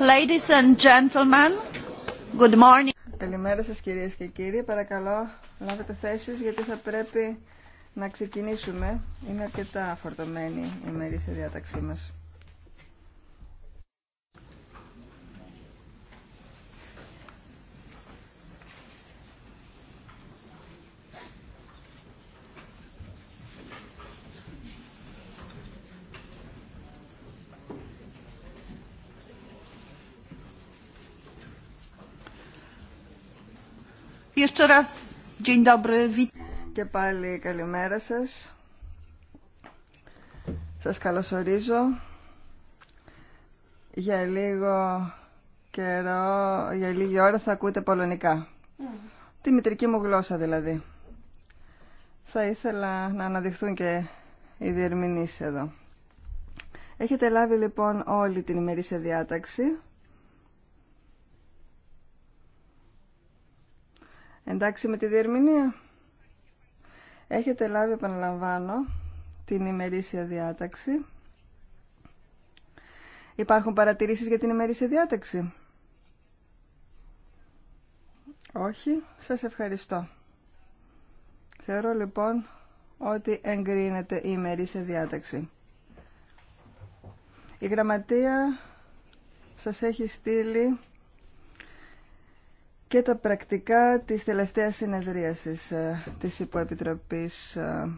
Ladies and gentlemen, good morning. Καλημέρα σας κυρίες και κύριοι. Παρακαλώ λάβετε θέσεις γιατί θα πρέπει να ξεκινήσουμε. Είναι αρκετά φορτωμένη η σε διάταξή μας. Και πάλι καλημέρα σας. Σας καλωσορίζω. Για λίγο καιρό, για λίγη ώρα θα ακούτε πολωνικά. Mm. Τη μητρική μου γλώσσα δηλαδή. Θα ήθελα να αναδειχθούν και οι διερμηνείς εδώ. Έχετε λάβει λοιπόν όλη την ημερήσια διάταξη. Εντάξει με τη διερμηνία. Έχετε λάβει, επαναλαμβάνω, την ημερήσια διάταξη. Υπάρχουν παρατηρήσεις για την ημερήσια διάταξη. Όχι, σας ευχαριστώ. Θεωρώ λοιπόν ότι εγκρίνεται η ημερήσια διάταξη. Η γραμματεία σας έχει στείλει και τα πρακτικά της τελευταίας συνεδρίασης ε, της Υποεπιτροπής ε,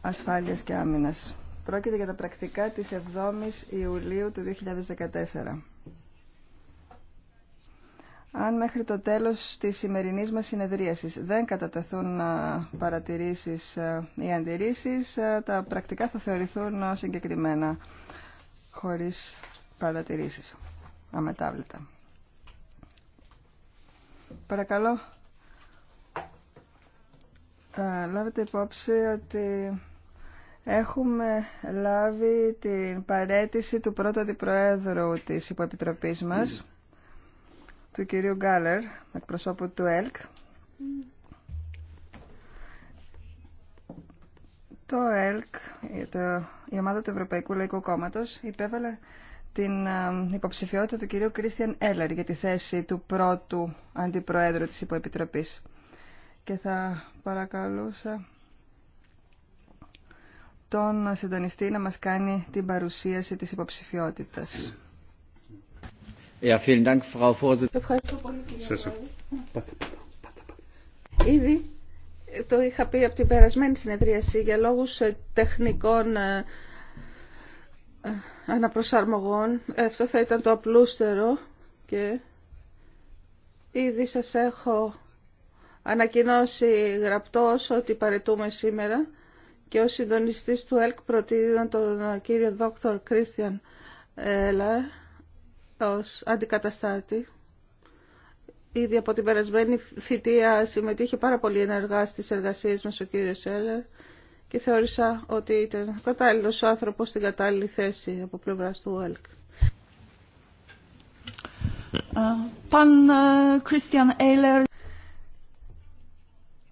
Ασφάλειας και Άμυνας. Πρόκειται για τα πρακτικά της 7ης Ιουλίου του 2014. Αν μέχρι το τέλος της σημερινής μας συνεδρίασης δεν κατατεθούν ε, παρατηρήσεις ή αντιρρήσεις, τα πρακτικά θα θεωρηθούν συγκεκριμένα, χωρίς παρατηρήσεις αμετάβλητα. Παρακαλώ, ε, λάβετε υπόψη ότι έχουμε λάβει την παρέτηση του πρώτου αντιπροέδρου της υποεπιτροπής μας, του κυρίου Γκάλερ, εκπροσώπου του ΕΛΚ. Το ΕΛΚ, η ομάδα του Ευρωπαϊκού Λαϊκού Κόμματος, υπέβαλε την ε, υποψηφιότητα του κυρίου Κρίστιαν Έλλερ για τη θέση του πρώτου αντιπροέδρου της Υποεπιτροπής. Και θα παρακαλούσα τον συντονιστή να μας κάνει την παρουσίαση της υποψηφιότητας. Ευχαριστώ πολύ Ήδη το είχα πει από την περασμένη συνεδρίαση για λόγους τεχνικών ε, αναπροσαρμογών. Αυτό θα ήταν το απλούστερο και ήδη σας έχω ανακοινώσει γραπτός ότι παρετούμε σήμερα και ο συντονιστής του ΕΛΚ προτείνω τον κύριο Δόκτωρ Κρίστιαν Έλαρ ως αντικαταστάτη. Ήδη από την περασμένη θητεία συμμετείχε πάρα πολύ ενεργά στις εργασίες μας ο κύριος Έλερ και θεώρησα ότι ήταν κατάλληλος άνθρωπος στην κατάλληλη θέση από πλευράς του ΟΕΛΚ. Ε, ε,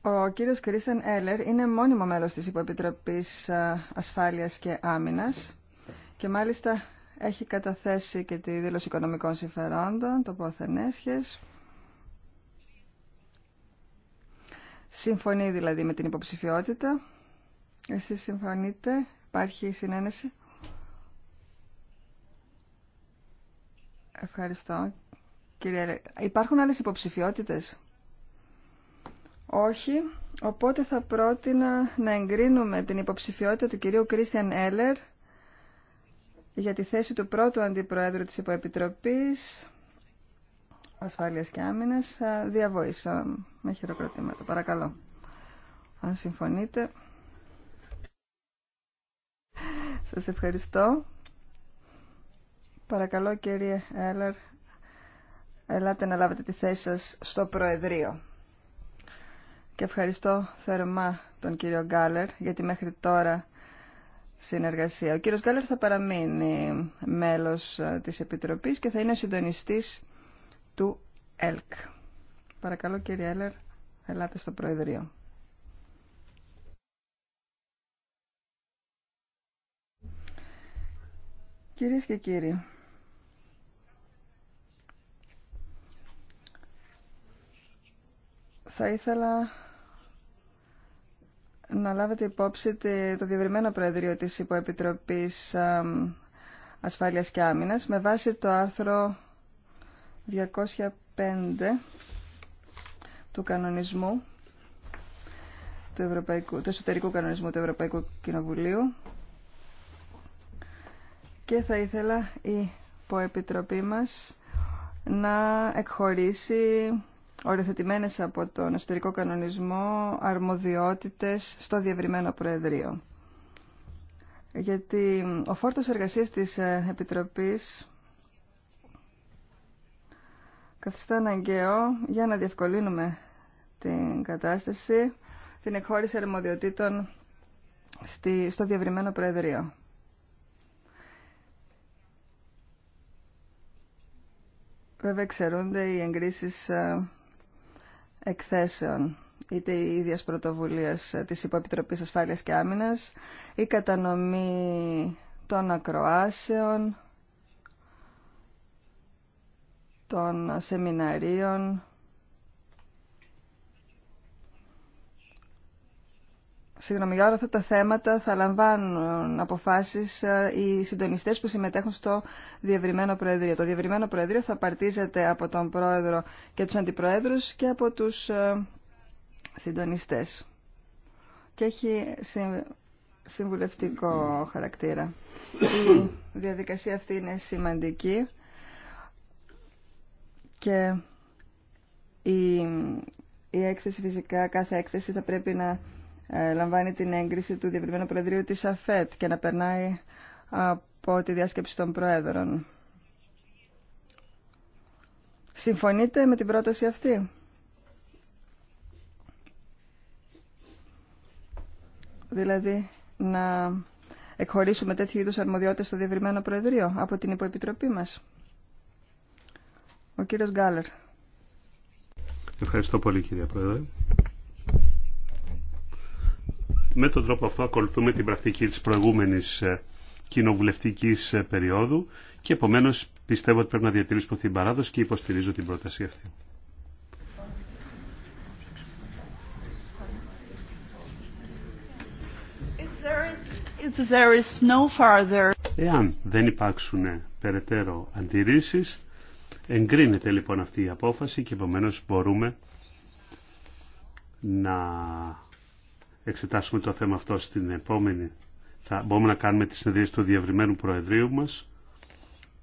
ο κύριος Κρίστιαν Έλερ είναι μόνιμο μέλος της Υποεπιτροπής ε, Ασφάλειας και Άμυνας και μάλιστα έχει καταθέσει και τη δήλωση οικονομικών συμφερόντων, το Ποθενέσχες. Συμφωνεί δηλαδή με την υποψηφιότητα εσείς συμφωνείτε, υπάρχει συνένεση. Ευχαριστώ. Κύριε, υπάρχουν άλλες υποψηφιότητες. Όχι, οπότε θα πρότεινα να εγκρίνουμε την υποψηφιότητα του κυρίου Κρίστιαν Έλερ για τη θέση του πρώτου αντιπροέδρου της Υποεπιτροπής Ασφάλειας και Άμυνας διαβοήσα με χειροκροτήματα. Παρακαλώ, αν συμφωνείτε. Σας ευχαριστώ. Παρακαλώ κύριε Έλλερ, ελάτε να λάβετε τη θέση σας στο Προεδρείο. Και ευχαριστώ θερμά τον κύριο Γκάλερ για τη μέχρι τώρα συνεργασία. Ο κύριος Γκάλερ θα παραμείνει μέλος ε, της Επιτροπής και θα είναι συντονιστής του ΕΛΚ. Παρακαλώ κύριε Έλλερ, ελάτε στο Προεδρείο. Κυρίες και κύριοι, θα ήθελα να λάβετε υπόψη το διευρυμένο Προεδρείο της Υποεπιτροπής Ασφάλειας και Άμυνας με βάση το άρθρο 205 του κανονισμού του, Ευρωπαϊκού, του εσωτερικού κανονισμού του Ευρωπαϊκού Κοινοβουλίου και θα ήθελα η υποεπιτροπή μας να εκχωρήσει οριοθετημένες από τον εσωτερικό κανονισμό αρμοδιότητες στο διευρυμένο Προεδρείο. Γιατί ο φόρτος εργασίας της ε, Επιτροπής καθιστά αναγκαίο για να διευκολύνουμε την κατάσταση, την εκχώρηση αρμοδιοτήτων στο διευρυμένο Προεδρείο. Βέβαια εξαιρούνται οι εγκρίσει ε, εκθέσεων, είτε η ίδια πρωτοβουλία ε, τη Υποεπιτροπή Ασφάλεια και Άμυνα, η κατανομή των ακροάσεων, των σεμιναρίων, συγγνώμη, για όλα αυτά τα θέματα θα λαμβάνουν αποφάσει ε, οι συντονιστέ που συμμετέχουν στο Διευρυμένο Προεδρείο. Το Διευρυμένο Προεδρείο θα παρτίζεται από τον Πρόεδρο και του αντιπροεδρου και από του ε, συντονιστέ. Και έχει συμβουλευτικό χαρακτήρα. Η διαδικασία αυτή είναι σημαντική και η, η έκθεση φυσικά, κάθε έκθεση θα πρέπει να ε, λαμβάνει την έγκριση του Διευρυμένου Προεδρείου της ΑΦΕΤ και να περνάει από τη διάσκεψη των Προέδρων. Συμφωνείτε με την πρόταση αυτή? Δηλαδή να εκχωρήσουμε τέτοιου είδους αρμοδιότητες στο Διευρυμένο Προεδρείο από την Υποεπιτροπή μας. Ο κύριος Γκάλερ. Ευχαριστώ πολύ κύριε Πρόεδρε. Με τον τρόπο αυτό ακολουθούμε την πρακτική της προηγούμενης ε, κοινοβουλευτικής ε, περίοδου και επομένως πιστεύω ότι πρέπει να διατηρήσουμε την παράδοση και υποστηρίζω την πρόταση αυτή. Εάν δεν υπάρξουν ε, περαιτέρω αντιρρήσεις, εγκρίνεται λοιπόν αυτή η απόφαση και επομένως μπορούμε να εξετάσουμε το θέμα αυτό στην επόμενη. Θα μπορούμε να κάνουμε τη συνεδρίαση του διευρυμένου Προεδρείου μας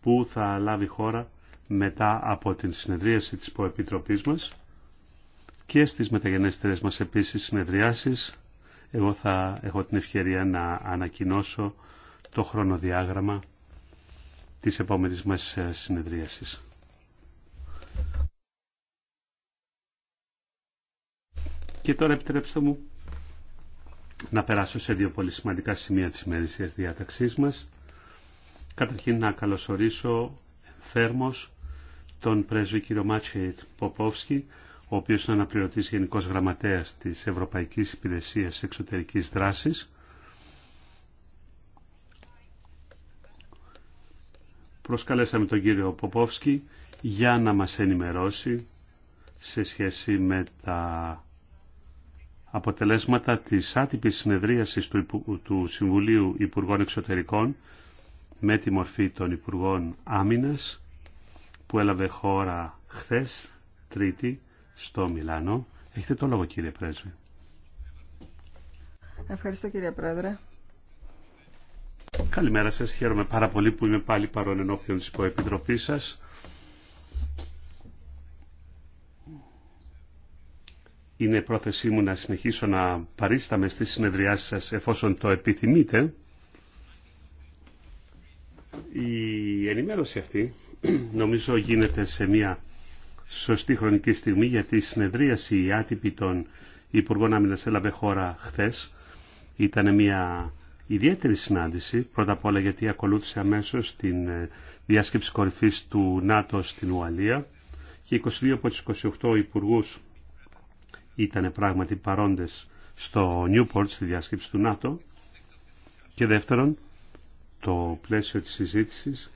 που θα λάβει χώρα μετά από την συνεδρίαση της προεπιτροπής μας και στις μεταγενέστερες μας επίσης συνεδριάσεις εγώ θα έχω την ευκαιρία να ανακοινώσω το χρονοδιάγραμμα της επόμενης μας ε, συνεδρίασης. Και τώρα επιτρέψτε μου να περάσω σε δύο πολύ σημαντικά σημεία της ημερησίας διάταξής μας. Καταρχήν να καλωσορίσω θέρμος τον πρέσβη κύριο Μάτσιετ Ποπόφσκι, ο οποίος είναι αναπληρωτής Γενικός Γραμματέας της Ευρωπαϊκής Υπηρεσίας Εξωτερικής Δράσης. Προσκαλέσαμε τον κύριο Ποπόφσκι για να μας ενημερώσει σε σχέση με τα αποτελέσματα της άτυπης συνεδρίασης του, του Συμβουλίου Υπουργών Εξωτερικών με τη μορφή των Υπουργών Άμυνας που έλαβε χώρα χθες, Τρίτη, στο Μιλάνο. Έχετε το λόγο κύριε Πρέσβη. Ευχαριστώ κύριε Πρόεδρε. Καλημέρα σας. Χαίρομαι πάρα πολύ που είμαι πάλι παρόν ενώπιον της υποεπιτροπής σας. είναι πρόθεσή μου να συνεχίσω να παρίσταμε στις συνεδριάσεις σας εφόσον το επιθυμείτε. Η ενημέρωση αυτή νομίζω γίνεται σε μια σωστή χρονική στιγμή γιατί η συνεδρίαση η άτυπη των Υπουργών Άμυνας έλαβε χώρα χθες. Ήταν μια ιδιαίτερη συνάντηση, πρώτα απ' όλα γιατί ακολούθησε αμέσως την ε, διάσκεψη κορυφής του ΝΑΤΟ στην Ουαλία και 22 από τις 28 υπουργούς ήταν πράγματι παρόντες στο Νιούπορτ στη διάσκεψη του ΝΑΤΟ. Και δεύτερον, το πλαίσιο της συζήτησης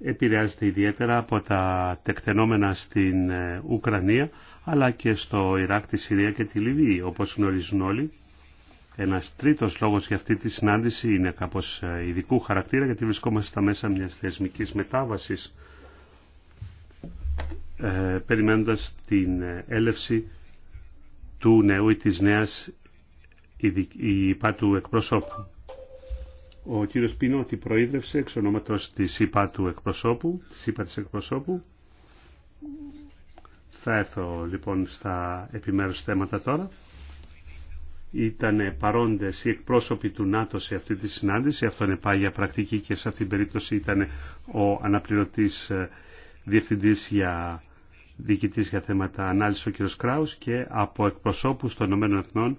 επηρεάζεται ιδιαίτερα από τα τεκτενόμενα στην ε, Ουκρανία, αλλά και στο Ιράκ, τη Συρία και τη Λιβύη, όπως γνωρίζουν όλοι. Ένας τρίτος λόγος για αυτή τη συνάντηση είναι κάπως ε, ειδικού χαρακτήρα, γιατί βρισκόμαστε στα μέσα μιας θεσμικής μετάβασης ε, περιμένοντας την ε, έλευση του νέου ή της νέας ΙΠΑ του εκπροσώπου. Ο κύριος ότι προείδρευσε εξ ονόματος της ΙΠΑ εκπροσώπου, της ΥΠΑ της εκπροσώπου. Θα έρθω λοιπόν στα επιμέρους θέματα τώρα. Ήταν παρόντες οι εκπρόσωποι του ΝΑΤΟ σε αυτή τη συνάντηση. Αυτό είναι πάγια πρακτική και σε αυτή την περίπτωση ήταν ο αναπληρωτής ε, διευθυντής για διοικητής για θέματα ανάλυση ο κ. Κράους και από εκπροσώπους των Ηνωμένων Εθνών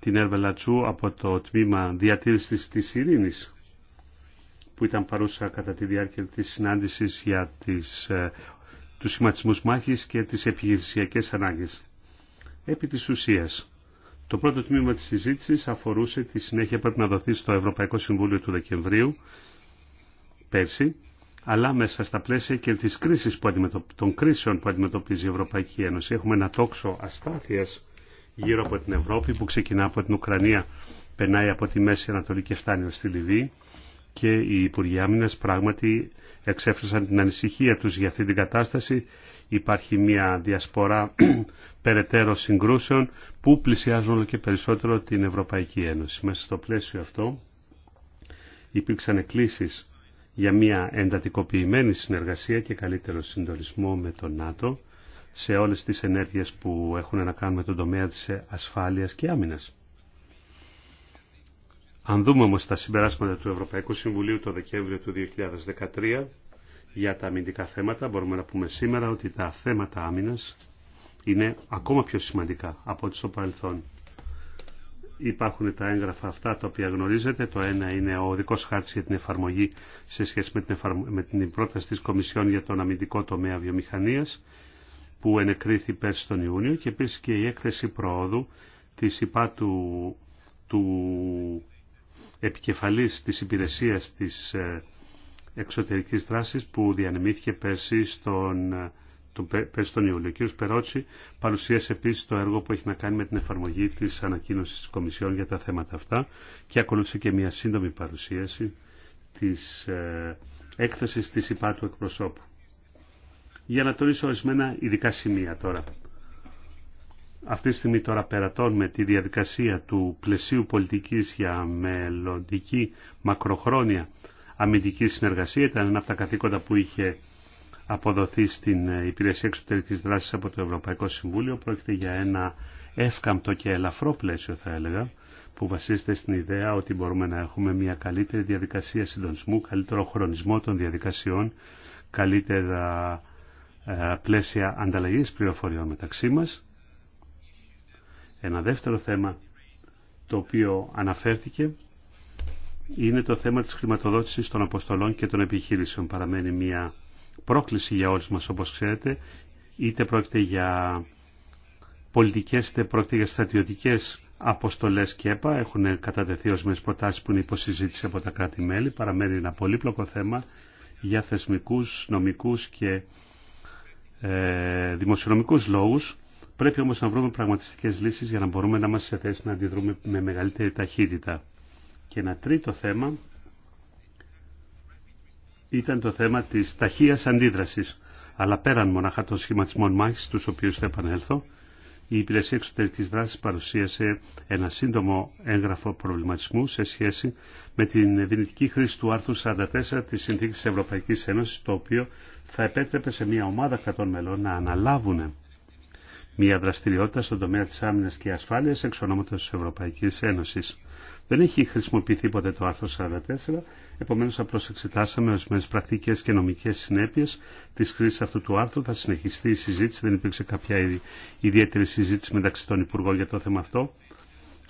την Έρβα Λατσού από το τμήμα διατήρησης της ειρήνης που ήταν παρούσα κατά τη διάρκεια της συνάντησης για τις, ε, τους σχηματισμούς μάχης και τις επιχειρησιακές ανάγκες. Επί της ουσίας, το πρώτο τμήμα της συζήτησης αφορούσε τη συνέχεια που πρέπει να δοθεί στο Ευρωπαϊκό Συμβούλιο του Δεκεμβρίου πέρσι αλλά μέσα στα πλαίσια και της κρίσης που των κρίσεων που αντιμετωπίζει η Ευρωπαϊκή Ένωση. Έχουμε ένα τόξο αστάθειας γύρω από την Ευρώπη που ξεκινά από την Ουκρανία, περνάει από τη Μέση Ανατολή και φτάνει στη Λιβύη και οι Υπουργοί Άμυνας πράγματι εξέφρασαν την ανησυχία τους για αυτή την κατάσταση. Υπάρχει μια διασπορά περαιτέρω συγκρούσεων που πλησιάζουν όλο και περισσότερο την Ευρωπαϊκή Ένωση. Μέσα στο πλαίσιο αυτό υπήρξαν εκκλήσεις για μια εντατικοποιημένη συνεργασία και καλύτερο συντονισμό με το ΝΑΤΟ σε όλες τις ενέργειες που έχουν να κάνουν με τον τομέα της ασφάλειας και άμυνας. Αν δούμε όμως τα συμπεράσματα του Ευρωπαϊκού Συμβουλίου το Δεκέμβριο του 2013 για τα αμυντικά θέματα, μπορούμε να πούμε σήμερα ότι τα θέματα άμυνας είναι ακόμα πιο σημαντικά από ό,τι στο παρελθόν υπάρχουν τα έγγραφα αυτά τα οποία γνωρίζετε. Το ένα είναι ο δικός χάρτης για την εφαρμογή σε σχέση με την, με την πρόταση της Κομισιόν για τον αμυντικό τομέα βιομηχανίας που ενεκρίθη πέρσι τον Ιούνιο και επίσης και η έκθεση προόδου της ΥΠΑ του, του επικεφαλής της υπηρεσίας της ε, εξωτερικής δράσης που διανεμήθηκε πέρσι στον ε, τον πέρσι τον Ιούλιο. Ο κ. Περότσι παρουσίασε επίση το έργο που έχει να κάνει με την εφαρμογή τη ανακοίνωση τη Κομισιόν για τα θέματα αυτά και ακολούθησε και μια σύντομη παρουσίαση τη ε, έκθεση τη Υπάτου εκπροσώπου. Για να τονίσω ορισμένα ειδικά σημεία τώρα. Αυτή τη στιγμή τώρα περατώνουμε τη διαδικασία του πλαισίου πολιτικής για μελλοντική μακροχρόνια αμυντική συνεργασία. Ήταν ένα από τα καθήκοντα που είχε αποδοθεί στην ε, Υπηρεσία Εξωτερικής Δράσης από το Ευρωπαϊκό Συμβούλιο. Πρόκειται για ένα εύκαμπτο και ελαφρό πλαίσιο θα έλεγα που βασίζεται στην ιδέα ότι μπορούμε να έχουμε μια καλύτερη διαδικασία συντονισμού, καλύτερο χρονισμό των διαδικασιών, καλύτερα ε, πλαίσια ανταλλαγής πληροφοριών μεταξύ μας. Ένα δεύτερο θέμα το οποίο αναφέρθηκε είναι το θέμα της χρηματοδότησης των αποστολών και των επιχείρησεων. Παραμένει μια πρόκληση για όλους μας όπως ξέρετε, είτε πρόκειται για πολιτικές είτε πρόκειται για στρατιωτικές αποστολές και ΕΠΑ. Έχουν κατατεθεί μες προτάσεις που είναι υποσυζήτηση από τα κράτη-μέλη. Παραμένει ένα πολύπλοκο θέμα για θεσμικούς, νομικούς και ε, δημοσιονομικούς λόγους. Πρέπει όμως να βρούμε πραγματιστικές λύσεις για να μπορούμε να είμαστε σε θέση να αντιδρούμε με μεγαλύτερη ταχύτητα. Και ένα τρίτο θέμα ήταν το θέμα της ταχείας αντίδρασης. Αλλά πέραν μοναχά των σχηματισμών μάχης, τους οποίους θα επανέλθω, η Υπηρεσία Εξωτερικής Δράσης παρουσίασε ένα σύντομο έγγραφο προβληματισμού σε σχέση με την δυνητική χρήση του άρθρου 44 της Συνθήκης της Ευρωπαϊκής Ένωσης, το οποίο θα επέτρεπε σε μια ομάδα 100 μελών να αναλάβουν μια δραστηριότητα στον τομέα της άμυνας και ασφάλειας εξ ονόματος της Ευρωπαϊκής Ένωσης. Δεν έχει χρησιμοποιηθεί ποτέ το άρθρο 44, επομένως απλώς εξετάσαμε ορισμένε πρακτικές και νομικές συνέπειες της χρήσης αυτού του άρθρου. Θα συνεχιστεί η συζήτηση, δεν υπήρξε κάποια ιδιαίτερη συζήτηση μεταξύ των Υπουργών για το θέμα αυτό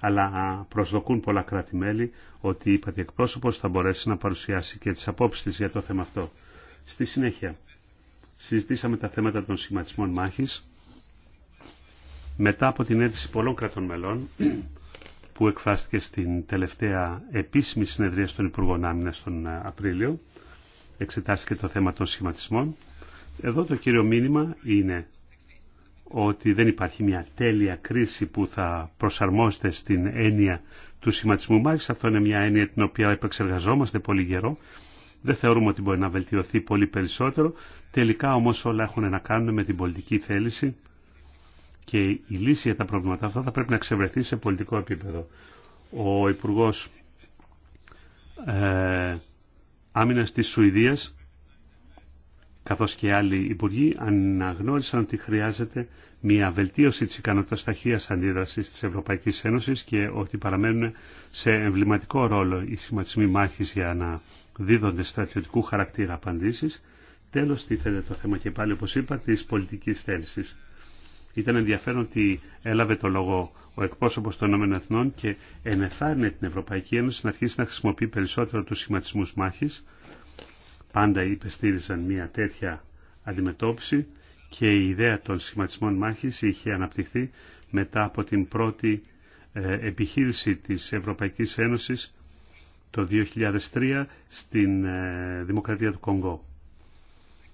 αλλά προσδοκούν πολλά κράτη-μέλη ότι η εκπρόσωπο θα μπορέσει να παρουσιάσει και τις απόψεις της για το θέμα αυτό. Στη συνέχεια, συζητήσαμε τα θέματα των σχηματισμών μάχης. Μετά από την αίτηση πολλών κρατών μελών, που εκφράστηκε στην τελευταία επίσημη συνεδρία των Υπουργών Άμυνα τον ε, Απρίλιο. Εξετάστηκε το θέμα των σχηματισμών. Εδώ το κύριο μήνυμα είναι ότι δεν υπάρχει μια τέλεια κρίση που θα προσαρμόζεται στην έννοια του σχηματισμού. μάχης. αυτό είναι μια έννοια την οποία επεξεργαζόμαστε πολύ καιρό. Δεν θεωρούμε ότι μπορεί να βελτιωθεί πολύ περισσότερο. Τελικά όμως όλα έχουν να κάνουν με την πολιτική θέληση και η λύση για τα προβλήματα αυτά θα πρέπει να ξεβρεθεί σε πολιτικό επίπεδο. Ο Υπουργό ε, Άμυνα τη Σουηδία, καθώς και άλλοι υπουργοί, αναγνώρισαν ότι χρειάζεται μια βελτίωση της ικανότητας ταχείας αντίδρασης της Ευρωπαϊκής Ένωσης και ότι παραμένουν σε εμβληματικό ρόλο οι σχηματισμοί μάχης για να δίδονται στρατιωτικού χαρακτήρα απαντήσεις. Τέλος, θέλετε το θέμα και πάλι, όπως είπα, της πολιτικής θέλησης. Ήταν ενδιαφέρον ότι έλαβε το λόγο ο εκπρόσωπο των ΗΕ και ενεθάρρυνε την Ευρωπαϊκή Ένωση να αρχίσει να χρησιμοποιεί περισσότερο του σχηματισμού μάχη. Πάντα υπεστήριζαν μια τέτοια αντιμετώπιση και η ιδέα των σχηματισμών μάχης είχε αναπτυχθεί μετά από την πρώτη ε, επιχείρηση της Ευρωπαϊκής ένωση το 2003 στην ε, Δημοκρατία του Κονγκό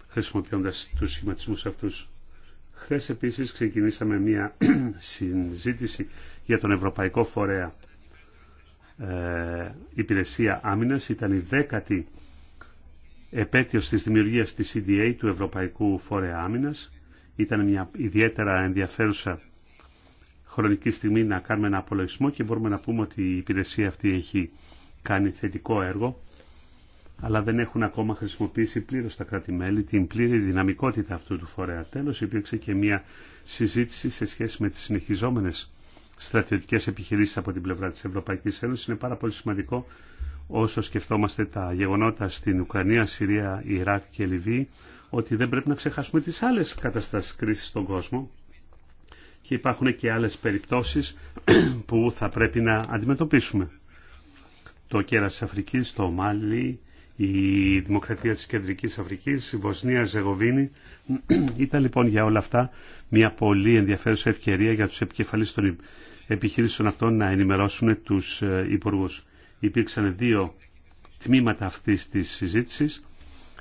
χρησιμοποιώντας τους σχηματισμούς αυτούς. Χθε επίση ξεκινήσαμε μια συζήτηση για τον Ευρωπαϊκό Φορέα ε, Υπηρεσία Άμυνα. Ήταν η δέκατη επέτειος της δημιουργίας της CDA του Ευρωπαϊκού Φορέα Άμυνας. Ήταν μια ιδιαίτερα ενδιαφέρουσα χρονική στιγμή να κάνουμε ένα απολογισμό και μπορούμε να πούμε ότι η υπηρεσία αυτή έχει κάνει θετικό έργο αλλά δεν έχουν ακόμα χρησιμοποιήσει πλήρως τα κράτη-μέλη την πλήρη δυναμικότητα αυτού του φορέα. Τέλος, υπήρξε και μια συζήτηση σε σχέση με τις συνεχιζόμενες στρατιωτικές επιχειρήσεις από την πλευρά της Ευρωπαϊκής Ένωσης. Είναι πάρα πολύ σημαντικό όσο σκεφτόμαστε τα γεγονότα στην Ουκρανία, Συρία, Ιράκ και Λιβύη, ότι δεν πρέπει να ξεχάσουμε τις άλλες καταστάσεις κρίσης στον κόσμο και υπάρχουν και άλλες περιπτώσεις που θα πρέπει να αντιμετωπίσουμε. Το κέρας της Αφρικής, το Μάλι, η Δημοκρατία της Κεντρικής Αφρικής, η Βοσνία Ζεγοβίνη. Ήταν λοιπόν για όλα αυτά μια πολύ ενδιαφέρουσα ευκαιρία για τους επικεφαλείς των επιχειρήσεων αυτών να ενημερώσουν τους ε, υπουργούς. Υπήρξαν δύο τμήματα αυτής της συζήτησης.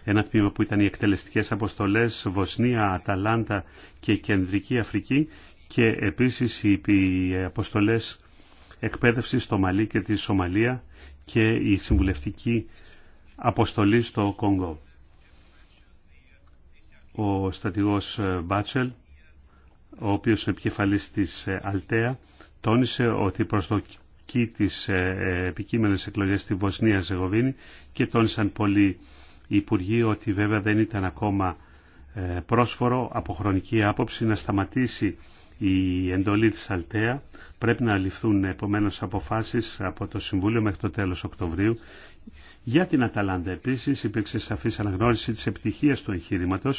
Ένα τμήμα που ήταν οι εκτελεστικές αποστολές Βοσνία, Αταλάντα και Κεντρική Αφρική και επίσης οι αποστολές εκπαίδευσης στο Μαλί και τη Σομαλία και η συμβουλευτική αποστολή στο Κόγκο. Ο στρατηγός ε, Μπάτσελ, ο οποίος είναι επικεφαλής της ε, Αλτέα, τόνισε ότι το προσδοκή της ε, επικείμενες εκλογές στη Βοσνία Ζεγοβίνη και τόνισαν πολλοί υπουργοί ότι βέβαια δεν ήταν ακόμα πρόσφορο από χρονική άποψη να σταματήσει η εντολή της Αλτέα. Πρέπει να ληφθούν επομένως αποφάσεις από το Συμβούλιο μέχρι το τέλος Οκτωβρίου. Για την Αταλάντα επίσης υπήρξε σαφής αναγνώριση της επιτυχίας του εγχείρηματο,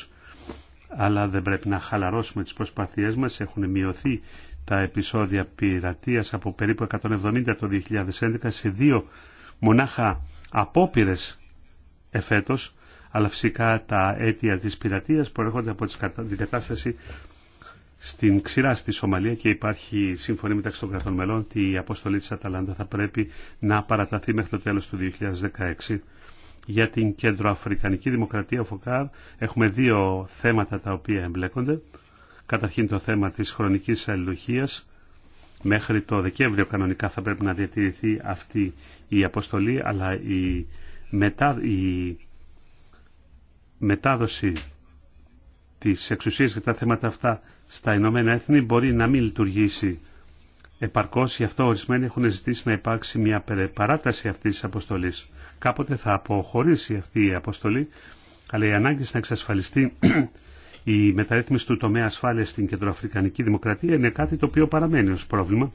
αλλά δεν πρέπει να χαλαρώσουμε τις προσπαθίες μας. Έχουν μειωθεί τα επεισόδια πειρατείας από περίπου 170 το 2011 σε δύο μονάχα απόπειρες εφέτος, αλλά φυσικά τα αίτια της πειρατείας προέρχονται από την κατάσταση στην ξηρά στη Σομαλία και υπάρχει συμφωνή μεταξύ των κρατών μελών ότι η αποστολή της Αταλάντα θα πρέπει να παραταθεί μέχρι το τέλος του 2016. Για την Κεντροαφρικανική Δημοκρατία ΦΟΚΑΡ έχουμε δύο θέματα τα οποία εμπλέκονται. Καταρχήν το θέμα της χρονικής αλληλουχίας. Μέχρι το Δεκέμβριο κανονικά θα πρέπει να διατηρηθεί αυτή η αποστολή, αλλά η, μετά, η μετάδοση τις εξουσίες για τα θέματα αυτά στα Ηνωμένα Έθνη μπορεί να μην λειτουργήσει επαρκώς, γι' αυτό ορισμένοι έχουν ζητήσει να υπάρξει μια παράταση αυτής της αποστολής. Κάποτε θα αποχωρήσει αυτή η αποστολή, αλλά η ανάγκη να εξασφαλιστεί η μεταρρύθμιση του τομέα ασφάλεια στην Κεντροαφρικανική Δημοκρατία είναι κάτι το οποίο παραμένει ω πρόβλημα.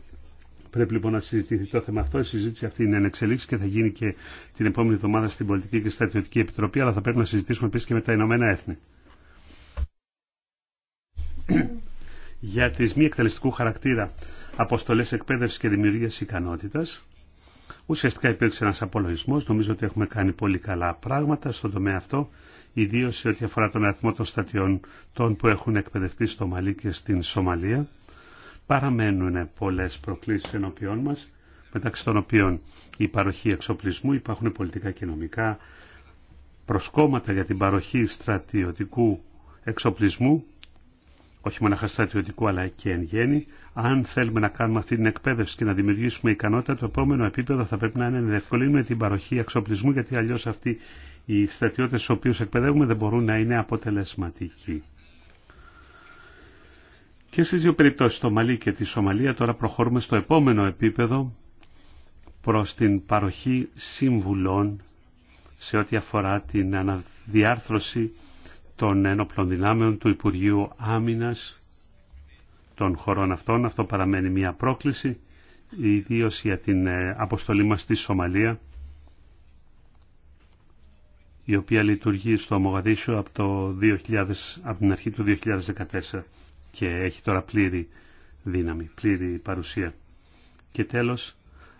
Πρέπει λοιπόν να συζητηθεί το θέμα αυτό. Η συζήτηση αυτή είναι εξελίξη και θα γίνει και την επόμενη εβδομάδα στην Πολιτική και Στρατιωτική Επιτροπή, αλλά θα πρέπει να συζητήσουμε επίση και με τα Ηνωμένα Έθνη. για τις μη εκτελεστικού χαρακτήρα αποστολές εκπαίδευσης και δημιουργίας ικανότητας. Ουσιαστικά υπήρξε ένας απολογισμός. Νομίζω ότι έχουμε κάνει πολύ καλά πράγματα στον τομέα αυτό, ιδίως σε ό,τι αφορά τον αριθμό των στατιών των που έχουν εκπαιδευτεί στο Μαλί και στην Σομαλία. Παραμένουν πολλές προκλήσεις ενώπιών μας, μεταξύ των οποίων η παροχή εξοπλισμού, υπάρχουν πολιτικά και νομικά προσκόμματα για την παροχή στρατιωτικού εξοπλισμού όχι μόνο στρατιωτικού αλλά και εν γέννη, αν θέλουμε να κάνουμε αυτή την εκπαίδευση και να δημιουργήσουμε ικανότητα, το επόμενο επίπεδο θα πρέπει να είναι να διευκολύνουμε την παροχή εξοπλισμού, γιατί αλλιώ αυτοί οι στρατιώτε του οποίου εκπαιδεύουμε δεν μπορούν να είναι αποτελεσματικοί. Και στι δύο περιπτώσει το Μαλί και τη Σομαλία, τώρα προχωρούμε στο επόμενο επίπεδο προ την παροχή συμβουλών σε ό,τι αφορά την αναδιάρθρωση των ένοπλων δυνάμεων του Υπουργείου Άμυνας των χωρών αυτών. Αυτό παραμένει μια πρόκληση, ιδίω για την ε, αποστολή μας στη Σομαλία, η οποία λειτουργεί στο Μογαδίσιο από, το 2000, από την αρχή του 2014 και έχει τώρα πλήρη δύναμη, πλήρη παρουσία. Και τέλος,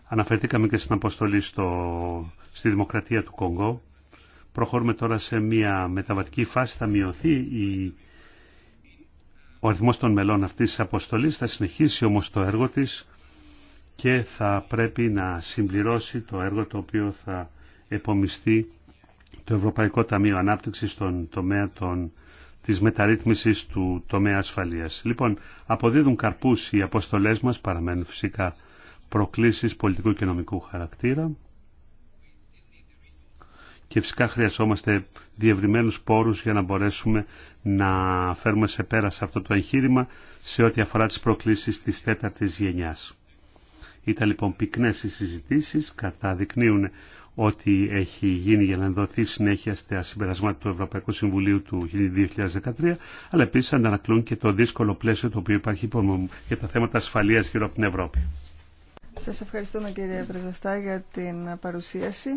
αναφερθήκαμε και στην αποστολή στο, στη Δημοκρατία του Κονγκό, Προχωρούμε τώρα σε μια μεταβατική φάση, θα μειωθεί η... ο αριθμό των μελών αυτής της αποστολής, θα συνεχίσει όμως το έργο της και θα πρέπει να συμπληρώσει το έργο το οποίο θα επομιστεί το Ευρωπαϊκό Ταμείο Ανάπτυξης στον τομέα των, της μεταρρύθμισης του τομέα ασφαλείας. Λοιπόν, αποδίδουν καρπούς οι αποστολές μας, παραμένουν φυσικά προκλήσεις πολιτικού και νομικού χαρακτήρα και φυσικά χρειαζόμαστε διευρυμένους πόρους για να μπορέσουμε να φέρουμε σε πέρα σε αυτό το εγχείρημα σε ό,τι αφορά τις προκλήσεις της τέταρτης γενιάς. Ήταν λοιπόν πυκνές οι συζητήσεις, καταδεικνύουν ότι έχει γίνει για να ενδοθεί συνέχεια στα συμπερασμάτια του Ευρωπαϊκού Συμβουλίου του 2013, αλλά επίσης αντανακλούν και το δύσκολο πλαίσιο το οποίο υπάρχει για τα θέματα ασφαλείας γύρω από την Ευρώπη. Σας ευχαριστούμε κύριε Πρεζοστά για την παρουσίαση.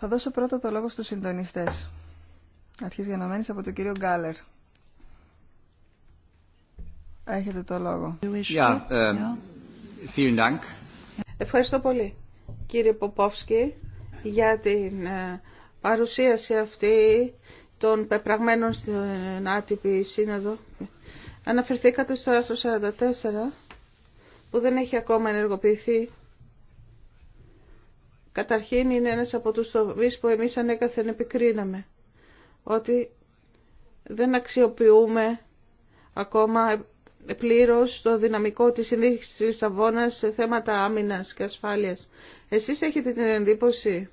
Θα δώσω πρώτα το λόγο στους συντονιστές. Αρχής γενομένης από τον κύριο Γκάλερ. Έχετε το λόγο. Uh, Ευχαριστώ πολύ κύριε Ποπόφσκι για την ε, παρουσίαση αυτή των πεπραγμένων στην άτυπη σύνοδο. Αναφερθήκατε στο άρθρο 44 που δεν έχει ακόμα ενεργοποιηθεί Καταρχήν είναι ένας από τους τομείς που εμείς ανέκαθεν επικρίναμε, ότι δεν αξιοποιούμε ακόμα πλήρως το δυναμικό της συνδίκης της Λισαβόνας σε θέματα άμυνας και ασφάλειας. Εσείς έχετε την εντύπωση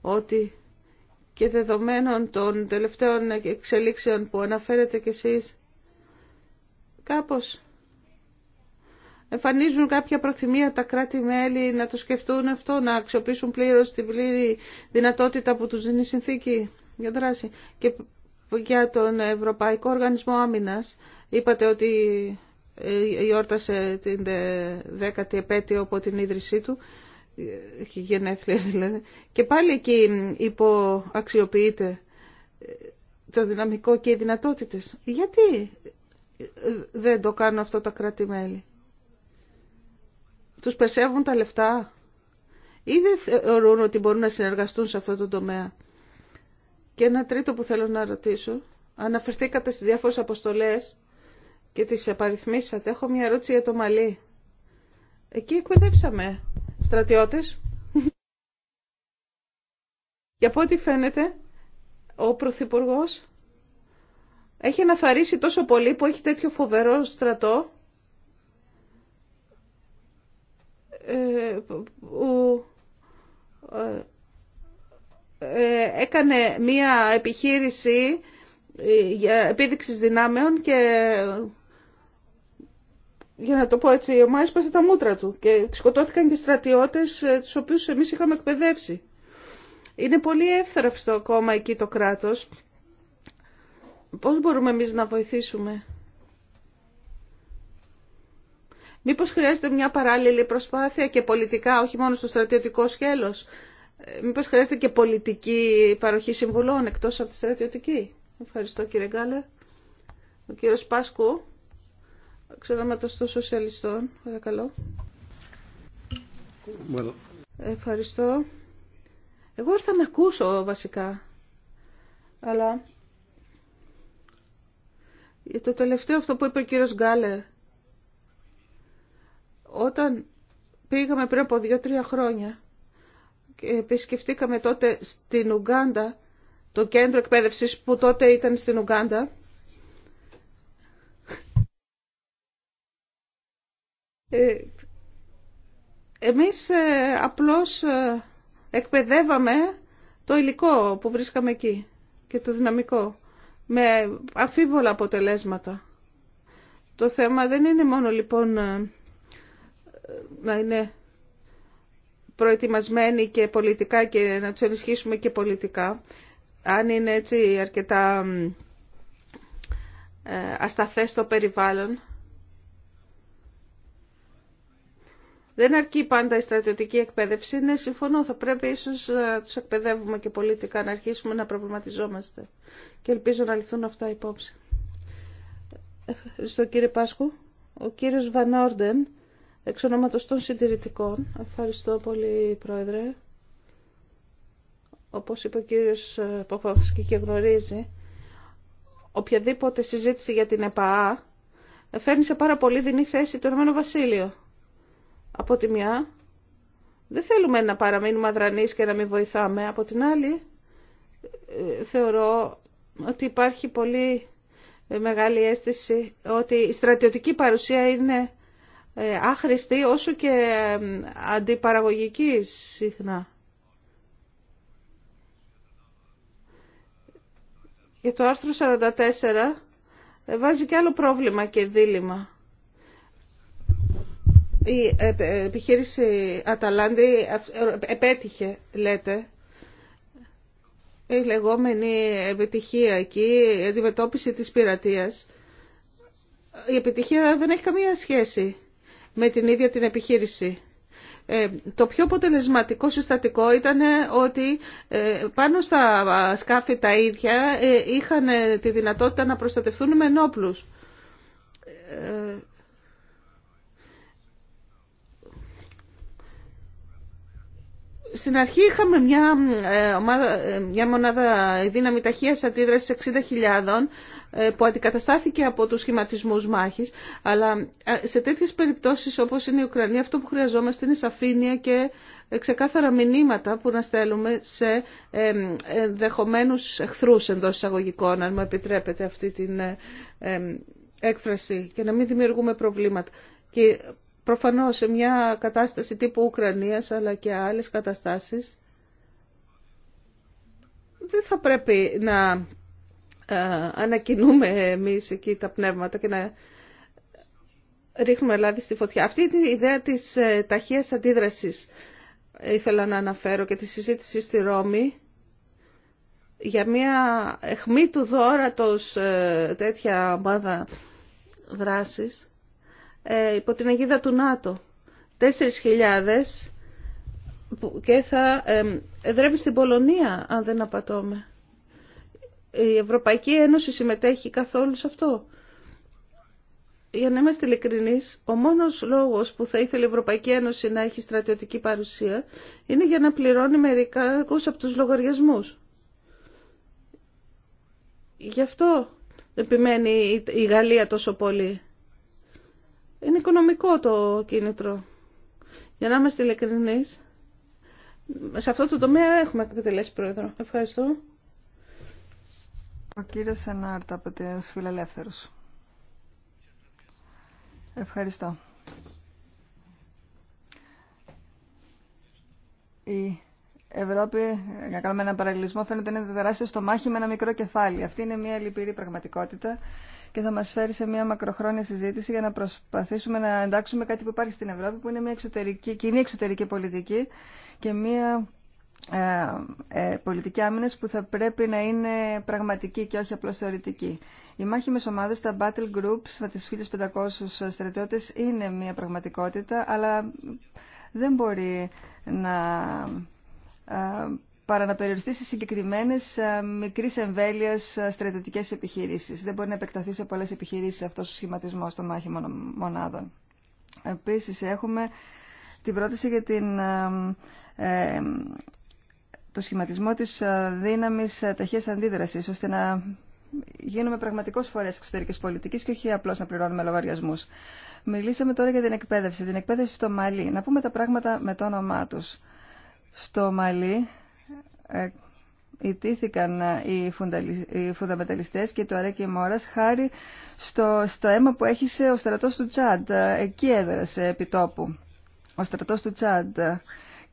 ότι και δεδομένων των τελευταίων εξελίξεων που αναφέρετε κι εσείς, κάπως εμφανίζουν κάποια προθυμία τα κράτη-μέλη να το σκεφτούν αυτό, να αξιοποιήσουν πλήρω την πλήρη δυνατότητα που τους δίνει η συνθήκη για δράση. Και για τον Ευρωπαϊκό Οργανισμό Άμυνα. είπατε ότι ε, γιόρτασε την ε, δέκατη επέτειο από την ίδρυσή του ε, γενέθλια δηλαδή και πάλι εκεί υποαξιοποιείται το δυναμικό και οι δυνατότητες γιατί δεν το κάνουν αυτό τα κράτη-μέλη τους πεσεύουν τα λεφτά ή δεν θεωρούν ότι μπορούν να συνεργαστούν σε αυτό το τομέα. Και ένα τρίτο που θέλω να ρωτήσω. Αναφερθήκατε στις διάφορες αποστολές και τις επαριθμίσατε. Έχω μια ερώτηση για το Μαλί. Εκεί εκπαιδεύσαμε στρατιώτες. και από ό,τι φαίνεται, ο Πρωθυπουργός έχει αναθαρίσει τόσο πολύ που έχει τέτοιο φοβερό στρατό που ε, έκανε μία επιχείρηση ε, για επίδειξης δυνάμεων και για να το πω έτσι, η Μάης τα μούτρα του και σκοτώθηκαν και στρατιώτες ε, τους οποίους εμείς είχαμε εκπαιδεύσει. Είναι πολύ εύθραυστο ακόμα εκεί το κράτος. Πώς μπορούμε εμείς να βοηθήσουμε. Μήπως χρειάζεται μια παράλληλη προσπάθεια και πολιτικά, όχι μόνο στο στρατιωτικό σχέλος. Ε, μήπως χρειάζεται και πολιτική παροχή συμβουλών εκτός από τη στρατιωτική. Ευχαριστώ κύριε Γκάλερ. Ο κύριος Πάσκου, ξεραματος των σοσιαλιστών, παρακαλώ. Well. Ευχαριστώ. Εγώ ήρθα να ακούσω βασικά, αλλά το τελευταίο αυτό που είπε ο κύριος Γκάλερ, όταν πήγαμε πριν από δύο-τρία χρόνια και επισκεφτήκαμε τότε στην Ουγγάντα, το κέντρο εκπαίδευσης που τότε ήταν στην Ουγκάντα ε, εμείς ε, απλώς ε, εκπαιδεύαμε το υλικό που βρίσκαμε εκεί και το δυναμικό με αφίβολα αποτελέσματα. Το θέμα δεν είναι μόνο λοιπόν να είναι προετοιμασμένοι και πολιτικά και να τους ενισχύσουμε και πολιτικά. Αν είναι έτσι αρκετά ε, ασταθές το περιβάλλον. Δεν αρκεί πάντα η στρατιωτική εκπαίδευση. Ναι, συμφωνώ, θα πρέπει ίσως να τους εκπαιδεύουμε και πολιτικά, να αρχίσουμε να προβληματιζόμαστε. Και ελπίζω να ληφθούν αυτά υπόψη. Ευχαριστώ κύριε Πάσκου. Ο κύριος Βανόρντεν Εξ ονόματος των συντηρητικών, ευχαριστώ πολύ Πρόεδρε. Όπως είπε ο κύριος ε, Παπαυσκή και γνωρίζει, οποιαδήποτε συζήτηση για την ΕΠΑΑ ε, φέρνει σε πάρα πολύ δινή θέση το Ηνωμένο Βασίλειο. Από τη μια, δεν θέλουμε να παραμείνουμε αδρανείς και να μην βοηθάμε. Από την άλλη, ε, θεωρώ ότι υπάρχει πολύ μεγάλη αίσθηση ότι η στρατιωτική παρουσία είναι ε, άχρηστη όσο και αντιπαραγωγική συχνά. Για το άρθρο 44 ε, βάζει και άλλο πρόβλημα και δίλημα. Η ε, επιχείρηση Αταλάντη επέτυχε, λέτε, η λεγόμενη επιτυχία εκεί, η αντιμετώπιση της πειρατείας. Η επιτυχία δεν έχει καμία σχέση με την ίδια την επιχείρηση. Ε, το πιο αποτελεσματικό συστατικό ήταν ότι ε, πάνω στα σκάφη τα ίδια ε, είχαν τη δυνατότητα να προστατευτούν με ενόπλους. Στην αρχή είχαμε μια, ε, ομάδα, ε, μια μονάδα δύναμη ταχείας αντίδρασης 60.000 ε, που αντικαταστάθηκε από τους σχηματισμούς μάχης, αλλά σε τέτοιες περιπτώσεις όπως είναι η Ουκρανία αυτό που χρειαζόμαστε είναι σαφήνεια και ξεκάθαρα μηνύματα που να στέλνουμε σε δεχομένους εχθρούς εντός εισαγωγικών, αν μου επιτρέπετε αυτή την έκφραση και να μην δημιουργούμε προβλήματα. Και Προφανώς σε μια κατάσταση τύπου Ουκρανίας αλλά και άλλες καταστάσεις δεν θα πρέπει να ε, ανακοινούμε εμείς εκεί τα πνεύματα και να ρίχνουμε λάδι στη φωτιά. Αυτή είναι η ιδέα της ε, ταχείας αντίδρασης ήθελα να αναφέρω και τη συζήτηση στη Ρώμη για μια εχμή του δόρατος ε, τέτοια ομάδα δράσης ε, υπό την αιγίδα του ΝΑΤΟ. 4.000 και θα εδρεύει στην Πολωνία, αν δεν απατώμε. Η Ευρωπαϊκή Ένωση συμμετέχει καθόλου σε αυτό. Για να είμαστε ειλικρινεί, ο μόνος λόγος που θα ήθελε η Ευρωπαϊκή Ένωση να έχει στρατιωτική παρουσία είναι για να πληρώνει μερικά από τους λογαριασμούς. Γι' αυτό επιμένει η Γαλλία τόσο πολύ. Είναι οικονομικό το κίνητρο. Για να είμαστε ειλικρινεί, σε αυτό το τομέα έχουμε εκτελέσει, πρόεδρο. Ευχαριστώ. Ο κύριο Σενάρτα από τους Φιλελεύθερου. Ευχαριστώ. Η Ευρώπη, να κάνουμε ένα παραλληλισμό, φαίνεται να είναι τεράστια στο μάχη με ένα μικρό κεφάλι. Αυτή είναι μια λυπηρή πραγματικότητα και θα μας φέρει σε μια μακροχρόνια συζήτηση για να προσπαθήσουμε να εντάξουμε κάτι που υπάρχει στην Ευρώπη που είναι μια εξωτερική, κοινή εξωτερική πολιτική και μια ε, ε πολιτική άμυνας που θα πρέπει να είναι πραγματική και όχι απλώς θεωρητική. Η μάχη με ομάδες, τα battle groups με τις 1500 στρατιώτες είναι μια πραγματικότητα, αλλά δεν μπορεί να ε, παρά να περιοριστεί σε συγκεκριμένε ε, μικρή εμβέλεια ε, στρατιωτικέ επιχειρήσει. Δεν μπορεί να επεκταθεί σε πολλέ επιχειρήσει αυτό ο σχηματισμό των μάχημων μονάδων. Επίση, έχουμε την πρόταση για την, ε, ε το σχηματισμό τη δύναμη ταχεία αντίδραση, ώστε να γίνουμε πραγματικό φορέα εξωτερική πολιτική και όχι απλώ να πληρώνουμε λογαριασμού. Μιλήσαμε τώρα για την εκπαίδευση. Την εκπαίδευση στο Μαλί. Να πούμε τα πράγματα με το όνομά του. Στο Μαλί ε, ιτήθηκαν οι φουνταμεταλιστές και το αρέκι και Μόρας χάρη στο, στο αίμα που έχησε ο στρατός του Τσάντ. Ε, εκεί έδρασε επί τόπου ο στρατός του Τσάντ.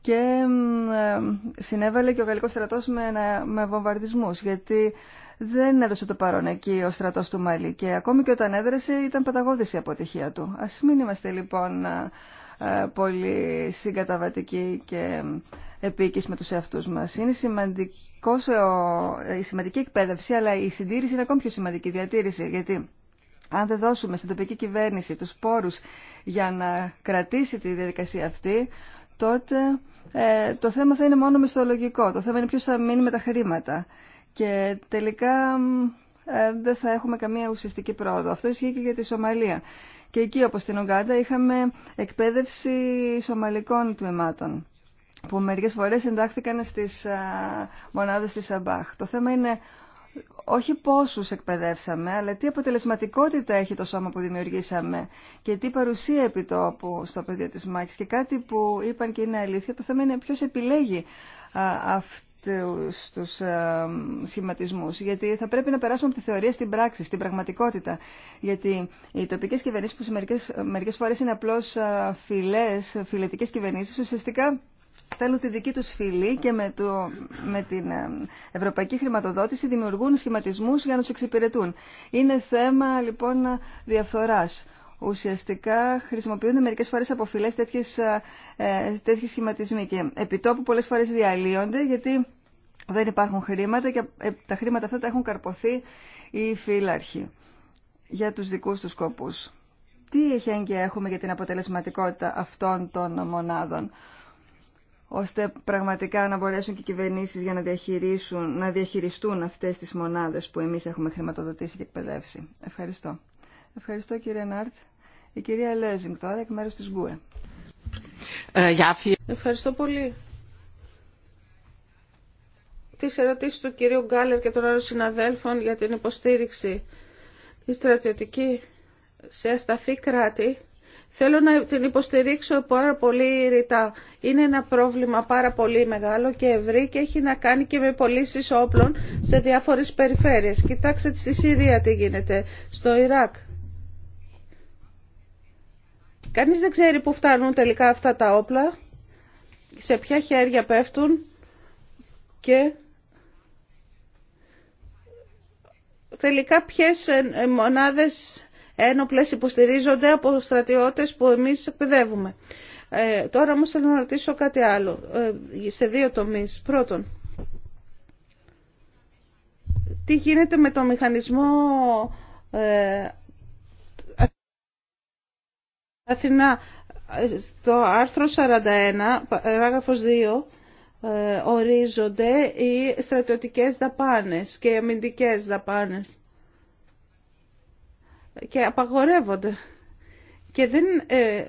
Και ε, συνέβαλε και ο Γαλλικός στρατός με, με βομβαρδισμούς, γιατί δεν έδωσε το παρόν εκεί ο στρατός του Μαλή. Και ακόμη και όταν έδρασε ήταν παταγώδηση η αποτυχία του. Ας μην είμαστε λοιπόν ε, πολύ συγκαταβατική και επίκης με τους εαυτούς μας. Είναι σημαντικός, ε, η σημαντική εκπαίδευση, αλλά η συντήρηση είναι ακόμη πιο σημαντική, διατήρηση, γιατί αν δεν δώσουμε στην τοπική κυβέρνηση τους πόρους για να κρατήσει τη διαδικασία αυτή, τότε ε, το θέμα θα είναι μόνο μισθολογικό. Το θέμα είναι ποιος θα μείνει με τα χρήματα. Και τελικά δεν θα έχουμε καμία ουσιαστική πρόοδο. Αυτό ισχύει και για τη Σομαλία. Και εκεί, όπως στην Ουγγάντα, είχαμε εκπαίδευση σομαλικών τμήματων που μερικές φορές εντάχθηκαν στις μονάδες της ΣΑΜΠΑΧ. Το θέμα είναι όχι πόσους εκπαιδεύσαμε, αλλά τι αποτελεσματικότητα έχει το σώμα που δημιουργήσαμε και τι παρουσία επιτόπου στο πεδίο της μάχης. Και κάτι που είπαν και είναι αλήθεια, το θέμα είναι ποιος επιλέγει στους ε, σχηματισμούς, γιατί θα πρέπει να περάσουμε από τη θεωρία στην πράξη, στην πραγματικότητα. Γιατί οι τοπικές κυβερνήσεις που μερικές, φορέ είναι απλώς ε, φιλές, φιλετικές κυβερνήσεις, ουσιαστικά θέλουν τη δική τους φιλή και με, το, με την ε, ευρωπαϊκή χρηματοδότηση δημιουργούν σχηματισμούς για να τους εξυπηρετούν. Είναι θέμα λοιπόν διαφθοράς. Ουσιαστικά χρησιμοποιούνται μερικέ φορέ από φυλέ τέτοιες, σχηματισμοί και επιτόπου πολλέ φορέ διαλύονται γιατί δεν υπάρχουν χρήματα και τα χρήματα αυτά τα έχουν καρποθεί οι φύλαρχοι για τους δικούς τους σκοπούς. Τι εχέγγυα έχουμε για την αποτελεσματικότητα αυτών των μονάδων, ώστε πραγματικά να μπορέσουν και οι κυβερνήσεις για να, διαχειρίσουν, να διαχειριστούν αυτές τις μονάδες που εμείς έχουμε χρηματοδοτήσει και εκπαιδεύσει. Ευχαριστώ. Ευχαριστώ κύριε Νάρτ. Η κυρία Λέζινγκ τώρα εκ μέρους της ΓΚΟΕ. Ε, Ευχαριστώ πολύ τις ερωτήσεις του κυρίου Γκάλερ και των άλλων συναδέλφων για την υποστήριξη τη στρατιωτική σε ασταθή κράτη. Θέλω να την υποστηρίξω πάρα πολύ ρητά. Είναι ένα πρόβλημα πάρα πολύ μεγάλο και ευρύ και έχει να κάνει και με πωλήσει όπλων σε διάφορες περιφέρειες. Κοιτάξτε στη Συρία τι γίνεται, στο Ιράκ. Κανείς δεν ξέρει πού φτάνουν τελικά αυτά τα όπλα, σε ποια χέρια πέφτουν και τελικά ποιες ε, ε, μονάδες ένοπλες υποστηρίζονται από στρατιώτες που εμείς εκπαιδεύουμε. Ε, τώρα όμως θέλω να ρωτήσω κάτι άλλο, ε, σε δύο τομείς. Πρώτον, τι γίνεται με το μηχανισμό ε, Αθηνά, στο άρθρο 41, παράγραφος 2, ε, ορίζονται οι στρατιωτικές δαπάνες και οι αμυντικές δαπάνες και απαγορεύονται και δεν ε,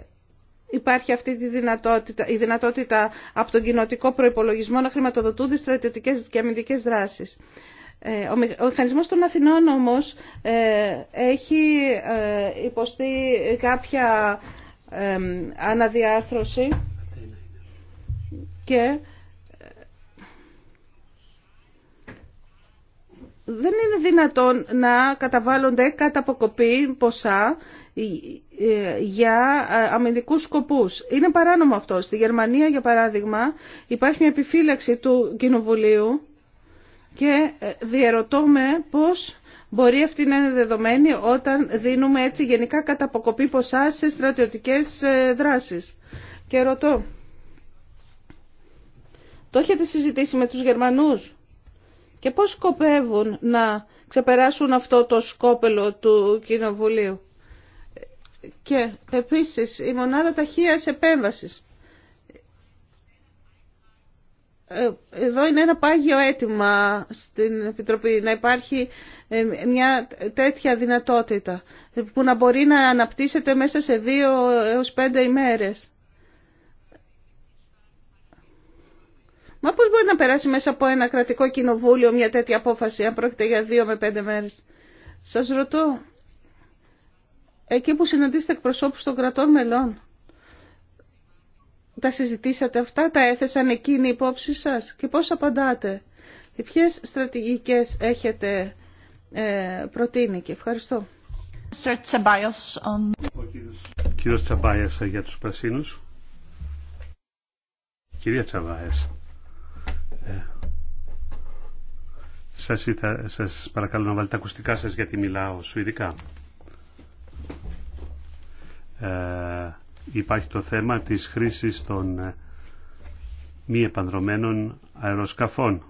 υπάρχει αυτή τη δυνατότητα, η δυνατότητα από τον κοινοτικό προϋπολογισμό να χρηματοδοτούν χρηματοδοτούνται στρατιωτικές και αμυντικές δράσεις. Ε, ο μηχανισμός των Αθηνών όμως έχει υποστεί κάποια αναδιάρθρωση και δεν είναι δυνατόν να καταβάλλονται κατά αποκοπή ποσά ε, για ε, αμυντικούς σκοπούς. Είναι παράνομο αυτό. Στη Γερμανία, για παράδειγμα, υπάρχει μια επιφύλαξη του Κοινοβουλίου και ε, διαιρωτώ με πώς μπορεί αυτή να είναι δεδομένη όταν δίνουμε έτσι γενικά κατά αποκοπή ποσά σε στρατιωτικές δράσεις. Και ρωτώ, το έχετε συζητήσει με τους Γερμανούς και πώς σκοπεύουν να ξεπεράσουν αυτό το σκόπελο του Κοινοβουλίου. Και επίσης η μονάδα ταχείας επέμβασης. Ε, εδώ είναι ένα πάγιο αίτημα στην Επιτροπή να υπάρχει ε, μια τέτοια δυνατότητα που να μπορεί να αναπτύσσεται μέσα σε δύο έως πέντε ημέρες. Μα πώς μπορεί να περάσει μέσα από ένα κρατικό κοινοβούλιο μια τέτοια απόφαση, αν πρόκειται για δύο με πέντε μέρες. Σας ρωτώ, εκεί που συναντήσετε εκπροσώπους των κρατών μελών, τα συζητήσατε αυτά, τα έθεσαν εκείνοι υπόψη σας και πώς απαντάτε. Και ποιες στρατηγικές έχετε ε, προτείνει και ευχαριστώ. Τσαμπάιας για τους Πρασίνους. Κυρία Τσαμπάιας. Ε, σας, παρακαλώ να βάλετε τα ακουστικά σας γιατί μιλάω σουηδικά. Ε, υπάρχει το θέμα της χρήσης των ε, μη επανδρομένων αεροσκαφών.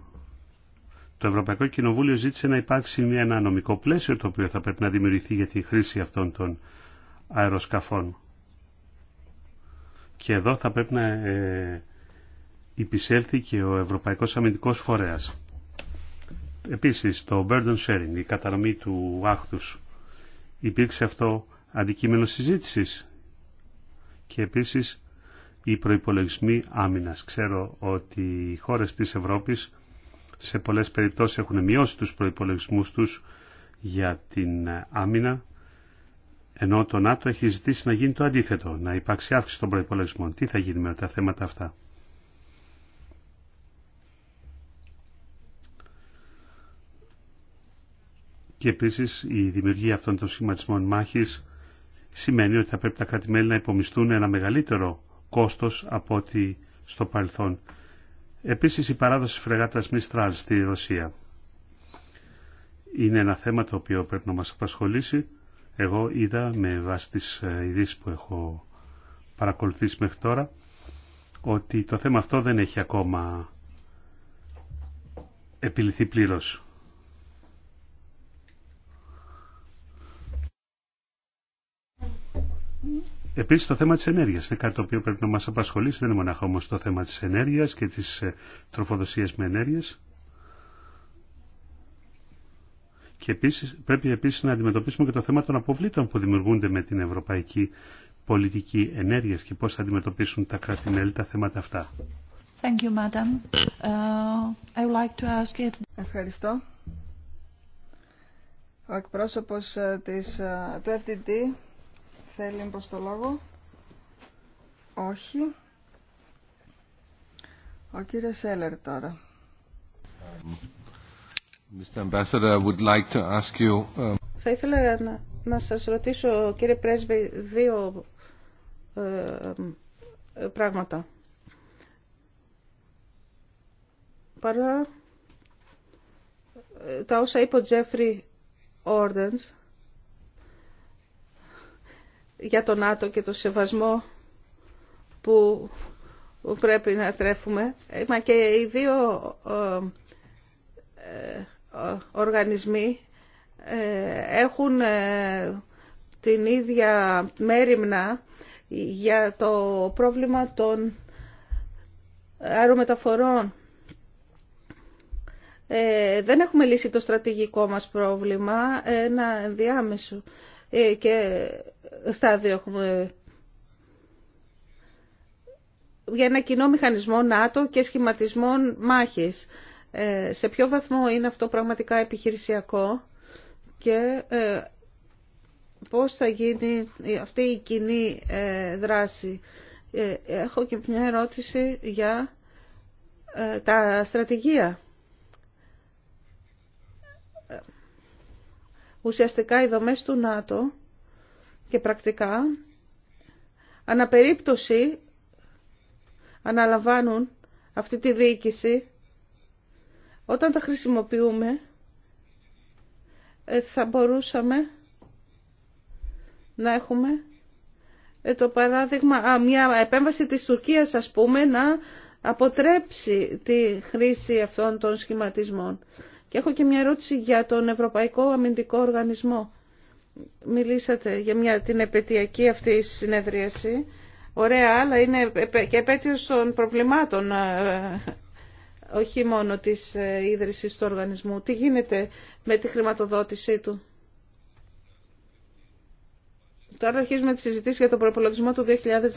Το Ευρωπαϊκό Κοινοβούλιο ζήτησε να υπάρξει ένα νομικό πλαίσιο το οποίο θα πρέπει να δημιουργηθεί για τη χρήση αυτών των αεροσκαφών. Και εδώ θα πρέπει να ε, υπησέλθει ο Ευρωπαϊκός Αμυντικός Φορέας. Επίσης, το burden sharing, η κατανομή του άχτους, υπήρξε αυτό αντικείμενο συζήτησης. Και επίσης, οι προϋπολογισμοί άμυνας. Ξέρω ότι οι χώρες της Ευρώπης σε πολλές περιπτώσεις έχουν μειώσει τους προϋπολογισμούς τους για την άμυνα, ενώ το ΝΑΤΟ έχει ζητήσει να γίνει το αντίθετο, να υπάρξει αύξηση των προϋπολογισμών. Τι θα γίνει με τα θέματα αυτά. και επίσης η δημιουργία αυτών των σχηματισμών μάχης σημαίνει ότι θα πρέπει τα κράτη-μέλη να υπομισθούν ένα μεγαλύτερο κόστος από ότι στο παρελθόν. Επίση, η παράδοση φρεγάτας Μιστράλ στη Ρωσία είναι ένα θέμα το οποίο πρέπει να μας απασχολήσει. Εγώ είδα με βάση τις ε, ειδήσει που έχω παρακολουθήσει μέχρι τώρα ότι το θέμα αυτό δεν έχει ακόμα επιληθεί πλήρως. Επίση το θέμα τη ενέργεια είναι κάτι το οποίο πρέπει να μα απασχολήσει. Δεν είναι μονάχα όμω το θέμα τη ενέργεια και τη ε, τροφοδοσία με ενέργειε. Και επίσης, πρέπει επίση να αντιμετωπίσουμε και το θέμα των αποβλήτων που δημιουργούνται με την ευρωπαϊκή πολιτική ενέργεια και πώ θα αντιμετωπίσουν τα κράτη-μέλη τα θέματα αυτά. Thank you, madam. Uh, I would like to ask it... Ευχαριστώ. Ο εκπρόσωπος ε, ε, του FDD θέλει προ το λόγο. Όχι. Ο κύριο Έλερ τώρα. Mr. Ambassador, I would like to ask you... Um, Θα ήθελα να, να σας ρωτήσω, κύριε Πρέσβη, δύο ε, ε πράγματα. Παρά ε, τα όσα είπε ο Τζέφρι Όρντενς, για τον άτο και το σεβασμό που πρέπει να τρέφουμε. Ε, μα και οι δύο ε, ε, οργανισμοί έχουν την ίδια μέρημνα για το πρόβλημα των αερομεταφορών. δεν έχουμε λύσει το στρατηγικό μας πρόβλημα, ένα ενδιάμεσο. και στάδιο έχουμε για ένα κοινό μηχανισμό ΝΑΤΟ και σχηματισμό μάχης. Ε, σε ποιο βαθμό είναι αυτό πραγματικά επιχειρησιακό και ε, πώς θα γίνει αυτή η κοινή ε, δράση. έχω και μια ερώτηση για τα στρατηγία. Ουσιαστικά οι δομές του ΝΑΤΟ και πρακτικά αναπερίπτωση αναλαμβάνουν αυτή τη διοίκηση όταν τα χρησιμοποιούμε ε, θα μπορούσαμε να έχουμε ε, το παράδειγμα, μια επέμβαση της Τουρκίας ας πούμε να αποτρέψει τη χρήση αυτών των σχηματισμών. Και έχω και μια ερώτηση για τον Ευρωπαϊκό Αμυντικό Οργανισμό μιλήσατε για μια, την επαιτειακή αυτή συνεδρίαση. Ωραία, αλλά είναι και επέτειος των προβλημάτων, ε, όχι μόνο της ε, ίδρυσης του οργανισμού. Τι γίνεται με τη χρηματοδότησή του. Τώρα αρχίζουμε τη συζητήση για τον προπολογισμό του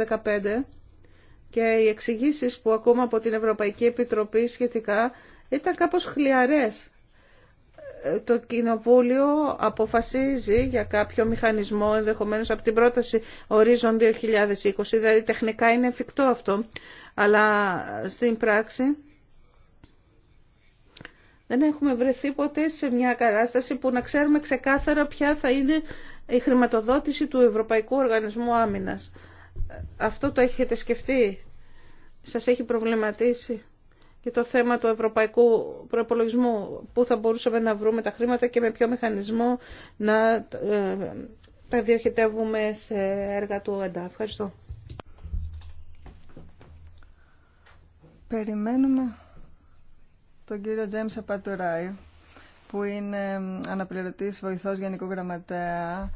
2015 και οι εξηγήσει που ακούμε από την Ευρωπαϊκή Επιτροπή σχετικά ήταν κάπως χλιαρές το Κοινοβούλιο αποφασίζει για κάποιο μηχανισμό ενδεχομένως από την πρόταση ορίζον 2020, δηλαδή τεχνικά είναι εφικτό αυτό, αλλά στην πράξη δεν έχουμε βρεθεί ποτέ σε μια κατάσταση που να ξέρουμε ξεκάθαρα ποια θα είναι η χρηματοδότηση του Ευρωπαϊκού Οργανισμού Άμυνας. Αυτό το έχετε σκεφτεί, σας έχει προβληματίσει και το θέμα του ευρωπαϊκού προπολογισμού, πού θα μπορούσαμε να βρούμε τα χρήματα και με ποιο μηχανισμό να ε, τα διοχετεύουμε σε έργα του ΕΝΤΑ. Ευχαριστώ. Περιμένουμε τον κύριο Τζέμς Απατουράη, που είναι αναπληρωτής βοηθός Γενικού Γραμματέα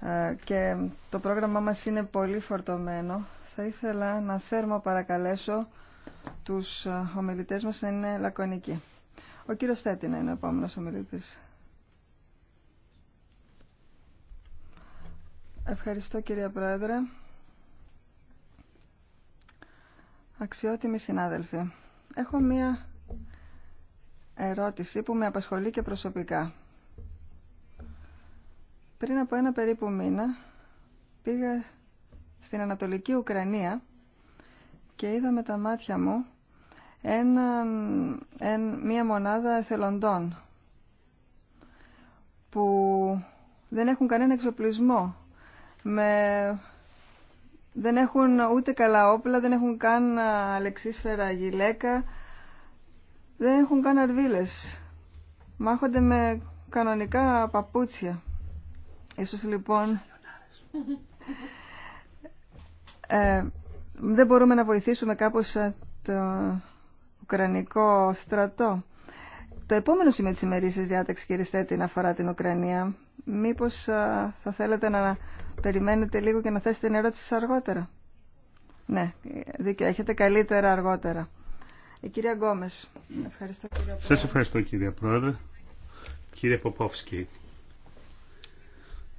ε, και το πρόγραμμά μας είναι πολύ φορτωμένο. Θα ήθελα να θέρμα παρακαλέσω τους ε, ομιλητές μας να είναι λακωνικοί. Ο κύριος Στέτινα είναι ο επόμενος ομιλητής. Ευχαριστώ κύριε Πρόεδρε. Αξιότιμοι συνάδελφοι, έχω μία ερώτηση που με απασχολεί και προσωπικά. Πριν από ένα περίπου μήνα πήγα στην Ανατολική Ουκρανία και είδα με τα μάτια μου ένα, εν, μία μονάδα εθελοντών που δεν έχουν κανένα εξοπλισμό. Με... Δεν έχουν ούτε καλά όπλα, δεν έχουν καν αλεξίσφαιρα γυλαίκα, δεν έχουν καν αρβίλες. Μάχονται με κανονικά παπούτσια. Ίσως λοιπόν δεν μπορούμε να βοηθήσουμε κάπως ε, το Ουκρανικό στρατό. Το επόμενο σημείο της ημερήσης διάταξης, κύριε Στέτιν, αφορά την Ουκρανία. Μήπως ε, θα θέλετε να περιμένετε λίγο και να θέσετε την ερώτηση αργότερα. Ναι, δίκιο. Έχετε καλύτερα αργότερα. Η κυρία Γκόμες. Ευχαριστώ, κύριε Πρόεδρε. Σας ευχαριστώ, κύριε Πρόεδρε. Κύριε Ποπόφσκι,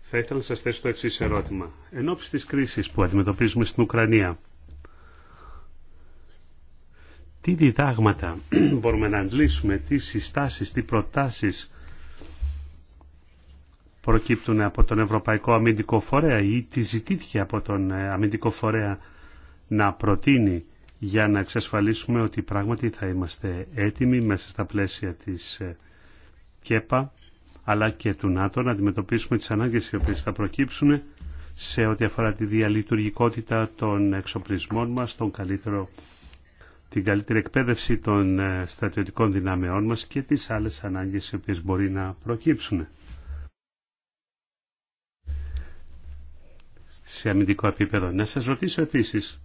θα ήθελα να σας θέσω το εξή ερώτημα. Εν ώψη της κρίσης που αντιμετωπίζουμε στην Ουκρανία, τι διδάγματα μπορούμε να αντλήσουμε, τι συστάσεις, τι προτάσεις προκύπτουν από τον Ευρωπαϊκό Αμυντικό Φορέα ή τι ζητήθηκε από τον ε, Αμυντικό Φορέα να προτείνει για να εξασφαλίσουμε ότι πράγματι θα είμαστε έτοιμοι μέσα στα πλαίσια της ε, ΚΕΠΑ αλλά και του ΝΑΤΟ να αντιμετωπίσουμε τις ανάγκες οι οποίες θα προκύψουν σε ό,τι αφορά τη διαλειτουργικότητα των εξοπλισμών μας, τον καλύτερο την καλύτερη εκπαίδευση των ε, στρατιωτικών δυνάμεών μας και τις άλλες ανάγκες οι οποίες μπορεί να προκύψουν. Σε αμυντικό επίπεδο. Να σας ρωτήσω επίσης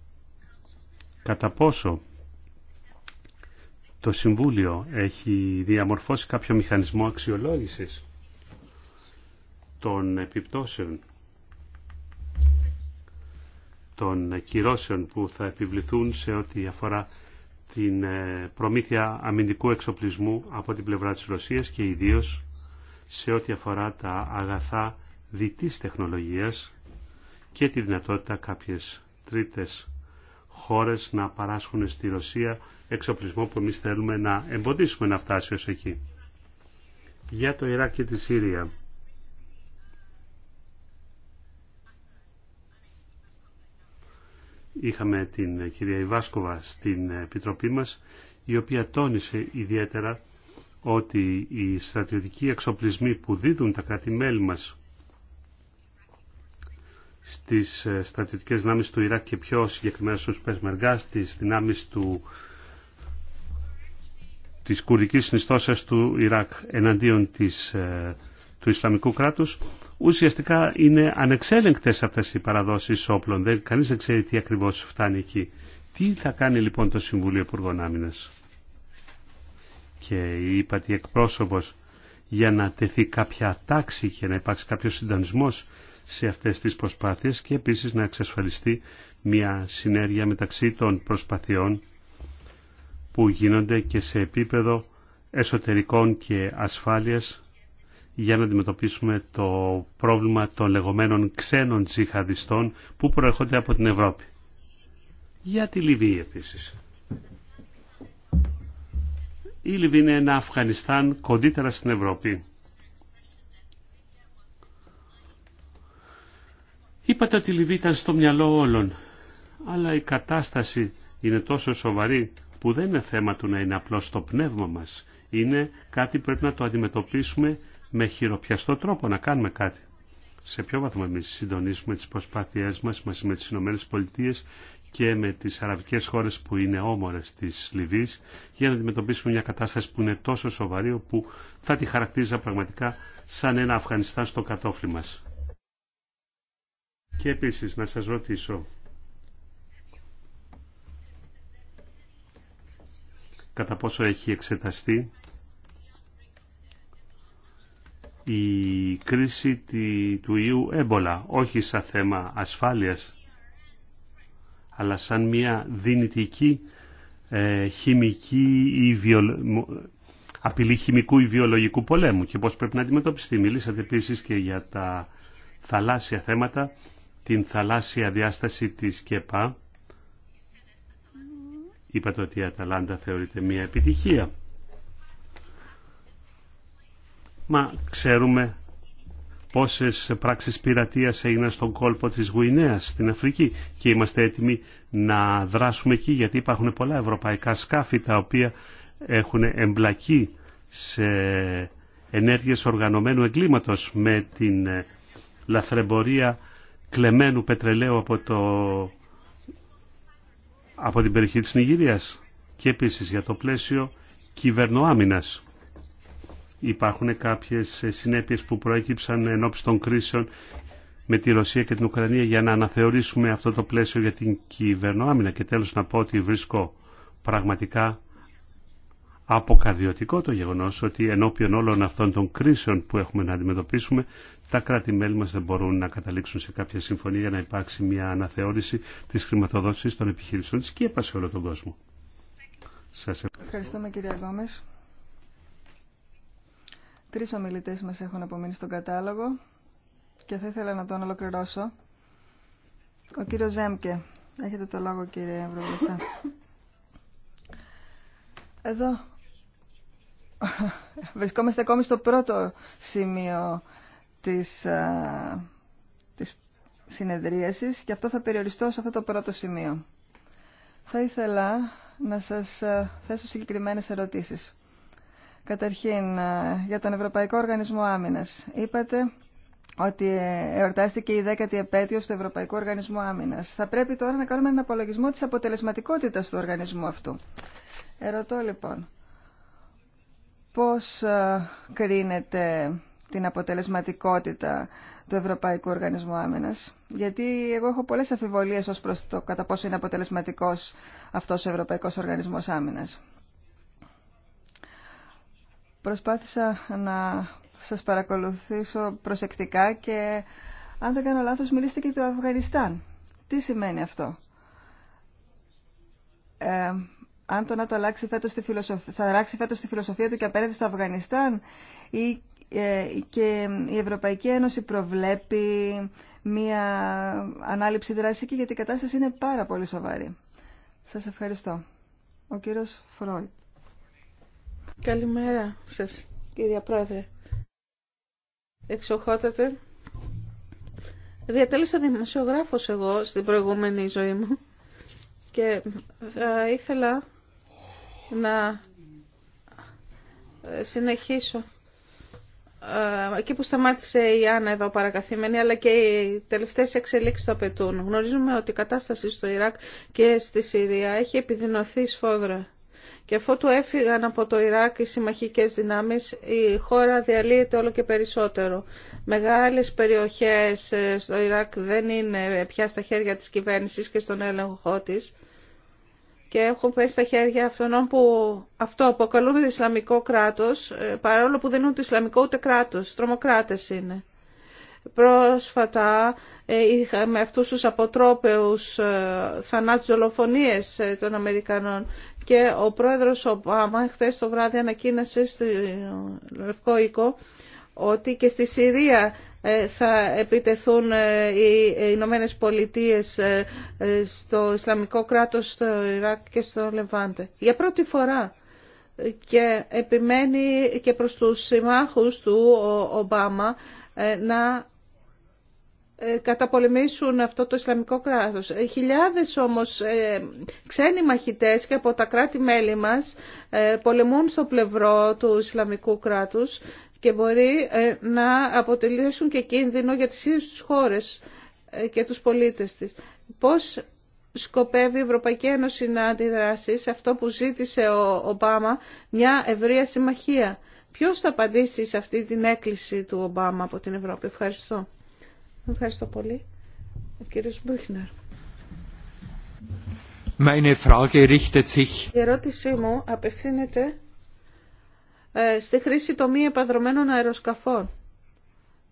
κατά πόσο το Συμβούλιο έχει διαμορφώσει κάποιο μηχανισμό αξιολόγησης των επιπτώσεων των κυρώσεων που θα επιβληθούν σε ό,τι αφορά την ε, προμήθεια αμυντικού εξοπλισμού από την πλευρά της Ρωσίας και ιδίως σε ό,τι αφορά τα αγαθά δυτής τεχνολογίας και τη δυνατότητα κάποιες τρίτες χώρες να παράσχουν στη Ρωσία εξοπλισμό που εμείς θέλουμε να εμποδίσουμε να φτάσει ως εκεί. Για το Ιράκ και τη Σύρια. Είχαμε την κυρία Ιβάσκοβα στην Επιτροπή μας, η οποία τόνισε ιδιαίτερα ότι οι στρατιωτικοί εξοπλισμοί που δίδουν τα κράτη-μέλη μας στις ε, στρατιωτικές δυνάμεις του Ιράκ και πιο συγκεκριμένα στους Πεσμεργά, στις δυνάμεις του, της κουρδικής συνιστώσεως του Ιράκ εναντίον της ε, του Ισλαμικού κράτους, ουσιαστικά είναι ανεξέλεγκτες αυτές οι παραδόσεις όπλων. Δεν, κανείς δεν ξέρει τι ακριβώς φτάνει εκεί. Τι θα κάνει λοιπόν το Συμβούλιο Υπουργών Άμυνας. Και είπα τι εκπρόσωπος για να τεθεί κάποια τάξη και να υπάρξει κάποιο συντανισμό σε αυτές τις προσπάθειες και επίσης να εξασφαλιστεί μια συνέργεια μεταξύ των προσπαθειών που γίνονται και σε επίπεδο εσωτερικών και ασφάλειας για να αντιμετωπίσουμε το πρόβλημα των λεγόμενων ξένων τσίχαδιστών που προέρχονται από την Ευρώπη. Για τη Λιβύη επίσης. Η Λιβύη είναι ένα Αφγανιστάν κοντύτερα στην Ευρώπη. Είπατε ότι η Λιβύη ήταν στο μυαλό όλων, αλλά η κατάσταση είναι τόσο σοβαρή που δεν είναι θέμα του να είναι απλώς το πνεύμα μας. Είναι κάτι που πρέπει να το αντιμετωπίσουμε με χειροπιαστό τρόπο να κάνουμε κάτι. Σε ποιο βαθμό εμείς συντονίζουμε τις προσπάθειές μας μαζί με τις Ηνωμένες Πολιτείες και με τις αραβικές χώρες που είναι όμορες της Λιβύης για να αντιμετωπίσουμε μια κατάσταση που είναι τόσο σοβαρή που θα τη χαρακτήριζα πραγματικά σαν ένα Αφγανιστάν στο κατόφλι μας. Και επίσης να σας ρωτήσω κατά πόσο έχει εξεταστεί η κρίση του ιού έμπολα, όχι σαν θέμα ασφάλειας, αλλά σαν μια δυνητική ε, χημική ή βιολο... απειλή χημικού ή βιολογικού πολέμου και πώς πρέπει να αντιμετωπιστεί. Μιλήσατε επίσης και για τα θαλάσσια θέματα, την θαλάσσια διάσταση της ΚΕΠΑ. Είπατε ότι η Αταλάντα θεωρείται μια επιτυχία. Μα ξέρουμε πόσες πράξεις πειρατείας έγιναν στον κόλπο της Γουινέας στην Αφρική και είμαστε έτοιμοι να δράσουμε εκεί γιατί υπάρχουν πολλά ευρωπαϊκά σκάφη τα οποία έχουν εμπλακεί σε ενέργειες οργανωμένου εγκλήματος με την ε, λαθρεμπορία κλεμμένου πετρελαίου από, το, από την περιοχή της Νιγηρίας και επίσης για το πλαίσιο κυβερνοάμυνας υπάρχουν κάποιες ε, συνέπειες που προέκυψαν ενώπιση των κρίσεων με τη Ρωσία και την Ουκρανία για να αναθεωρήσουμε αυτό το πλαίσιο για την κυβερνοάμυνα. Και τέλος να πω ότι βρίσκω πραγματικά αποκαρδιωτικό το γεγονός ότι ενώπιον όλων αυτών των κρίσεων που έχουμε να αντιμετωπίσουμε, τα κράτη-μέλη μας δεν μπορούν να καταλήξουν σε κάποια συμφωνία για να υπάρξει μια αναθεώρηση της χρηματοδότησης των επιχειρήσεων της και σε όλο τον κόσμο. Σας ευχαριστώ. Ευχαριστούμε κύριε Γόμες. Τρεις ομιλητές μας έχουν απομείνει στον κατάλογο και θα ήθελα να τον ολοκληρώσω. Ο κύριος Ζέμκε. Έχετε το λόγο κύριε Ευρωβουλευτά. Εδώ βρισκόμαστε ακόμη στο πρώτο σημείο της, της συνεδρίασης και αυτό θα περιοριστώ σε αυτό το πρώτο σημείο. Θα ήθελα να σας θέσω συγκεκριμένες ερωτήσεις. Καταρχήν, ε, για τον Ευρωπαϊκό Οργανισμό Άμυνας. Είπατε ότι εορτάστηκε η δέκατη επέτειο του Ευρωπαϊκού Οργανισμού Άμυνας. Θα πρέπει τώρα να κάνουμε έναν απολογισμό της αποτελεσματικότητας του οργανισμού αυτού. Ερωτώ λοιπόν, πώς ε, κρίνεται την αποτελεσματικότητα του Ευρωπαϊκού Οργανισμού Άμυνας. Γιατί εγώ έχω πολλές αφιβολίες ως προς το κατά πόσο είναι αποτελεσματικός αυτός ο Ευρωπαϊκός Οργανισμός Άμυνα Προσπάθησα να σας παρακολουθήσω προσεκτικά και αν δεν κάνω λάθος μιλήσετε και το Αφγανιστάν. Τι σημαίνει αυτό. Ε, αν το ΝΑΤΟ αλλάξει φέτος τη φιλοσοφία, θα αλλάξει φέτος τη φιλοσοφία του και απέναντι στο Αφγανιστάν ή ε, και η Ευρωπαϊκή Ένωση προβλέπει μία ανάληψη δράση γιατί η κατάσταση είναι πάρα πολύ σοβαρή. Σας ευχαριστώ. Ο κύριος Φρόιτ. Καλημέρα σας, κυρία Πρόεδρε. Εξοχότατε. Διατέλεσα δημοσιογράφος εγώ στην προηγούμενη ζωή μου και θα ήθελα να ε, συνεχίσω ε, εκεί που σταμάτησε η Άννα εδώ παρακαθήμενη, αλλά και οι τελευταίες εξελίξεις το απαιτούν. Γνωρίζουμε ότι η κατάσταση στο Ιράκ και στη Συρία έχει επιδεινωθεί σφόδρα. Και αφού του έφυγαν από το Ιράκ οι συμμαχικές δυνάμεις, η χώρα διαλύεται όλο και περισσότερο. Μεγάλες περιοχές ε, στο Ιράκ δεν είναι πια στα χέρια της κυβέρνησης και στον έλεγχό της και έχουν πέσει στα χέρια αυτών που αυτό αποκαλούμε Ισλαμικό κράτος, ε, παρόλο που δεν είναι ούτε Ισλαμικό ούτε κράτος, τρομοκράτες είναι. Πρόσφατα ε, είχαμε αυτούς τους αποτρόπαιους θανάτους δολοφονίες των Αμερικανών και ο πρόεδρος Ομπάμα χθε το βράδυ ανακοίνασε στο Λευκό Οίκο ότι και στη Συρία ε, θα επιτεθούν ε, οι Ηνωμένε Πολιτείε ε, στο Ισλαμικό κράτος, στο Ιράκ και στο Λεβάντε. Για πρώτη φορά και επιμένει και προς τους συμμάχους του ο Ομπάμα να ε, καταπολεμήσουν αυτό το Ισλαμικό κράτος. Ε, χιλιάδες όμως ε, ξένοι μαχητές και από τα κράτη-μέλη μας πολεμούν στο πλευρό του Ισλαμικού κράτους και μπορεί να αποτελέσουν και κίνδυνο για τις ίδιες τους χώρες και τους πολίτες της. Πώς σκοπεύει η Ευρωπαϊκή Ένωση να αντιδράσει σε αυτό που ζήτησε ο Ομπάμα, μια ευρεία συμμαχία. Ποιος θα απαντήσει σε αυτή την έκκληση του Ομπάμα από την Ευρώπη. Ευχαριστώ. Ευχαριστώ πολύ. Ο κύριος Μπούχνερ. Meine Frage richtet sich... Η ερώτησή μου απευθύνεται ε, στη χρήση των μη επαδρομένων αεροσκαφών,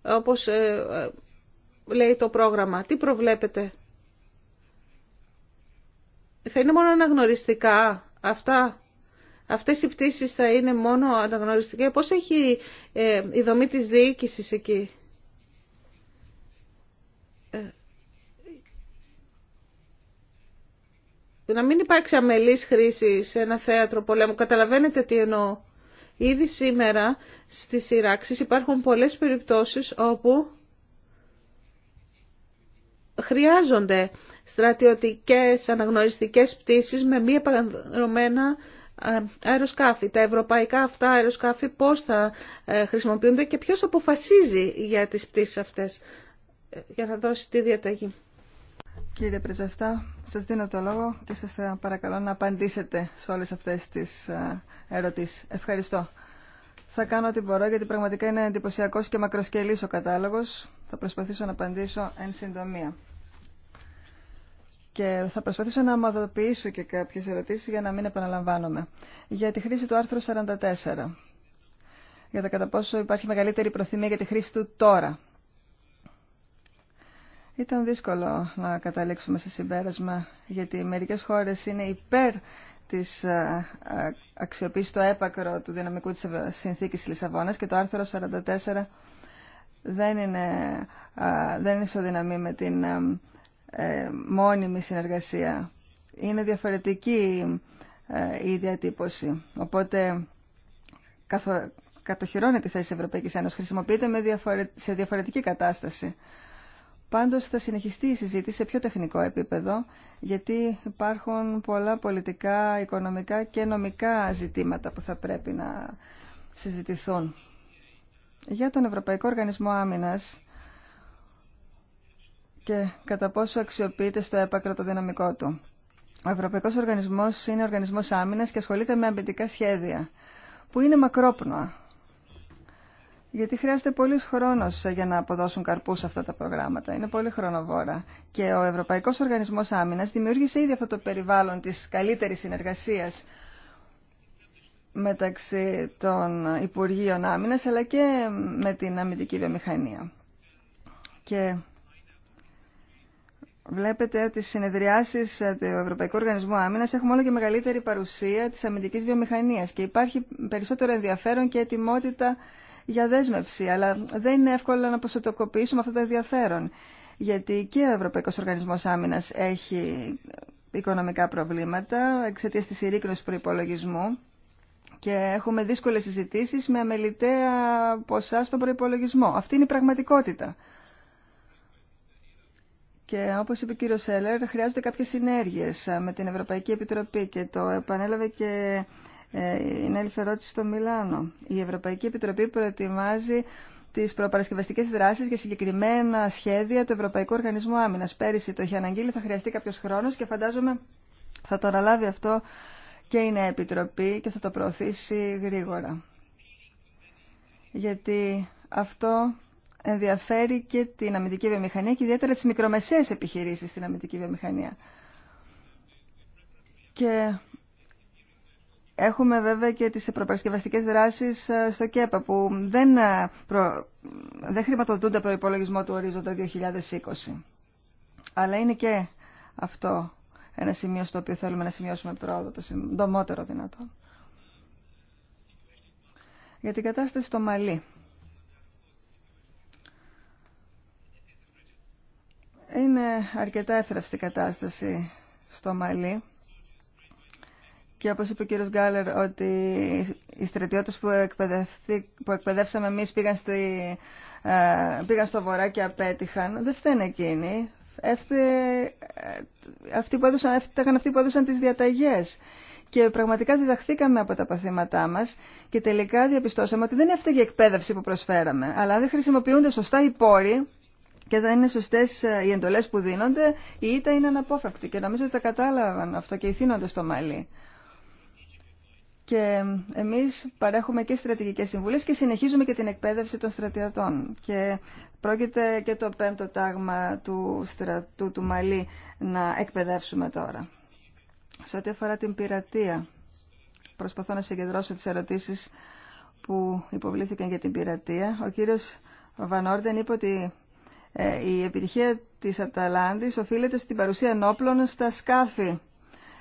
όπως ε, ε, λέει το πρόγραμμα. Τι προβλέπετε. Θα είναι μόνο αναγνωριστικά αυτά. Αυτές οι πτήσεις θα είναι μόνο αναγνωριστικές. Πώς έχει η δομή της διοίκησης εκεί. να μην υπάρξει αμελής χρήση σε ένα θέατρο πολέμου. Καταλαβαίνετε τι εννοώ. Ήδη σήμερα στις σειράξεις υπάρχουν πολλές περιπτώσεις όπου χρειάζονται στρατιωτικές αναγνωριστικές πτήσεις με μη επανδρομένα ε, αεροσκάφη. Τα ευρωπαϊκά αυτά αεροσκάφη πώς θα ε, χρησιμοποιούνται και ποιος αποφασίζει για τις πτήσεις αυτές ε, για να δώσει τη διαταγή. Κύριε Πρεζευτά, σας δίνω το λόγο και σας θα παρακαλώ να απαντήσετε σε όλες αυτές τις ε, ερωτήσεις. Ευχαριστώ. Θα κάνω ό,τι μπορώ γιατί πραγματικά είναι εντυπωσιακό και μακροσκελής ο κατάλογος. Θα προσπαθήσω να απαντήσω εν συντομία. Και θα προσπαθήσω να ομαδοποιήσω και κάποιες ερωτήσεις για να μην επαναλαμβάνομαι. Για τη χρήση του άρθρου 44. Για το κατά πόσο υπάρχει μεγαλύτερη προθυμία για τη χρήση του τώρα. Ήταν δύσκολο να καταλήξουμε σε συμπέρασμα, γιατί μερικές χώρες είναι υπέρ της ε, ε, αξιοποίησης το έπακρο του δυναμικού της συνθήκης της Λισαβόνας και το άρθρο 44 δεν είναι, ε, δεν ισοδυναμεί με την μόνιμη συνεργασία. Είναι διαφορετική η διατύπωση. Οπότε κατοχυρώνεται η θέση της Ευρωπαϊκής Ένωση Χρησιμοποιείται σε διαφορετική κατάσταση. Πάντως θα συνεχιστεί η συζήτηση σε πιο τεχνικό επίπεδο, γιατί υπάρχουν πολλά πολιτικά, οικονομικά και νομικά ζητήματα που θα πρέπει να συζητηθούν. Για τον Ευρωπαϊκό Οργανισμό Άμυνας και κατά πόσο αξιοποιείται στο έπακρο το δυναμικό του. Ο Ευρωπαϊκός Οργανισμός είναι οργανισμός άμυνας και ασχολείται με αμυντικά σχέδια, που είναι μακρόπνοα γιατί χρειάζεται πολύς χρόνος για να αποδώσουν καρπούς αυτά τα προγράμματα. Είναι πολύ χρονοβόρα. Και ο Ευρωπαϊκός Οργανισμός Άμυνας δημιούργησε ήδη αυτό το περιβάλλον της καλύτερης συνεργασίας μεταξύ των Υπουργείων Άμυνας αλλά και με την αμυντική βιομηχανία. Και βλέπετε ότι στις συνεδριάσεις του Ευρωπαϊκού Οργανισμού Άμυνας έχουμε όλο και μεγαλύτερη παρουσία της αμυντικής βιομηχανίας και υπάρχει περισσότερο ενδιαφέρον και ετοιμότητα για δέσμευση, αλλά δεν είναι εύκολο να ποσοτοκοποιήσουμε αυτό το ενδιαφέρον. Γιατί και ο Ευρωπαϊκό Οργανισμός Άμυνας έχει οικονομικά προβλήματα εξαιτία τη συρρήκνωση προϋπολογισμού και έχουμε δύσκολε συζητήσει με αμεληταία ποσά στον προϋπολογισμό. Αυτή είναι η πραγματικότητα. Και όπω είπε ο κύριο Σέλερ, χρειάζονται κάποιε συνέργειε με την Ευρωπαϊκή Επιτροπή και το επανέλαβε και ε, είναι ερώτηση στο Μιλάνο. Η Ευρωπαϊκή Επιτροπή προετοιμάζει τι προπαρασκευαστικέ δράσει για συγκεκριμένα σχέδια του Ευρωπαϊκού Οργανισμού Άμυνα. Πέρυσι το είχε αναγγείλει, θα χρειαστεί κάποιο χρόνο και φαντάζομαι θα το αναλάβει αυτό και η Νέα Επιτροπή και θα το προωθήσει γρήγορα. Γιατί αυτό ενδιαφέρει και την αμυντική βιομηχανία και ιδιαίτερα τις μικρομεσαίες επιχειρήσεις στην αμυντική βιομηχανία. Και Έχουμε βέβαια και τις προπαρασκευαστικές δράσεις ε, στο ΚΕΠΑ που δεν, ε, προ... δεν χρηματοδοτούνται από υπολογισμό του ορίζοντα 2020. Αλλά είναι και αυτό ένα σημείο στο οποίο θέλουμε να σημειώσουμε πρόοδο το συντομότερο δυνατό. Για την κατάσταση στο Μαλί. Είναι αρκετά εύθραυστη κατάσταση στο Μαλί. Και όπως είπε ο κύριος Γκάλερ ότι οι στρατιώτες που, που εκπαιδεύσαμε εμείς πήγαν, στη, ε, πήγαν στο βορρά και απέτυχαν, δεν φταίνε εκείνοι. Ε, αυτοί που έδωσαν, έφταγαν αυτοί που έδωσαν τις διαταγές. Και πραγματικά διδαχθήκαμε από τα παθήματά μας και τελικά διαπιστώσαμε ότι δεν έφταγε η εκπαίδευση που προσφέραμε. Αλλά αν δεν χρησιμοποιούνται σωστά οι πόροι, και δεν είναι σωστέ ε, οι εντολέ που δίνονται, η ήττα είναι αναπόφευκτη. Και νομίζω ότι τα κατάλαβαν αυτό και οι θύνοντε στο Μαλί. Και εμείς παρέχουμε και στρατηγικές συμβουλές και συνεχίζουμε και την εκπαίδευση των στρατιωτών. Και πρόκειται και το πέμπτο τάγμα του στρατού του Μαλή να εκπαιδεύσουμε τώρα. Σε ό,τι αφορά την πειρατεία, προσπαθώ να συγκεντρώσω τις ερωτήσεις που υποβλήθηκαν για την πειρατεία. Ο κύριος Βανόρντεν είπε ότι ε, η επιτυχία της Αταλάντης οφείλεται στην παρουσία ενόπλων στα σκάφη.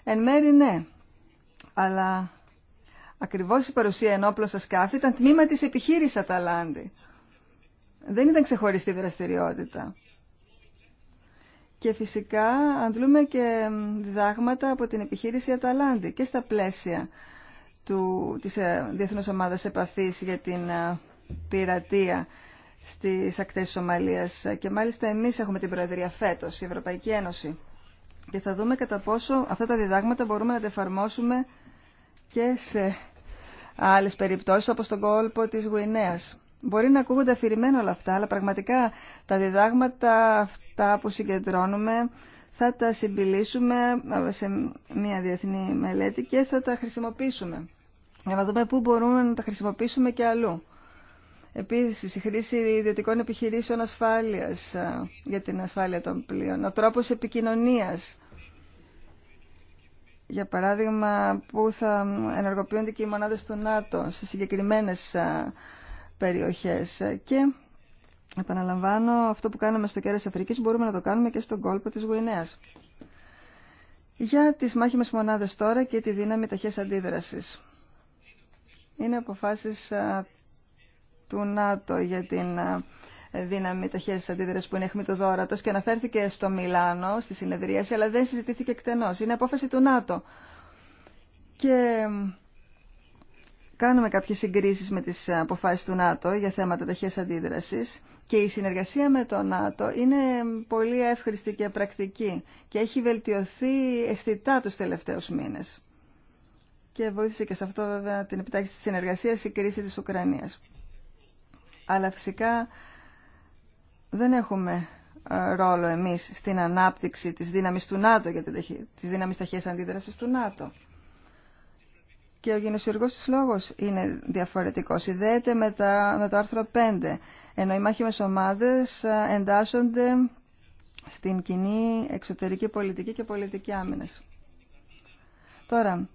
Εν μέρη ναι, αλλά Ακριβώς η παρουσία ενόπλων στα σκάφη ήταν τμήμα της επιχείρησης Αταλάντη. Δεν ήταν ξεχωριστή δραστηριότητα. Και φυσικά αντλούμε και διδάγματα από την επιχείρηση Αταλάντη και στα πλαίσια του, της ε, Διεθνούς Ομάδας Επαφής για την ε, πειρατεία στις ακτές της Σομαλίας. Και μάλιστα εμείς έχουμε την Προεδρία φέτος, η Ευρωπαϊκή Ένωση. Και θα δούμε κατά πόσο αυτά τα διδάγματα μπορούμε να τα εφαρμόσουμε και σε άλλες περιπτώσεις όπως τον κόλπο της Γουινέας. Μπορεί να ακούγονται αφηρημένα όλα αυτά, αλλά πραγματικά τα διδάγματα αυτά που συγκεντρώνουμε θα τα συμπιλήσουμε ε, σε μια διεθνή μελέτη και θα τα χρησιμοποιήσουμε για να δούμε πού μπορούμε να τα χρησιμοποιήσουμε και αλλού. Επίσης, η χρήση ιδιωτικών επιχειρήσεων ασφάλειας ε, για την ασφάλεια των πλοίων, ο τρόπος επικοινωνίας, για παράδειγμα, που θα ενεργοποιούνται και οι μονάδες του ΝΑΤΟ σε συγκεκριμένες περιοχές. Και, επαναλαμβάνω, αυτό που κάνουμε στο κέρας Αφρικής μπορούμε να το κάνουμε και στον κόλπο της Γουινέας. Για τις μάχημες μονάδες τώρα και τη δύναμη ταχές αντίδρασης. Είναι αποφάσεις του ΝΑΤΟ για την δύναμη ταχεία αντίδραση που είναι αιχμητοδόρατο και αναφέρθηκε στο Μιλάνο στη συνεδρίαση, αλλά δεν συζητήθηκε εκτενώ. Είναι απόφαση του ΝΑΤΟ. Και κάνουμε κάποιε συγκρίσει με τι αποφάσει του ΝΑΤΟ για θέματα ταχεία αντίδραση. Και η συνεργασία με το ΝΑΤΟ είναι πολύ εύχριστη και πρακτική και έχει βελτιωθεί αισθητά του τελευταίου μήνε. Και βοήθησε και σε αυτό βέβαια την επιτάχυνση της συνεργασίας η κρίση της Ουκρανία. Αλλά φυσικά δεν έχουμε ε, ρόλο εμείς στην ανάπτυξη της δύναμης του ΝΑΤΟ και της δύναμης ταχείας αντίδρασης του ΝΑΤΟ. Και ο γενεσιουργός της λόγος είναι διαφορετικός. Ιδέεται με, το άρθρο 5, ενώ οι μάχημες ομάδες ε, εντάσσονται στην κοινή εξωτερική πολιτική και πολιτική άμυνας. Τώρα,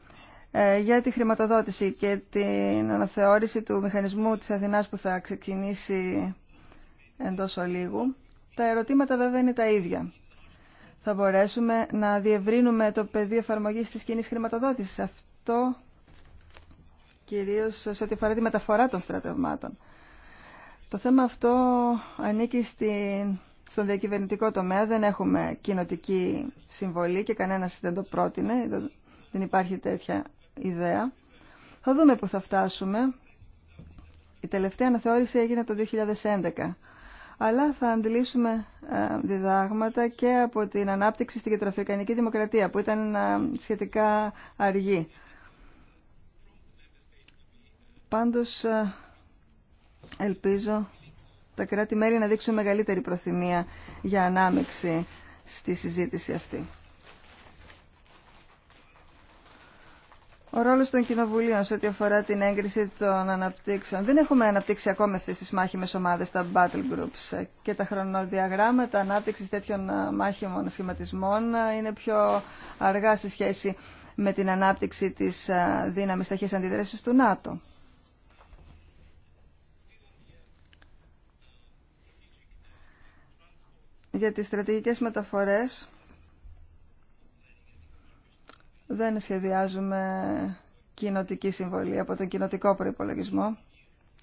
ε, για τη χρηματοδότηση και την αναθεώρηση του μηχανισμού της Αθηνάς που θα ξεκινήσει εντός ολίγου. Τα ερωτήματα βέβαια είναι τα ίδια. Θα μπορέσουμε να διευρύνουμε το πεδίο εφαρμογής της κοινή χρηματοδότησης. Αυτό κυρίως σε ό,τι αφορά τη μεταφορά των στρατευμάτων. Το θέμα αυτό ανήκει στην, στον διακυβερνητικό τομέα. Δεν έχουμε κοινοτική συμβολή και κανένας δεν το πρότεινε. Δεν υπάρχει τέτοια ιδέα. Θα δούμε που θα φτάσουμε. Η τελευταία αναθεώρηση έγινε το 2011 αλλά θα αντιλήσουμε ε, διδάγματα και από την ανάπτυξη στην κεντροαφρικανική δημοκρατία που ήταν ε, σχετικά αργή. Πάντως ε, ελπίζω τα κράτη-μέλη να δείξουν μεγαλύτερη προθυμία για ανάμειξη στη συζήτηση αυτή. Ο ρόλος των κοινοβουλίων σε ό,τι αφορά την έγκριση των αναπτύξεων. Δεν έχουμε αναπτύξει ακόμη αυτές τις μάχημες ομάδες, τα battle groups και τα χρονοδιαγράμματα ανάπτυξης τέτοιων μάχημων σχηματισμών είναι πιο αργά σε σχέση με την ανάπτυξη της δύναμης ταχύς αντιδράσης του ΝΑΤΟ. Για τις στρατηγικές μεταφορές δεν σχεδιάζουμε κοινοτική συμβολή από τον κοινοτικό προϋπολογισμό.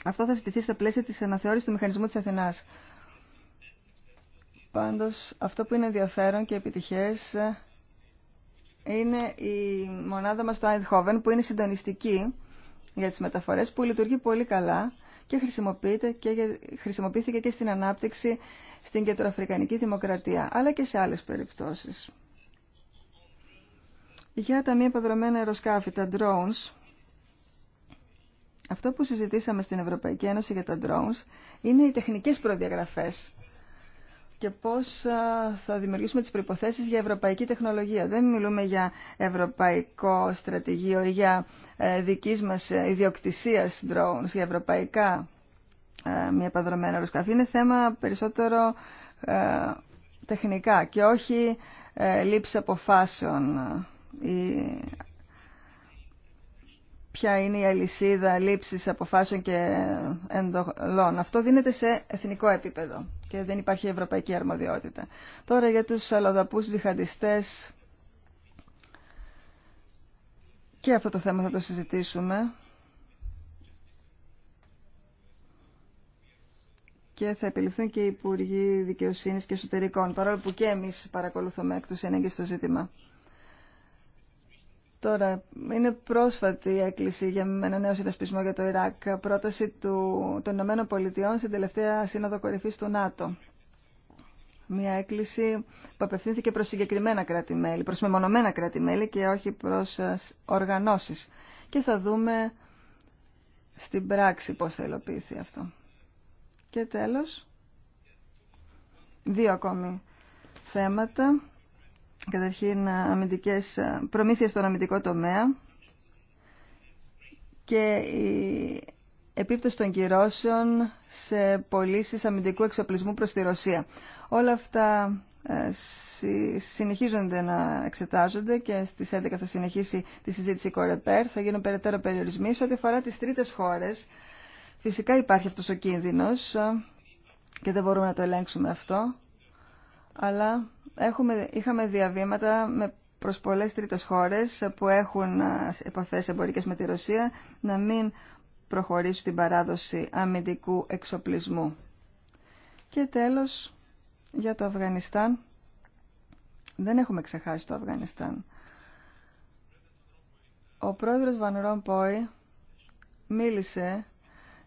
Αυτό θα συζητηθεί στα πλαίσια της αναθεώρησης του μηχανισμού της Αθηνάς. Πάντως, αυτό που είναι ενδιαφέρον και επιτυχές είναι η μονάδα μας στο Eindhoven που είναι συντονιστική για τις μεταφορές που λειτουργεί πολύ καλά και, χρησιμοποιείται και χρησιμοποιήθηκε και στην ανάπτυξη στην κεντροαφρικανική δημοκρατία αλλά και σε άλλες περιπτώσεις. Για τα μη επαδρομένα αεροσκάφη, τα drones, αυτό που συζητήσαμε στην Ευρωπαϊκή Ένωση για τα drones είναι οι τεχνικές προδιαγραφές και πώς θα δημιουργήσουμε τις προϋποθέσεις για ευρωπαϊκή τεχνολογία. Δεν μιλούμε για ευρωπαϊκό στρατηγείο ή για ε, δικής μας ε, ιδιοκτησίας drones, για ευρωπαϊκά ε, μη επαδρομένα αεροσκάφη. Είναι θέμα περισσότερο τεχνικά και όχι λήψη αποφάσεων ποια είναι η αλυσίδα λήψης αποφάσεων και εντολών. Αυτό δίνεται σε εθνικό επίπεδο και δεν υπάρχει ευρωπαϊκή αρμοδιότητα. Τώρα για τους αλλοδαπούς διχαντιστές και αυτό το θέμα θα το συζητήσουμε. και θα επιληφθούν και οι Υπουργοί Δικαιοσύνης και Εσωτερικών, παρόλο που και εμείς παρακολουθούμε εκ του στο ζήτημα. Τώρα, είναι πρόσφατη η έκκληση για ένα νέο συνασπισμό για το Ιράκ, πρόταση του, των Ηνωμένων Πολιτειών στην τελευταία σύνοδο κορυφής του ΝΑΤΟ. Μια έκκληση που απευθύνθηκε προς συγκεκριμένα κράτη-μέλη, προς μεμονωμένα κράτη-μέλη και όχι προς ε, οργανώσεις. Και θα δούμε στην πράξη πώς θα υλοποιηθεί αυτό. Και τέλος, δύο ακόμη θέματα καταρχήν ε, αμυντικές, ε, προμήθειες στον αμυντικό τομέα και η επίπτωση των κυρώσεων σε πωλήσει αμυντικού εξοπλισμού προς τη Ρωσία. Όλα αυτά ε, συνεχίζονται να εξετάζονται και στις 11 θα συνεχίσει τη συζήτηση Κορεπέρ, θα γίνουν περαιτέρω περιορισμοί. Σε ό,τι αφορά τις τρίτες χώρες, φυσικά υπάρχει αυτός ο κίνδυνος και δεν μπορούμε να το ελέγξουμε αυτό, αλλά έχουμε, είχαμε διαβήματα με προσπολές πολλές τρίτες χώρες που έχουν επαφές εμπορικές με τη Ρωσία να μην προχωρήσουν την παράδοση αμυντικού εξοπλισμού. Και τέλος, για το Αφγανιστάν. Δεν έχουμε ξεχάσει το Αφγανιστάν. Ο πρόεδρος Βαν Ρομπόι μίλησε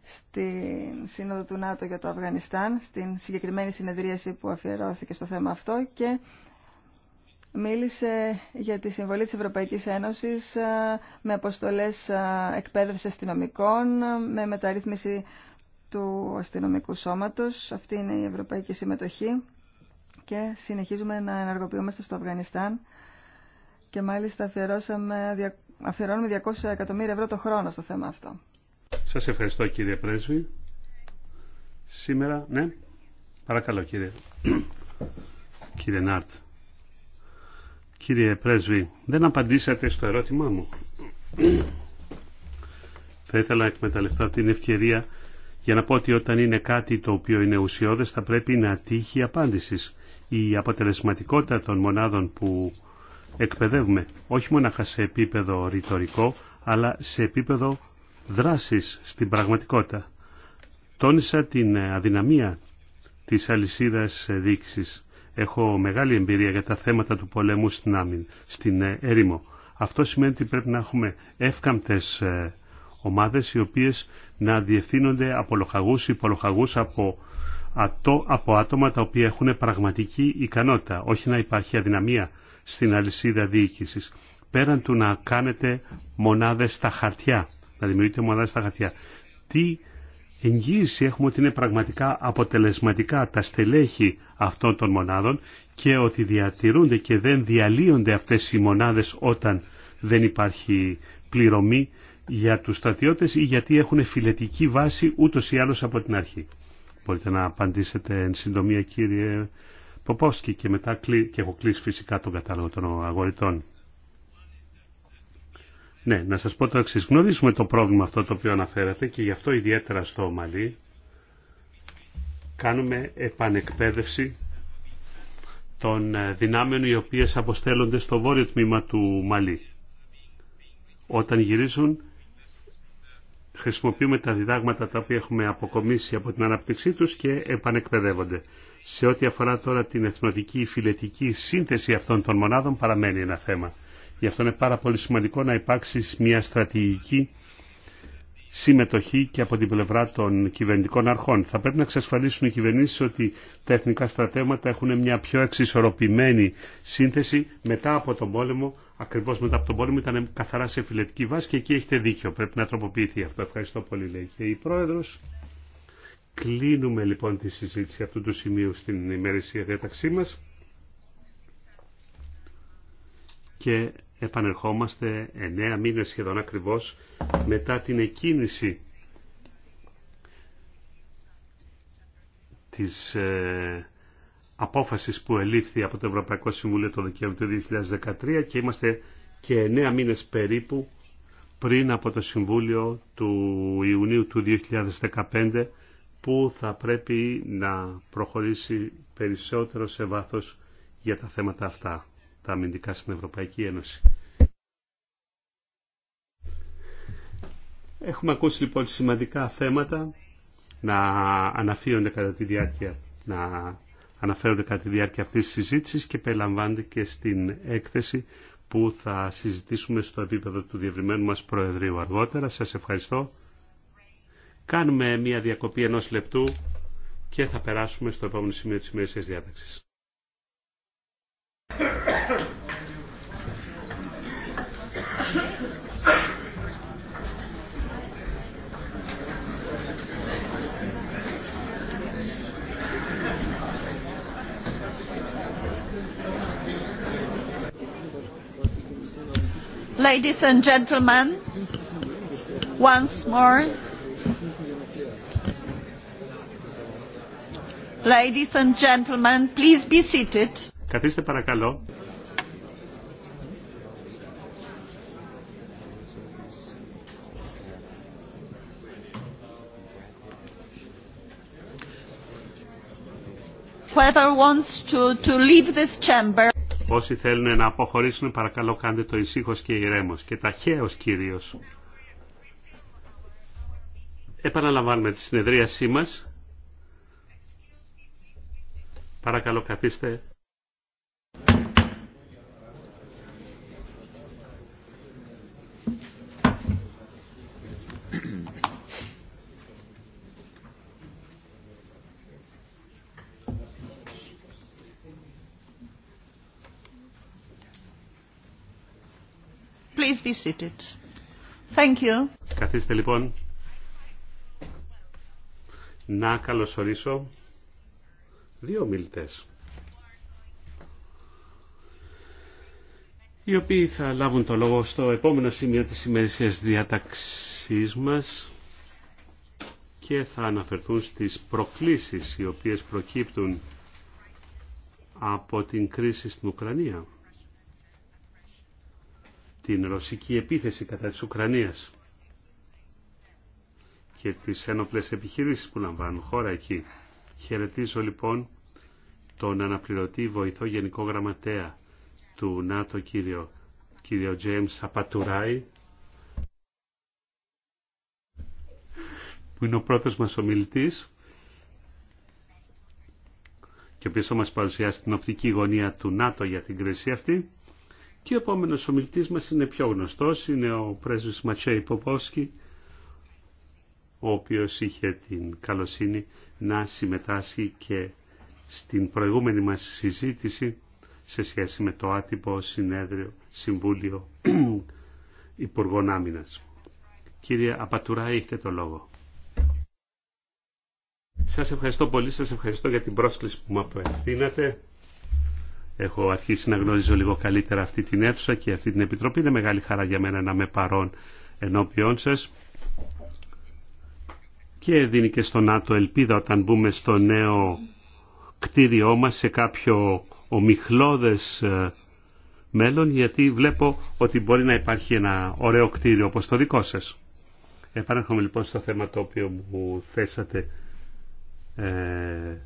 στην Σύνοδο του ΝΑΤΟ για το Αφγανιστάν, στην συγκεκριμένη συνεδρίαση που αφιερώθηκε στο θέμα αυτό και μίλησε για τη συμβολή της Ευρωπαϊκής Ένωσης με αποστολές εκπαίδευση αστυνομικών, με μεταρρύθμιση του αστυνομικού σώματος. Αυτή είναι η ευρωπαϊκή συμμετοχή και συνεχίζουμε να ενεργοποιούμαστε στο Αφγανιστάν και μάλιστα αφιερώσαμε, αφιερώνουμε 200 εκατομμύρια ευρώ το χρόνο στο θέμα αυτό. Σας ευχαριστώ κύριε Πρέσβη. Σήμερα, ναι, παρακαλώ κύριε, κύριε Νάρτ. Κύριε Πρέσβη, δεν απαντήσατε στο ερώτημά μου. Θα ήθελα να εκμεταλλευτώ την ευκαιρία για να πω ότι όταν είναι κάτι το οποίο είναι ουσιώδες θα πρέπει να τύχει απάντησης. Η αποτελεσματικότητα των μονάδων που εκπαιδεύουμε όχι μόνο σε επίπεδο ρητορικό αλλά σε επίπεδο δράσεις στην πραγματικότητα. Τόνισα την αδυναμία της αλυσίδας διοίκηση. Έχω μεγάλη εμπειρία για τα θέματα του πολέμου στην, άμυν, στην ε, έρημο. Αυτό σημαίνει ότι πρέπει να έχουμε εύκαμπτες ε, ομάδες οι οποίες να διευθύνονται από λοχαγούς ή υπολοχαγούς από, ατό, από άτομα τα οποία έχουν πραγματική ικανότητα, όχι να υπάρχει αδυναμία στην αλυσίδα διοίκησης. Πέραν του να κάνετε μονάδες στα χαρτιά να δημιουργείται μονάδα στα χαρτιά. Τι εγγύηση έχουμε ότι είναι πραγματικά αποτελεσματικά τα στελέχη αυτών των μονάδων και ότι διατηρούνται και δεν διαλύονται αυτές οι μονάδες όταν δεν υπάρχει πληρωμή για τους στρατιώτες ή γιατί έχουν φιλετική βάση ούτως ή άλλως από την αρχή. Μπορείτε να απαντήσετε εν συντομία κύριε Ποπόσκη και μετά και έχω κλείσει φυσικά τον κατάλογο των αγορητών. Ναι, να σας πω το εξής. Γνωρίζουμε το πρόβλημα αυτό το οποίο αναφέρατε και γι' αυτό ιδιαίτερα στο Μαλί κάνουμε επανεκπαίδευση των ε, δυνάμεων οι οποίες αποστέλλονται στο βόρειο τμήμα του Μαλί. Όταν γυρίζουν χρησιμοποιούμε τα διδάγματα τα οποία έχουμε αποκομίσει από την ανάπτυξή τους και επανεκπαιδεύονται. Σε ό,τι αφορά τώρα την εθνοτική φιλετική σύνθεση αυτών των μονάδων παραμένει ένα θέμα. Γι' αυτό είναι πάρα πολύ σημαντικό να υπάρξει μια στρατηγική συμμετοχή και από την πλευρά των κυβερνητικών αρχών. Θα πρέπει να εξασφαλίσουν οι κυβερνήσει ότι τα εθνικά στρατεύματα έχουν μια πιο εξισορροπημένη σύνθεση μετά από τον πόλεμο. Ακριβώ μετά από τον πόλεμο ήταν καθαρά σε φιλετική βάση και εκεί έχετε δίκιο. Πρέπει να τροποποιηθεί αυτό. Ευχαριστώ πολύ, λέει και η πρόεδρο. Κλείνουμε λοιπόν τη συζήτηση αυτού του σημείου στην ημερησία διάταξή μα. Και επανερχόμαστε εννέα μήνες σχεδόν ακριβώς μετά την εκκίνηση της ε, απόφασης που ελήφθη από το Ευρωπαϊκό Συμβούλιο το Δεκέμβριο του 2013 και είμαστε και εννέα μήνες περίπου πριν από το Συμβούλιο του Ιουνίου του 2015 που θα πρέπει να προχωρήσει περισσότερο σε βάθος για τα θέματα αυτά, τα αμυντικά στην Ευρωπαϊκή Ένωση. Έχουμε ακούσει λοιπόν σημαντικά θέματα να αναφέρονται κατά τη διάρκεια, να τη διάρκεια αυτής της συζήτησης και περιλαμβάνεται και στην έκθεση που θα συζητήσουμε στο επίπεδο του διευρυμένου μας Προεδρείου αργότερα. Σας ευχαριστώ. Κάνουμε μια διακοπή ενός λεπτού και θα περάσουμε στο επόμενο σημείο της ημερησίας διάταξης. Ladies and gentlemen, once more. Ladies and gentlemen, please be seated. Καθίστε παρακαλώ. Whoever wants to to leave this chamber. Όσοι θέλουν να αποχωρήσουν παρακαλώ κάντε το ησύχος και ηρέμος και ταχαίως κυρίως. Επαναλαμβάνουμε τη συνεδρίασή μας. Παρακαλώ καθίστε Καθίστε λοιπόν. Να καλωσορίσω δύο μιλητές. οι οποίοι θα λάβουν το λόγο στο επόμενο σημείο της ημερήσια διαταξής μα, και θα αναφερθούν στις προκλήσεις οι οποίες προκύπτουν από την κρίση στην Ουκρανία την ρωσική επίθεση κατά της Ουκρανίας και τις ένοπλες επιχειρήσεις που λαμβάνουν χώρα εκεί. Χαιρετίζω λοιπόν τον αναπληρωτή βοηθό Γενικό Γραμματέα του ΝΑΤΟ κύριο, κύριο James Απατουράη που είναι ο πρώτος μας ομιλητής και ο οποίος θα μας παρουσιάσει την οπτική γωνία του ΝΑΤΟ για την κρίση αυτή. Και ο επόμενο ομιλητής μας είναι πιο γνωστός, είναι ο πρέσβη Ματσέη Ποπόσκι, ο οποίος είχε την καλοσύνη να συμμετάσχει και στην προηγούμενη μας συζήτηση σε σχέση με το άτυπο συνέδριο Συμβούλιο Υπουργών Άμυνα. Κύριε Απατουρά, έχετε το λόγο. Σας ευχαριστώ πολύ, σας ευχαριστώ για την πρόσκληση που μου απευθύνατε έχω αρχίσει να γνωρίζω λίγο καλύτερα αυτή την αίθουσα και αυτή την επιτροπή. Είναι μεγάλη χαρά για μένα να με παρών ενώπιόν σα. και δίνει και στον ΝΑΤΟ ελπίδα όταν μπούμε στο νέο κτίριό μας σε κάποιο ομιχλώδες ε, μέλλον γιατί βλέπω ότι μπορεί να υπάρχει ένα ωραίο κτίριο όπως το δικό σας. Επανέρχομαι λοιπόν στο θέμα το οποίο μου θέσατε ε,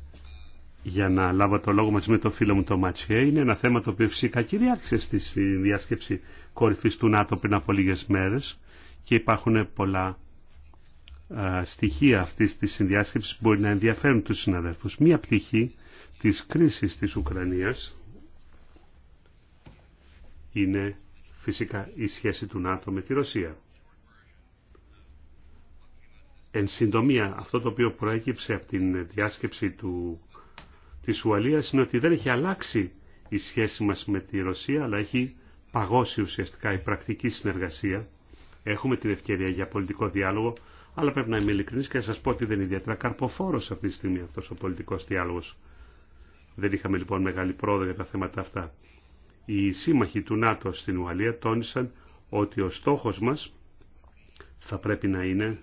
για να λάβω το λόγο μαζί με τον φίλο μου το Ματσιέ είναι ένα θέμα το οποίο φυσικά κυριάρχησε στη διάσκεψη κορυφής του ΝΑΤΟ πριν από λίγε μέρες και υπάρχουν πολλά ε, στοιχεία αυτή τη συνδιάσκεψης που μπορεί να ενδιαφέρουν τους συναδέλφους. Μία πτυχή της κρίσης της Ουκρανίας είναι φυσικά η σχέση του ΝΑΤΟ με τη Ρωσία. Εν συντομία, αυτό το οποίο προέκυψε από την διάσκεψη του της Ουαλίας είναι ότι δεν έχει αλλάξει η σχέση μας με τη Ρωσία, αλλά έχει παγώσει ουσιαστικά η πρακτική συνεργασία. Έχουμε την ευκαιρία για πολιτικό διάλογο, αλλά πρέπει να είμαι ειλικρινής και να σας πω ότι δεν είναι ιδιαίτερα καρποφόρος αυτή τη στιγμή αυτός ο πολιτικός διάλογος. Δεν είχαμε λοιπόν μεγάλη πρόοδο για τα θέματα αυτά. Οι σύμμαχοι του ΝΑΤΟ στην Ουαλία τόνισαν ότι ο στόχος μας θα πρέπει να είναι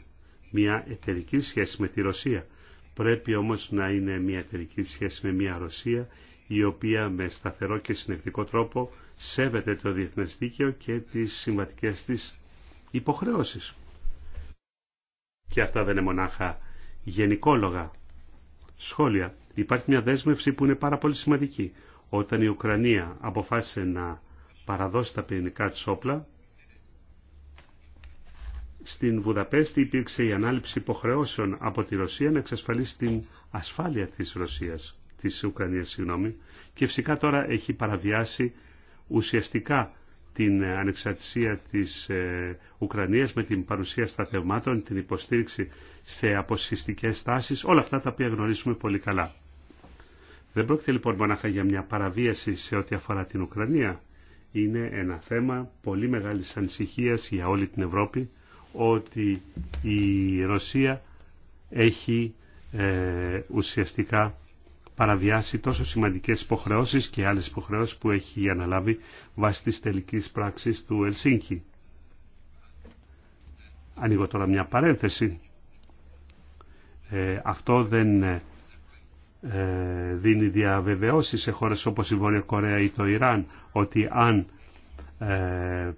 μια εταιρική σχέση με τη Ρωσία Πρέπει όμως να είναι μια εταιρική σχέση με μια Ρωσία η οποία με σταθερό και συνεχτικό τρόπο σέβεται το διεθνές δίκαιο και τις συμβατικές της υποχρεώσεις. Και αυτά δεν είναι μονάχα γενικόλογα σχόλια. Υπάρχει μια δέσμευση που είναι πάρα πολύ σημαντική. Όταν η Ουκρανία αποφάσισε να παραδώσει τα πυρηνικά της όπλα, στην Βουδαπέστη υπήρξε η ανάληψη υποχρεώσεων από τη Ρωσία να εξασφαλίσει την ασφάλεια της Ρωσίας, της Ουκρανίας, συγγνώμη, και φυσικά τώρα έχει παραβιάσει ουσιαστικά την ε, ανεξαρτησία της ε, Ουκρανίας με την παρουσία σταθευμάτων, την υποστήριξη σε αποσυστικές τάσεις, όλα αυτά τα οποία γνωρίζουμε πολύ καλά. Δεν πρόκειται λοιπόν μονάχα για μια παραβίαση σε ό,τι αφορά την Ουκρανία. Είναι ένα θέμα πολύ μεγάλης ανησυχίας για όλη την Ευρώπη ότι η Ρωσία έχει ε, ουσιαστικά παραβιάσει τόσο σημαντικές υποχρεώσεις και άλλες υποχρεώσεις που έχει αναλάβει βάσει της τελικής πράξης του Ελσίνκη. Ανοίγω τώρα μια παρένθεση. Ε, αυτό δεν ε, δίνει διαβεβαιώσεις σε χώρες όπως η Βόρεια Κορέα ή το Ιράν ότι αν ε,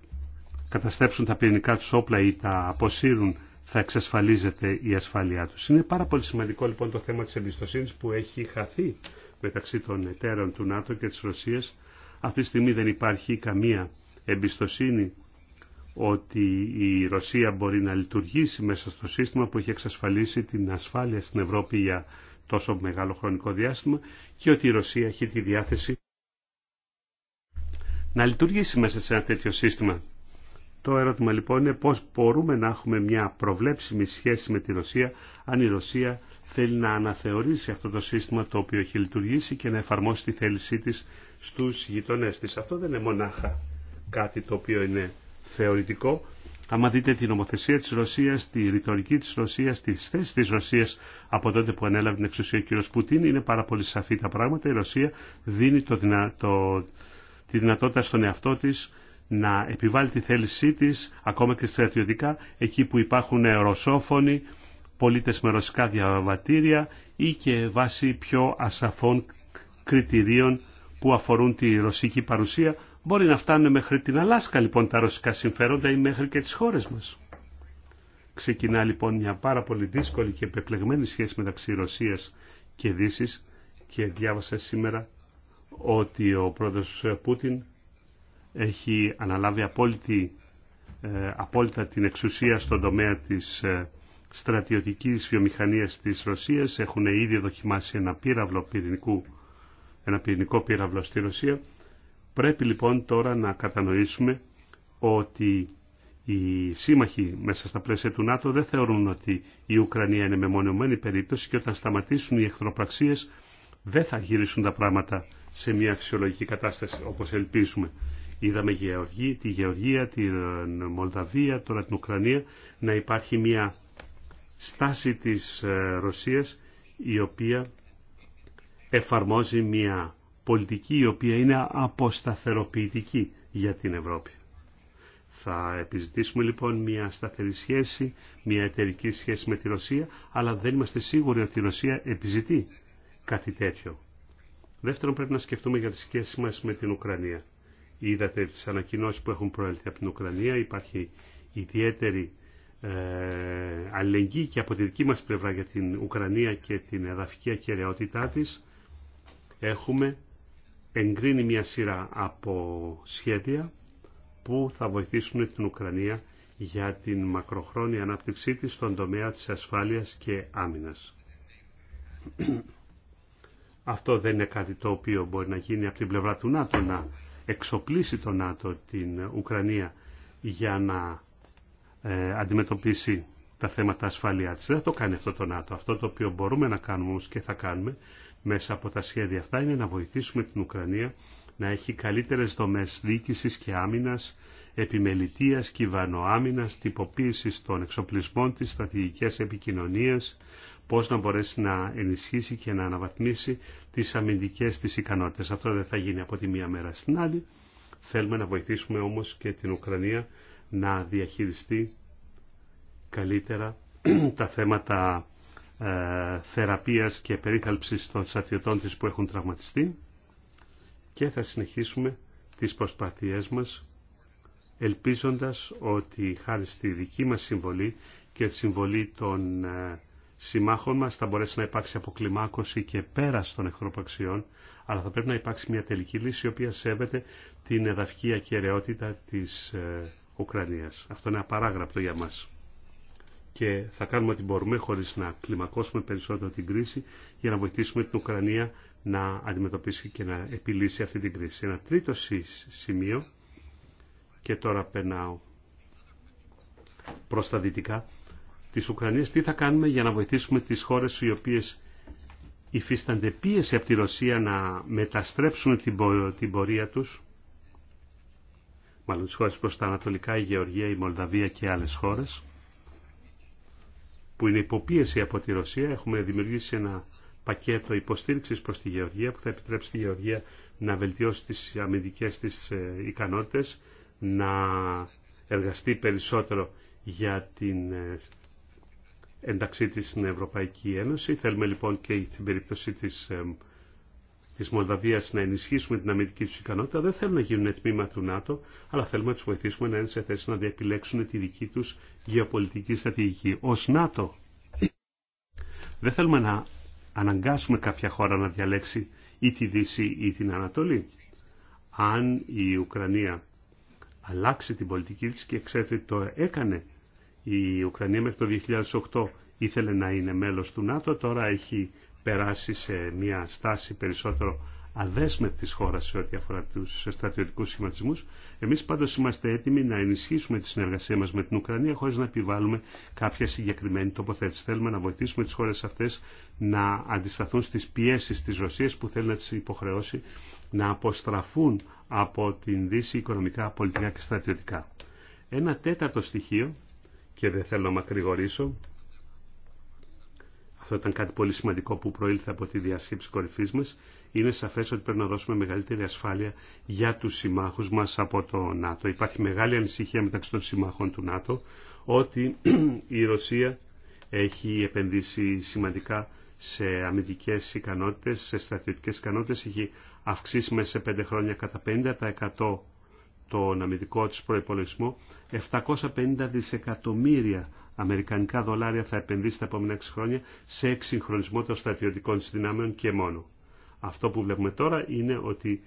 καταστρέψουν τα πυρηνικά τους όπλα ή τα αποσύρουν θα εξασφαλίζεται η ασφαλειά τους. Είναι πάρα πολύ σημαντικό λοιπόν το θέμα της εμπιστοσύνης που έχει χαθεί μεταξύ των εταίρων του ΝΑΤΟ και της Ρωσίας. Αυτή τη στιγμή δεν υπάρχει καμία εμπιστοσύνη ότι η Ρωσία μπορεί να λειτουργήσει μέσα στο σύστημα που έχει εξασφαλίσει την ασφάλεια στην Ευρώπη για τόσο μεγάλο χρονικό διάστημα και ότι η Ρωσία έχει τη διάθεση να λειτουργήσει μέσα σε ένα τέτοιο σύστημα. Το ερώτημα λοιπόν είναι πώς μπορούμε να έχουμε μια προβλέψιμη σχέση με τη Ρωσία αν η Ρωσία θέλει να αναθεωρήσει αυτό το σύστημα το οποίο έχει λειτουργήσει και να εφαρμόσει τη θέλησή της στους γειτονές της. Αυτό δεν είναι μονάχα κάτι το οποίο είναι θεωρητικό. Άμα δείτε την νομοθεσία της Ρωσίας, τη ρητορική της Ρωσίας, τις θέσεις της Ρωσίας από τότε που ανέλαβε την εξουσία ο κ. Πουτίν, είναι πάρα πολύ σαφή τα πράγματα. Η Ρωσία δίνει το δυνα... το... τη δυνατότητα στον εαυτό της να επιβάλλει τη θέλησή της ακόμα και στρατιωτικά εκεί που υπάρχουν ρωσόφωνοι, πολίτες με ρωσικά διαβατήρια ή και βάσει πιο ασαφών κριτηρίων που αφορούν τη ρωσική παρουσία μπορεί να φτάνουν μέχρι την Αλάσκα λοιπόν τα ρωσικά συμφέροντα ή μέχρι και τις χώρες μας. Ξεκινά λοιπόν μια πάρα πολύ δύσκολη και επεπλεγμένη σχέση μεταξύ Ρωσίας και Δύσης και διάβασα σήμερα ότι ο πρόεδρος Πούτιν έχει αναλάβει απόλυτη, ε, απόλυτα την εξουσία στον τομέα της ε, στρατιωτικής βιομηχανίας της Ρωσίας. Έχουν ήδη δοκιμάσει ένα, πύραυλο πυρηνικού, ένα πυρηνικό πύραυλο στη Ρωσία. Πρέπει λοιπόν τώρα να κατανοήσουμε ότι οι σύμμαχοι μέσα στα πλαίσια του ΝΑΤΟ δεν θεωρούν ότι η Ουκρανία είναι μεμονωμένη περίπτωση και όταν σταματήσουν οι εχθροπραξίες δεν θα γυρίσουν τα πράγματα σε μια φυσιολογική κατάσταση όπως ελπίζουμε. Είδαμε Γεωργία, τη Γεωργία, την Μολδαβία, τώρα την Ουκρανία να υπάρχει μια στάση της ε, Ρωσίας η οποία εφαρμόζει μια πολιτική η οποία είναι αποσταθεροποιητική για την Ευρώπη. Θα επιζητήσουμε λοιπόν μια σταθερή σχέση, μια εταιρική σχέση με τη Ρωσία, αλλά δεν είμαστε σίγουροι ότι η Ρωσία επιζητεί κάτι τέτοιο. Δεύτερον πρέπει να σκεφτούμε για τις σχέσεις μας με την Ουκρανία. Είδατε τις ανακοινώσεις που έχουν προέλθει από την Ουκρανία. Υπάρχει ιδιαίτερη ε, αλληλεγγύη και από τη δική μας πλευρά για την Ουκρανία και την εδαφική ακεραιότητά της. Έχουμε εγκρίνει μια σειρά από σχέδια που θα βοηθήσουν την Ουκρανία για την μακροχρόνια ανάπτυξή της στον τομέα της ασφάλειας και άμυνας. Αυτό δεν είναι κάτι το οποίο μπορεί να γίνει από την πλευρά του ΝΑΤΟ εξοπλίσει το ΝΑΤΟ την Ουκρανία για να ε, αντιμετωπίσει τα θέματα ασφαλεία της. Δεν θα το κάνει αυτό το ΝΑΤΟ. Αυτό το οποίο μπορούμε να κάνουμε όμως και θα κάνουμε μέσα από τα σχέδια αυτά είναι να βοηθήσουμε την Ουκρανία να έχει καλύτερες δομές διοίκησης και άμυνας, επιμελητίας, κυβανοάμυνας, τυποποίησης των εξοπλισμών της, στρατηγικές επικοινωνίες, πώς να μπορέσει να ενισχύσει και να αναβαθμίσει τις αμυντικές της ικανότητες. Αυτό δεν θα γίνει από τη μία μέρα στην άλλη. Θέλουμε να βοηθήσουμε όμως και την Ουκρανία να διαχειριστεί καλύτερα τα θέματα ε, θεραπείας και περίθαλψης των στρατιωτών της που έχουν τραυματιστεί και θα συνεχίσουμε τις προσπάθειές μας ελπίζοντας ότι χάρη στη δική μας συμβολή και τη συμβολή των ε, συμμάχων μας, θα μπορέσει να υπάρξει αποκλιμάκωση και πέρα των εχθροπαξιών, αλλά θα πρέπει να υπάρξει μια τελική λύση η οποία σέβεται την εδαφική ακεραιότητα της ε, Ουκρανίας. Αυτό είναι απαράγραπτο για μας. Και θα κάνουμε ό,τι μπορούμε χωρίς να κλιμακώσουμε περισσότερο την κρίση για να βοηθήσουμε την Ουκρανία να αντιμετωπίσει και να επιλύσει αυτή την κρίση. Ένα τρίτο σημείο, και τώρα περνάω προς τα δυτικά, της Ουκρανίας, τι θα κάνουμε για να βοηθήσουμε τις χώρες οι οποίες υφίστανται πίεση από τη Ρωσία να μεταστρέψουν την, την πορεία τους, μάλλον τις χώρες προς τα Ανατολικά, η Γεωργία, η Μολδαβία και άλλες χώρες, που είναι υποπίεση από τη Ρωσία. Έχουμε δημιουργήσει ένα πακέτο υποστήριξης προς τη Γεωργία που θα επιτρέψει τη Γεωργία να βελτιώσει τις αμυντικές της ε, ικανότητες, να εργαστεί περισσότερο για την ε, ένταξή της στην Ευρωπαϊκή Ένωση. Θέλουμε λοιπόν και στην περίπτωση της, ε, της Μολδαβίας να ενισχύσουμε την αμυντική τους ικανότητα. Δεν θέλουν να γίνουν τμήμα του ΝΑΤΟ, αλλά θέλουμε να τους βοηθήσουμε να είναι σε θέση να διαπιλέξουν τη δική τους γεωπολιτική στρατηγική. Ως ΝΑΤΟ δεν θέλουμε να αναγκάσουμε κάποια χώρα να διαλέξει ή τη Δύση ή την Ανατολή. Αν η Ουκρανία αλλάξει την πολιτική της και ξέρετε το έκανε η Ουκρανία μέχρι το 2008 ήθελε να είναι μέλος του ΝΑΤΟ, τώρα έχει περάσει σε μια στάση περισσότερο αδέσμευτη της χώρας σε ό,τι αφορά τους στρατιωτικούς σχηματισμούς. Εμείς πάντως είμαστε έτοιμοι να ενισχύσουμε τη συνεργασία μας με την Ουκρανία χωρίς να επιβάλλουμε κάποια συγκεκριμένη τοποθέτηση. Θέλουμε να βοηθήσουμε τις χώρες αυτές να αντισταθούν στις πιέσεις της Ρωσίας που θέλει να τις υποχρεώσει να αποστραφούν από την Δύση οικονομικά, πολιτικά και στρατιωτικά. Ένα τέταρτο στοιχείο και δεν θέλω να μακρηγορήσω. Αυτό ήταν κάτι πολύ σημαντικό που προήλθε από τη διασκέψη κορυφή μα. Είναι σαφέ ότι πρέπει να δώσουμε μεγαλύτερη ασφάλεια για του συμμάχου μα από το ΝΑΤΟ. Υπάρχει μεγάλη ανησυχία μεταξύ των συμμάχων του ΝΑΤΟ ότι η Ρωσία έχει επενδύσει σημαντικά σε αμυντικές ικανότητες, σε στρατιωτικές ικανότητες. Έχει αυξήσει μέσα σε πέντε χρόνια κατά 50% τον αμυντικό της προϋπολογισμό, 750 δισεκατομμύρια αμερικανικά δολάρια θα επενδύσει τα επόμενα 6 χρόνια σε εξυγχρονισμό των στρατιωτικών δυνάμεων και μόνο. Αυτό που βλέπουμε τώρα είναι ότι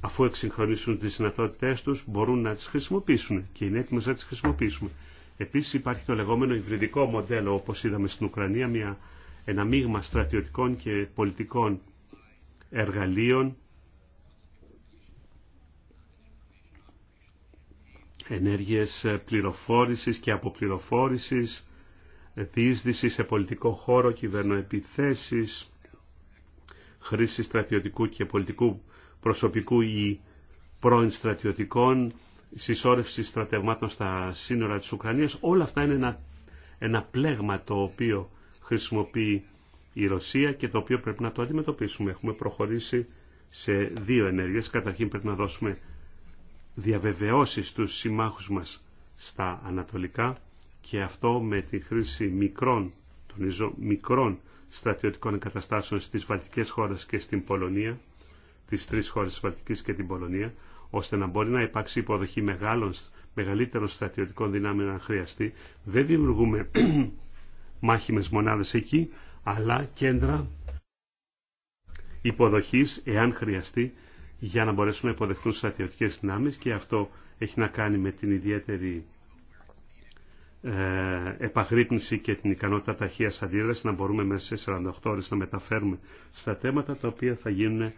αφού εξυγχρονίσουν τις δυνατότητές τους μπορούν να τις χρησιμοποιήσουν και είναι έτοιμες να τις χρησιμοποιήσουμε. Επίσης υπάρχει το λεγόμενο υβριδικό μοντέλο όπως είδαμε στην Ουκρανία μια, ένα μείγμα στρατιωτικών και πολιτικών εργαλείων ενέργειες πληροφόρησης και αποπληροφόρησης, διείσδυση σε πολιτικό χώρο, κυβερνοεπιθέσεις, χρήση στρατιωτικού και πολιτικού προσωπικού ή πρώην στρατιωτικών, συσσόρευση στρατευμάτων στα σύνορα της Ουκρανίας. Όλα αυτά είναι ένα, ένα πλέγμα το οποίο χρησιμοποιεί η Ρωσία και το οποίο πρέπει να το αντιμετωπίσουμε. Έχουμε προχωρήσει σε δύο ενέργειες. Καταρχήν πρέπει να δώσουμε διαβεβαιώσει τους συμμάχους μας στα ανατολικά και αυτό με τη χρήση μικρών, τονίζω, μικρών στρατιωτικών εγκαταστάσεων στις βαλτικές χώρες και στην Πολωνία, τις τρεις χώρες της Βαλτικής και την Πολωνία, ώστε να μπορεί να υπάρξει υποδοχή μεγάλων, μεγαλύτερων στρατιωτικών δυνάμεων αν χρειαστεί. Δεν δημιουργούμε μάχημες μονάδες εκεί, αλλά κέντρα υποδοχής εάν χρειαστεί για να μπορέσουν να υποδεχθούν στρατιωτικές δυνάμεις και αυτό έχει να κάνει με την ιδιαίτερη ε, επαγρύπνηση και την ικανότητα ταχεία αντίδραση να μπορούμε μέσα σε 48 ώρες να μεταφέρουμε στα θέματα τα οποία θα γίνουν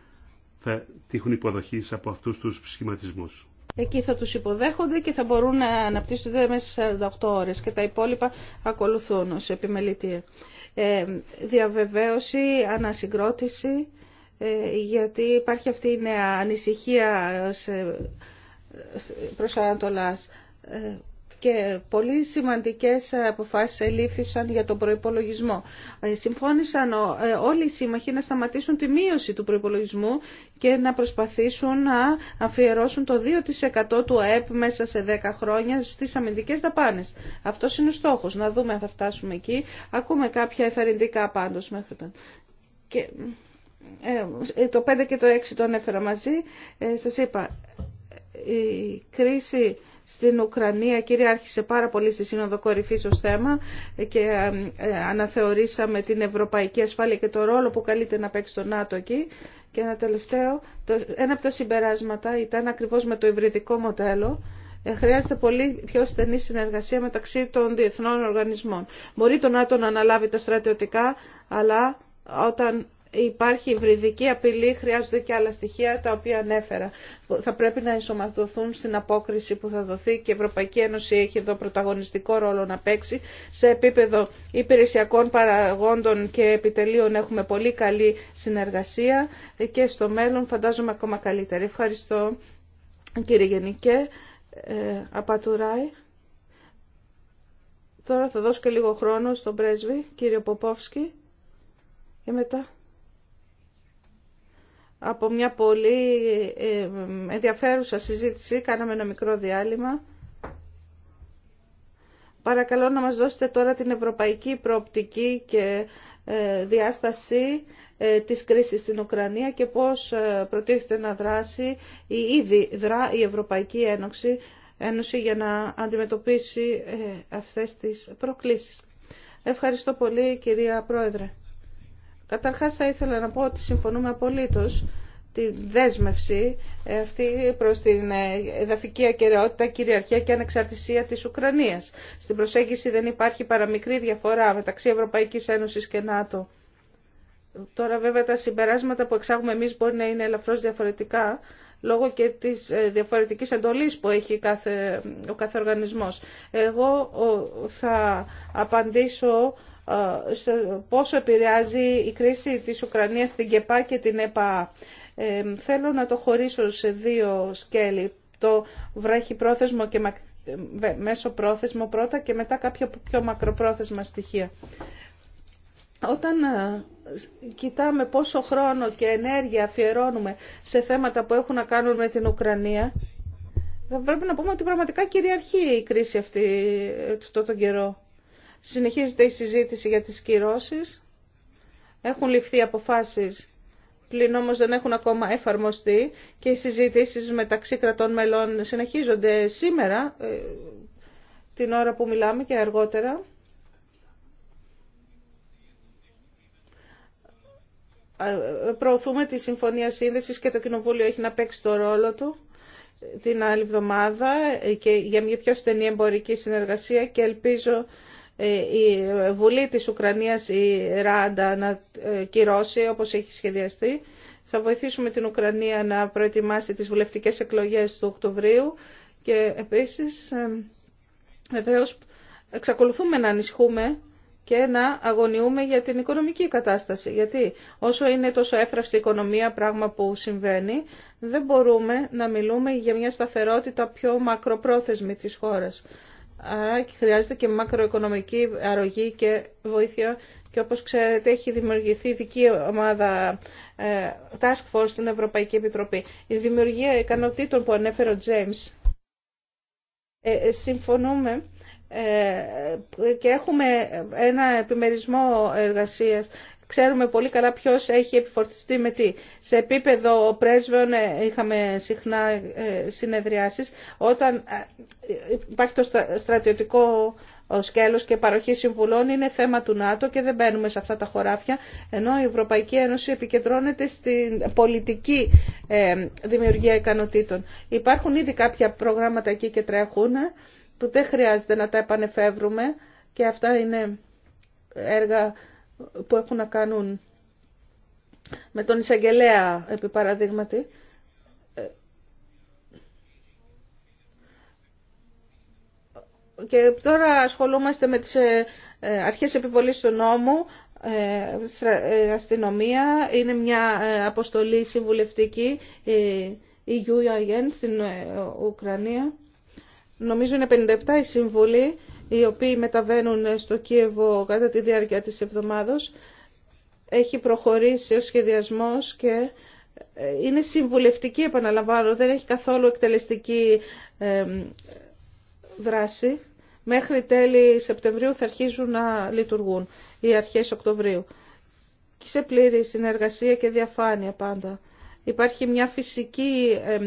θα τύχουν υποδοχή από αυτούς τους σχηματισμού. Εκεί θα τους υποδέχονται και θα μπορούν να αναπτύσσονται μέσα σε 48 ώρες και τα υπόλοιπα ακολουθούν ω επιμελητία. Ε, διαβεβαίωση, ανασυγκρότηση ε, γιατί υπάρχει αυτή η νέα ανησυχία σε, προς Ανατολάς. Ε, και πολύ σημαντικές αποφάσεις ελήφθησαν για τον προϋπολογισμό. Ε, συμφώνησαν όλοι οι σύμμαχοι να σταματήσουν τη μείωση του προϋπολογισμού και να προσπαθήσουν να αφιερώσουν το 2% του ΑΕΠ μέσα σε 10 χρόνια στις αμυντικές δαπάνες. Αυτός είναι ο στόχος. Να δούμε αν θα φτάσουμε εκεί. Ακούμε κάποια εθαρρυντικά πάντως μέχρι τότε. Και ε, το 5 και το 6 το ανέφερα μαζί. Ε, σας είπα, η κρίση στην Ουκρανία κυριάρχησε πάρα πολύ στη Σύνοδο Κορυφής ως θέμα και ε, αναθεωρήσαμε την ευρωπαϊκή ασφάλεια και το ρόλο που καλείται να παίξει το ΝΑΤΟ εκεί. Και ένα τελευταίο, ένα από τα συμπεράσματα ήταν ακριβώς με το υβριδικό μοντέλο, Χρειάζεται πολύ πιο στενή συνεργασία μεταξύ των διεθνών οργανισμών. Μπορεί το ΝΑΤΟ να αναλάβει τα στρατιωτικά, αλλά όταν υπάρχει υβριδική απειλή, χρειάζονται και άλλα στοιχεία τα οποία ανέφερα. Θα πρέπει να ενσωματωθούν στην απόκριση που θα δοθεί και η Ευρωπαϊκή Ένωση έχει εδώ πρωταγωνιστικό ρόλο να παίξει. Σε επίπεδο υπηρεσιακών παραγόντων και επιτελείων έχουμε πολύ καλή συνεργασία και στο μέλλον φαντάζομαι ακόμα καλύτερη. Ευχαριστώ κύριε Γενικέ. Ε, απατουράει. Τώρα θα δώσω και λίγο χρόνο στον πρέσβη, κύριο Ποπόφσκι. Και μετά από μια πολύ ε, ενδιαφέρουσα συζήτηση. Κάναμε ένα μικρό διάλειμμα. Παρακαλώ να μας δώσετε τώρα την ευρωπαϊκή προοπτική και ε, διάσταση ε, της κρίσης στην Ουκρανία και πώς προτίθεται να δράσει ή ήδη δρά η Ευρωπαϊκή Ένωση, Ένωση για να αντιμετωπίσει αυτές τις προκλήσεις. Ευχαριστώ πολύ κυρία Πρόεδρε. Καταρχάς θα ήθελα να πω ότι συμφωνούμε απολύτως τη δέσμευση αυτή προς την ε, εδαφική ακεραιότητα, κυριαρχία και ανεξαρτησία της Ουκρανίας. Στην προσέγγιση δεν υπάρχει παραμικρή διαφορά μεταξύ Ευρωπαϊκής Ένωσης και ΝΑΤΟ. Τώρα βέβαια τα συμπεράσματα που εξάγουμε εμείς μπορεί να είναι ελαφρώς διαφορετικά λόγω και της ε, διαφορετικής εντολής που έχει ο κάθε οργανισμός. Εγώ θα απαντήσω ε, πόσο επηρεάζει η κρίση της Ουκρανίας την ΚΕΠΑ και την ΕΠΑ. Ε, θέλω να το χωρίσω σε δύο σκέλη, το πρόθεσμο και ε, μέσο πρόθεσμο πρώτα και μετά κάποια πιο μακροπρόθεσμα στοιχεία. Όταν κοιτάμε πόσο χρόνο και ενέργεια αφιερώνουμε σε θέματα που έχουν να κάνουν με την Ουκρανία, θα πρέπει να πούμε ότι πραγματικά κυριαρχεί η κρίση αυτή αυτόν τον καιρό. Συνεχίζεται η συζήτηση για τις κυρώσεις. Έχουν ληφθεί αποφάσεις, πλην όμως δεν έχουν ακόμα εφαρμοστεί και οι συζητήσεις μεταξύ κρατών μελών συνεχίζονται σήμερα, ε, την ώρα που μιλάμε και αργότερα. Προωθούμε τη Συμφωνία Σύνδεσης και το Κοινοβούλιο έχει να παίξει το ρόλο του την άλλη εβδομάδα ε, και για μια πιο στενή εμπορική συνεργασία και ελπίζω ε, η Βουλή της Ουκρανίας η Ράντα να ε, κυρώσει όπως έχει σχεδιαστεί. Θα βοηθήσουμε την Ουκρανία να προετοιμάσει τις βουλευτικές εκλογές του Οκτωβρίου και επίσης ε, βεβαίω εξακολουθούμε να ανισχούμε και να αγωνιούμε για την οικονομική κατάσταση. Γιατί όσο είναι τόσο έφραυστη η οικονομία, πράγμα που συμβαίνει, δεν μπορούμε να μιλούμε για μια σταθερότητα πιο μακροπρόθεσμη της χώρας. Άρα χρειάζεται και μακροοικονομική αρρωγή και βοήθεια και όπως ξέρετε έχει δημιουργηθεί δική ομάδα ε, Task Force στην Ευρωπαϊκή Επιτροπή. Η δημιουργία ικανοτήτων που ανέφερε ο James. Ε, ε, συμφωνούμε και έχουμε ένα επιμερισμό εργασίας ξέρουμε πολύ καλά ποιος έχει επιφορτιστεί με τι. Σε επίπεδο πρέσβεων ε, είχαμε συχνά ε, συνεδριάσεις όταν ε, υπάρχει το στρατιωτικό σκέλος και παροχή συμβουλών είναι θέμα του ΝΑΤΟ και δεν μπαίνουμε σε αυτά τα χωράφια ενώ η Ευρωπαϊκή Ένωση επικεντρώνεται στην πολιτική δημιουργία ικανοτήτων. Υπάρχουν ήδη κάποια προγράμματα εκεί και τρέχουν που δεν χρειάζεται να τα επανεφεύρουμε και αυτά είναι έργα που έχουν να κάνουν με τον εισαγγελέα, επί παραδείγματι, ε, και τώρα ασχολούμαστε με τις ε, ε, αρχές επιβολής του νόμου, αστυνομία, είναι μια αποστολή συμβουλευτική η UIN στην Ουκρανία. Νομίζω είναι 57 η συμβουλή οι οποίοι μεταβαίνουν στο Κίεβο κατά τη διάρκεια της εβδομάδος. Έχει προχωρήσει ο σχεδιασμός και ε, είναι συμβουλευτική, επαναλαμβάνω, δεν έχει καθόλου εκτελεστική δράση. Μέχρι τέλη Σεπτεμβρίου θα αρχίζουν να λειτουργούν οι αρχές Οκτωβρίου. Και σε πλήρη συνεργασία και διαφάνεια πάντα. Υπάρχει μια φυσική ε,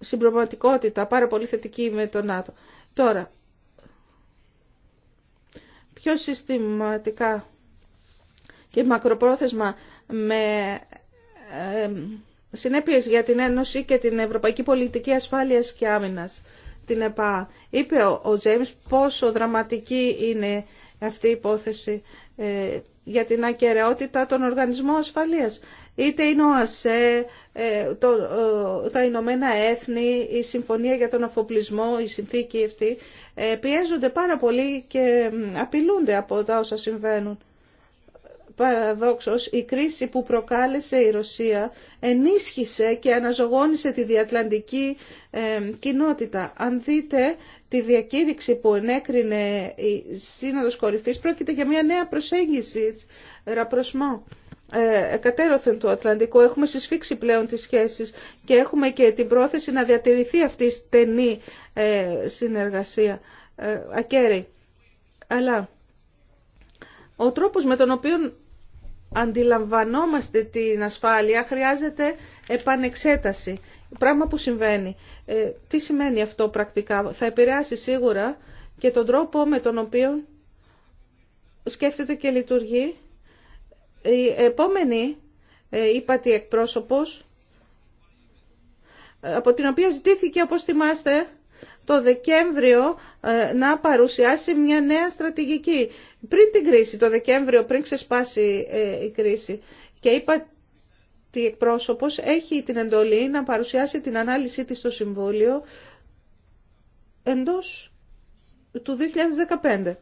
συμπροματικότητα πάρα πολύ θετική με τον ΝΑΤΟ. Τώρα, πιο συστηματικά και μακροπρόθεσμα με συνέπειες για την Ένωση και την Ευρωπαϊκή Πολιτική Ασφάλειας και Άμυνας, την ΕΠΑ. Είπε ο Τζέιμς πόσο δραματική είναι αυτή η υπόθεση ε, για την ακαιρεότητα των οργανισμών ασφαλείας είτε είναι ο ΑΣΕ, ε, το, ε, τα Ηνωμένα Έθνη, η Συμφωνία για τον Αφοπλισμό, η συνθήκη αυτή, ε, πιέζονται πάρα πολύ και απειλούνται από τα όσα συμβαίνουν. Παραδόξως, η κρίση που προκάλεσε η Ρωσία ενίσχυσε και αναζωγόνησε τη διατλαντική κοινότητα. Αν δείτε τη διακήρυξη που ενέκρινε η Σύνοδος Κορυφής, πρόκειται για μια νέα προσέγγιση, ραπροσμό ε, του Ατλαντικού. Έχουμε συσφίξει πλέον τις σχέσεις και έχουμε και την πρόθεση να διατηρηθεί αυτή η στενή ε, συνεργασία ε, ακέραιη. Αλλά ο τρόπος με τον οποίο αντιλαμβανόμαστε την ασφάλεια χρειάζεται επανεξέταση. Πράγμα που συμβαίνει. Ε, τι σημαίνει αυτό πρακτικά. Θα επηρεάσει σίγουρα και τον τρόπο με τον οποίο σκέφτεται και λειτουργεί η επόμενη ε, τη εκπρόσωπος, ε, από την οποία ζητήθηκε, όπως θυμάστε, το Δεκέμβριο ε, να παρουσιάσει μια νέα στρατηγική. Πριν την κρίση, το Δεκέμβριο, πριν ξεσπάσει η κρίση. Και είπα ότι εκπρόσωπος έχει την εντολή να παρουσιάσει την ανάλυση της στο Συμβούλιο εντός του 2015.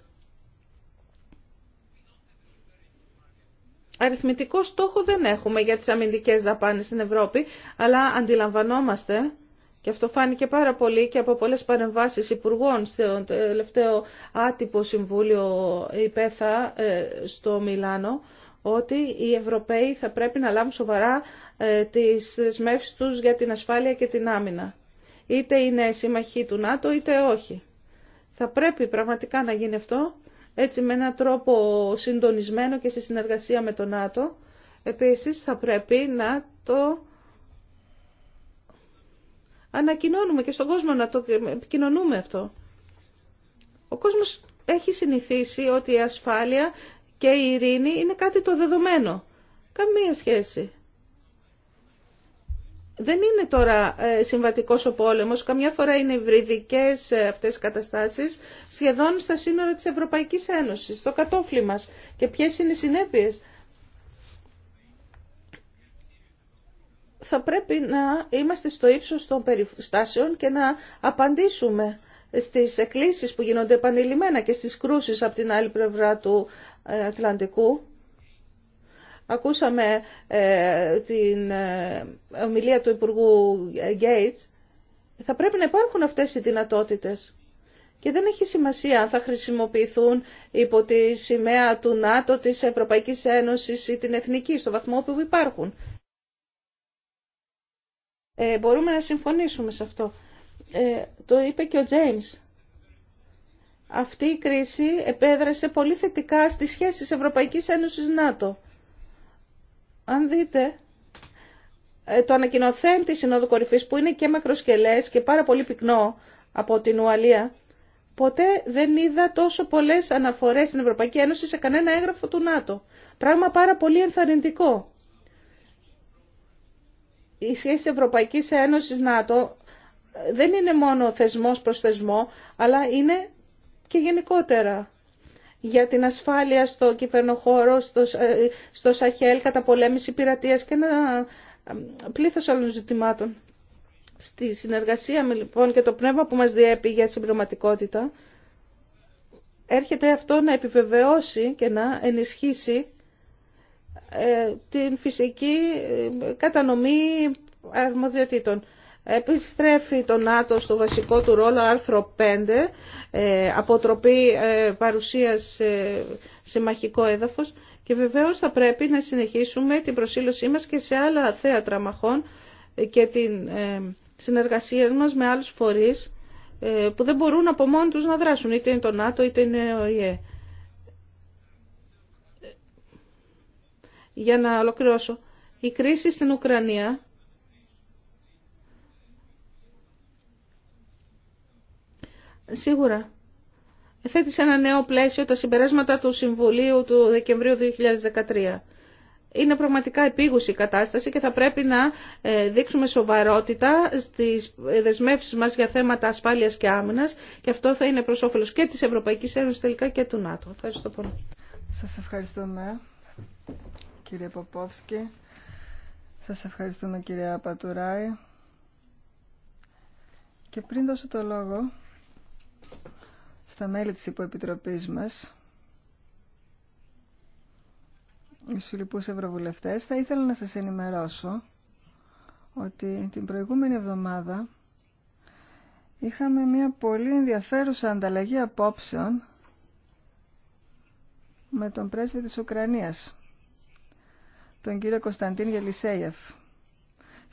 αριθμητικό στόχο δεν έχουμε για τις αμυντικές δαπάνες στην Ευρώπη, αλλά αντιλαμβανόμαστε, και αυτό φάνηκε πάρα πολύ και από πολλές παρεμβάσεις υπουργών στο τελευταίο άτυπο Συμβούλιο υπέθα ε, στο Μιλάνο, ότι οι Ευρωπαίοι θα πρέπει να λάβουν σοβαρά ε, τις δεσμεύσει τους για την ασφάλεια και την άμυνα. Είτε είναι σύμμαχοί του ΝΑΤΟ είτε όχι. Θα πρέπει πραγματικά να γίνει αυτό έτσι με έναν τρόπο συντονισμένο και σε συνεργασία με τον ΝΑΤΟ. Επίσης θα πρέπει να το ανακοινώνουμε και στον κόσμο να το επικοινωνούμε αυτό. Ο κόσμος έχει συνηθίσει ότι η ασφάλεια και η ειρήνη είναι κάτι το δεδομένο. Καμία σχέση δεν είναι τώρα ε, συμβατικός ο πόλεμος, καμιά φορά είναι υβριδικές ε, αυτές οι καταστάσεις σχεδόν στα σύνορα της Ευρωπαϊκής Ένωσης, στο κατόφλι μας. Και ποιες είναι οι συνέπειες. Θα πρέπει να είμαστε στο ύψος των περιστάσεων και να απαντήσουμε στις εκκλήσεις που γίνονται επανειλημμένα και στις κρούσεις από την άλλη πλευρά του ε, Ατλαντικού Ακούσαμε ε, την ε, ομιλία του Υπουργού Γκέιτς. Θα πρέπει να υπάρχουν αυτές οι δυνατότητες. Και δεν έχει σημασία αν θα χρησιμοποιηθούν υπό τη σημαία του ΝΑΤΟ, της Ευρωπαϊκής Ένωσης ή την Εθνική, στο βαθμό που υπάρχουν. Ε, μπορούμε να συμφωνήσουμε σε αυτό. το είπε και ο Τζέιμς. Αυτή η κρίση επέδρασε πολύ θετικά στις σχέσεις Ευρωπαϊκής Ένωσης-ΝΑΤΟ αν δείτε ε, το ανακοινοθέν της Συνόδου Κορυφής που είναι και μακροσκελές και πάρα πολύ πυκνό από την Ουαλία, ποτέ δεν είδα τόσο πολλές αναφορές στην Ευρωπαϊκή Ένωση σε κανένα έγγραφο του ΝΑΤΟ. Πράγμα πάρα πολύ ενθαρρυντικό. Η σχέση Ευρωπαϊκής Ένωσης ΝΑΤΟ ε, δεν είναι μόνο θεσμός προς θεσμό, αλλά είναι και γενικότερα για την ασφάλεια στο κυβερνοχώρο, στο, ε, στο Σαχέλ, πολέμηση πειρατείας και ένα ε, πλήθος άλλων ζητημάτων. Στη συνεργασία με λοιπόν και το πνεύμα που μας διέπει για την συμπληρωματικότητα, έρχεται αυτό να επιβεβαιώσει και να ενισχύσει ε, την φυσική κατανομή αρμοδιοτήτων. Επιστρέφει το ΝΑΤΟ στο βασικό του ρόλο άρθρο 5, ε, αποτροπή ε, παρουσίας σε μαχικό έδαφος και βεβαίως θα πρέπει να συνεχίσουμε την προσήλωσή μας και σε άλλα θέατρα μαχών και την ε, συνεργασία μας με άλλους φορείς που δεν μπορούν από μόνοι τους να δράσουν, είτε είναι το ΝΑΤΟ είτε είναι ο ΙΕ. Για να ολοκληρώσω, η κρίση στην Ουκρανία σίγουρα θέτει ένα νέο πλαίσιο τα συμπεράσματα του Συμβουλίου του Δεκεμβρίου 2013. Είναι πραγματικά επίγουση η κατάσταση και θα πρέπει να ε, δείξουμε σοβαρότητα στις δεσμεύσεις μας για θέματα ασφάλειας και άμυνας και αυτό θα είναι προς όφελος και της Ευρωπαϊκής Ένωσης τελικά και του ΝΑΤΟ. Ευχαριστώ πολύ. Σας ευχαριστούμε κύριε Ποπόφσκι. Σας ευχαριστούμε κυρία Πατουράη. Και πριν δώσω το λόγο στα μέλη της υποεπιτροπής μας, στους λοιπούς ευρωβουλευτές, θα ήθελα να σας ενημερώσω ότι την προηγούμενη εβδομάδα είχαμε μια πολύ ενδιαφέρουσα ανταλλαγή απόψεων με τον πρέσβη της Ουκρανίας, τον κύριο Κωνσταντίν Γελισέιεφ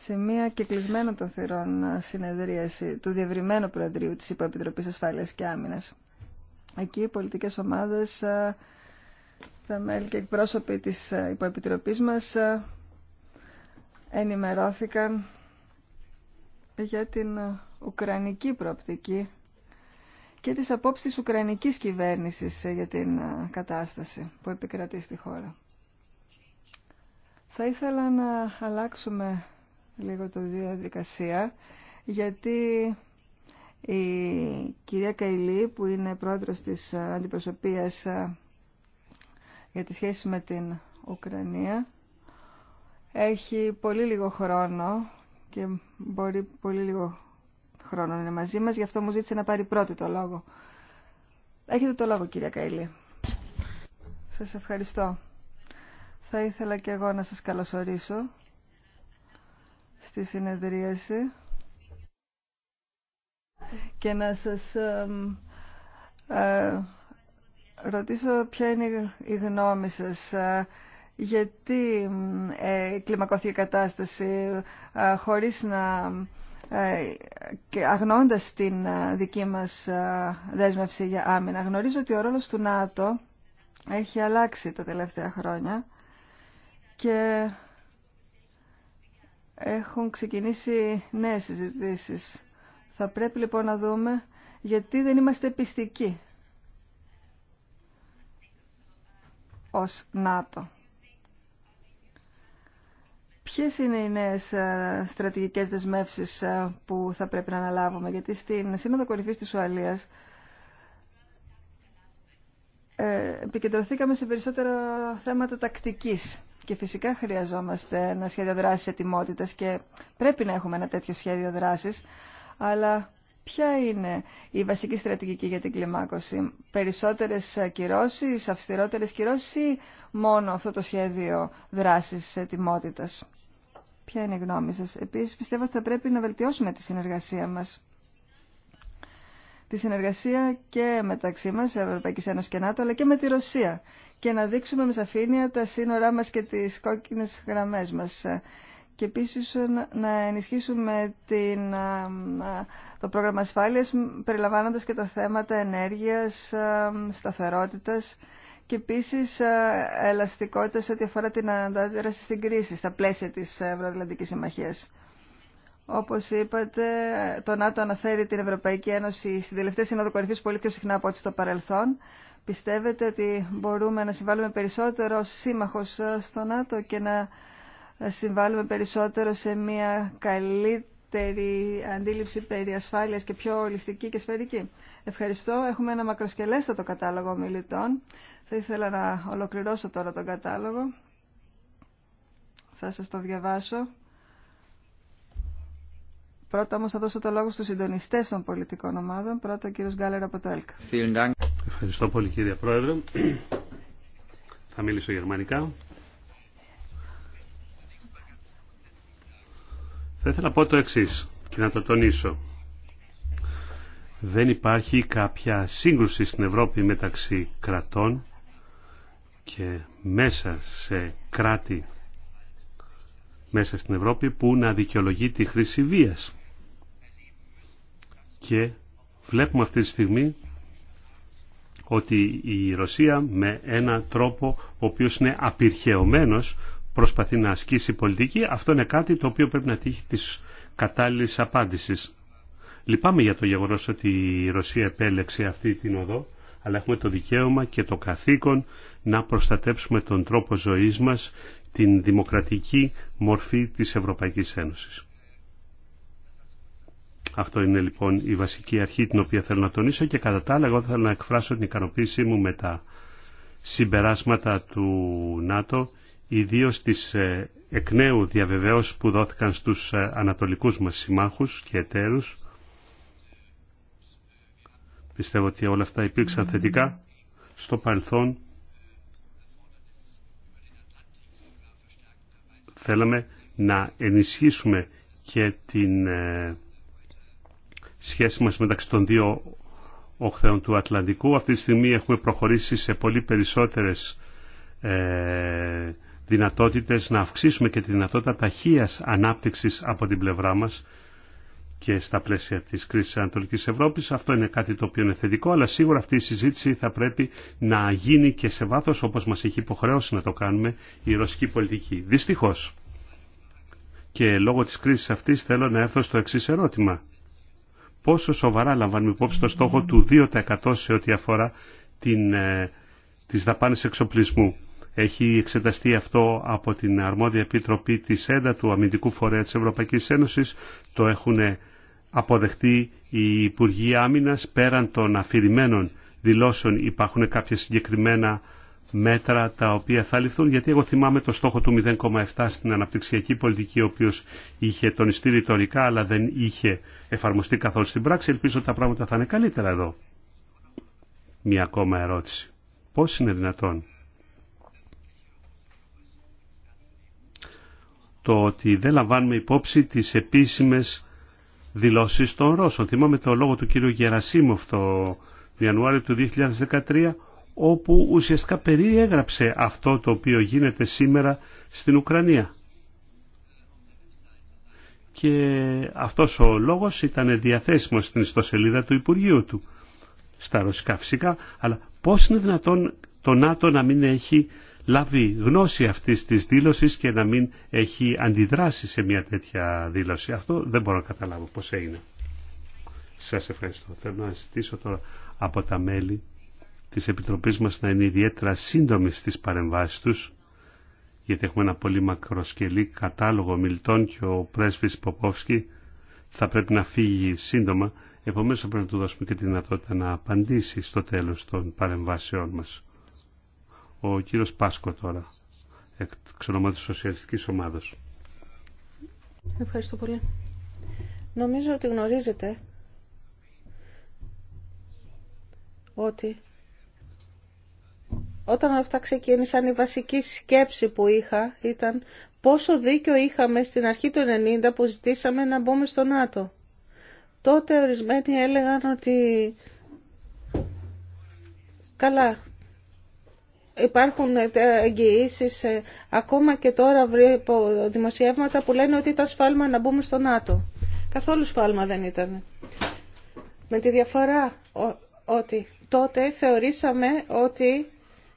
σε μια κεκλεισμένο των θυρών συνεδρίαση του διευρυμένου Προεδρείου της Υποεπιτροπής Ασφάλειας και Άμυνας. Εκεί οι πολιτικές ομάδες, ε, τα μέλη και εκπρόσωποι της ε, Υποεπιτροπής μας ε, ενημερώθηκαν για την ουκρανική προοπτική και τις απόψεις της ουκρανικής κυβέρνησης για την κατάσταση που επικρατεί στη χώρα. Θα ήθελα να αλλάξουμε λίγο το διαδικασία, γιατί η κυρία Καηλή, που είναι πρόεδρος της αντιπροσωπείας ε, για τη σχέση με την Ουκρανία, έχει πολύ λίγο χρόνο και μπορεί πολύ λίγο χρόνο να είναι μαζί μας, γι' αυτό μου ζήτησε να πάρει πρώτη το λόγο. Έχετε το λόγο κυρία Καηλή. Σας ευχαριστώ. Θα ήθελα και εγώ να σας καλωσορίσω στη συνεδρίαση και να σας ε, ρωτήσω ποια είναι η γνώμη σας. Ε, γιατί ε, κλιμακώθηκε η κατάσταση ε, χωρίς να και αγνώντας την δική μας δέσμευση για άμυνα. Γνωρίζω ότι ο ρόλος του ΝΑΤΟ έχει αλλάξει τα τελευταία χρόνια και έχουν ξεκινήσει νέες συζητήσεις. Θα πρέπει λοιπόν να δούμε γιατί δεν είμαστε πιστικοί ως ΝΑΤΟ. Ποιες είναι οι νέες ε, στρατηγικές δεσμεύσεις ε, που θα πρέπει να αναλάβουμε, γιατί στην Σύνοδο Κορυφής της Ουαλίας ε, επικεντρωθήκαμε σε περισσότερα θέματα τακτικής και φυσικά χρειαζόμαστε ένα σχέδιο δράσης ετοιμότητας και πρέπει να έχουμε ένα τέτοιο σχέδιο δράσης, αλλά ποια είναι η βασική στρατηγική για την κλιμάκωση. Περισσότερες κυρώσεις, αυστηρότερες κυρώσεις ή μόνο αυτό το σχέδιο δράσης ετοιμότητας. Ποια είναι η γνώμη σας. Επίσης πιστεύω ότι θα πρέπει να βελτιώσουμε τη συνεργασία μας τη συνεργασία και μεταξύ μας, Ευρωπαϊκή Ένωση και ΝΑΤΟ, αλλά και με τη Ρωσία και να δείξουμε με σαφήνεια τα σύνορά μας και τις κόκκινε γραμμές μας. Και επίση να ενισχύσουμε την, το πρόγραμμα ασφάλεια, περιλαμβάνοντας και τα θέματα ενέργειας, σταθερότητα και επίση ελαστικότητα ό,τι αφορά την αντίδραση στην κρίση στα πλαίσια τη Ευρωατλαντική συμμαχία. Όπως είπατε, το ΝΑΤΟ αναφέρει την Ευρωπαϊκή Ένωση στην τελευταία Σύνοδο Κορυφής πολύ πιο συχνά από ό,τι στο παρελθόν. Πιστεύετε ότι μπορούμε να συμβάλλουμε περισσότερο ως σύμμαχος στο ΝΑΤΟ και να συμβάλλουμε περισσότερο σε μια καλύτερη αντίληψη περί ασφάλειας και πιο ολιστική και σφαιρική. Ευχαριστώ. Έχουμε ένα μακροσκελέστατο κατάλογο μιλητών. Θα ήθελα να ολοκληρώσω τώρα τον κατάλογο. Θα σας το διαβάσω Πρώτα όμως θα δώσω το λόγο στους συντονιστές των πολιτικών ομάδων. Πρώτα ο κύριος Γκάλερ από το ΕΛΚΑ. Ευχαριστώ πολύ κύριε Πρόεδρε. θα μιλήσω γερμανικά. Θα ήθελα να πω το εξή και να το τονίσω. Δεν υπάρχει κάποια σύγκρουση στην Ευρώπη μεταξύ κρατών και μέσα σε κράτη μέσα στην Ευρώπη που να δικαιολογεί τη χρήση βίας και βλέπουμε αυτή τη στιγμή ότι η Ρωσία με ένα τρόπο ο οποίος είναι απειρχαιωμένος προσπαθεί να ασκήσει πολιτική. Αυτό είναι κάτι το οποίο πρέπει να τύχει της κατάλληλης απάντησης. Λυπάμαι για το γεγονός ότι η Ρωσία επέλεξε αυτή την οδό, αλλά έχουμε το δικαίωμα και το καθήκον να προστατεύσουμε τον τρόπο ζωής μας, την δημοκρατική μορφή της Ευρωπαϊκής Ένωσης. Αυτό είναι λοιπόν η βασική αρχή την οποία θέλω να τονίσω και κατά τα άλλα εγώ θέλω να εκφράσω την ικανοποίησή μου με τα συμπεράσματα του ΝΑΤΟ ιδίω τις ε, εκ νέου διαβεβαίωσης που δόθηκαν στους ε, ανατολικούς μας συμμάχους και εταίρους. Πιστεύω ότι όλα αυτά υπήρξαν ναι. θετικά στο παρελθόν. Θέλαμε να ενισχύσουμε και την ε, σχέση μας μεταξύ των δύο οχθέων του Ατλαντικού. Αυτή τη στιγμή έχουμε προχωρήσει σε πολύ περισσότερες ε, δυνατότητες να αυξήσουμε και τη δυνατότητα ταχείας ανάπτυξης από την πλευρά μας και στα πλαίσια της κρίσης Ανατολικής Ευρώπης. Αυτό είναι κάτι το οποίο είναι θετικό, αλλά σίγουρα αυτή η συζήτηση θα πρέπει να γίνει και σε βάθος όπως μας έχει υποχρεώσει να το κάνουμε η ρωσική πολιτική. Δυστυχώς. Και λόγω της κρίσης αυτής θέλω να έρθω στο εξή ερώτημα πόσο σοβαρά λαμβάνουμε υπόψη το στόχο του 2% σε ό,τι αφορά την, ε, τις δαπάνες εξοπλισμού. Έχει εξεταστεί αυτό από την αρμόδια επιτροπή της ΕΝΤΑ του Αμυντικού Φορέα της Ευρωπαϊκής Ένωσης. Το έχουν αποδεχτεί οι Υπουργοί Άμυνας πέραν των αφηρημένων δηλώσεων υπάρχουν κάποια συγκεκριμένα μέτρα τα οποία θα ληφθούν, γιατί εγώ θυμάμαι το στόχο του 0,7 στην αναπτυξιακή πολιτική, ο οποίος είχε τονιστεί ρητορικά, αλλά δεν είχε εφαρμοστεί καθόλου στην πράξη. Ελπίζω τα πράγματα θα είναι καλύτερα εδώ. Μία ακόμα ερώτηση. Πώς είναι δυνατόν το ότι δεν λαμβάνουμε υπόψη τις επίσημες δηλώσεις των Ρώσων. Θυμάμαι το λόγο του κύριου Γερασίμοφ το Ιανουάριο του 2013, όπου ουσιαστικά περιέγραψε αυτό το οποίο γίνεται σήμερα στην Ουκρανία. Και αυτός ο λόγος ήταν διαθέσιμος στην ιστοσελίδα του Υπουργείου του, στα ρωσικά φυσικά, αλλά πώς είναι δυνατόν το ΝΑΤΟ να μην έχει λάβει γνώση αυτής της δήλωσης και να μην έχει αντιδράσει σε μια τέτοια δήλωση. Αυτό δεν μπορώ να καταλάβω πώς έγινε. Σας ευχαριστώ. Θέλω να ζητήσω τώρα από τα μέλη της Επιτροπής μας να είναι ιδιαίτερα σύντομη στις παρεμβάσεις τους, γιατί έχουμε ένα πολύ μακροσκελή κατάλογο μιλτών και ο πρέσβης Ποπόφσκι θα πρέπει να φύγει σύντομα, επομένως θα πρέπει να του δώσουμε και τη δυνατότητα να απαντήσει στο τέλος των παρεμβάσεών μας. Ο κύριος Πάσκο τώρα, εξ ονομάτως Σοσιαλιστικής Ομάδος. Ευχαριστώ πολύ. Νομίζω ότι γνωρίζετε ότι όταν αυτά ξεκίνησαν η βασική σκέψη που είχα ήταν πόσο δίκιο είχαμε στην αρχή του 90 που ζητήσαμε να μπούμε στο ΝΑΤΟ. Τότε ορισμένοι έλεγαν ότι καλά υπάρχουν ε, εγγυήσει, ε, ακόμα και τώρα βρήκα δημοσιεύματα που λένε ότι ήταν σφάλμα να μπούμε στο ΝΑΤΟ. Καθόλου σφάλμα δεν ήταν. Με τη διαφορά ότι τότε θεωρήσαμε ότι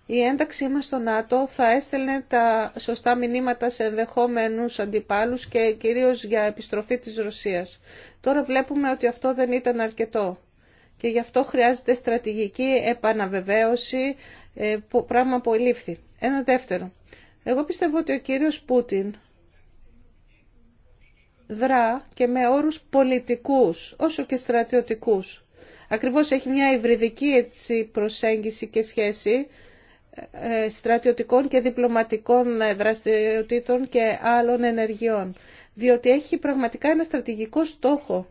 η ένταξή μας στο ΝΑΤΟ θα έστελνε τα σωστά μηνύματα σε ενδεχόμενους αντιπάλους και κυρίως για επιστροφή της Ρωσίας. Τώρα βλέπουμε ότι αυτό δεν ήταν αρκετό και γι' αυτό χρειάζεται στρατηγική επαναβεβαίωση, ε, πράγμα που ελήφθη. Ένα δεύτερο. Εγώ πιστεύω ότι ο κύριος Πούτιν δρά και με όρους πολιτικούς, όσο και στρατιωτικούς. Ακριβώς έχει μια υβριδική έτσι, προσέγγιση και σχέση ε, στρατιωτικών και διπλωματικών ε, δραστηριοτήτων και άλλων ενεργειών. Διότι έχει πραγματικά ένα στρατηγικό στόχο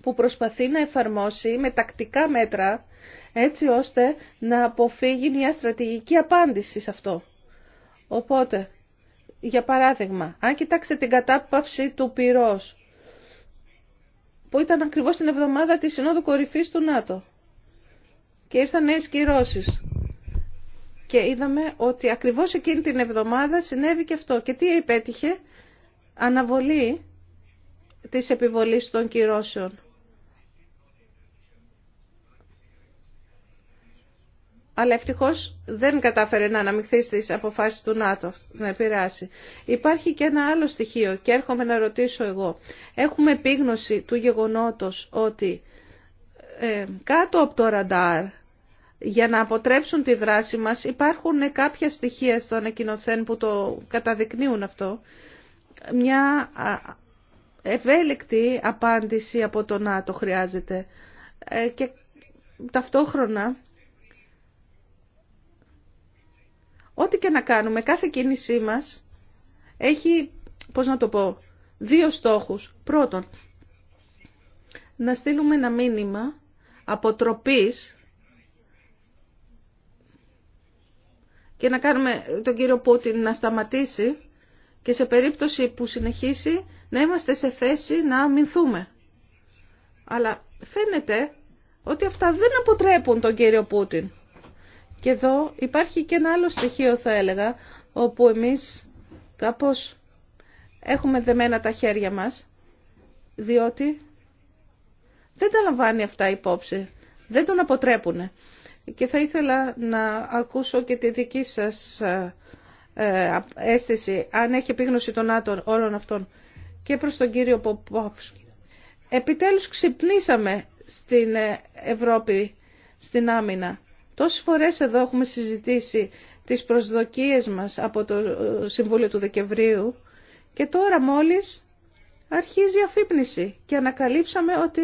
που προσπαθεί να εφαρμόσει με τακτικά μέτρα έτσι ώστε να αποφύγει μια στρατηγική απάντηση σε αυτό. Οπότε, για παράδειγμα, αν κοιτάξετε την κατάπαυση του πυρός που ήταν ακριβώς την εβδομάδα της Συνόδου Κορυφής του ΝΑΤΟ και ήρθαν νέες κυρώσεις και είδαμε ότι ακριβώς εκείνη την εβδομάδα συνέβη και αυτό. Και τι επέτυχε, αναβολή της επιβολής των κυρώσεων. αλλά ευτυχώ δεν κατάφερε να αναμειχθεί στι αποφάσει του ΝΑΤΟ να επηρεάσει. Υπάρχει και ένα άλλο στοιχείο και έρχομαι να ρωτήσω εγώ. Έχουμε επίγνωση του γεγονότος ότι ε, κάτω από το ραντάρ για να αποτρέψουν τη δράση μας. Υπάρχουν κάποια στοιχεία στο ανακοινωθέν που το καταδεικνύουν αυτό. Μια ευέλικτη απάντηση από το το χρειάζεται ε, και ταυτόχρονα ό,τι και να κάνουμε, κάθε κίνησή μας έχει, πώς να το πω, δύο στόχους. Πρώτον, να στείλουμε ένα μήνυμα αποτροπής και να κάνουμε τον κύριο Πούτιν να σταματήσει και σε περίπτωση που συνεχίσει να είμαστε σε θέση να αμυνθούμε. Αλλά φαίνεται ότι αυτά δεν αποτρέπουν τον κύριο Πούτιν. Και εδώ υπάρχει και ένα άλλο στοιχείο θα έλεγα, όπου εμείς κάπως έχουμε δεμένα τα χέρια μας, διότι δεν τα λαμβάνει αυτά υπόψη. Δεν τον αποτρέπουνε. Και θα ήθελα να ακούσω και τη δική σας ε, ε, αίσθηση, αν έχει επίγνωση των άτων όλων αυτών. Και προς τον κύριο Ποπόφσκι. Επιτέλους ξυπνήσαμε στην ε, Ευρώπη, στην άμυνα. Τόσες φορές εδώ έχουμε συζητήσει τις προσδοκίες μας από το Συμβούλιο του Δεκεμβρίου και τώρα μόλις αρχίζει η αφύπνιση και ανακαλύψαμε ότι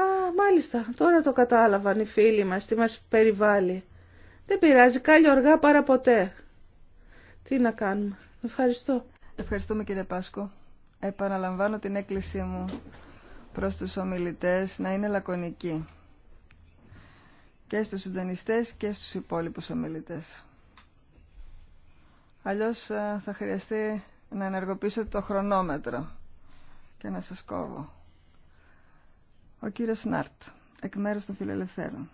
Α, μάλιστα, τώρα το κατάλαβαν οι φίλοι μας, τι μας περιβάλλει. Δεν πειράζει, κάλλιο αργά παρά ποτέ. Τι να κάνουμε. Ευχαριστώ. Ευχαριστούμε κύριε Πάσκο. Επαναλαμβάνω την έκκλησή μου προς τους ομιλητές να είναι λακωνικοί. Και στους συντονιστές και στους υπόλοιπους ομιλητές. Αλλιώς ε, θα χρειαστεί να ενεργοποιήσω το χρονόμετρο και να σας κόβω. Ο κύριος Σνάρτ. εκ μέρους των φιλελευθέρων.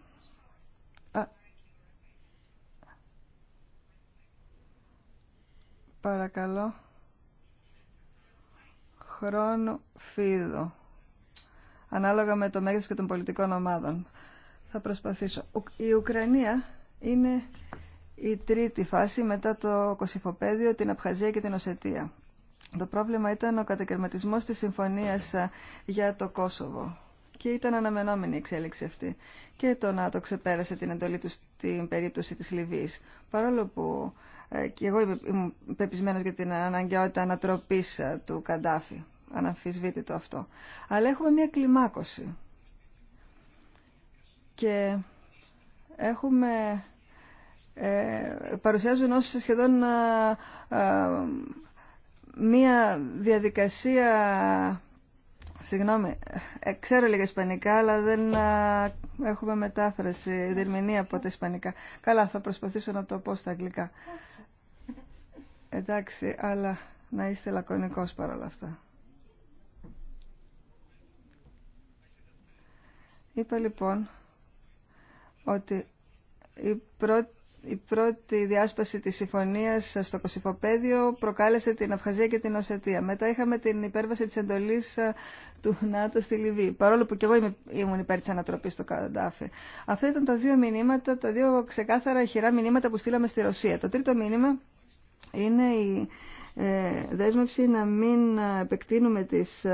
παρακαλώ. Χρόνο φίδο. Ανάλογα με το μέγεθος και των πολιτικών ομάδων. Θα προσπαθήσω. Η Ουκρανία είναι η τρίτη φάση μετά το Κωσυφοπαίδιο, την Απχαζία και την Οσετία. Το πρόβλημα ήταν ο κατακαιρματισμός της συμφωνίας ε, για το Κόσοβο και ήταν αναμενόμενη η εξέλιξη αυτή. Και το ΝΑΤΟ ξεπέρασε την εντολή του στην περίπτωση της Λιβύης. Παρόλο που ε, και εγώ είμαι πεπισμένος για την αναγκαιότητα ανατροπής ε, του Καντάφη. Αναμφισβήτητο αυτό. Αλλά έχουμε μια κλιμάκωση. Και έχουμε... Ε, παρουσιάζουν ως σχεδόν ε, μια διαδικασία Συγγνώμη, ε, ξέρω λίγα Ισπανικά, αλλά δεν έχουμε μετάφραση, διερμηνία από τα Ισπανικά. Καλά, θα προσπαθήσω να το πω στα Αγγλικά. Εντάξει, αλλά να είστε λακωνικός παρόλα αυτά. Είπα λοιπόν ότι η πρώτη η πρώτη διάσπαση της συμφωνίας στο Κωσυφοπαίδιο προκάλεσε την Αυχαζία και την Οσετία. Μετά είχαμε την υπέρβαση της εντολής ε, του ΝΑΤΟ στη Λιβύη, παρόλο που και εγώ ήμουν υπέρ της ανατροπής του Καντάφη. Αυτά ήταν τα δύο μηνύματα, τα δύο ξεκάθαρα χειρά μηνύματα που στείλαμε στη Ρωσία. Το τρίτο μήνυμα είναι η ε, δέσμευση να μην ε, επεκτείνουμε τις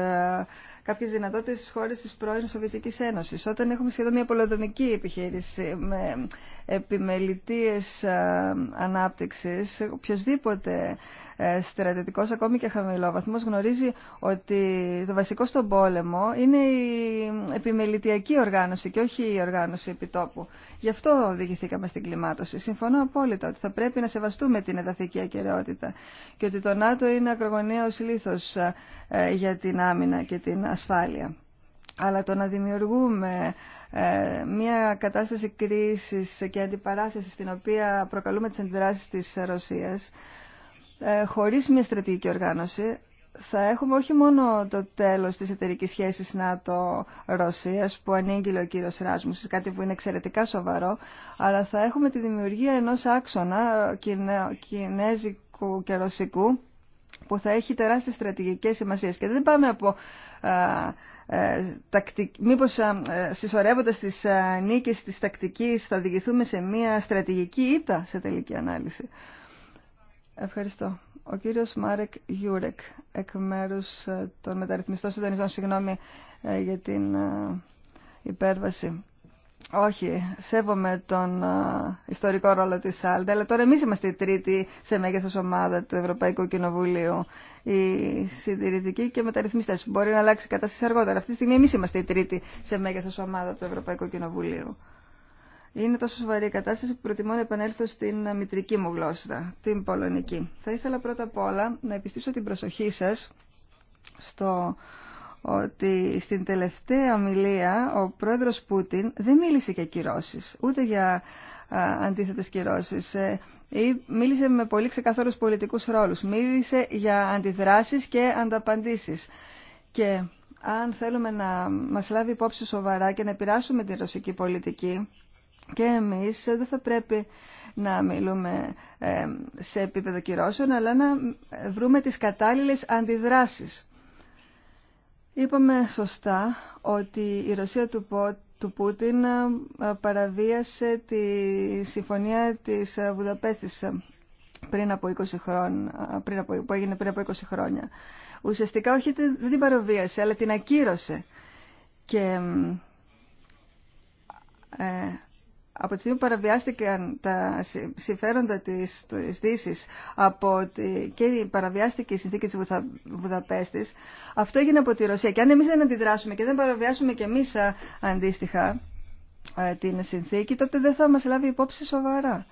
κάποιες δυνατότητες στις χώρες της πρώην Σοβιετικής Ένωσης. Όταν έχουμε σχεδόν μια πολεοδομική επιχείρηση με επιμελητίες ε, ανάπτυξης, οποιοδήποτε ε, στρατιωτικός, ακόμη και χαμηλόβαθμος, γνωρίζει ότι το βασικό στον πόλεμο είναι η επιμελητιακή οργάνωση και όχι η οργάνωση επιτόπου. Γι' αυτό οδηγηθήκαμε στην κλιμάτωση. Συμφωνώ απόλυτα ότι θα πρέπει να σεβαστούμε την εδαφική ακαιρεότητα και ότι το ΝΑΤΟ είναι ακρογωνιαίος λίθος ε, για την άμυνα και την ασφάλεια. Αλλά το να δημιουργούμε ε, μια κατάσταση κρίσης και αντιπαράθεσης στην οποία προκαλούμε τις αντιδράσεις της Ρωσίας ε, χωρίς μια στρατηγική οργάνωση θα έχουμε όχι μόνο το τέλος της εταιρικής σχέσης ΝΑΤΟ-Ρωσίας που ανήγγειλε ο κύριος Ράσμουσης, κάτι που είναι εξαιρετικά σοβαρό, αλλά θα έχουμε τη δημιουργία ενός άξονα κινέζικου και ρωσικού που θα έχει τεράστιες στρατηγικές σημασίες. Και δεν πάμε από ε, ε, μήπως ε, συσσωρεύοντας τις ε, νίκες της τακτικής θα διηγηθούμε σε μια στρατηγική ήττα σε τελική ανάλυση. Ευχαριστώ. Ο κύριος Μάρεκ Γιούρεκ, εκ μέρους των μεταρρυθμιστών συντονιστών, συγγνώμη για την υπέρβαση. Όχι, σέβομαι τον ιστορικό ρόλο της ΣΑΛΤΑ, αλλά τώρα εμείς είμαστε η τρίτη σε μέγεθος ομάδα του Ευρωπαϊκού Κοινοβουλίου. Η συντηρητικοί και μεταρρυθμιστές μπορεί να αλλάξει η κατάσταση αργότερα. Αυτή τη στιγμή εμείς είμαστε η τρίτη σε μέγεθος ομάδα του Ευρωπαϊκού Κοινοβουλίου. Είναι τόσο σοβαρή η κατάσταση που προτιμώ να επανέλθω στην μητρική μου γλώσσα, την πολωνική. Θα ήθελα πρώτα απ' όλα να επιστήσω την προσοχή σας στο ότι στην τελευταία ομιλία ο πρόεδρος Πούτιν δεν μίλησε για κυρώσεις, ούτε για αντίθετες κυρώσεις. Ε, ή μίλησε με πολύ ξεκαθαρούς πολιτικούς ρόλους. Μίλησε για αντιδράσεις και ανταπαντήσεις. Και αν θέλουμε να μας λάβει υπόψη σοβαρά και να πειράσουμε την ρωσική πολιτική, και εμείς δεν θα πρέπει να μιλούμε ε, σε επίπεδο κυρώσεων, αλλά να ε, βρούμε τις κατάλληλες αντιδράσεις. Είπαμε σωστά ότι η Ρωσία του, του Πούτιν ε, παραβίασε τη συμφωνία της ε, Βουδαπέστης ε, πριν από 20 χρόνια, πριν από, που έγινε πριν από 20 χρόνια. Ουσιαστικά όχι δεν την παραβίασε, αλλά την ακύρωσε. Και ε, από τη στιγμή που παραβιάστηκαν τα συμφέροντα της, της Δύσης από τη, και παραβιάστηκε η συνθήκη της Βουδα, Βουδαπέστης, αυτό έγινε από τη Ρωσία. Και αν εμείς δεν αντιδράσουμε και δεν παραβιάσουμε και εμείς αντίστοιχα την συνθήκη, τότε δεν θα μας λάβει υπόψη σοβαρά.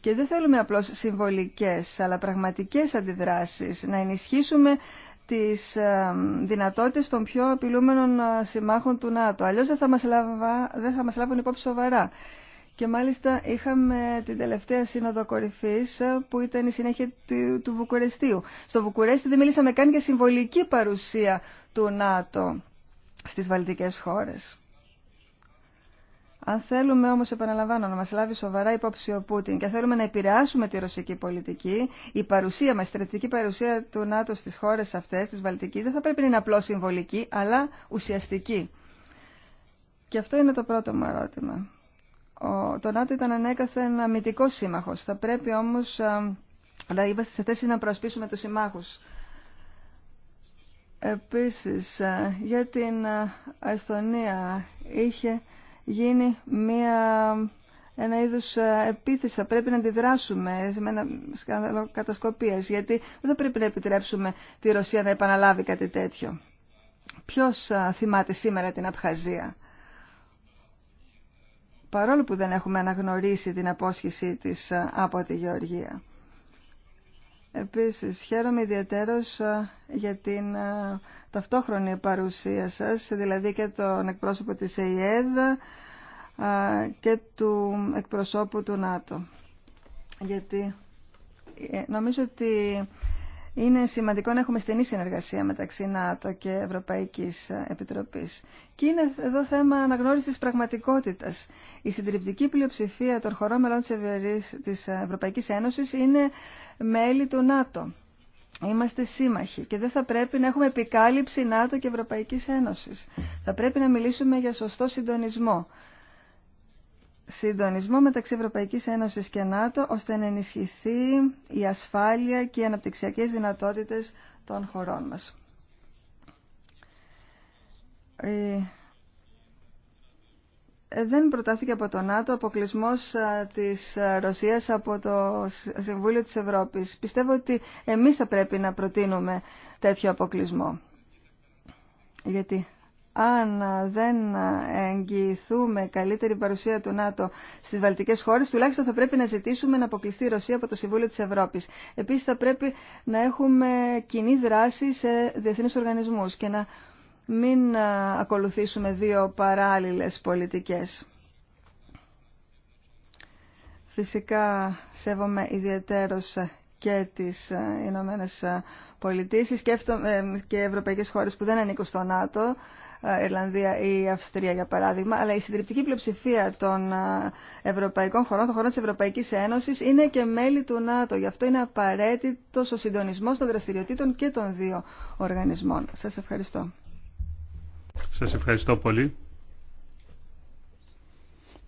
Και δεν θέλουμε απλώς συμβολικές, αλλά πραγματικές αντιδράσεις, να ενισχύσουμε τις δυνατότητες των πιο απειλούμενων συμμάχων του ΝΑΤΟ. Αλλιώς δεν θα μας, λάβα, θα μας λάβουν υπόψη σοβαρά. Και μάλιστα είχαμε την τελευταία σύνοδο κορυφή ε, που ήταν η συνέχεια του, του Βουκουρεστίου. Στο Βουκουρέστι δεν μιλήσαμε καν για συμβολική παρουσία του ΝΑΤΟ στις βαλτικές χώρες. Αν θέλουμε όμω επαναλαμβάνω, να μα λάβει σοβαρά υπόψη ο Πούτιν και θέλουμε να επηρεάσουμε τη ρωσική πολιτική, η παρουσία μα, η στρατηγική παρουσία του ΝΑΤΟ στι χώρε αυτέ, τη Βαλτική, δεν θα πρέπει να είναι απλώ συμβολική, αλλά ουσιαστική. Και αυτό είναι το πρώτο μου ερώτημα το ΝΑΤΟ ήταν ανέκαθεν αμυντικό σύμμαχο. Θα πρέπει όμω να είμαστε σε θέση να προασπίσουμε του συμμάχου. Επίση, για την Εστονία είχε γίνει μια, ένα είδου επίθεση. Θα πρέπει να αντιδράσουμε με ένα γιατί δεν πρέπει να επιτρέψουμε τη Ρωσία να επαναλάβει κάτι τέτοιο. Ποιο θυμάται σήμερα την Απχαζία παρόλο που δεν έχουμε αναγνωρίσει την απόσχησή της ε, από τη Γεωργία. Επίσης, χαίρομαι ιδιαίτερος ε, για την ε, ταυτόχρονη παρουσία σας, δηλαδή και τον εκπρόσωπο της ΕΙΕΔ και του εκπροσώπου του ΝΑΤΟ. Γιατί νομίζω ότι είναι σημαντικό να έχουμε στενή συνεργασία μεταξύ ΝΑΤΟ και Ευρωπαϊκής Επιτροπής. Και είναι εδώ θέμα αναγνώρισης της πραγματικότητας. Η συντριπτική πλειοψηφία των χωρών μελών της Ευρωπαϊκής Ένωσης είναι μέλη του ΝΑΤΟ. Είμαστε σύμμαχοι και δεν θα πρέπει να έχουμε επικάλυψη ΝΑΤΟ και Ευρωπαϊκής Ένωσης. Θα πρέπει να μιλήσουμε για σωστό συντονισμό συντονισμό μεταξύ Ευρωπαϊκής Ένωσης και ΝΑΤΟ ώστε να ενισχυθεί η ασφάλεια και οι αναπτυξιακές δυνατότητες των χωρών μας. Ε, ε, δεν προτάθηκε από το ΝΑΤΟ αποκλεισμό της Ρωσίας από το Συμβούλιο της Ευρώπης. Πιστεύω ότι εμείς θα πρέπει να προτείνουμε τέτοιο αποκλεισμό. Γιατί αν δεν εγγυηθούμε καλύτερη παρουσία του ΝΑΤΟ στις Βαλτικέ χώρες, τουλάχιστον θα πρέπει να ζητήσουμε να αποκλειστεί η Ρωσία από το Συμβούλιο της Ευρώπης. Επίσης θα πρέπει να έχουμε κοινή δράση σε διεθνεί οργανισμού και να μην ακολουθήσουμε δύο παράλληλες πολιτικές. Φυσικά σέβομαι ιδιαίτερος και τις Ηνωμένε Πολιτείες ε, και ευρωπαϊκές χώρες που δεν ανήκουν στο ΝΑΤΟ. Ιρλανδία ή η Αυστρία για παράδειγμα, αλλά η συντριπτική πλειοψηφία των ευρωπαϊκών χωρών, των χωρών της Ευρωπαϊκής Ένωσης, είναι και μέλη του ΝΑΤΟ. Γι' αυτό είναι απαραίτητος ο συντονισμός των δραστηριοτήτων και των δύο οργανισμών. Σας ευχαριστώ. Σας ευχαριστώ πολύ.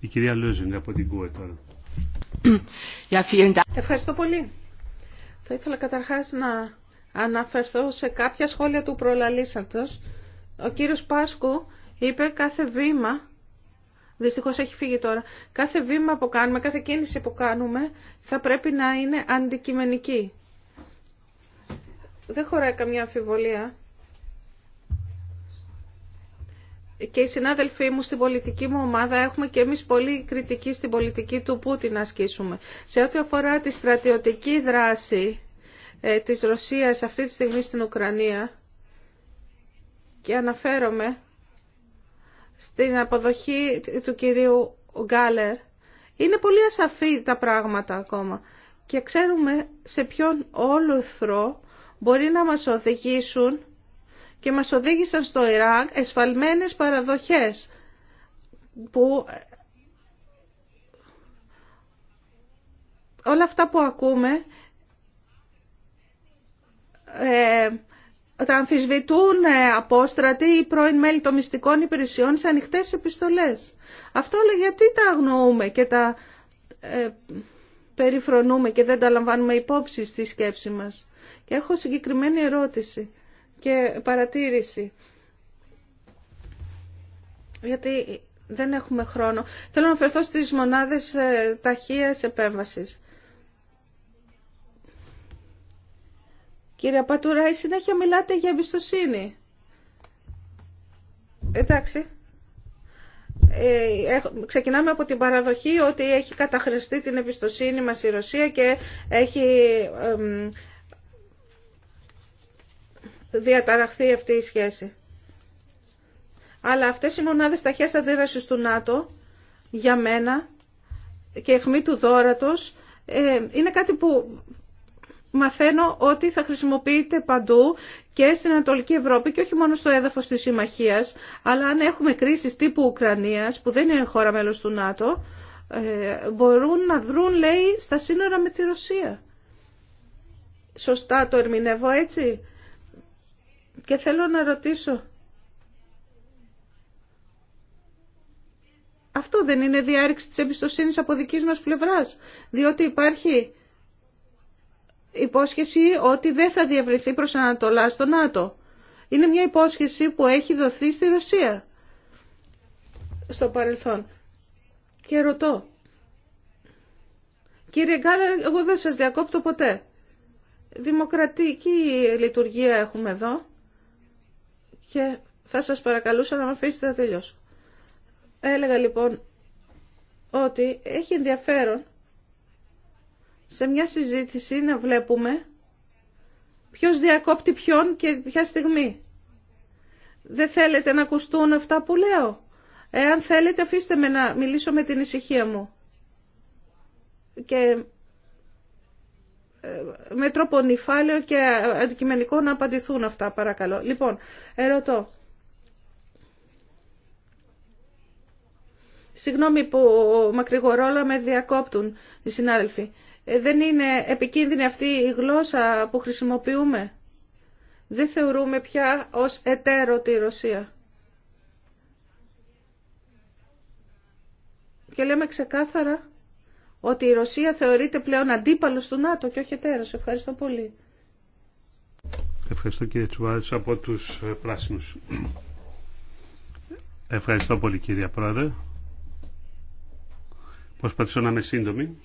Η κυρία Λούζινγκ από την ΚΟΕ τώρα. Ευχαριστώ πολύ. Θα ήθελα καταρχάς να αναφερθώ σε κάποια σχόλια του προλαλήσαντος ο κύριος Πάσκου είπε κάθε βήμα, δυστυχώς έχει φύγει τώρα, κάθε βήμα που κάνουμε, κάθε κίνηση που κάνουμε θα πρέπει να είναι αντικειμενική. Δεν χωράει καμιά αμφιβολία. και οι συνάδελφοί μου στην πολιτική μου ομάδα έχουμε και εμείς πολύ κριτική στην πολιτική του Πούτιν να ασκήσουμε. Σε ό,τι αφορά τη στρατιωτική δράση ε, της Ρωσίας αυτή τη στιγμή στην Ουκρανία, και αναφέρομαι στην αποδοχή του κυρίου Γκάλερ. Είναι πολύ ασαφή τα πράγματα ακόμα και ξέρουμε σε ποιον όλουθρο μπορεί να μας οδηγήσουν και μας οδήγησαν στο Ιράκ εσφαλμένες παραδοχές που όλα αυτά που ακούμε ε, τα αμφισβητούν ε, απόστρατοι ή πρώην μέλη των μυστικών υπηρεσιών σε ανοιχτές επιστολές. Αυτό λέει γιατί τα αγνοούμε και τα ε, περιφρονούμε και δεν τα λαμβάνουμε υπόψη στη σκέψη μας. Και έχω συγκεκριμένη ερώτηση και παρατήρηση. Γιατί δεν έχουμε χρόνο. Θέλω να φερθώ στις μονάδες ε, ταχείας επέμβασης. Κύριε η συνέχεια μιλάτε για εμπιστοσύνη. Εντάξει. Ε, ξεκινάμε από την παραδοχή ότι έχει καταχρηστεί την εμπιστοσύνη μας η Ρωσία και έχει διαταραχθεί αυτή η σχέση. Αλλά αυτές οι μονάδες ταχείας αντίδρασης του ΝΑΤΟ για μένα και αιχμή του δόρατος ε, είναι κάτι που μαθαίνω ότι θα χρησιμοποιείται παντού και στην Ανατολική Ευρώπη και όχι μόνο στο έδαφος της Συμμαχίας, αλλά αν έχουμε κρίσεις τύπου Ουκρανίας, που δεν είναι χώρα μέλος του ΝΑΤΟ, ε, μπορούν να δρουν, λέει, στα σύνορα με τη Ρωσία. Σωστά το ερμηνεύω έτσι. Και θέλω να ρωτήσω. Αυτό δεν είναι διάρρηξη της εμπιστοσύνης από δικής μας πλευράς, διότι υπάρχει υπόσχεση ότι δεν θα διευρυνθεί προς Ανατολά στο ΝΑΤΟ. Είναι μια υπόσχεση που έχει δοθεί στη Ρωσία στο παρελθόν. Και ρωτώ, κύριε Γκάλα, εγώ δεν σας διακόπτω ποτέ. Δημοκρατική λειτουργία έχουμε εδώ και θα σας παρακαλούσα να με αφήσετε να τελειώσω. Έλεγα λοιπόν ότι έχει ενδιαφέρον σε μια συζήτηση να βλέπουμε ποιος διακόπτει ποιον και ποια στιγμή. Δεν θέλετε να ακουστούν αυτά που λέω. Εάν θέλετε αφήστε με να μιλήσω με την ησυχία μου. Και ε, με τρόπο νυφάλαιο και αντικειμενικό να απαντηθούν αυτά παρακαλώ. Λοιπόν, ερωτώ. Συγγνώμη που μακρηγορώ, με διακόπτουν οι συνάδελφοι. Ε, δεν είναι επικίνδυνη αυτή η γλώσσα που χρησιμοποιούμε. Δεν θεωρούμε πια ως εταίρο τη Ρωσία. Και λέμε ξεκάθαρα ότι η Ρωσία θεωρείται πλέον αντίπαλος του ΝΑΤΟ και όχι εταίρος. Ευχαριστώ πολύ. Ευχαριστώ κύριε Τσουβάρης από τους ε, πράσινους. Ευχαριστώ πολύ κύριε Πρόεδρε. Προσπαθήσω να είμαι σύντομη.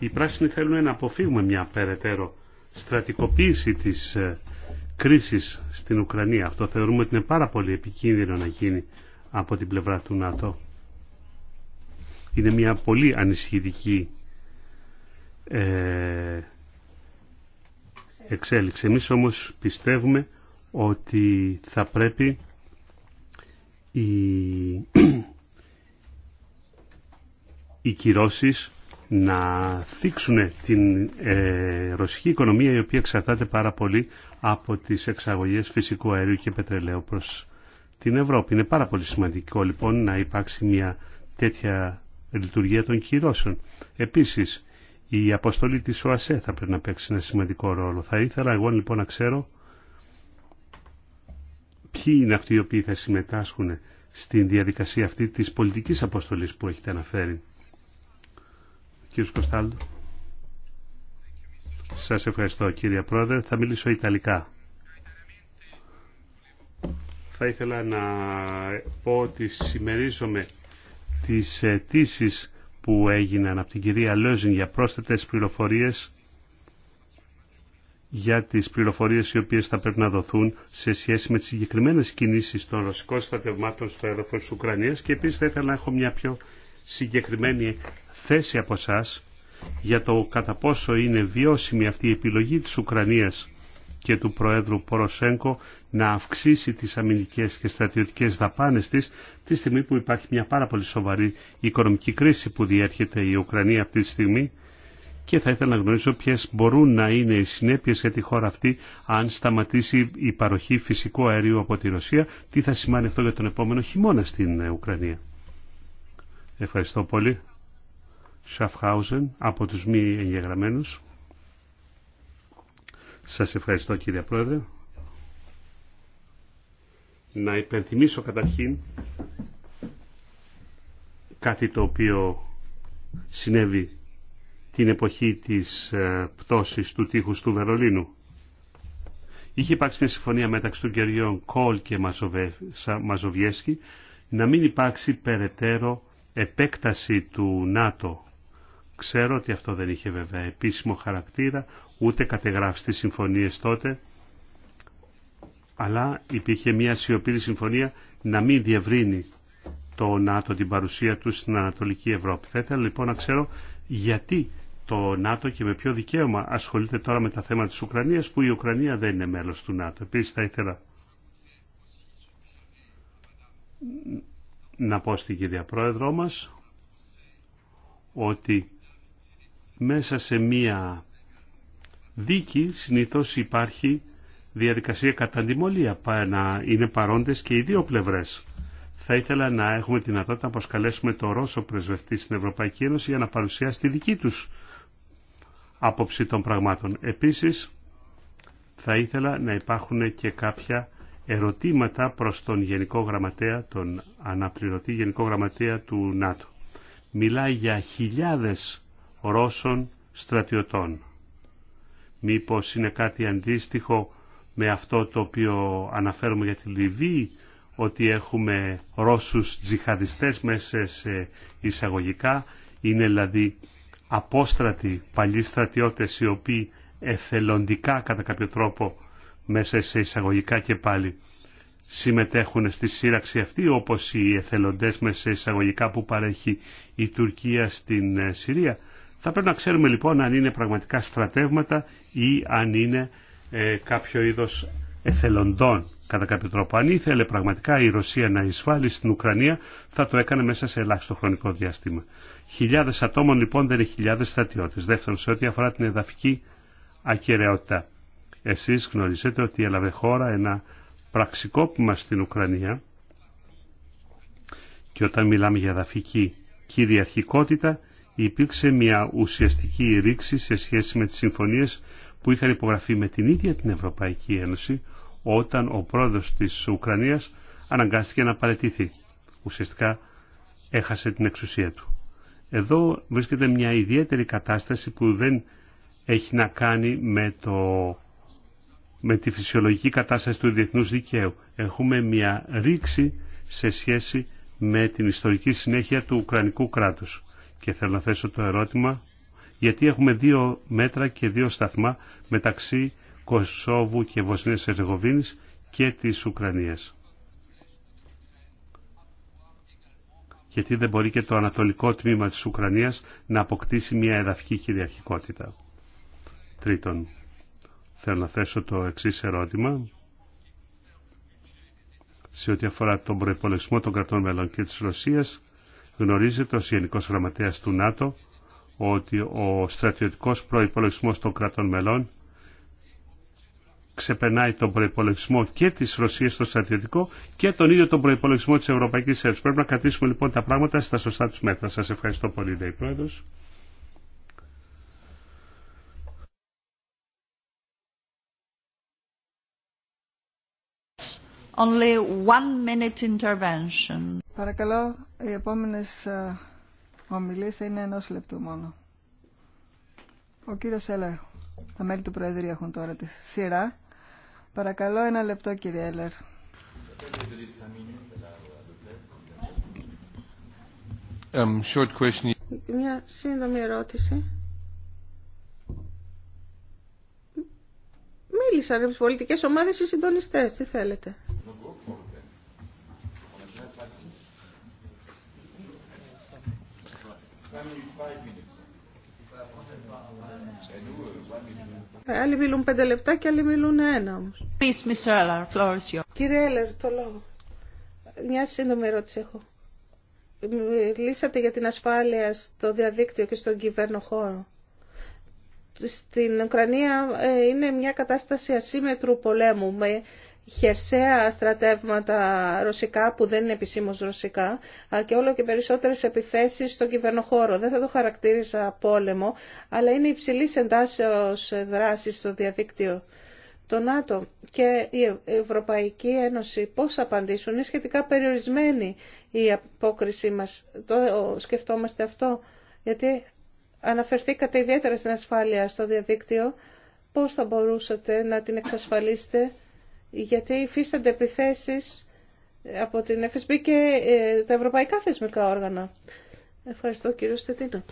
Οι πράσινοι θέλουν να αποφύγουμε μια περαιτέρω στρατικοποίηση της ε, κρίσης στην Ουκρανία. Αυτό θεωρούμε ότι είναι πάρα πολύ επικίνδυνο να γίνει από την πλευρά του ΝΑΤΟ. Είναι μια πολύ ανησυχητική ε, εξέλιξη. Εμείς όμως πιστεύουμε ότι θα πρέπει οι, οι κυρώσεις να θίξουν την ε, ρωσική οικονομία η οποία εξαρτάται πάρα πολύ από τις εξαγωγές φυσικού αερίου και πετρελαίου προς την Ευρώπη. Είναι πάρα πολύ σημαντικό λοιπόν να υπάρξει μια τέτοια λειτουργία των κυρώσεων. Επίσης η αποστολή της ΟΑΣΕ θα πρέπει να παίξει ένα σημαντικό ρόλο. Θα ήθελα εγώ λοιπόν να ξέρω ποιοι είναι αυτοί οι οποίοι θα συμμετάσχουν στην διαδικασία αυτή της πολιτικής αποστολής που έχετε αναφέρει. Κύριος Κωνσταντ. Σας ευχαριστώ κύριε Πρόεδρε. Θα μιλήσω Ιταλικά. Θα ήθελα να πω ότι συμμερίζομαι τις αιτήσει που έγιναν από την κυρία Λόζιν για πρόσθετες πληροφορίες για τις πληροφορίες οι οποίες θα πρέπει να δοθούν σε σχέση με τις συγκεκριμένες κινήσεις των ρωσικών στρατευμάτων στο έδαφος της Ουκρανίας και επίσης θα ήθελα να έχω μια πιο συγκεκριμένη θέση από εσά για το κατά πόσο είναι βιώσιμη αυτή η επιλογή της Ουκρανίας και του Προέδρου Ποροσέγκο να αυξήσει τις αμυντικές και στρατιωτικές δαπάνες της τη στιγμή που υπάρχει μια πάρα πολύ σοβαρή οικονομική κρίση που διέρχεται η Ουκρανία αυτή τη στιγμή και θα ήθελα να γνωρίζω ποιε μπορούν να είναι οι συνέπειε για τη χώρα αυτή αν σταματήσει η παροχή φυσικού αερίου από τη Ρωσία, τι θα σημαίνει αυτό για τον επόμενο χειμώνα στην Ουκρανία. Ευχαριστώ πολύ. Σαφχάουζεν από τους μη εγγεγραμμένους. Σας ευχαριστώ κύριε Πρόεδρε. Να υπενθυμίσω καταρχήν κάτι το οποίο συνέβη την εποχή της ε, πτώσης του τείχους του Βερολίνου. Είχε υπάρξει μια συμφωνία μεταξύ των κεριών Κόλ και Μαζοβιέσκη να μην υπάρξει περαιτέρω επέκταση του ΝΑΤΟ Ξέρω ότι αυτό δεν είχε βέβαια επίσημο χαρακτήρα, ούτε κατεγράφει τις συμφωνίες τότε, αλλά υπήρχε μια σιωπήρη συμφωνία να μην διευρύνει το ΝΑΤΟ την παρουσία του στην Ανατολική Ευρώπη. Θα ήθελα λοιπόν να ξέρω γιατί το ΝΑΤΟ και με ποιο δικαίωμα ασχολείται τώρα με τα θέματα της Ουκρανίας που η Ουκρανία δεν είναι μέλος του ΝΑΤΟ. Επίσης θα ήθελα να πω στην κυρία Πρόεδρό μας ότι μέσα σε μία δίκη συνήθως υπάρχει διαδικασία κατά αντιμολία, να είναι παρόντες και οι δύο πλευρές. Θα ήθελα να έχουμε τη δυνατότητα να προσκαλέσουμε τον Ρώσο πρεσβευτή στην Ευρωπαϊκή Ένωση για να παρουσιάσει τη δική τους άποψη των πραγμάτων. Επίσης, θα ήθελα να υπάρχουν και κάποια ερωτήματα προς τον Γενικό Γραμματέα, τον αναπληρωτή Γενικό Γραμματέα του ΝΑΤΟ. Μιλάει για χιλιάδες Ρώσων στρατιωτών. Μήπως είναι κάτι αντίστοιχο με αυτό το οποίο αναφέρουμε για τη Λιβύη, ότι έχουμε Ρώσους τζιχαδιστές μέσα σε εισαγωγικά, είναι δηλαδή απόστρατοι παλιοί στρατιώτες οι οποίοι εθελοντικά κατά κάποιο τρόπο μέσα σε εισαγωγικά και πάλι συμμετέχουν στη σύραξη αυτή όπως οι εθελοντές μέσα σε εισαγωγικά που παρέχει η Τουρκία στην ε, Συρία θα πρέπει να ξέρουμε λοιπόν αν είναι πραγματικά στρατεύματα ή αν είναι ε, κάποιο είδος εθελοντών κατά κάποιο τρόπο. Αν ήθελε πραγματικά η Ρωσία να εισβάλλει στην Ουκρανία θα το έκανε μέσα σε ελάχιστο χρονικό διάστημα. Χιλιάδες ατόμων λοιπόν δεν είναι χιλιάδες στρατιώτες. Δεύτερον σε ό,τι αφορά την εδαφική ακαιρεότητα. Εσείς γνωρίζετε ότι έλαβε χώρα ένα πραξικόπημα στην Ουκρανία και όταν μιλάμε για εδαφική κυριαρχικότητα υπήρξε μια ουσιαστική ρήξη σε σχέση με τις συμφωνίες που είχαν υπογραφεί με την ίδια την Ευρωπαϊκή Ένωση όταν ο πρόεδρος της Ουκρανίας αναγκάστηκε να παρετηθεί. Ουσιαστικά έχασε την εξουσία του. Εδώ βρίσκεται μια ιδιαίτερη κατάσταση που δεν έχει να κάνει με, το, με τη φυσιολογική κατάσταση του διεθνούς δικαίου. Έχουμε μια ρήξη σε σχέση με την ιστορική συνέχεια του Ουκρανικού κράτους. Και θέλω να θέσω το ερώτημα γιατί έχουμε δύο μέτρα και δύο σταθμά μεταξύ Κωσόβου και Βοσνίας Ερζεγοβίνης και της Ουκρανίας. Γιατί δεν μπορεί και το ανατολικό τμήμα της Ουκρανίας να αποκτήσει μια εδαφική κυριαρχικότητα. Τρίτον, θέλω να θέσω το εξής ερώτημα σε ό,τι αφορά τον προϋπολογισμό των κρατών μελών και της Ρωσίας Γνωρίζετε το Γενικός Γραμματέας του ΝΑΤΟ ότι ο στρατιωτικός προϋπολογισμός των κρατών μελών ξεπερνάει τον προϋπολογισμό και της Ρωσίας στο στρατιωτικό και τον ίδιο τον προϋπολογισμό της Ευρωπαϊκής Ένωσης. Πρέπει να κρατήσουμε λοιπόν τα πράγματα στα σωστά τους μέτρα. Σας ευχαριστώ πολύ, λέει Πρόεδρος. Only one intervention. Παρακαλώ, οι επόμενε ομιλίε θα είναι ενός λεπτού μόνο. Ο κύριο Έλερ, τα μέλη του Προεδρείου έχουν τώρα τη σειρά. Παρακαλώ, ένα λεπτό κύριε Έλερ. Um, Μια σύντομη ερώτηση μίλησαν οι πολιτικέ ομάδες οι συντονιστέ. Τι θέλετε. Ε, άλλοι μιλούν πέντε λεπτά και άλλοι μιλούν ένα όμω. Κύριε Έλερ, το λόγο. Μια σύντομη ερώτηση έχω. Μιλήσατε για την ασφάλεια στο διαδίκτυο και στον κυβέρνο χώρο στην Ουκρανία ε, είναι μια κατάσταση ασύμετρου πολέμου με χερσαία στρατεύματα ρωσικά που δεν είναι επισήμως ρωσικά και όλο και περισσότερες επιθέσεις στον κυβερνοχώρο. Δεν θα το χαρακτήριζα πόλεμο, αλλά είναι υψηλή εντάσεως δράση στο διαδίκτυο. Το ΝΑΤΟ και η Ευρωπαϊκή Ένωση πώς απαντήσουν είναι σχετικά περιορισμένη η απόκρισή μας. Το σκεφτόμαστε αυτό, γιατί Αναφερθήκατε ιδιαίτερα στην ασφάλεια στο διαδίκτυο. Πώς θα μπορούσατε να την εξασφαλίσετε, γιατί υφίστανται επιθέσεις από την FSB και ε, τα ευρωπαϊκά θεσμικά όργανα. Ευχαριστώ κύριο Στετίνο.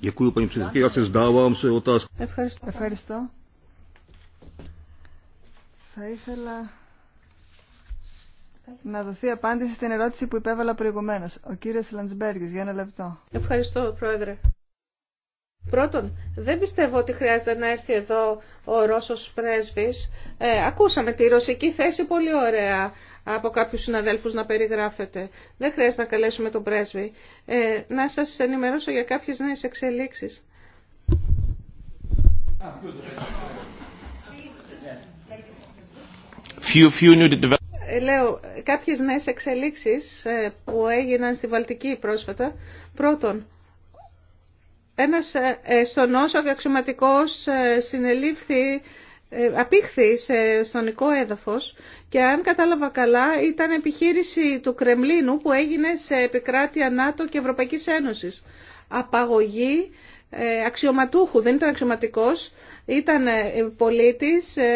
Ευχαριστώ. Ευχαριστώ. Θα ήθελα να δοθεί απάντηση στην ερώτηση που υπέβαλα προηγουμένως. Ο κύριος Λαντσμπέργης, για ένα λεπτό. Ευχαριστώ, Πρόεδρε. Πρώτον, δεν πιστεύω ότι χρειάζεται να έρθει εδώ ο Ρώσος πρέσβης. Ε, ακούσαμε τη ρωσική θέση πολύ ωραία από κάποιους συναδέλφους να περιγράφεται. Δεν χρειάζεται να καλέσουμε τον πρέσβη. Ε, να σας ενημερώσω για κάποιες νέες εξελίξεις. Few, few new λέω κάποιες νέες εξελίξεις ε, που έγιναν στη Βαλτική πρόσφατα. Πρώτον, ένας ε, ε, στον όσο αξιωματικός συνελήφθη απήχθη σε στονικό έδαφος και αν κατάλαβα καλά ήταν επιχείρηση του Κρεμλίνου που έγινε σε επικράτεια ΝΑΤΟ και Ευρωπαϊκής Ένωσης. Απαγωγή αξιωματούχου, δεν ήταν αξιωματικός, ήταν ε, πολίτης ε,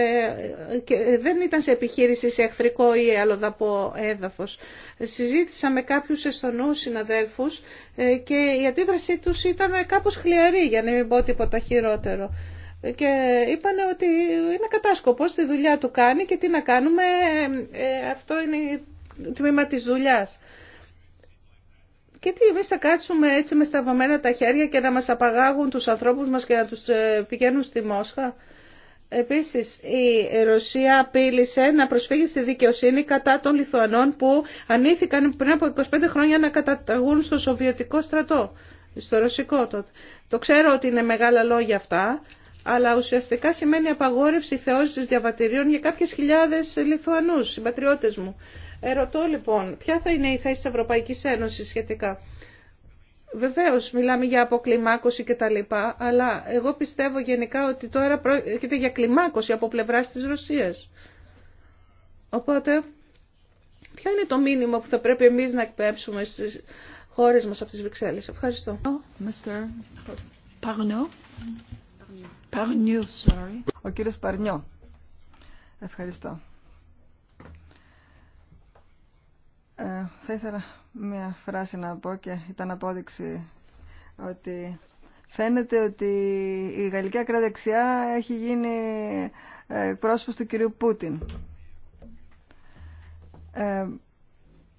και δεν ήταν σε επιχείρηση σε εχθρικό ή αλλοδαπό έδαφος. Συζήτησα με κάποιους εστωνούς συναδέλφους ε, και η αντίδρασή τους ήταν κάπως χλιαρή για να μην πω τίποτα χειρότερο. Και είπαν ότι είναι κατάσκοπος, τη δουλειά του κάνει και τι να κάνουμε, αυτό είναι το τμήμα της δουλειάς. Και τι εμείς θα κάτσουμε έτσι με σταυρωμένα τα χέρια και να μας απαγάγουν τους ανθρώπους μας και να τους ε, πηγαίνουν στη Μόσχα. Επίσης, η Ρωσία απείλησε να προσφύγει στη δικαιοσύνη κατά των Λιθουανών που ανήθηκαν πριν από 25 χρόνια να καταταγούν στο Σοβιετικό στρατό, στο Ρωσικό τότε. Το ξέρω ότι είναι μεγάλα λόγια αυτά, αλλά ουσιαστικά σημαίνει απαγόρευση θεώρησης διαβατηρίων για κάποιες χιλιάδες Λιθουανούς, συμπατριώτες μου. Ερωτώ λοιπόν, ποια θα είναι η θέση της Ευρωπαϊκής Ένωσης σχετικά. Βεβαίως μιλάμε για αποκλιμάκωση και τα λοιπά, αλλά εγώ πιστεύω γενικά ότι τώρα πρόκειται για κλιμάκωση από πλευράς της Ρωσίας. Οπότε, ποιο είναι το μήνυμα που θα πρέπει εμείς να εκπέμψουμε στις χώρες μας από τις Βρυξέλλες. Ευχαριστώ. Ο κύριος Παρνιό. Ευχαριστώ. Ε, θα ήθελα μια φράση να πω και ήταν απόδειξη ότι φαίνεται ότι η γαλλική ακραδεξιά έχει γίνει ε, πρόσωπος του κυρίου Πούτιν. Ε,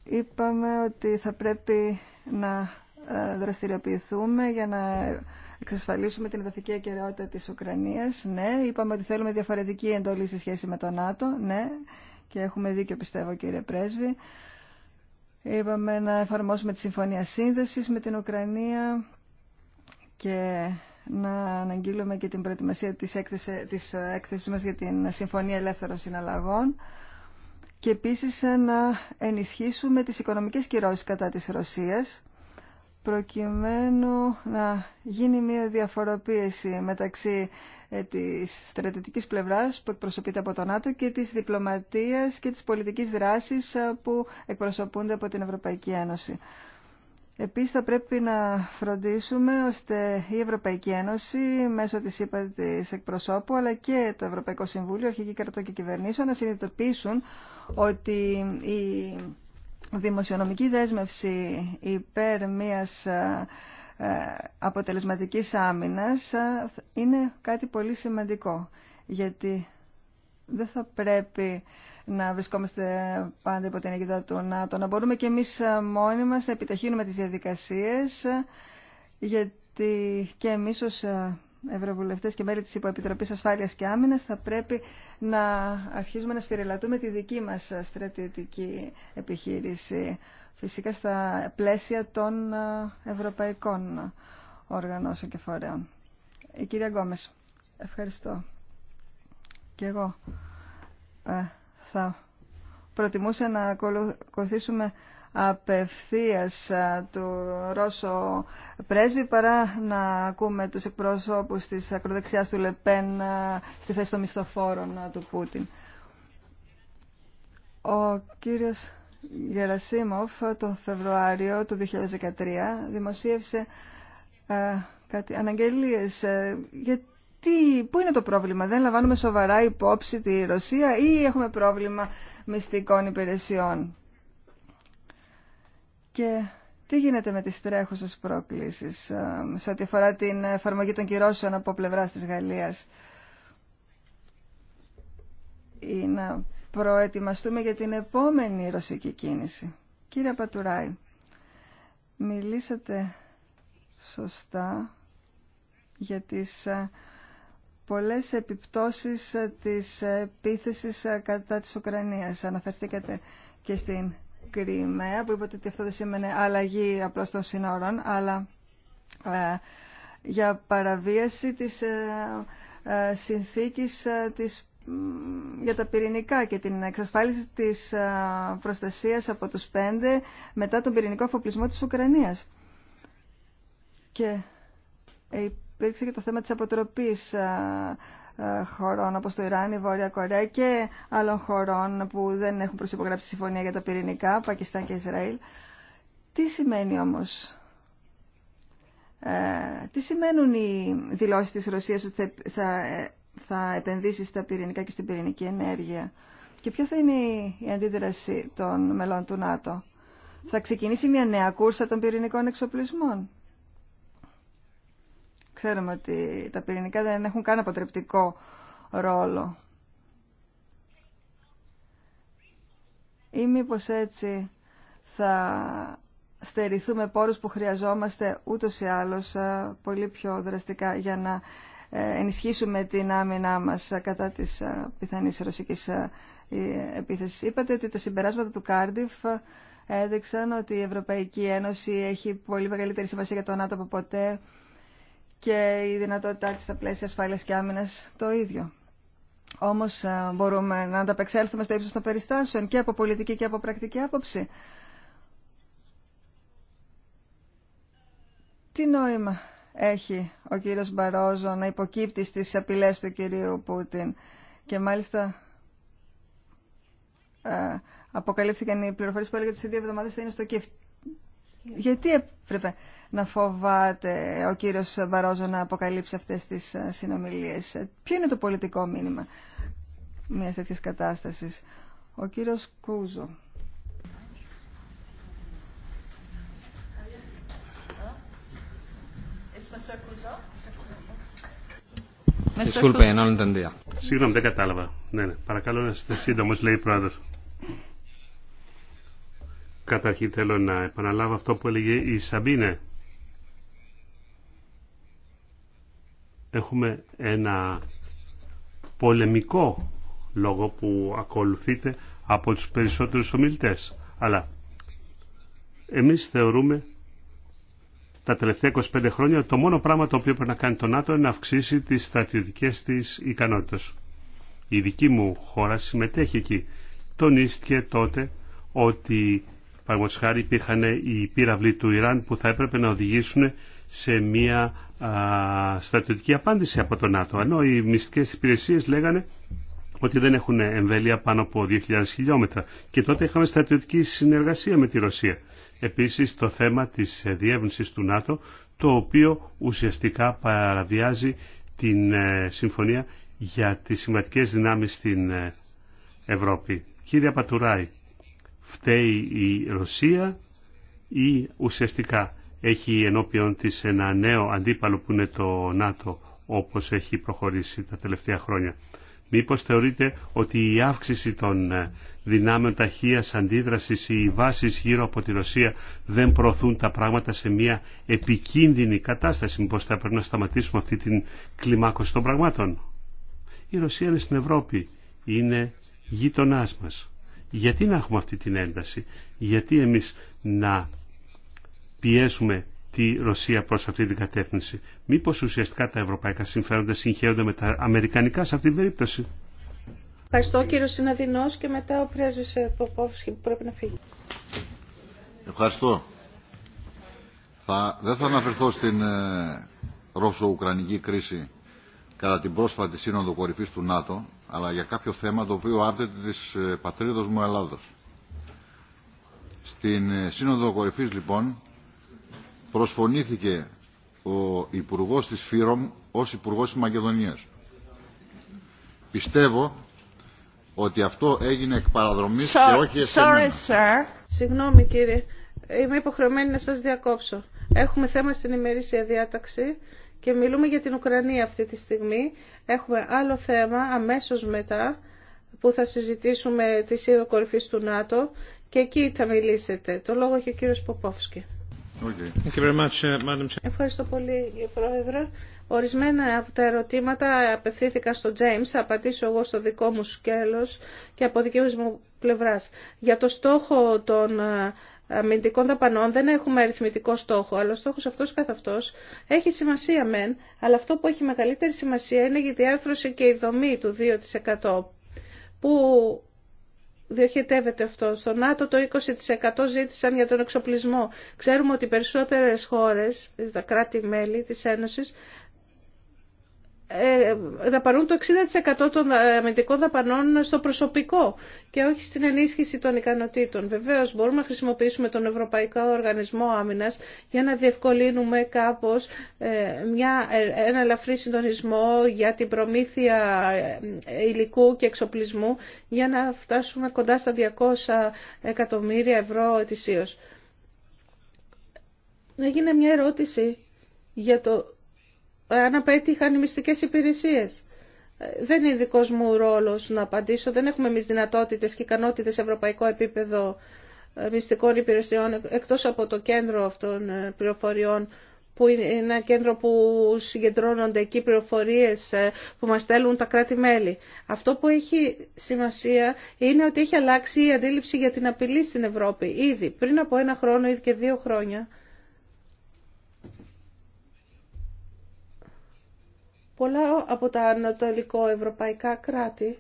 είπαμε ότι θα πρέπει να ε, δραστηριοποιηθούμε για να εξασφαλίσουμε την εδαφική αικαιρεότητα της Ουκρανίας. Ναι, είπαμε ότι θέλουμε διαφορετική εντολή σε σχέση με το ΝΑΤΟ. Ναι, και έχουμε δίκιο πιστεύω κύριε Πρέσβη. Είπαμε να εφαρμόσουμε τη Συμφωνία Σύνδεσης με την Ουκρανία και να αναγγείλουμε και την προετοιμασία της, έκθεση, της έκθεσης μας για την Συμφωνία Ελεύθερων Συναλλαγών και επίσης να ενισχύσουμε τις οικονομικές κυρώσεις κατά της Ρωσίας προκειμένου να γίνει μια διαφοροποίηση μεταξύ ε, της στρατιωτικής πλευράς που εκπροσωπείται από τον ΝΑΤΟ και της διπλωματίας και της πολιτικής δράσης ε, που εκπροσωπούνται από την Ευρωπαϊκή Ένωση. Επίσης θα πρέπει να φροντίσουμε ώστε η Ευρωπαϊκή Ένωση μέσω της ΥΠΑ της εκπροσώπου αλλά και το Ευρωπαϊκό Συμβούλιο, αρχική κρατών και κυβερνήσεων να συνειδητοποιήσουν ότι η δημοσιονομική δέσμευση υπέρ μιας ε, ε, αποτελεσματικής άμυνας ε, είναι κάτι πολύ σημαντικό γιατί δεν θα πρέπει να βρισκόμαστε πάντα υπό την αιγύδα του ΝΑΤΟ να μπορούμε και εμείς μόνοι μας να επιταχύνουμε τις διαδικασίες γιατί και εμείς ως ευρωβουλευτές και μέλη της Υποεπιτροπής Ασφάλειας και Άμυνα, θα πρέπει να αρχίζουμε να σφυριλατούμε τη δική μας στρατιωτική επιχείρηση φυσικά στα πλαίσια των ε, ευρωπαϊκών οργανώσεων και φορέων. Η κυρία Γκόμε, ευχαριστώ. Και εγώ ε, θα προτιμούσα να ακολουθήσουμε απευθείας του Ρώσο πρέσβη παρά να ακούμε τους εκπρόσωπους της ακροδεξιάς του Λεπέν στη θέση των μισθοφόρων του Πούτιν. Ο κύριος Γερασίμοφ το Φεβρουάριο του 2013 δημοσίευσε κάτι αναγγελίες γιατί πού είναι το πρόβλημα, δεν λαμβάνουμε σοβαρά υπόψη τη Ρωσία ή έχουμε πρόβλημα μυστικών υπηρεσιών. Και τι γίνεται με τις τρέχουσες πρόκλησεις ε, σε ό,τι αφορά την εφαρμογή των κυρώσεων από πλευράς της Γαλλίας ή να προετοιμαστούμε για την επόμενη ρωσική κίνηση. Κύριε Πατουράη, μιλήσατε σωστά για τις ε, πολλές επιπτώσεις ε, της επίθεσης κατά της Ουκρανίας. Αναφερθήκατε και στην Κρυμαία, που είπατε ότι αυτό δεν σήμαινε αλλαγή απλώς των σύνορων, αλλά ε, για παραβίαση της ε, ε, συνθήκης της για τα πυρηνικά και την εξασφάλιση της προστασίας από τους πέντε μετά τον πυρηνικό αφοπλισμό της Ουκρανίας. Και υπήρξε και το θέμα της αποτροπής ε, χωρών όπως το Ιράν, η Βόρεια Κορέα και άλλων χωρών που δεν έχουν προσυπογράψει συμφωνία για τα πυρηνικά, Πακιστάν και Ισραήλ. Τι σημαίνει όμως, ε, τι σημαίνουν οι δηλώσεις της Ρωσίας ότι θα, ε, θα επενδύσει στα πυρηνικά και στην πυρηνική ενέργεια και ποια θα είναι η αντίδραση των μελών του ΝΑΤΟ. Θα ξεκινήσει μια νέα κούρσα των πυρηνικών εξοπλισμών. Ξέρουμε ότι τα πυρηνικά δεν έχουν καν αποτρεπτικό ρόλο. Ή μήπω έτσι θα στερηθούμε πόρους που χρειαζόμαστε ούτως ή άλλως ε, πολύ πιο δραστικά για να ε, ενισχύσουμε την άμυνά μας ε, κατά της πιθανής ρωσικής επίθεσης. Είπατε ότι τα συμπεράσματα του Κάρντιφ έδειξαν ότι η Ευρωπαϊκή Ένωση έχει πολύ μεγαλύτερη σημασία για τον ΝΑΤΟ ποτέ και η δυνατότητά της στα πλαίσια ασφάλειας και άμυνας το ίδιο. Όμως ε, μπορούμε να ανταπεξέλθουμε στο ύψος των περιστάσεων και από πολιτική και από πρακτική άποψη. Τι νόημα έχει ο κύριος Μπαρόζο να υποκύπτει στις απειλές του κυρίου Πούτιν και μάλιστα ε, αποκαλύφθηκαν οι πληροφορίες που έλεγε ότι σε δύο εβδομάδες θα είναι στο Κιεφ. Γιατί έπρεπε να φοβάται ο κύριος Βαρόζο να αποκαλύψει αυτές τις ε, συνομιλίες. Ποιο είναι το πολιτικό μήνυμα μιας τέτοιας κατάστασης. Ο κύριος Κούζο. Συγγνώμη, δεν κατάλαβα. Ναι, ναι. Παρακαλώ να είστε σύντομος, λέει η πρόεδρο. Καταρχήν θέλω να επαναλάβω αυτό που έλεγε η Σαμπίνε. έχουμε ένα πολεμικό λόγο που ακολουθείται από τους περισσότερους ομιλητές. Αλλά εμείς θεωρούμε τα τελευταία 25 χρόνια το μόνο πράγμα το οποίο πρέπει να κάνει το ΝΑΤΟ είναι να αυξήσει τις στρατιωτικές της ικανότητες. Η δική μου χώρα συμμετέχει εκεί. Τονίστηκε τότε ότι παραγωγικά υπήρχαν οι πύραυλοι του Ιράν που θα έπρεπε να οδηγήσουν σε μια στρατιωτική απάντηση από το ΝΑΤΟ, ενώ οι μυστικές υπηρεσίες λέγανε ότι δεν έχουν εμβέλεια πάνω από 2.000 χιλιόμετρα και τότε είχαμε στρατιωτική συνεργασία με τη Ρωσία. Επίσης το θέμα της διεύνησης του ΝΑΤΟ, το οποίο ουσιαστικά παραβιάζει την ε, συμφωνία για τις σημαντικές δυνάμεις στην ε, Ευρώπη. Κύριε Πατουράη, φταίει η Ρωσία ή ουσιαστικά έχει ενώπιον της ένα νέο αντίπαλο που είναι το ΝΑΤΟ όπως έχει προχωρήσει τα τελευταία χρόνια. Μήπως θεωρείτε ότι η αύξηση των ε, δυνάμεων ταχείας αντίδρασης ή οι βάσεις γύρω από τη Ρωσία δεν προωθούν τα πράγματα σε μια επικίνδυνη κατάσταση. Μήπως θα πρέπει να σταματήσουμε αυτή την κλιμάκωση των πραγμάτων. Η Ρωσία είναι στην Ευρώπη. Είναι γείτονά μας. Γιατί να έχουμε αυτή την ένταση. Γιατί εμείς να πιέσουμε τη Ρωσία προ αυτή την κατεύθυνση. μήπω ουσιαστικά τα ευρωπαϊκά συμφέροντα συγχαίρονται με τα αμερικανικά σε αυτή την περίπτωση. Ευχαριστώ κύριο Συναδεινό και μετά ο πρέσβης ε, που πρέπει να φύγει. Ευχαριστώ. Θα, δεν θα αναφερθώ στην ε, Ρώσο-Ουκρανική κρίση κατά την πρόσφατη σύνοδο κορυφής του ΝΑΤΟ, αλλά για κάποιο θέμα το οποίο άρτεται της ε, πατρίδος μου Ελλάδος. Στην ε, σύνοδο κορυφής λοιπόν προσφωνήθηκε ο Υπουργός της ΦΥΡΟΜ ως Υπουργός της Μακεδονίας. Πιστεύω ότι αυτό έγινε εκ παραδρομής και όχι εσένα. Sorry, sir. Συγγνώμη κύριε, είμαι υποχρεωμένη να σας διακόψω. Έχουμε θέμα στην ημερήσια διάταξη και μιλούμε για την Ουκρανία αυτή τη στιγμή. Έχουμε άλλο θέμα αμέσως μετά που θα συζητήσουμε τη σύνοδο κορυφή του ΝΑΤΟ και εκεί θα μιλήσετε. Το λόγο έχει ο κύριος Ποπόφσκι. Uh, Ευχαριστώ πολύ, κύριε Πρόεδρε. Ορισμένα από τα ερωτήματα απευθύνθηκα στο James, θα απαντήσω εγώ στο δικό μου σκέλος και από δική μου πλευράς. Για το στόχο των ε, αμυντικών δαπανών δεν έχουμε αριθμητικό στόχο, αλλά ο στόχος αυτός καθ' αυτός έχει σημασία μεν, αλλά αυτό που έχει μεγαλύτερη σημασία είναι η διάρθρωση και η δομή του 2% που διοχετεύεται αυτό. Στο ΝΑΤΟ το 20% ζήτησαν για τον εξοπλισμό. Ξέρουμε ότι περισσότερες χώρες, τα κράτη-μέλη της Ένωσης, ε, δαπανούν το 60% των ε, αμυντικών δαπανών στο προσωπικό και όχι στην ενίσχυση των ικανοτήτων. Βεβαίως μπορούμε να χρησιμοποιήσουμε τον Ευρωπαϊκό Οργανισμό Άμυνας για να διευκολύνουμε κάπως ε, μια, ένα ελαφρύ συντονισμό για την προμήθεια υλικού και εξοπλισμού για να φτάσουμε κοντά στα 200 εκατομμύρια ευρώ ετησίως. γίνει μια ερώτηση για το αν απέτυχαν οι μυστικές υπηρεσίες. Ε, δεν είναι δικός μου ρόλος να απαντήσω. Δεν έχουμε εμεί δυνατότητες και ικανότητες σε ευρωπαϊκό επίπεδο ε, μυστικών υπηρεσιών, εκτός από το κέντρο αυτών ε, πληροφοριών, που είναι ένα κέντρο που συγκεντρώνονται εκεί πληροφορίες που μας στέλνουν τα κράτη-μέλη. Αυτό που έχει σημασία είναι ότι έχει αλλάξει η αντίληψη για την απειλή στην Ευρώπη. Ήδη πριν από ένα χρόνο, ή και δύο χρόνια, Πολλά από τα ανατολικό ευρωπαϊκά κράτη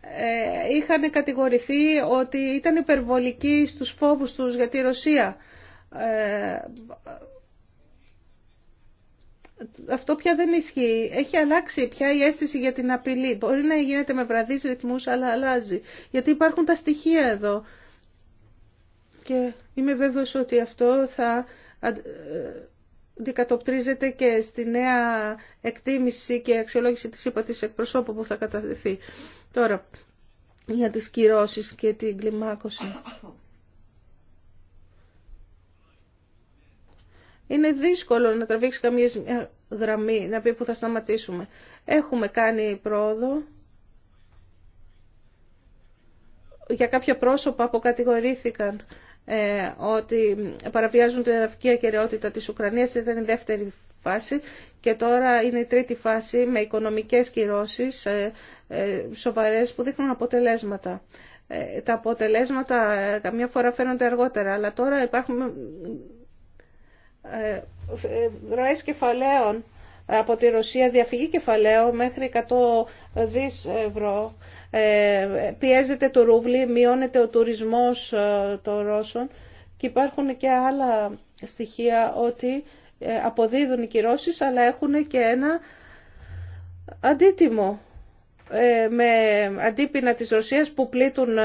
ε, είχαν κατηγορηθεί ότι ήταν υπερβολικοί στους φόβους τους για τη Ρωσία. Ε, αυτό πια δεν ισχύει. Έχει αλλάξει πια η αίσθηση για την απειλή. Μπορεί να γίνεται με βραδείς ρυθμούς, αλλά αλλάζει. Γιατί υπάρχουν τα στοιχεία εδώ. Και είμαι βέβαιος ότι αυτό θα ε, αντικατοπτρίζεται και στη νέα εκτίμηση και αξιολόγηση της ύπατης εκπροσώπου που θα κατατεθεί. Τώρα, για τις κυρώσεις και την κλιμάκωση. Είναι δύσκολο να τραβήξει καμία γραμμή, να πει που θα σταματήσουμε. Έχουμε κάνει πρόοδο για κάποια πρόσωπα που κατηγορήθηκαν ε, ότι παραβιάζουν την εδαφική ακαιρεότητα της Ουκρανίας. Ήταν η δεύτερη φάση και τώρα είναι η τρίτη φάση με οικονομικές κυρώσεις ε, ε, σοβαρές που δείχνουν αποτελέσματα. Τα αποτελέσματα καμιά φορά φαίνονται αργότερα, αλλά τώρα υπάρχουν ροές κεφαλαίων από τη Ρωσία, διαφυγή κεφαλαίων μέχρι 100 δις ευρώ ε, πιέζεται το ρούβλι, μειώνεται ο τουρισμός ε, των Ρώσων και υπάρχουν και άλλα στοιχεία ότι ε, αποδίδουν οι κυρώσεις αλλά έχουν και ένα αντίτιμο με αντίπεινα της Ρωσίας που πλήττουν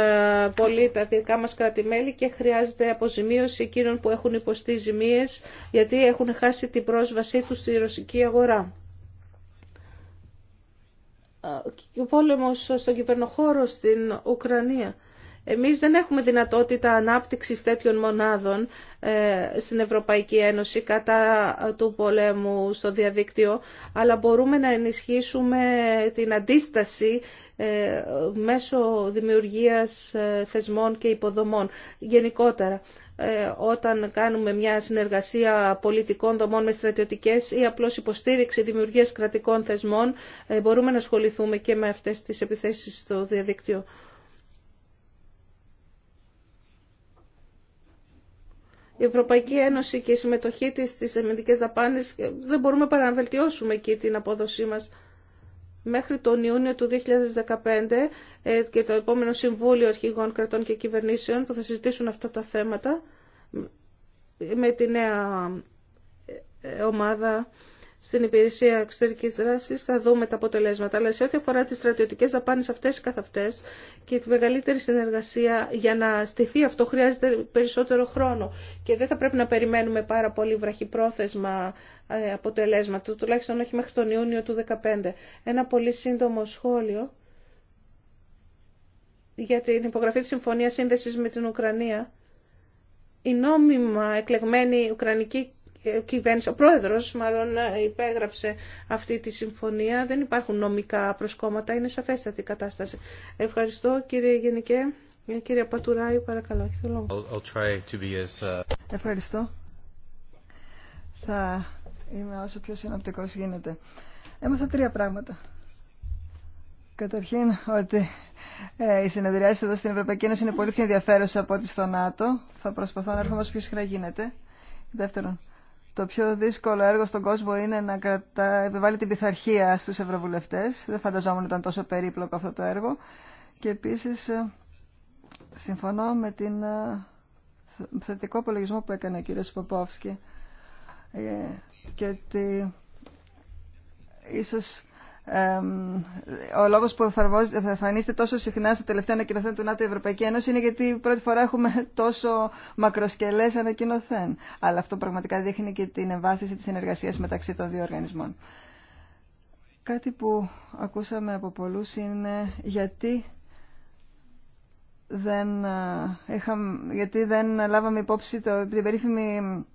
πολύ τα δικά μας κρατη και χρειάζεται αποζημίωση εκείνων που έχουν υποστεί ζημίες γιατί έχουν χάσει την πρόσβασή τους στη ρωσική αγορά ο πόλεμος στον κυβερνοχώρο στην Ουκρανία. Εμείς δεν έχουμε δυνατότητα ανάπτυξης τέτοιων μονάδων ε, στην Ευρωπαϊκή Ένωση κατά του πολέμου στο διαδίκτυο, αλλά μπορούμε να ενισχύσουμε την αντίσταση ε, μέσω δημιουργίας ε, θεσμών και υποδομών γενικότερα. Ε, όταν κάνουμε μια συνεργασία πολιτικών δομών με στρατιωτικές ή απλώς υποστήριξη δημιουργίας κρατικών θεσμών, ε, μπορούμε να ασχοληθούμε και με αυτές τις επιθέσεις στο διαδίκτυο. Η Ευρωπαϊκή Ένωση και η συμμετοχή της στις εμμενικές δαπάνες ε, δεν μπορούμε παρά να βελτιώσουμε εκεί την απόδοσή μας μέχρι τον Ιούνιο του 2015 ε, και το επόμενο Συμβούλιο Αρχηγών Κρατών και Κυβερνήσεων που θα συζητήσουν αυτά τα θέματα με τη νέα ε, ε, ομάδα στην υπηρεσία εξωτερική δράση θα δούμε τα αποτελέσματα. Αλλά σε ό,τι αφορά τι στρατιωτικέ δαπάνε αυτές καθ' αυτέ και τη μεγαλύτερη συνεργασία για να στηθεί αυτό χρειάζεται περισσότερο χρόνο και δεν θα πρέπει να περιμένουμε πάρα πολύ βραχυπρόθεσμα ε, αποτελέσματα, τουλάχιστον όχι μέχρι τον Ιούνιο του 2015. Ένα πολύ σύντομο σχόλιο για την υπογραφή της Συμφωνίας Σύνδεσης με την Ουκρανία. Η νόμιμα εκλεγμένη Ουκρανική κυβέρνηση, ο πρόεδρος μάλλον ε, υπέγραψε αυτή τη συμφωνία. Δεν υπάρχουν νομικά προσκόμματα, είναι σαφέστατη η κατάσταση. Ευχαριστώ κύριε Γενικέ. Ε, κύριε Πατουράη, παρακαλώ, ε, Ευχαριστώ. Θα είμαι όσο πιο συνοπτικός γίνεται. Έμαθα τρία πράγματα. Καταρχήν ότι ε, οι συνεδριάσει εδώ στην Ευρωπαϊκή Ένωση είναι πολύ πιο ενδιαφέρουσε από ό,τι στο ΝΑΤΟ. Θα προσπαθώ να έρθω όσο πιο συχνά γίνεται. Δεύτερον, το πιο δύσκολο έργο στον κόσμο είναι να κρατά, επιβάλλει την πειθαρχία στους ευρωβουλευτές. Δεν φανταζόμουν ότι ήταν τόσο περίπλοκο αυτό το έργο. Και επίσης ε, συμφωνώ με την ε, θετικό απολογισμό που έκανε ο κ. Σποπόφσκι. Ε, και ότι ίσως ο λόγος που εμφανίζεται τόσο συχνά στο τελευταίο ανακοινωθέν του ΝΑΤΟ Ευρωπαϊκή Ένωση είναι γιατί πρώτη φορά έχουμε τόσο μακροσκελές ανακοινωθέν. Αλλά αυτό πραγματικά δείχνει και την εμβάθυνση της συνεργασίας μεταξύ των δύο οργανισμών. Κάτι που ακούσαμε από πολλούς είναι γιατί δεν, ε, είχαμε, γιατί δεν λάβαμε υπόψη την περίφημη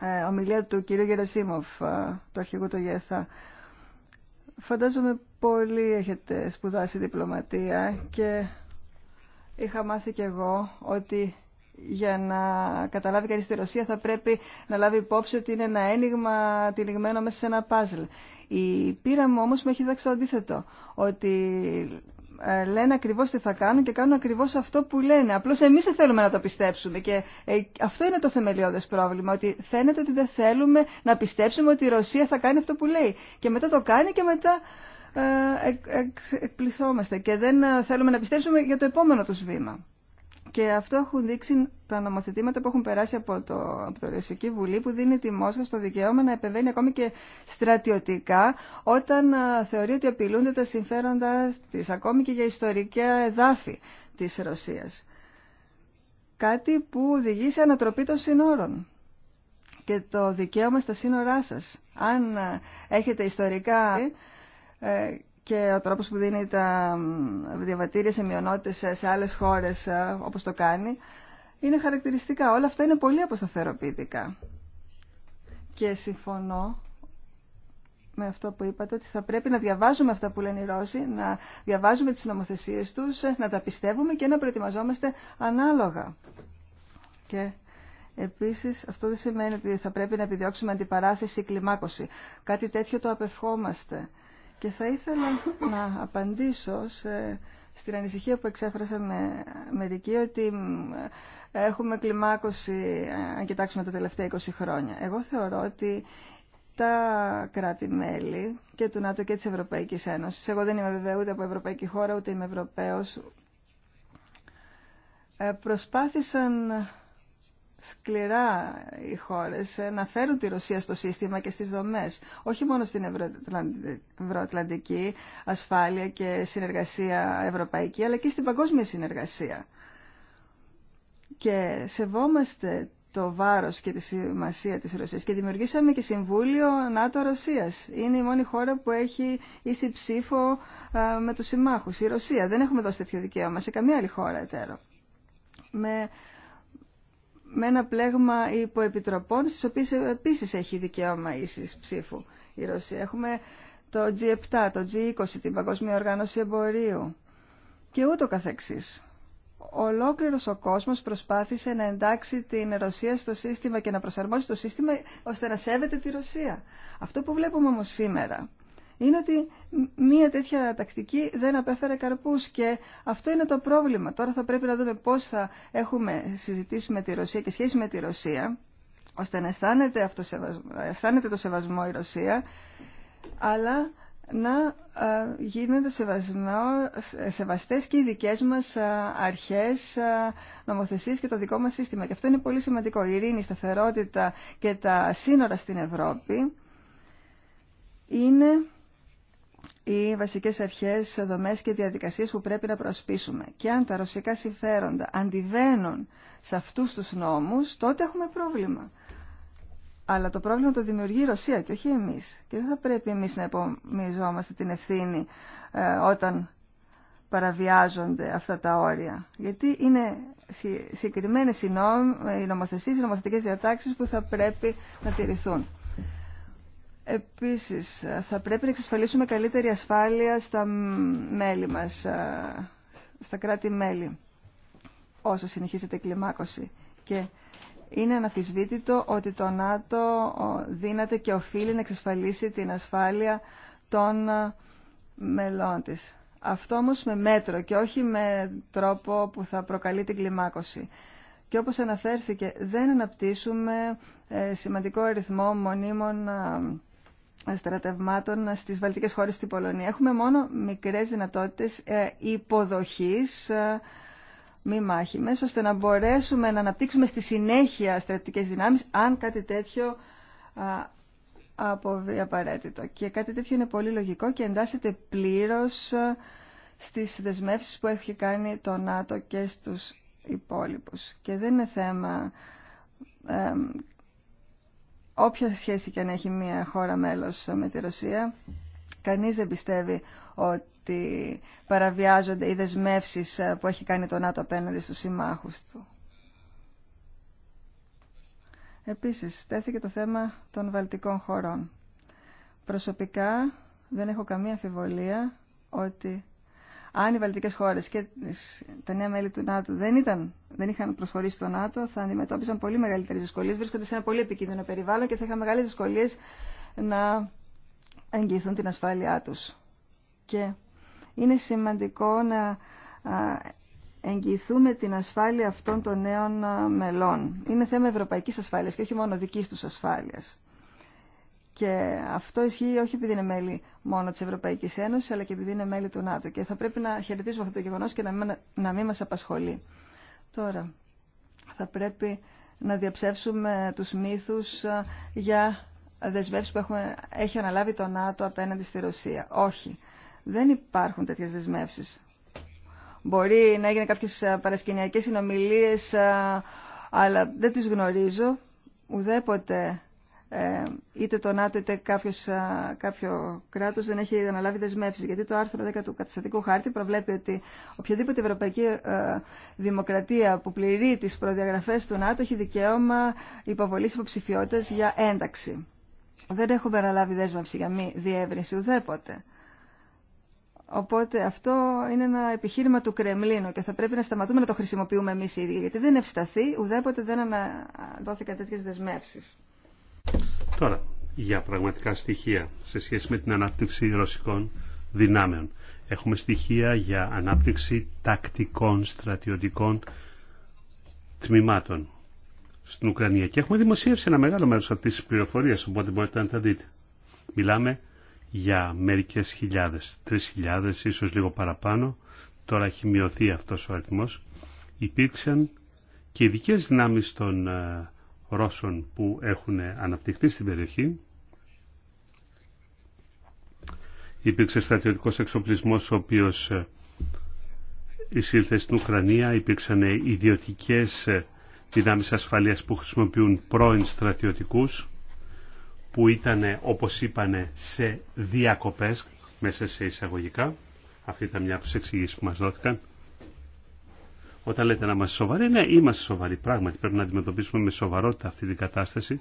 ε, ομιλία του κυρίου Γερασίμοφ, ε, του αρχηγού του ΓΕΘΑ, Φαντάζομαι πολύ έχετε σπουδάσει διπλωματία και είχα μάθει κι εγώ ότι για να καταλάβει κανείς τη Ρωσία θα πρέπει να λάβει υπόψη ότι είναι ένα ένιγμα τυλιγμένο μέσα σε ένα πάζλ. Η πείρα μου όμως με έχει δάξει το αντίθετο, ότι ε, λένε ακριβώς τι θα κάνουν και κάνουν ακριβώς αυτό που λένε. Απλώς εμείς δεν θέλουμε να το πιστέψουμε και ε, αυτό είναι το θεμελιώδες πρόβλημα, ότι φαίνεται ότι δεν θέλουμε να πιστέψουμε ότι η Ρωσία θα κάνει αυτό που λέει. Και μετά το κάνει και μετά ε, εκπληθόμαστε και δεν θέλουμε να πιστέψουμε για το επόμενο τους βήμα. Και αυτό έχουν δείξει τα νομοθετήματα που έχουν περάσει από το, από το Ρωσική Βουλή που δίνει τη Μόσχα στο δικαίωμα να επεμβαίνει ακόμη και στρατιωτικά όταν α, θεωρεί ότι απειλούνται τα συμφέροντα της ακόμη και για ιστορικά εδάφη της Ρωσίας. Κάτι που οδηγεί σε ανατροπή των συνόρων και το δικαίωμα στα σύνορά σας. Αν έχετε ιστορικά ε, και ο τρόπος που δίνει τα διαβατήρια σε μειονότητες σε άλλες χώρες ε, όπως το κάνει είναι χαρακτηριστικά. Όλα αυτά είναι πολύ αποσταθεροποιητικά. Και συμφωνώ με αυτό που είπατε, ότι θα πρέπει να διαβάζουμε αυτά που λένε οι Ρώσοι, να διαβάζουμε τις νομοθεσίες τους, ε, να τα πιστεύουμε και να προετοιμαζόμαστε ανάλογα. Και επίσης αυτό δεν σημαίνει ότι θα πρέπει να επιδιώξουμε αντιπαράθεση ή κλιμάκωση. Κάτι τέτοιο το απευχόμαστε. Και θα ήθελα να απαντήσω στην ανησυχία που εξέφρασα με μερικοί ότι έχουμε κλιμάκωση, αν κοιτάξουμε τα τελευταία 20 χρόνια. Εγώ θεωρώ ότι τα κράτη-μέλη και του ΝΑΤΟ και της Ευρωπαϊκής Ένωσης, εγώ δεν είμαι βέβαια ούτε από Ευρωπαϊκή χώρα, ούτε είμαι Ευρωπαίος, ε, προσπάθησαν σκληρά οι χώρες ε, να φέρουν τη Ρωσία στο σύστημα και στις δομές. Όχι μόνο στην ευρωατλαντική ασφάλεια και συνεργασία ευρωπαϊκή, αλλά και στην παγκόσμια συνεργασία. Και σεβόμαστε το βάρος και τη σημασία της Ρωσίας και δημιουργήσαμε και Συμβούλιο ΝΑΤΟ-Ρωσίας. Είναι η μόνη χώρα που έχει ίση ψήφο με τους συμμάχους, η Ρωσία. Δεν έχουμε δώσει τέτοιο δικαίωμα σε καμία άλλη χώρα εταίρο με ένα πλέγμα υποεπιτροπών, στις οποίες επίσης έχει δικαίωμα ίσης ψήφου η Ρωσία. Έχουμε το G7, το G20, την Παγκόσμια Οργάνωση Εμπορίου και ούτω καθεξής. Ολόκληρος ο κόσμος προσπάθησε να εντάξει την Ρωσία στο σύστημα και να προσαρμόσει το σύστημα ώστε να σέβεται τη Ρωσία. Αυτό που βλέπουμε όμως σήμερα είναι ότι μία τέτοια τακτική δεν απέφερε καρπούς και αυτό είναι το πρόβλημα. Τώρα θα πρέπει να δούμε πώς θα έχουμε συζητήσει με τη Ρωσία και σχέση με τη Ρωσία, ώστε να αισθάνεται, αυτό το σεβασμό η Ρωσία, αλλά να ε, γίνονται σεβασμό, σεβαστές και οι δικές μας ε, αρχές ε, νομοθεσίες και το δικό μας σύστημα. Και αυτό είναι πολύ σημαντικό. Η ειρήνη, η σταθερότητα και τα σύνορα στην Ευρώπη είναι οι βασικές αρχές, δομές και διαδικασίες που πρέπει να προσπίσουμε. Και αν τα ρωσικά συμφέροντα αντιβαίνουν σε αυτού τους νόμους, τότε έχουμε πρόβλημα. Αλλά το πρόβλημα το δημιουργεί η Ρωσία και όχι εμείς. Και δεν θα πρέπει εμείς να υπομοιζόμαστε την ευθύνη ε, όταν παραβιάζονται αυτά τα όρια. Γιατί είναι συγκεκριμένες οι νομοθεσίες, οι νομοθετικέ διατάξει που θα πρέπει να τηρηθούν. Επίσης, θα πρέπει να εξασφαλίσουμε καλύτερη ασφάλεια στα μέλη μας, ε, στα κράτη-μέλη, όσο συνεχίζεται η κλιμάκωση. Και είναι αναφυσβήτητο ότι το ΝΑΤΟ δύναται και οφείλει να εξασφαλίσει την ασφάλεια των ε, μελών της. Αυτό όμως με μέτρο και όχι με τρόπο που θα προκαλεί την κλιμάκωση. Και όπως αναφέρθηκε, δεν αναπτύσσουμε ε, σημαντικό αριθμό μονίμων στρατευμάτων στις βαλτικές χώρες στην Πολωνία. Έχουμε μόνο μικρές δυνατότητες ε, υποδοχής ε, μη μάχημες, ώστε να μπορέσουμε να αναπτύξουμε στη συνέχεια στρατιωτικές δυνάμεις, αν κάτι τέτοιο αποβεί απαραίτητο. Και κάτι τέτοιο είναι πολύ λογικό και εντάσσεται πλήρως ε, στις δεσμεύσεις που έχει κάνει το ΝΑΤΟ και στους υπόλοιπους. Και δεν είναι θέμα όποια σχέση και αν έχει μια χώρα μέλος με τη Ρωσία, κανείς δεν πιστεύει ότι παραβιάζονται οι δεσμεύσει που έχει κάνει το ΝΑΤΟ απέναντι στους συμμάχους του. Επίσης, τέθηκε το θέμα των βαλτικών χωρών. Προσωπικά δεν έχω καμία αφιβολία ότι αν οι βαλτικέ χώρε και τα νέα μέλη του ΝΑΤΟ δεν, ήταν, δεν είχαν προσχωρήσει στο ΝΑΤΟ, θα αντιμετώπιζαν πολύ μεγαλύτερε δυσκολίε. Βρίσκονται σε ένα πολύ επικίνδυνο περιβάλλον και θα είχαν μεγάλε δυσκολίε να εγγυηθούν την ασφάλειά του. Και είναι σημαντικό να εγγυηθούμε την ασφάλεια αυτών των νέων μελών. Είναι θέμα ευρωπαϊκής ασφάλειας και όχι μόνο δικής τους ασφάλειας. Και αυτό ισχύει όχι επειδή είναι μέλη μόνο τη Ευρωπαϊκή Ένωση, αλλά και επειδή είναι μέλη του ΝΑΤΟ. Και θα πρέπει να χαιρετήσουμε αυτό το γεγονό και να μην, μα απασχολεί. Τώρα, θα πρέπει να διαψεύσουμε του μύθου ε, για δεσμεύσει που έχει αναλάβει το ΝΑΤΟ απέναντι στη Ρωσία. Όχι. Δεν υπάρχουν τέτοιες δεσμεύσει. Μπορεί να έγινε κάποιε παρασκηνιακέ συνομιλίε, ε, αλλά δεν τι γνωρίζω. Ουδέποτε ε, είτε το ΝΑΤΟ είτε κάποιο κράτο δεν έχει αναλάβει δεσμεύσει, Γιατί το άρθρο 10 του καταστατικού χάρτη προβλέπει ότι οποιαδήποτε ευρωπαϊκή ε, δημοκρατία που πληρεί τι προδιαγραφέ του ΝΑΤΟ έχει δικαίωμα υποβολής υποψηφιότητας για ένταξη. Δεν έχουμε αναλάβει δέσμευση για μη διεύρυνση ουδέποτε. Οπότε αυτό είναι ένα επιχείρημα του Κρεμλίνου και θα πρέπει να σταματούμε να το χρησιμοποιούμε εμεί οι ίδιοι, γιατί δεν ευσταθεί, ουδέποτε δεν αναδόθηκαν τέτοιε δεσμεύσει. Τώρα, για πραγματικά στοιχεία σε σχέση με την ανάπτυξη ρωσικών δυνάμεων. Έχουμε στοιχεία για ανάπτυξη τακτικών στρατιωτικών τμήματων στην Ουκρανία και έχουμε δημοσίευσει ένα μεγάλο μέρος αυτής της πληροφορίας, οπότε μπορείτε να τα δείτε. Μιλάμε για μερικές χιλιάδες, τρεις χιλιάδες, ίσως λίγο παραπάνω. Τώρα έχει μειωθεί αυτός ο αριθμός. Υπήρξαν και ειδικέ δυνάμεις των ε, Ρώσων που έχουν αναπτυχθεί στην περιοχή. Υπήρξε στρατιωτικός εξοπλισμός ο οποίος ε, εισήλθε στην Ουκρανία, υπήρξαν ε, ιδιωτικές ε, δυνάμεις ασφαλείας που χρησιμοποιούν πρώην στρατιωτικούς που ήταν όπως είπανε σε διακοπές μέσα σε εισαγωγικά. Αυτή ήταν μια από τις εξηγήσεις που μας δόθηκαν. Όταν λέτε να είμαστε σοβαροί, ναι, είμαστε σοβαροί. Πράγματι πρέπει να αντιμετωπίσουμε με σοβαρότητα αυτή την κατάσταση.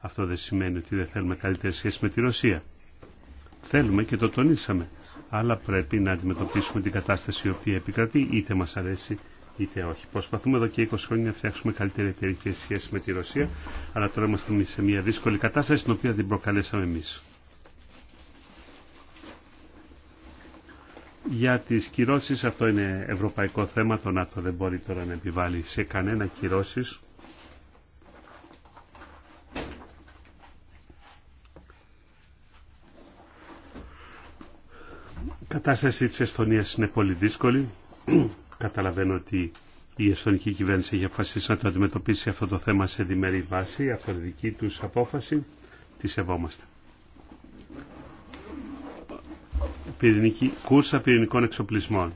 Αυτό δεν σημαίνει ότι δεν θέλουμε καλύτερη σχέση με τη Ρωσία. Θέλουμε και το τονίσαμε. Αλλά πρέπει να αντιμετωπίσουμε την κατάσταση η οποία επικρατεί, είτε μα αρέσει είτε όχι. Προσπαθούμε εδώ και 20 χρόνια να φτιάξουμε καλύτερη εταιρική σχέση με τη Ρωσία, αλλά τώρα είμαστε σε μια δύσκολη κατάσταση την οποία την προκαλέσαμε εμεί. Για τις κυρώσεις αυτό είναι ευρωπαϊκό θέμα, το ΝΑΤΟ δεν μπορεί τώρα να επιβάλλει σε κανένα κυρώσεις. Η κατάσταση της Εστονίας είναι πολύ δύσκολη. Καταλαβαίνω ότι η εστονική κυβέρνηση έχει αποφασίσει να το αντιμετωπίσει αυτό το θέμα σε διμερή βάση. Αυτό είναι δική τους απόφαση. Τη σεβόμαστε. πυρηνική, κούρσα πυρηνικών εξοπλισμών.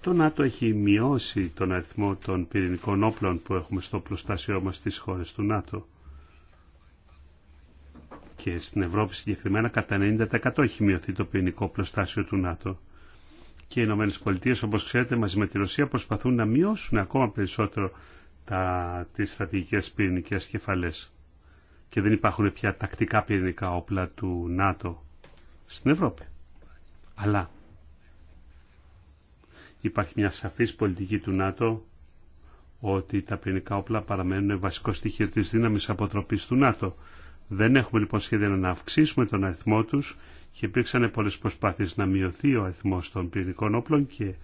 Το ΝΑΤΟ έχει μειώσει τον αριθμό των πυρηνικών όπλων που έχουμε στο προστάσιό μας στις χώρες του ΝΑΤΟ. Και στην Ευρώπη συγκεκριμένα κατά 90% έχει μειωθεί το πυρηνικό προστάσιο του ΝΑΤΟ. Και οι Ηνωμένες Πολιτείες όπως ξέρετε μαζί με τη Ρωσία προσπαθούν να μειώσουν ακόμα περισσότερο τα, τις στρατηγικές πυρηνικές κεφαλές. Και δεν υπάρχουν πια τακτικά πυρηνικά όπλα του ΝΑΤΟ στην Ευρώπη. Αλλά υπάρχει μια σαφής πολιτική του ΝΑΤΟ ότι τα πυρηνικά όπλα παραμένουν βασικό στοιχείο της δύναμης αποτροπής του ΝΑΤΟ. Δεν έχουμε λοιπόν σχέδια να αυξήσουμε τον αριθμό τους και υπήρξαν πολλές προσπάθειες να μειωθεί ο αριθμός των πυρηνικών όπλων και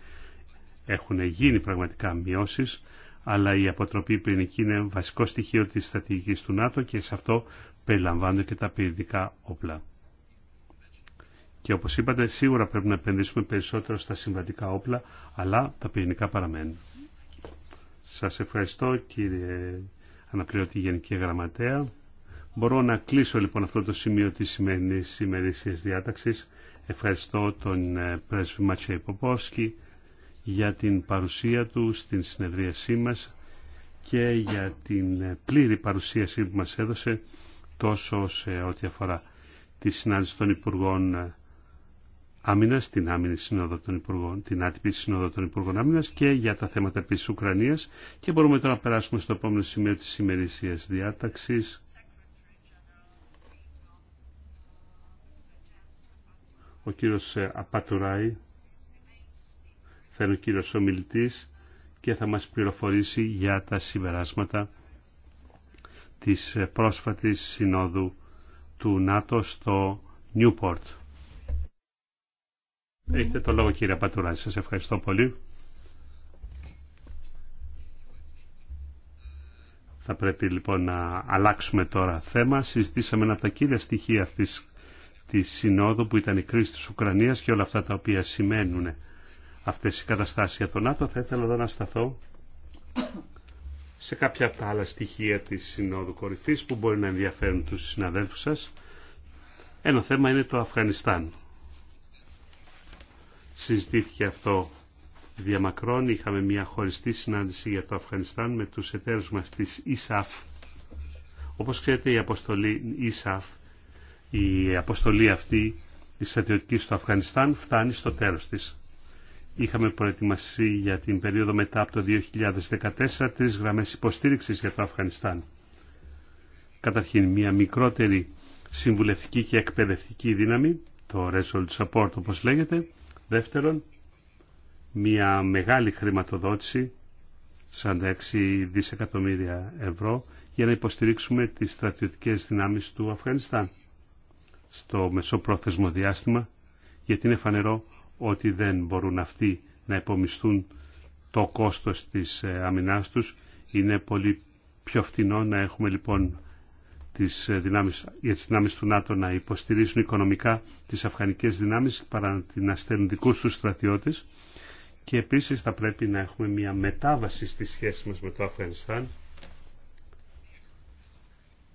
έχουν γίνει πραγματικά μειώσεις, αλλά η αποτροπή πυρηνική είναι βασικό στοιχείο της στρατηγικής του ΝΑΤΟ και σε αυτό περιλαμβάνονται και τα πυρηνικά όπλα. Και όπως είπατε, σίγουρα πρέπει να επενδύσουμε περισσότερο στα συμβατικά όπλα, αλλά τα πυρηνικά παραμένουν. Σας ευχαριστώ κύριε Αναπληρωτή Γενική Γραμματέα. Μπορώ να κλείσω λοιπόν αυτό το σημείο της σημερινής ημερήσιας διάταξης. Ευχαριστώ τον ε, πρέσβη Ματσέη Ποπόσκι για την παρουσία του στην συνεδρίασή μας και για την ε, πλήρη παρουσίαση που μας έδωσε τόσο σε ό,τι αφορά τη συνάντηση των Υπουργών ε, Άμυνα, την Άμυνη Σύνοδο Υπουργών, την άτυπη Σύνοδο των Υπουργών Άμυνα και για τα θέματα επίση Ουκρανία. Και μπορούμε τώρα να περάσουμε στο επόμενο σημείο τη ημερησία διάταξη. Ο κύριος ε, Απατουράη θα είναι ο κύριο Ομιλητή και θα μας πληροφορήσει για τα συμπεράσματα της ε, πρόσφατης συνόδου του ΝΑΤΟ στο Νιούπορτ. Έχετε το λόγο κύριε Πατουράζη. Σας ευχαριστώ πολύ. Θα πρέπει λοιπόν να αλλάξουμε τώρα θέμα. Συζητήσαμε ένα από τα κύρια στοιχεία αυτής της Συνόδου που ήταν η κρίση της Ουκρανίας και όλα αυτά τα οποία σημαίνουν αυτές οι καταστάσεις για τον ΝΑΤΟ. Θα ήθελα εδώ να σταθώ σε κάποια από τα άλλα στοιχεία της Συνόδου Κορυφής που μπορεί να ενδιαφέρουν τους συναδέλφους σας. Ένα θέμα είναι το Αφγανιστάν συζητήθηκε αυτό διαμακρών. Είχαμε μια χωριστή συνάντηση για το Αφγανιστάν με τους εταίρους μας της ΙΣΑΦ. Όπως ξέρετε η αποστολή ΙΣΑΦ, η αποστολή αυτή της στρατιωτική του Αφγανιστάν φτάνει στο τέλος της. Είχαμε προετοιμασία για την περίοδο μετά από το 2014 τρεις γραμμές υποστήριξης για το Αφγανιστάν. Καταρχήν μια μικρότερη συμβουλευτική και εκπαιδευτική δύναμη, το Resolute Support όπως λέγεται, Δεύτερον, μια μεγάλη χρηματοδότηση, 46 δισεκατομμύρια ευρώ, για να υποστηρίξουμε τις στρατιωτικές δυνάμεις του Αφγανιστάν στο μεσοπρόθεσμο διάστημα, γιατί είναι φανερό ότι δεν μπορούν αυτοί να υπομισθούν το κόστος της ε, αμυνάς τους. Είναι πολύ πιο φτηνό να έχουμε λοιπόν τις ε, δυνάμεις, για τις δυνάμεις του ΝΑΤΟ να υποστηρίζουν οικονομικά τις αφγανικές δυνάμεις παρά να στέλνουν δικούς τους στρατιώτες και επίσης θα πρέπει να έχουμε μια μετάβαση στη σχέση μας με το Αφγανιστάν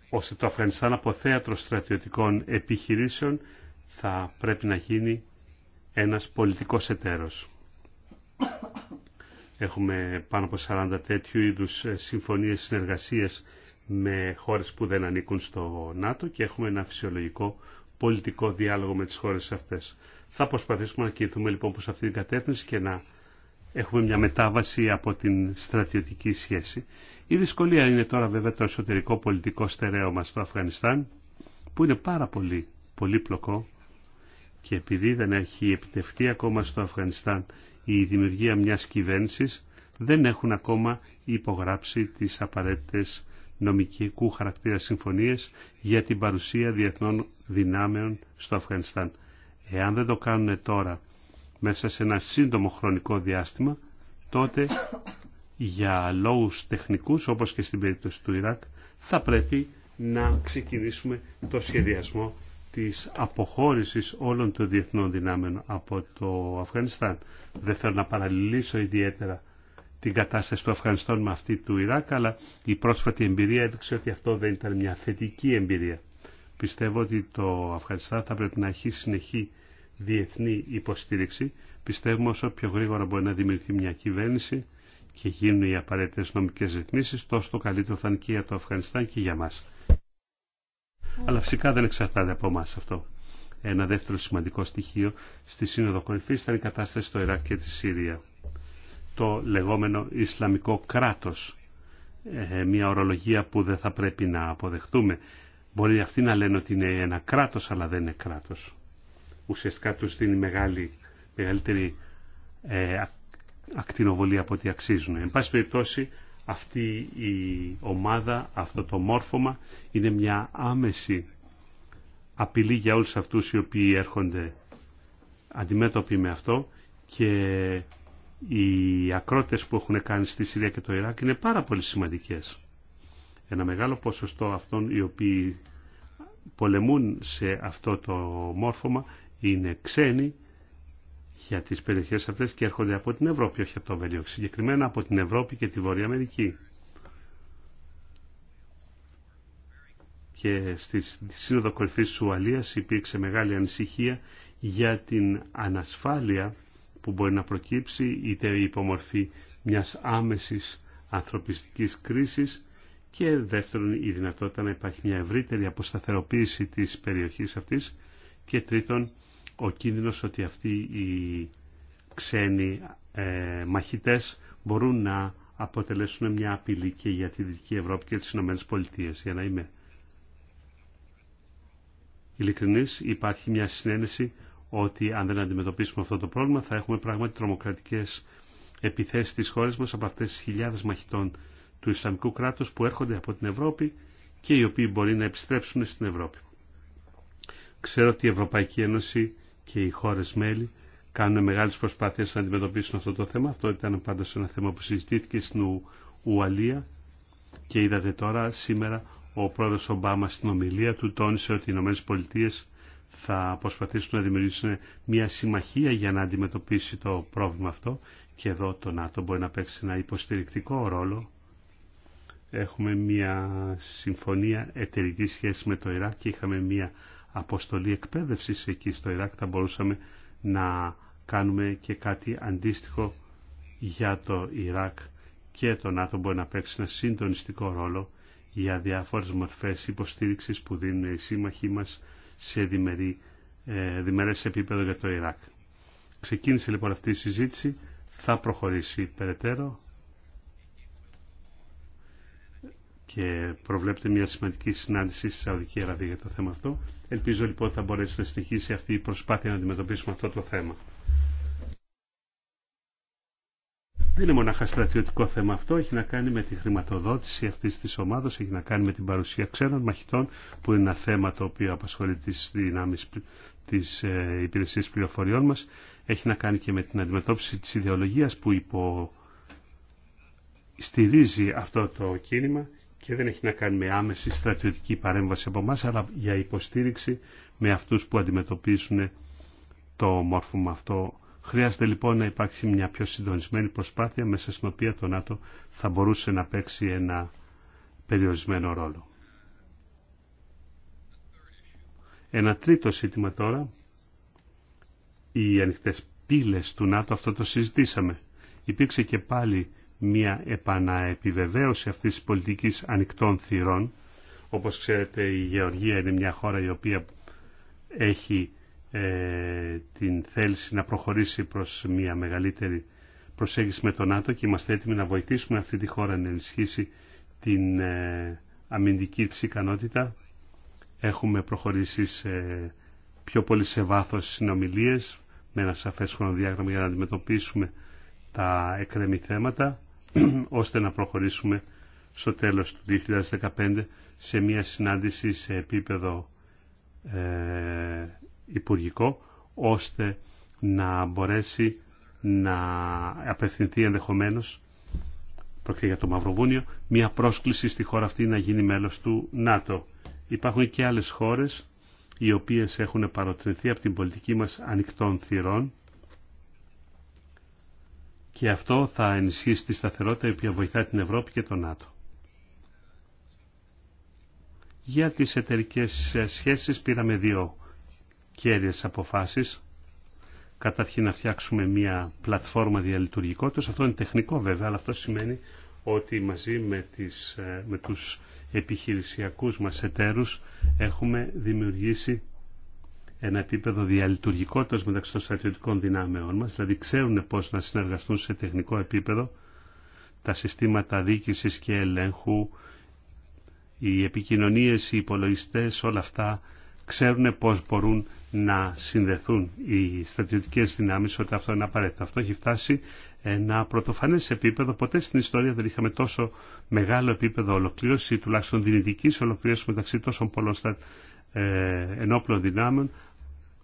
ώστε το Αφγανιστάν από θέατρο στρατιωτικών επιχειρήσεων θα πρέπει να γίνει ένας πολιτικός εταίρος. Έχουμε πάνω από 40 τέτοιου είδους ε, συμφωνίες συνεργασίες με χώρες που δεν ανήκουν στο ΝΑΤΟ και έχουμε ένα φυσιολογικό πολιτικό διάλογο με τις χώρες αυτές. Θα προσπαθήσουμε να κινηθούμε λοιπόν προς αυτή την κατεύθυνση και να έχουμε μια μετάβαση από την στρατιωτική σχέση. Η δυσκολία είναι τώρα βέβαια το εσωτερικό πολιτικό στερέωμα στο Αφγανιστάν που είναι πάρα πολύ πολύπλοκο και επειδή δεν έχει επιτευχθεί ακόμα στο Αφγανιστάν η δημιουργία μιας κυβέρνησης δεν έχουν ακόμα υπογράψει τις απαραίτητες νομικού χαρακτήρα συμφωνίες για την παρουσία διεθνών δυνάμεων στο Αφγανιστάν. Εάν δεν το κάνουν τώρα μέσα σε ένα σύντομο χρονικό διάστημα, τότε για λόγους τεχνικούς, όπως και στην περίπτωση του Ιράκ, θα πρέπει να ξεκινήσουμε το σχεδιασμό της αποχώρησης όλων των διεθνών δυνάμεων από το Αφγανιστάν. Δεν θέλω να παραλληλήσω ιδιαίτερα την κατάσταση του Αφγανιστάν με αυτή του Ιράκ, αλλά η πρόσφατη εμπειρία έδειξε ότι αυτό δεν ήταν μια θετική εμπειρία. Πιστεύω ότι το Αφγανιστάν θα πρέπει να έχει συνεχή διεθνή υποστήριξη. Πιστεύουμε όσο πιο γρήγορα μπορεί να δημιουργηθεί μια κυβέρνηση και γίνουν οι απαραίτητε νομικέ ρυθμίσει, τόσο το καλύτερο θα είναι και για το Αφγανιστάν και για μα. Αλλά φυσικά δεν εξαρτάται από εμά αυτό. Ένα δεύτερο σημαντικό στοιχείο στη Σύνοδο Κορυφή ήταν η κατάσταση στο Ιράκ και τη Συρία το λεγόμενο Ισλαμικό κράτος. Ε, μια ορολογία που δεν θα πρέπει να αποδεχτούμε. Μπορεί αυτοί να λένε ότι είναι ένα κράτος αλλά δεν είναι κράτος. Ουσιαστικά τους δίνει μεγάλη, μεγαλύτερη ε, ακτινοβολία από ό,τι αξίζουν. Εν πάση περιπτώσει αυτή η ομάδα, αυτό το μόρφωμα είναι μια άμεση απειλή για όλους αυτούς οι οποίοι έρχονται αντιμέτωποι με αυτό και οι ακρότες που έχουν κάνει στη Συρία και το Ιράκ είναι πάρα πολύ σημαντικές. Ένα μεγάλο ποσοστό αυτών οι οποίοι πολεμούν σε αυτό το μόρφωμα είναι ξένοι για τις περιοχές αυτές και έρχονται από την Ευρώπη, όχι από το Βέλιο, συγκεκριμένα από την Ευρώπη και τη Βόρεια Αμερική. Και στη Σύνοδο Κορυφής της υπήρξε μεγάλη ανησυχία για την ανασφάλεια που μπορεί να προκύψει είτε υπομορφή μιας άμεσης ανθρωπιστικής κρίσης και δεύτερον η δυνατότητα να υπάρχει μια ευρύτερη αποσταθεροποίηση της περιοχής αυτής και τρίτον ο κίνδυνος ότι αυτοί οι ξένοι ε, μαχητές μπορούν να αποτελέσουν μια απειλή και για τη Δυτική Ευρώπη και τις Ηνωμένες Πολιτείες. Για να είμαι ειλικρινής, υπάρχει μια συνένεση ότι αν δεν αντιμετωπίσουμε αυτό το πρόβλημα θα έχουμε πράγματι τρομοκρατικές επιθέσεις στις χώρες μας από αυτές τις χιλιάδες μαχητών του Ισλαμικού κράτους που έρχονται από την Ευρώπη και οι οποίοι μπορεί να επιστρέψουν στην Ευρώπη. Ξέρω ότι η Ευρωπαϊκή Ένωση και οι χώρες μέλη κάνουν μεγάλες προσπάθειες να αντιμετωπίσουν αυτό το θέμα. Αυτό ήταν πάντως ένα θέμα που συζητήθηκε στην Ουαλία και είδατε τώρα σήμερα ο πρόεδρος Ομπάμα στην ομιλία του τόνισε ότι οι Ηνωμένες Πολιτείες θα προσπαθήσουν να δημιουργήσουν μια συμμαχία για να αντιμετωπίσει το πρόβλημα αυτό και εδώ το ΝΑΤΟ μπορεί να παίξει ένα υποστηρικτικό ρόλο. Έχουμε μια συμφωνία εταιρική σχέση με το Ιράκ και είχαμε μια αποστολή εκπαίδευση εκεί στο Ιράκ. Θα μπορούσαμε να κάνουμε και κάτι αντίστοιχο για το Ιράκ και το ΝΑΤΟ μπορεί να παίξει ένα συντονιστικό ρόλο για διάφορες μορφές υποστήριξης που δίνουν οι σύμμαχοί μας σε διμερή, ε, διμερές επίπεδο για το Ιράκ. Ξεκίνησε λοιπόν αυτή η συζήτηση, θα προχωρήσει περαιτέρω και προβλέπεται μια σημαντική συνάντηση στη Σαουδική Αραβία για το θέμα αυτό. Ελπίζω λοιπόν θα μπορέσει να συνεχίσει αυτή η προσπάθεια να αντιμετωπίσουμε αυτό το θέμα. Δεν είναι μονάχα στρατιωτικό θέμα αυτό, έχει να κάνει με τη χρηματοδότηση αυτή τη ομάδα, έχει να κάνει με την παρουσία ξένων μαχητών, που είναι ένα θέμα το οποίο απασχολεί τι δυνάμει τη ε, υπηρεσία πληροφοριών μα. Έχει να κάνει και με την αντιμετώπιση τη ιδεολογία που υποστηρίζει αυτό το κίνημα και δεν έχει να κάνει με άμεση στρατιωτική παρέμβαση από εμά, αλλά για υποστήριξη με αυτού που αντιμετωπίζουν το μόρφωμα αυτό Χρειάζεται λοιπόν να υπάρξει μια πιο συντονισμένη προσπάθεια μέσα στην οποία το ΝΑΤΟ θα μπορούσε να παίξει ένα περιορισμένο ρόλο. Ένα τρίτο σύντημα τώρα, οι ανοιχτέ πύλες του ΝΑΤΟ, αυτό το συζητήσαμε. Υπήρξε και πάλι μια επαναεπιβεβαίωση αυτής της πολιτικής ανοιχτών θυρών. Όπως ξέρετε η Γεωργία είναι μια χώρα η οποία έχει ε, την θέληση να προχωρήσει προς μια μεγαλύτερη προσέγγιση με τον ΝΑΤΟ και είμαστε έτοιμοι να βοηθήσουμε αυτή τη χώρα να ενισχύσει την ε, αμυντική της ικανότητα. Έχουμε προχωρήσει σε πιο πολύ σε βάθος συνομιλίες με ένα σαφές χρονοδιάγραμμα για να αντιμετωπίσουμε τα εκρεμή θέματα ώστε να προχωρήσουμε στο τέλος του 2015 σε μια συνάντηση σε επίπεδο ε, υπουργικό ώστε να μπορέσει να απευθυνθεί ενδεχομένως πρόκειται για το Μαυροβούνιο, μια πρόσκληση στη χώρα αυτή να γίνει μέλος του ΝΑΤΟ. Υπάρχουν και άλλες χώρες οι οποίες έχουν παροτρινθεί από την πολιτική μας ανοιχτών θυρών και αυτό θα ενισχύσει τη σταθερότητα η οποία βοηθά την Ευρώπη και το ΝΑΤΟ. Για τις εταιρικές σχέσεις πήραμε δύο κέρδιες αποφάσεις. Καταρχήν να φτιάξουμε μια πλατφόρμα διαλειτουργικότητας. Αυτό είναι τεχνικό βέβαια, αλλά αυτό σημαίνει ότι μαζί με, τις, ε, με τους επιχειρησιακούς μας εταίρους έχουμε δημιουργήσει ένα επίπεδο διαλειτουργικότητας μεταξύ των στρατιωτικών δυνάμεών μας, δηλαδή ξέρουν πώς να συνεργαστούν σε τεχνικό επίπεδο τα συστήματα δίκησης και ελέγχου, οι επικοινωνίες, οι υπολογιστές, όλα αυτά ξέρουν πώς μπορούν να συνδεθούν οι στρατιωτικές δυνάμεις όταν αυτό είναι απαραίτητο. Αυτό έχει φτάσει ένα πρωτοφανέ επίπεδο. Ποτέ στην ιστορία δεν είχαμε τόσο μεγάλο επίπεδο ολοκλήρωση, τουλάχιστον δυνητική ολοκλήρωση μεταξύ τόσων πολλών στα, ε, ενόπλων δυνάμεων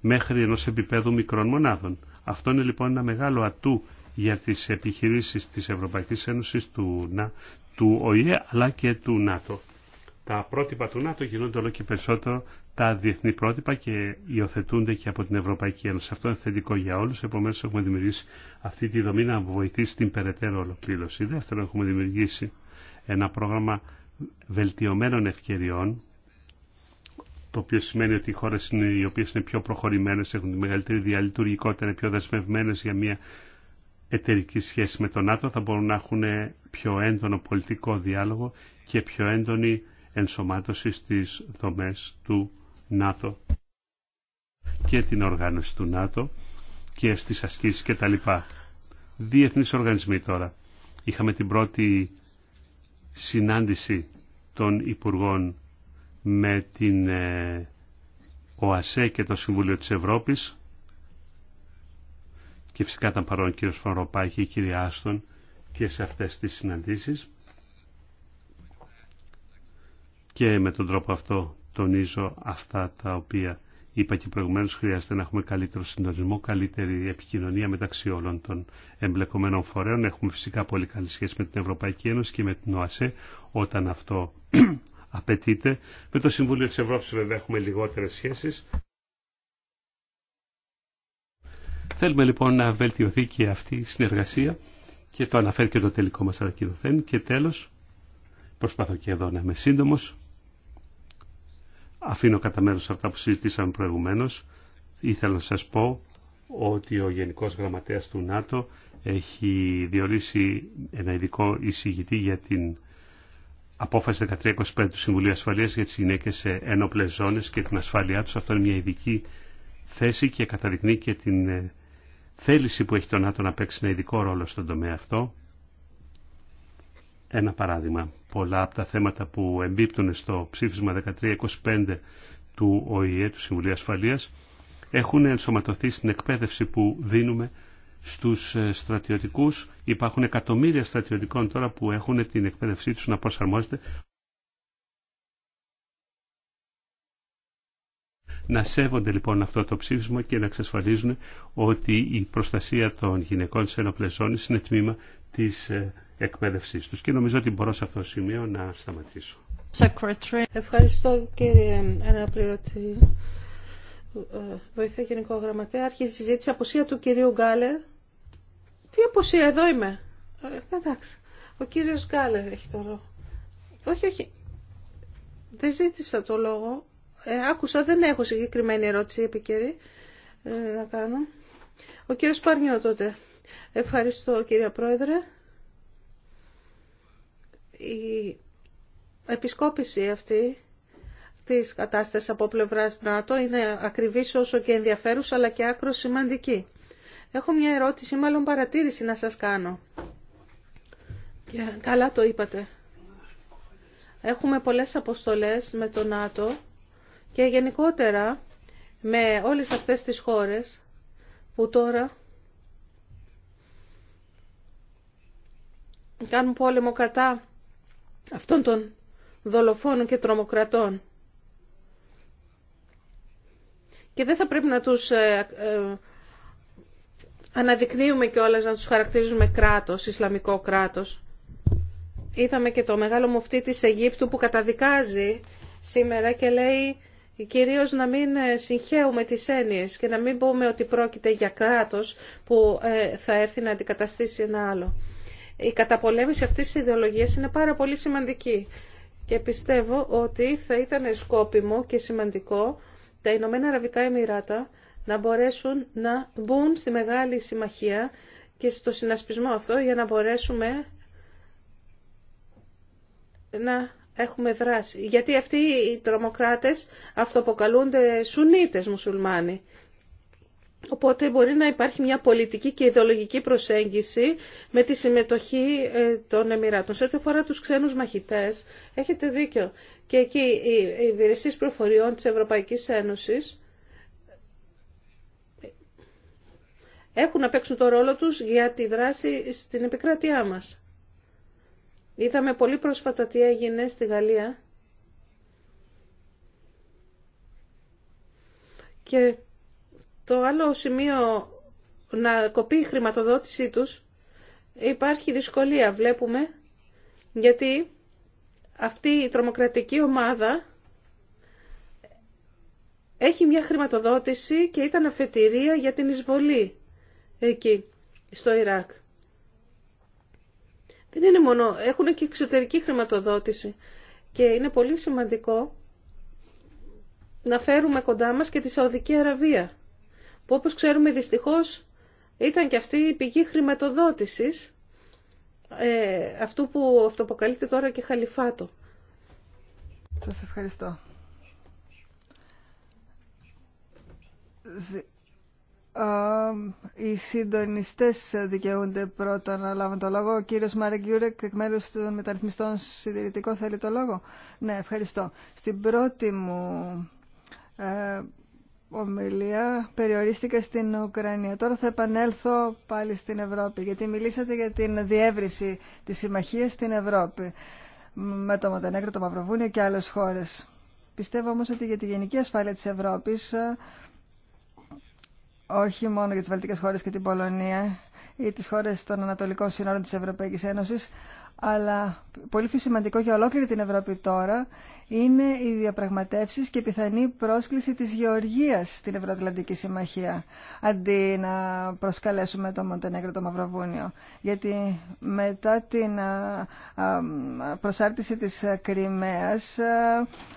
μέχρι ενό επίπεδου μικρών μονάδων. Αυτό είναι λοιπόν ένα μεγάλο ατού για τι επιχειρήσει τη Ευρωπαϊκή Ένωση, του, του ΟΗΕ αλλά και του ΝΑΤΟ τα πρότυπα του ΝΑΤΟ γίνονται όλο και περισσότερο τα διεθνή πρότυπα και υιοθετούνται και από την Ευρωπαϊκή Ένωση. Αυτό είναι θετικό για όλου. Επομένω, έχουμε δημιουργήσει αυτή τη δομή να βοηθήσει την περαιτέρω ολοκλήρωση. Δεύτερον, έχουμε δημιουργήσει ένα πρόγραμμα βελτιωμένων ευκαιριών, το οποίο σημαίνει ότι οι χώρε οι οποίε είναι πιο προχωρημένε, έχουν τη μεγαλύτερη διαλειτουργικότητα, είναι πιο δεσμευμένε για μια εταιρική σχέση με τον ΝΑΤΟ, θα μπορούν να έχουν πιο έντονο πολιτικό διάλογο και πιο έντονη ενσωμάτωση στις δομές του ΝΑΤΟ και την οργάνωση του ΝΑΤΟ και στις ασκήσεις κτλ. Διεθνείς οργανισμοί τώρα. Είχαμε την πρώτη συνάντηση των Υπουργών με την ε, ΟΑΣΕ και το Συμβούλιο της Ευρώπης και φυσικά ήταν παρόν ο κύριος και η Άστον και σε αυτές τις συναντήσεις. Και με τον τρόπο αυτό τονίζω αυτά τα οποία είπα και προηγουμένω χρειάζεται να έχουμε καλύτερο συντονισμό, καλύτερη επικοινωνία μεταξύ όλων των εμπλεκομένων φορέων. Έχουμε φυσικά πολύ καλή σχέση με την Ευρωπαϊκή Ένωση και με την ΟΑΣΕ όταν αυτό απαιτείται. Με το Συμβούλιο της Ευρώπης βέβαια έχουμε λιγότερες σχέσεις. Θέλουμε λοιπόν να βελτιωθεί και αυτή η συνεργασία και το αναφέρει και το τελικό μας ανακοινωθέν. Και τέλος, προσπαθώ και εδώ να είμαι σύντομος, Αφήνω κατά μέρος αυτά που συζητήσαμε προηγουμένως. Ήθελα να σας πω ότι ο Γενικός Γραμματέας του ΝΑΤΟ έχει διορίσει ένα ειδικό εισηγητή για την απόφαση 1325 του Συμβουλίου Ασφαλείας για τις γυναίκες σε ένοπλες ζώνες και την ασφάλειά τους. Αυτό είναι μια ειδική θέση και καταδεικνύει και την ε, θέληση που έχει το ΝΑΤΟ να παίξει ένα ειδικό ρόλο στον τομέα αυτό. Ένα παράδειγμα. Πολλά από τα θέματα που εμπίπτουν στο ψήφισμα 1325 του ΟΗΕ, του Συμβουλίου Ασφαλείας, έχουν ενσωματωθεί στην εκπαίδευση που δίνουμε στους ε, στρατιωτικούς. Υπάρχουν εκατομμύρια στρατιωτικών τώρα που έχουν την εκπαίδευσή τους να προσαρμόζεται να σέβονται λοιπόν αυτό το ψήφισμα και να εξασφαλίζουν ότι η προστασία των γυναικών σε ενοπλες είναι τμήμα της ε, Εκπαίδευση τους. Και νομίζω ότι μπορώ σε αυτό το σημείο να σταματήσω. Ευχαριστώ κύριε Αναπληρωτή. Βοηθάει Γενικό Γραμματέα. Άρχισε η συζήτηση. Αποσία του κυρίου Γκάλερ. Τι αποσία, εδώ είμαι. Ε, εντάξει. Ο κύριος Γκάλερ έχει το λόγο. Όχι, όχι. Δεν ζήτησα το λόγο. Ε, άκουσα, δεν έχω συγκεκριμένη ερώτηση επικαιρή ε, να κάνω. Ο κύριος Παρνιό τότε. Ευχαριστώ κύριε Πρόεδρε. Η επισκόπηση αυτή της κατάστασης από πλευράς ΝΑΤΟ είναι ακριβής όσο και ενδιαφέρουσα αλλά και άκρο σημαντική. Έχω μια ερώτηση, μάλλον παρατήρηση να σας κάνω. καλά το είπατε. Έχουμε πολλές αποστολές με το ΝΑΤΟ και γενικότερα με όλες αυτές τις χώρες που τώρα κάνουν πόλεμο κατά αυτών των δολοφόνων και τρομοκρατών. Και δεν θα πρέπει να τους ε, ε αναδεικνύουμε και να τους χαρακτηρίζουμε κράτος, Ισλαμικό κράτος. Είδαμε και το μεγάλο μουφτή της Αιγύπτου που καταδικάζει σήμερα και λέει κυρίως να μην ε, συγχέουμε τις έννοιες και να μην πούμε ότι πρόκειται για κράτος που ε, θα έρθει να αντικαταστήσει ένα άλλο η καταπολέμηση αυτής της ιδεολογίας είναι πάρα πολύ σημαντική. Και πιστεύω ότι θα ήταν σκόπιμο και σημαντικό τα Ηνωμένα Αραβικά Εμμυράτα να μπορέσουν να μπουν στη Μεγάλη Συμμαχία και στο συνασπισμό αυτό για να μπορέσουμε να έχουμε δράση. Γιατί αυτοί οι τρομοκράτες αυτοποκαλούνται Σουνίτες μουσουλμάνοι Οπότε μπορεί να υπάρχει μια πολιτική και ιδεολογική προσέγγιση με τη συμμετοχή ε, των Εμμυράτων. Σε ό,τι αφορά τους ξένους μαχητές, έχετε δίκιο. Και εκεί οι υπηρεσίες προφοριών της Ευρωπαϊκής Ένωσης έχουν να παίξουν το ρόλο τους για τη δράση στην επικράτειά μας. Είδαμε πολύ πρόσφατα τι έγινε στη Γαλλία και το άλλο σημείο να κοπεί η χρηματοδότησή τους υπάρχει δυσκολία βλέπουμε γιατί αυτή η τρομοκρατική ομάδα έχει μια χρηματοδότηση και ήταν αφετηρία για την εισβολή εκεί στο Ιράκ. Δεν είναι μόνο, έχουν και εξωτερική χρηματοδότηση και είναι πολύ σημαντικό να φέρουμε κοντά μας και τη Σαουδική Αραβία που όπως ξέρουμε δυστυχώς ήταν και αυτή η πηγή χρηματοδότησης ε, αυτού που αυτοποκαλείται τώρα και χαλιφάτο. Σας ευχαριστώ. Οι συντονιστέ δικαιούνται πρώτα να λάβουν το λόγο. Ο κύριο Μάρεκ Γιούρεκ, εκ μέρου των μεταρρυθμιστών συντηρητικό, θέλει το λόγο. Ναι, ευχαριστώ. Στην πρώτη μου ε, ομιλία περιορίστηκα στην Ουκρανία. Τώρα θα επανέλθω πάλι στην Ευρώπη, γιατί μιλήσατε για την διεύρυνση της συμμαχίας στην Ευρώπη με το Μοντενέγκρο, το Μαυροβούνιο και άλλες χώρες. Πιστεύω όμως ότι για τη γενική ασφάλεια της Ευρώπης, όχι μόνο για τις Βαλτικές χώρες και την Πολωνία ή τις χώρες των Ανατολικών Συνόρων της Ευρωπαϊκής Ένωσης, αλλά πολύ πιο σημαντικό για ολόκληρη την Ευρώπη τώρα είναι οι διαπραγματεύσεις και η πιθανή πρόσκληση της Γεωργίας στην Ευρωατλαντική Συμμαχία αντί να προσκαλέσουμε το Μοντενέγκρο το Μαυροβούνιο γιατί μετά την προσάρτηση της Κρυμαίας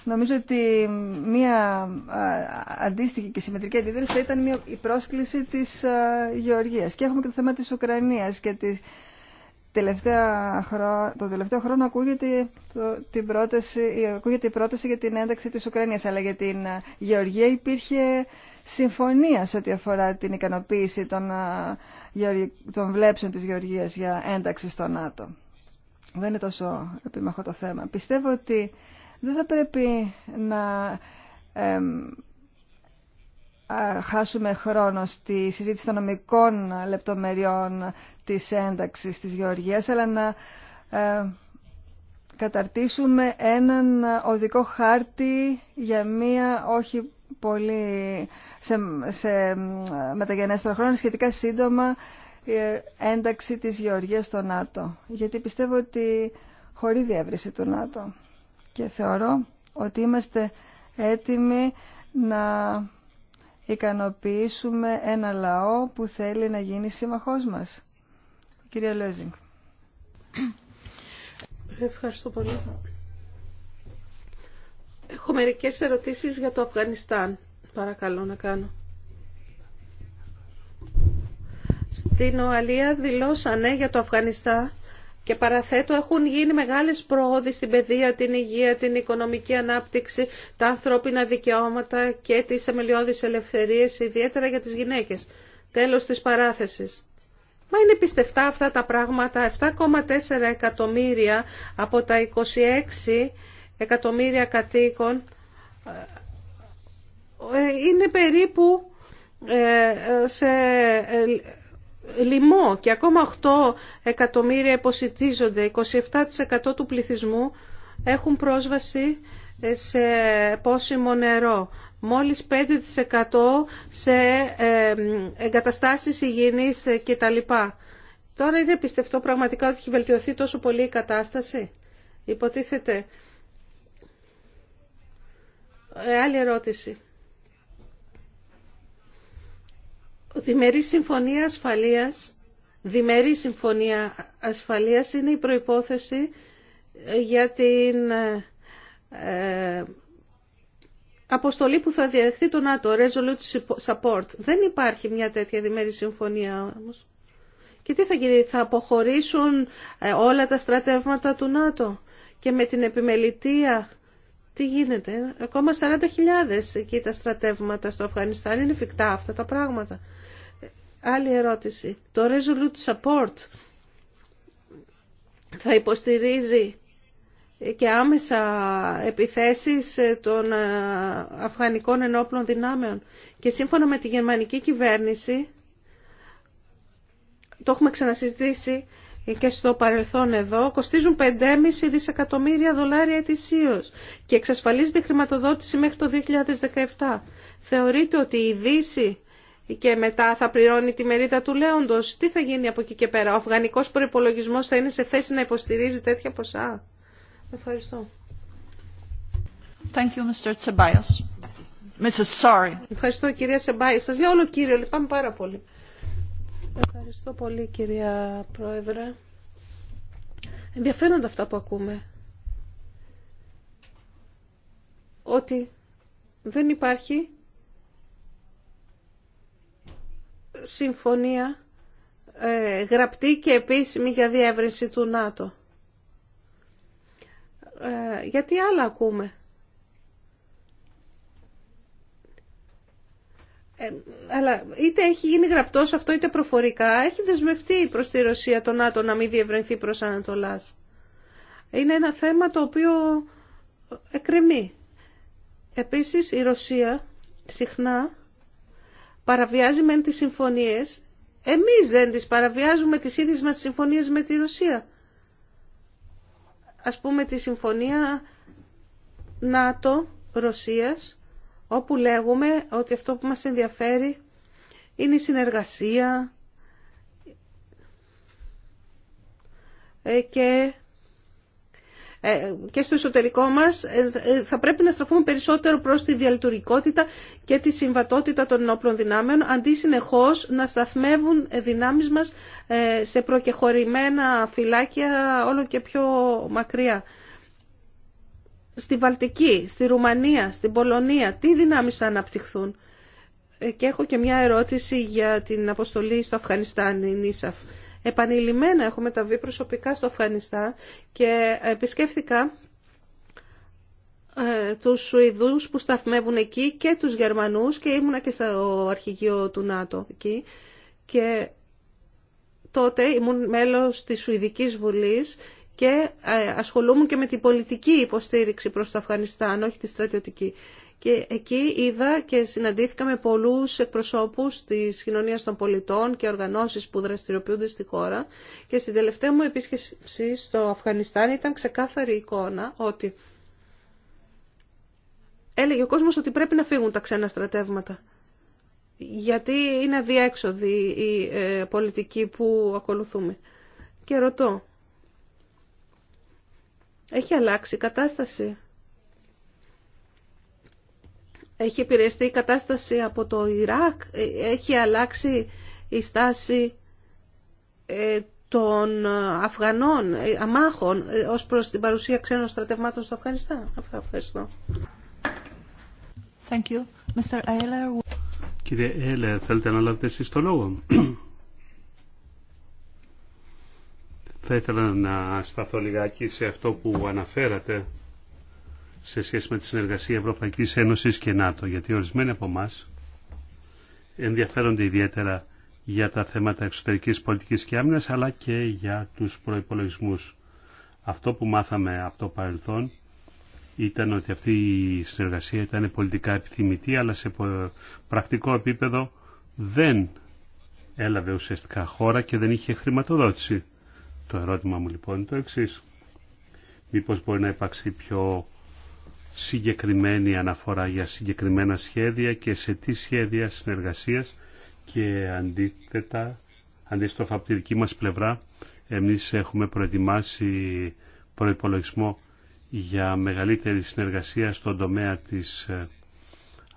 νομίζω ότι μια αντίστοιχη και συμμετρική αντίδραση ήταν η πρόσκληση της Γεωργίας και έχουμε και το θέμα της Ουκρανίας και της τελευταία τον τελευταίο χρόνο ακούγεται, το... την πρόταση... ακούγεται η πρόταση για την ένταξη της Ουκρανίας, αλλά για την ε, Γεωργία υπήρχε συμφωνία σε ό,τι αφορά την ικανοποίηση των, ε, των βλέψεων της Γεωργίας για ένταξη στο ΝΑΤΟ. Δεν είναι τόσο επίμαχο το θέμα. Πιστεύω ότι δεν θα πρέπει να χάσουμε χρόνο στη συζήτηση των νομικών λεπτομεριών της ένταξης της Γεωργίας, αλλά να ε, καταρτήσουμε έναν οδικό χάρτη για μία όχι πολύ σε, μεταγενέστερο χρόνο, σχετικά σύντομα ε, ένταξη της Γεωργίας στο ΝΑΤΟ. Γιατί πιστεύω ότι χωρί διεύρυνση του ΝΑΤΟ. Και θεωρώ ότι είμαστε έτοιμοι να ικανοποιήσουμε ένα λαό που θέλει να γίνει σύμμαχός μας. Κυρία Λέζινγκ. Ευχαριστώ πολύ. Έχω μερικές ερωτήσεις για το Αφγανιστάν. Παρακαλώ να κάνω. Στην Οαλία δηλώσανε για το Αφγανιστάν και παραθέτω έχουν γίνει μεγάλες προόδοι στην παιδεία, την υγεία, την οικονομική ανάπτυξη, τα ανθρώπινα δικαιώματα και τις αμελιώδεις ελευθερίες, ιδιαίτερα για τις γυναίκες. Τέλος της παράθεσης. Μα είναι πιστευτά αυτά τα πράγματα, 7,4 εκατομμύρια από τα 26 εκατομμύρια κατοίκων ε, ε, είναι περίπου ε, σε λοιμό και ακόμα 8 εκατομμύρια υποσυτίζονται, 27% του πληθυσμού έχουν πρόσβαση ε, σε πόσιμο νερό. Μόλις 5% σε ε, εγκαταστάσεις υγιεινής ε, κτλ. Τώρα είναι πιστευτό πραγματικά ότι έχει βελτιωθεί τόσο πολύ η κατάσταση. Υποτίθεται. Άλλη ερώτηση. Διμερή συμφωνία ασφαλείας, διμερή συμφωνία ασφαλείας είναι η προϋπόθεση ε, για την ε, ε, αποστολή που θα διαδεχθεί το ΝΑΤΟ, Resolute Support. Δεν υπάρχει μια τέτοια διμερή συμφωνία όμως. Και τι θα γίνει, θα αποχωρήσουν όλα τα στρατεύματα του ΝΑΤΟ και με την επιμελητία, τι γίνεται, ακόμα 40.000 εκεί τα στρατεύματα στο Αφγανιστάν, είναι φυκτά αυτά τα πράγματα. Άλλη ερώτηση. Το Resolute Support θα υποστηρίζει και άμεσα επιθέσεις των ε, αφγανικών ενόπλων δυνάμεων. Και σύμφωνα με τη γερμανική κυβέρνηση, το έχουμε ξανασυζητήσει και στο παρελθόν εδώ, κοστίζουν 5,5 δισεκατομμύρια δολάρια ετησίως και εξασφαλίζεται χρηματοδότηση μέχρι το 2017. Θεωρείτε ότι η Δύση και μετά θα πληρώνει τη μερίδα του λέοντος. Τι θα γίνει από εκεί και πέρα. Ο αφγανικός προπολογισμό θα είναι σε θέση να υποστηρίζει τέτοια ποσά. Ευχαριστώ. Thank you, Mr. Mrs. Sorry. Ευχαριστώ κυρία Σεμπάη. Σας λέω όλο κύριο, λυπάμαι πάρα πολύ. Ευχαριστώ πολύ κυρία Πρόεδρε. Ενδιαφέροντα αυτά που ακούμε. Ότι δεν υπάρχει συμφωνία ε, γραπτή και επίσημη για διεύρυνση του ΝΑΤΟ. Ε, γιατί άλλα ακούμε. Ε, αλλά είτε έχει γίνει γραπτός αυτό είτε προφορικά, έχει δεσμευτεί προς τη Ρωσία το ΝΑΤΟ να μην διευρυνθεί προς Ανατολάς. Είναι ένα θέμα το οποίο εκκρεμεί. Επίσης η Ρωσία συχνά παραβιάζει μεν τις συμφωνίες, εμείς δεν τις παραβιάζουμε τις ίδιες μας συμφωνίες με τη Ρωσία. Ας πούμε τη συμφωνία ΝΑΤΟ-Ρωσίας, όπου λέγουμε ότι αυτό που μας ενδιαφέρει είναι η συνεργασία ε, και ε, και στο εσωτερικό μας ε, ε, θα πρέπει να στραφούμε περισσότερο προς τη διαλειτουργικότητα και τη συμβατότητα των όπλων δυνάμεων αντί συνεχώς να σταθμεύουν δυνάμεις μας σε προκεχωρημένα φυλάκια όλο και πιο μακριά. Στη Βαλτική, στη Ρουμανία, στην Πολωνία, τι δυνάμεις θα αναπτυχθούν. Και έχω και μια ερώτηση για την αποστολή στο Αφγανιστάν, η Νίσαφ. Επανειλημμένα έχω μεταβεί προσωπικά στο Αφγανιστάν και επισκέφθηκα ε, τους Σουηδούς που σταθμεύουν εκεί και τους Γερμανούς και ήμουνα και στο αρχηγείο του ΝΑΤΟ εκεί και τότε ήμουν μέλος της Σουηδικής Βουλής και ε, ασχολούμουν και με την πολιτική υποστήριξη προς το Αφγανιστάν, όχι τη στρατιωτική. Και εκεί είδα και συναντήθηκα με πολλούς εκπροσώπους της κοινωνίας των πολιτών και οργανώσεις που δραστηριοποιούνται στη χώρα και στην τελευταία μου επίσκεψη στο Αφγανιστάν ήταν ξεκάθαρη εικόνα ότι έλεγε ο κόσμος ότι πρέπει να φύγουν τα ξένα στρατεύματα. Γιατί είναι αδιέξοδη η ε, πολιτική που ακολουθούμε. Και ρωτώ, έχει αλλάξει η κατάσταση. Έχει επηρεαστεί η κατάσταση από το Ιράκ, έχει αλλάξει η στάση ε, των Αφγανών ε, αμάχων ε, ως προς την παρουσία ξένων στρατευμάτων στο Αφγανιστάν. Αυτά ευχαριστώ. Thank you. Mr. Κύριε Έλερ, θέλετε να λάβετε εσείς το λόγο. Θα ήθελα να σταθώ λιγάκι σε αυτό που αναφέρατε σε σχέση με τη συνεργασία Ευρωπαϊκής Ένωσης και ΝΑΤΟ, γιατί ορισμένοι από εμά ενδιαφέρονται ιδιαίτερα για τα θέματα εξωτερικής πολιτικής και άμυνας, αλλά και για τους προϋπολογισμούς. Αυτό που μάθαμε από το παρελθόν ήταν ότι αυτή η συνεργασία ήταν πολιτικά επιθυμητή, αλλά σε πρακτικό επίπεδο δεν έλαβε ουσιαστικά χώρα και δεν είχε χρηματοδότηση. Το ερώτημα μου λοιπόν είναι το εξής. Μήπως μπορεί να υπάρξει πιο συγκεκριμένη αναφορά για συγκεκριμένα σχέδια και σε τι σχέδια συνεργασίας και αντίθετα, αντίστοφα από τη δική μας πλευρά, εμείς έχουμε προετοιμάσει προϋπολογισμό για μεγαλύτερη συνεργασία στον τομέα της ε,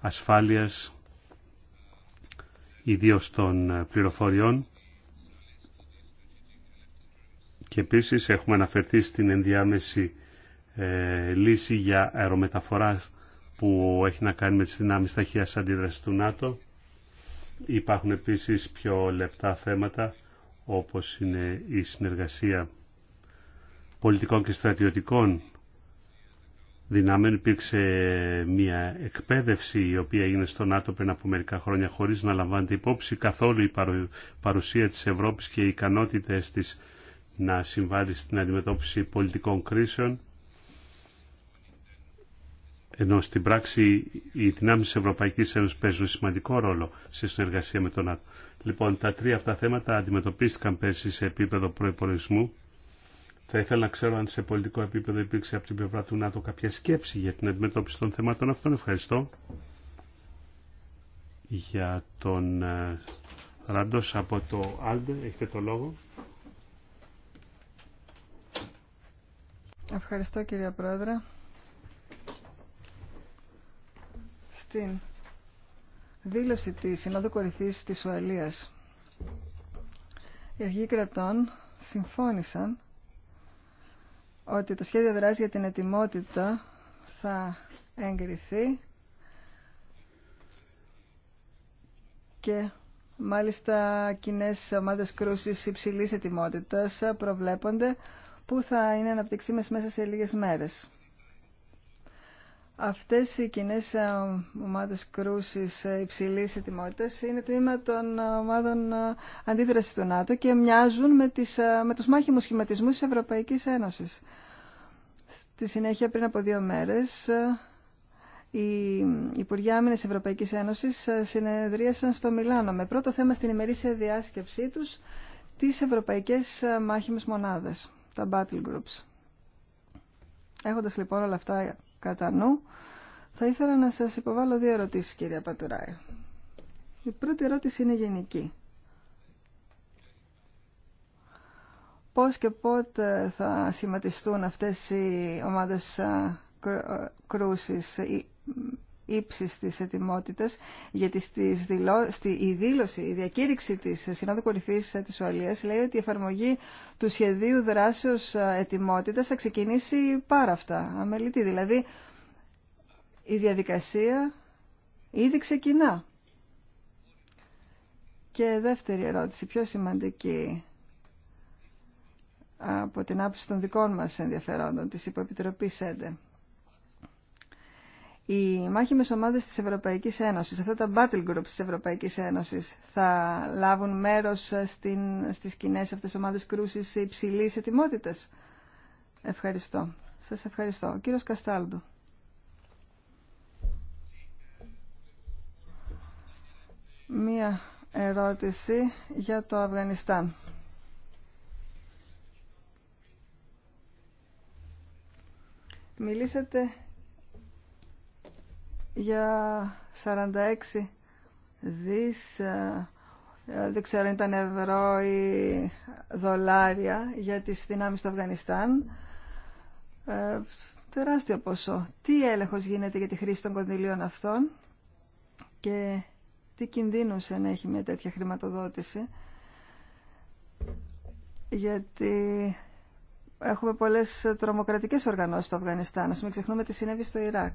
ασφάλειας, ιδίως των ε, πληροφοριών. Και επίσης έχουμε αναφερθεί στην ενδιάμεση ε, λύση για αερομεταφορά που έχει να κάνει με τις δυνάμεις ταχείας αντίδρασης του ΝΑΤΟ. Υπάρχουν επίσης πιο λεπτά θέματα όπως είναι η συνεργασία πολιτικών και στρατιωτικών δυνάμεων. Υπήρξε μια εκπαίδευση η οποία έγινε στο ΝΑΤΟ πριν από μερικά χρόνια χωρίς να λαμβάνεται υπόψη καθόλου η παρουσία της Ευρώπης και οι ικανότητες της να συμβάλλει στην αντιμετώπιση πολιτικών κρίσεων ενώ στην πράξη οι δυνάμεις της Ευρωπαϊκής Ένωσης παίζουν σημαντικό ρόλο σε συνεργασία με τον ΝΑΤΟ. Λοιπόν, τα τρία αυτά θέματα αντιμετωπίστηκαν πέρσι σε επίπεδο προπολογισμού. Θα ήθελα να ξέρω αν σε πολιτικό επίπεδο υπήρξε από την πλευρά του ΝΑΤΟ κάποια σκέψη για την αντιμετώπιση των θεμάτων αυτών. Ευχαριστώ για τον ε, Ραντός από το Άλντε. Έχετε το λόγο. Ευχαριστώ κύριε Πρόεδρε. στην δήλωση της Συνόδου Κορυφής της Ουαλίας. Οι αρχοί κρατών συμφώνησαν ότι το σχέδιο δράση για την ετοιμότητα θα εγκριθεί και μάλιστα κοινέ ομάδε κρούση υψηλή ετοιμότητα προβλέπονται που θα είναι αναπτυξίμες μέσα σε λίγες μέρες. Αυτές οι κοινέ ε, ομάδες κρούσης ε, υψηλής ετοιμότητας είναι τμήμα των ε, ομάδων αντίδρασης του ΝΑΤΟ και μοιάζουν με, τις, με τους μάχημους σχηματισμούς της Ευρωπαϊκής Ένωσης. Στη συνέχεια, πριν από δύο μέρες, οι Υπουργοί της Ευρωπαϊκής Ένωσης συνεδρίασαν στο Μιλάνο με πρώτο θέμα στην ημερήσια διάσκεψή τους τις Ευρωπαϊκές Μάχημες Μονάδες, τα Battle Groups. Έχοντας λοιπόν όλα αυτά κατά νου, θα ήθελα να σας υποβάλω δύο ερωτήσεις, κυρία Πατουράη. Η πρώτη ερώτηση είναι γενική. Πώς και πότε θα σχηματιστούν αυτές οι ομάδες ε, ε, κρούσεις ε, ύψης της ετοιμότητας, γιατί στη, η δήλωση, η διακήρυξη της Συνόδου Κορυφής της Ουαλίας λέει ότι η εφαρμογή του σχεδίου δράσεως ετοιμότητας θα ξεκινήσει πάρα αυτά, αμελητή. Δηλαδή, η διαδικασία ήδη ξεκινά. Και δεύτερη ερώτηση, πιο σημαντική από την άποψη των δικών μας ενδιαφερόντων της Υποεπιτροπής ΣΕΝΤΕ. Οι μάχημες ομάδες της Ευρωπαϊκής Ένωσης, αυτά τα battle groups της Ευρωπαϊκής Ένωσης, θα λάβουν μέρος στην, στις κοινέ αυτές ομάδες κρούσης υψηλή ετοιμότητας. Ευχαριστώ. Σας ευχαριστώ. Ο κύριος Καστάλντο. Μία ερώτηση για το Αφγανιστάν. Μιλήσατε για 46 δις, ε, ε, δεν ξέρω αν ήταν ευρώ ή δολάρια για τις δυνάμεις του Αφγανιστάν. Ε, τεράστιο ποσό. Τι έλεγχος γίνεται για τη χρήση των κονδυλίων αυτών και τι κινδύνους έχει μια τέτοια χρηματοδότηση. Γιατί έχουμε πολλές τρομοκρατικές οργανώσεις στο Αφγανιστάν. Ας μην ξεχνούμε τι συνέβη στο Ιράκ.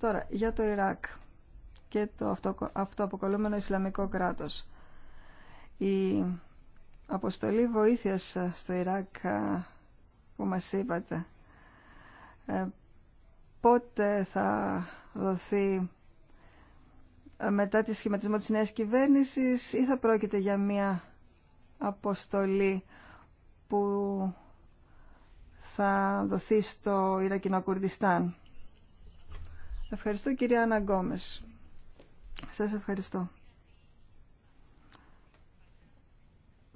Τώρα, για το Ιράκ και το αυτοαποκολούμενο Ισλαμικό κράτος. Η αποστολή βοήθειας στο Ιράκ που μας είπατε, ε, πότε θα δοθεί ε, μετά τη σχηματισμό της νέας κυβέρνησης ή θα πρόκειται για μια αποστολή που θα δοθεί στο Ιρακινό Κουρδιστάν. Ευχαριστώ κυρία Άννα Σας ευχαριστώ.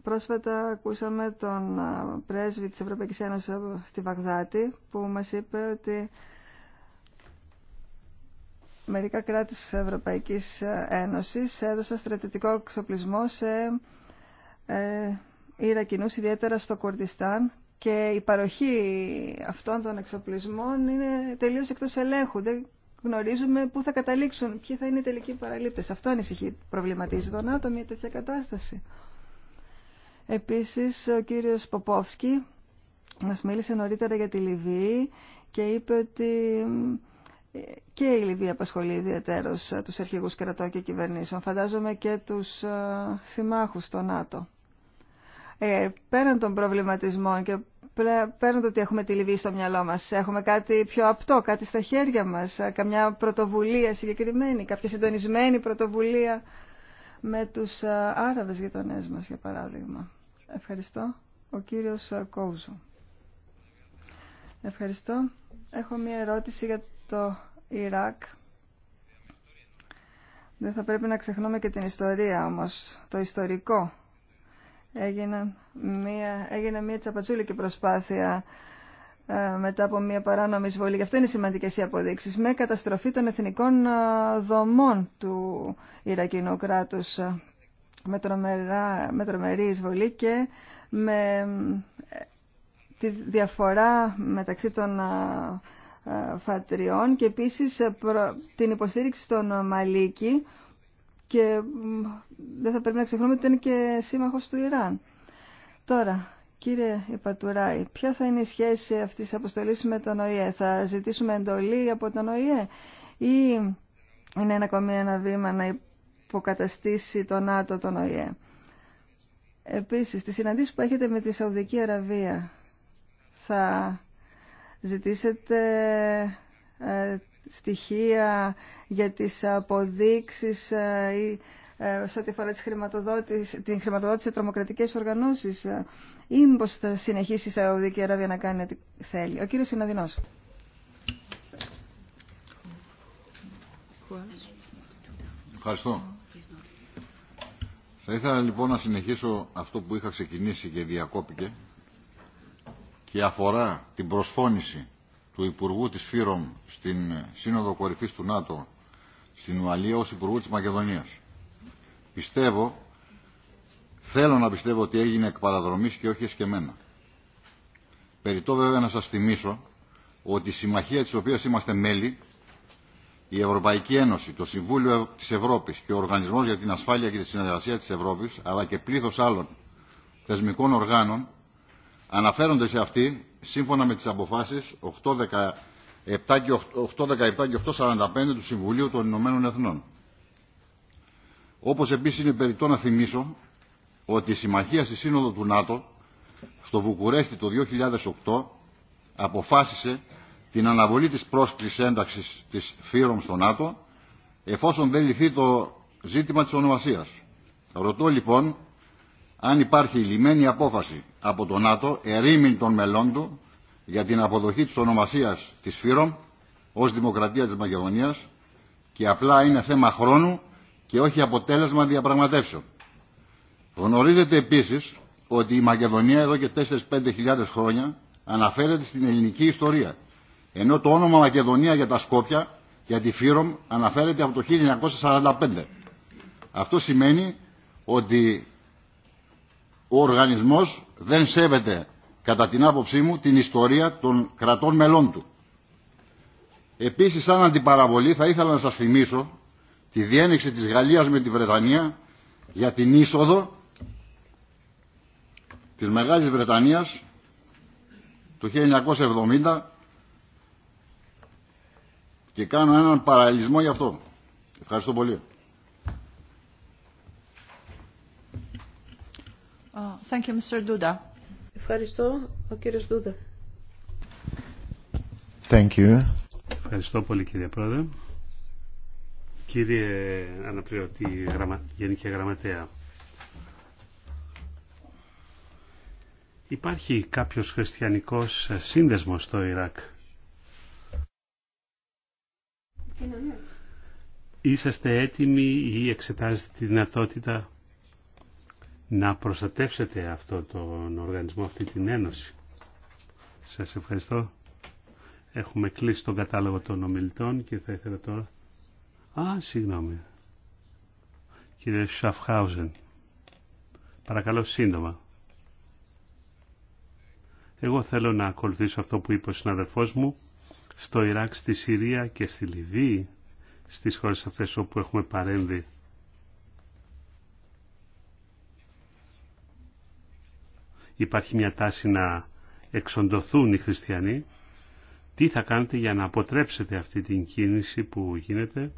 Πρόσφατα ακούσαμε τον πρέσβη της Ευρωπαϊκής Ένωσης στη Βαγδάτη που μας είπε ότι μερικά κράτη της Ευρωπαϊκής Ένωσης έδωσαν στρατητικό εξοπλισμό σε ε, Ιρακινούς, ιδιαίτερα στο Κουρδιστάν και η παροχή αυτών των εξοπλισμών είναι τελείως εκτός ελέγχου. Δεν γνωρίζουμε πού θα καταλήξουν, ποιοι θα είναι οι τελικοί παραλήπτες. Αυτό ανησυχεί, προβληματίζει τον Άτομο μια τέτοια κατάσταση. Επίσης, ο κύριος Ποπόφσκι μας μίλησε νωρίτερα για τη Λιβύη και είπε ότι και η Λιβύη απασχολεί ιδιαίτερως ε, τους αρχηγούς κρατών και κυβερνήσεων. Φαντάζομαι και τους ε, συμμάχους στο ΝΑΤΟ. Ε, πέραν των προβληματισμών και παίρνουν το ότι έχουμε τη Λιβύη στο μυαλό μα. Έχουμε κάτι πιο απτό, κάτι στα χέρια μας, καμιά πρωτοβουλία συγκεκριμένη, κάποια συντονισμένη πρωτοβουλία με τους ε, Άραβες γειτονέ μας, για παράδειγμα. Ευχαριστώ. Ο κύριος ε, Κόουζου. Ευχαριστώ. Έχω μία ερώτηση για το Ιράκ. Δεν θα πρέπει να ξεχνούμε και την ιστορία όμως, το ιστορικό έγιναν μία, έγινε μία τσαπατσούλικη προσπάθεια ε, μετά από μια παράνομη εισβολή. Γι' αυτό είναι σημαντικέ οι αποδείξει. Με καταστροφή των εθνικών ε, δομών του Ιρακινού κράτου ε, με, με τρομερή εισβολή και με τη διαφορά μεταξύ των φατριών και επίσης την υποστήριξη των Μαλίκη και δεν θα πρέπει να ξεχνούμε ότι είναι και σύμμαχος του Ιράν. Τώρα, κύριε Ιπατουράη, ποια θα είναι η σχέση αυτής της αποστολής με τον ΟΗΕ. Θα ζητήσουμε εντολή από τον ΟΗΕ ή είναι ένα ακόμη ένα βήμα να υποκαταστήσει τον ΝΑΤΟ τον ΟΗΕ. Επίσης, τις συναντήσεις που έχετε με τη Σαουδική Αραβία θα ζητήσετε ε, στοιχεία για τις αποδείξεις ε, ή ε, σε ό,τι αφορά την χρηματοδότηση σε τρομοκρατικές οργανώσεις ε, ή μήπως θα συνεχίσει η Σαουδική Αραβία να κάνει ό,τι θέλει. Ο κύριος Συναδεινός. Ευχαριστώ. Θα ήθελα λοιπόν να συνεχίσω αυτό που είχα ξεκινήσει και διακόπηκε και αφορά την προσφώνηση του Υπουργού της Φύρομ στην Σύνοδο Κορυφής του ΝΑΤΟ στην Ουαλία ως Υπουργού της Μακεδονίας. Πιστεύω, θέλω να πιστεύω ότι έγινε εκ παραδρομής και όχι εσκεμένα. Περιτώ βέβαια να σας θυμίσω ότι η συμμαχία της οποίας είμαστε μέλη, η Ευρωπαϊκή Ένωση, το Συμβούλιο της Ευρώπης και ο Οργανισμός για την Ασφάλεια και τη Συνεργασία της Ευρώπης, αλλά και πλήθος άλλων θεσμικών οργάνων, αναφέρονται σε αυτή σύμφωνα με τις αποφάσεις 817 και 845 του Συμβουλίου των Ηνωμένων Εθνών. Όπως επίσης είναι περιττό να θυμίσω ότι η Συμμαχία στη Σύνοδο του ΝΑΤΟ στο Βουκουρέστι το 2008 αποφάσισε την αναβολή της πρόσκλησης ένταξης της ΦΥΡΟΜ στο ΝΑΤΟ εφόσον δεν λυθεί το ζήτημα της ονομασίας. Ρωτώ λοιπόν αν υπάρχει λιμένη απόφαση από το ΝΑΤΟ ερήμην των μελών του για την αποδοχή της ονομασίας της ΦΥΡΟΜ ως Δημοκρατία της Μακεδονίας και απλά είναι θέμα χρόνου και όχι αποτέλεσμα διαπραγματεύσεων. Γνωρίζετε επίσης ότι η Μακεδονία εδώ και 4-5 χρόνια αναφέρεται στην ελληνική ιστορία ενώ το όνομα Μακεδονία για τα Σκόπια για τη Φύρομ αναφέρεται από το 1945. Αυτό σημαίνει ότι ο οργανισμός δεν σέβεται κατά την άποψή μου την ιστορία των κρατών μελών του. Επίσης σαν αντιπαραβολή θα ήθελα να σας θυμίσω τη διένεξη της Γαλλίας με τη Βρετανία για την είσοδο της Μεγάλης Βρετανίας το 1970 και κάνω έναν παραλληλισμό γι' αυτό. Ευχαριστώ πολύ. Oh, Ευχαριστώ, ο Δούδα. Ευχαριστώ πολύ κύριε Πρόεδρε. Κύριε Αναπληρωτή Γενική Γραμματέα, υπάρχει κάποιος χριστιανικός σύνδεσμος στο Ιράκ. Είσαστε έτοιμοι ή εξετάζετε τη δυνατότητα να προστατεύσετε αυτό τον οργανισμό, αυτή την ένωση. Σας ευχαριστώ. Έχουμε κλείσει τον κατάλογο των ομιλητών και θα ήθελα τώρα... Α, συγγνώμη. Κύριε Σαφχάουζεν, παρακαλώ σύντομα. Εγώ θέλω να ακολουθήσω αυτό που είπε ο συναδελφός μου στο Ιράκ, στη Συρία και στη Λιβύη, στις χώρες αυτές όπου έχουμε παρέμβει υπάρχει μια τάση να εξοντωθούν οι χριστιανοί. Τι θα κάνετε για να αποτρέψετε αυτή την κίνηση που γίνεται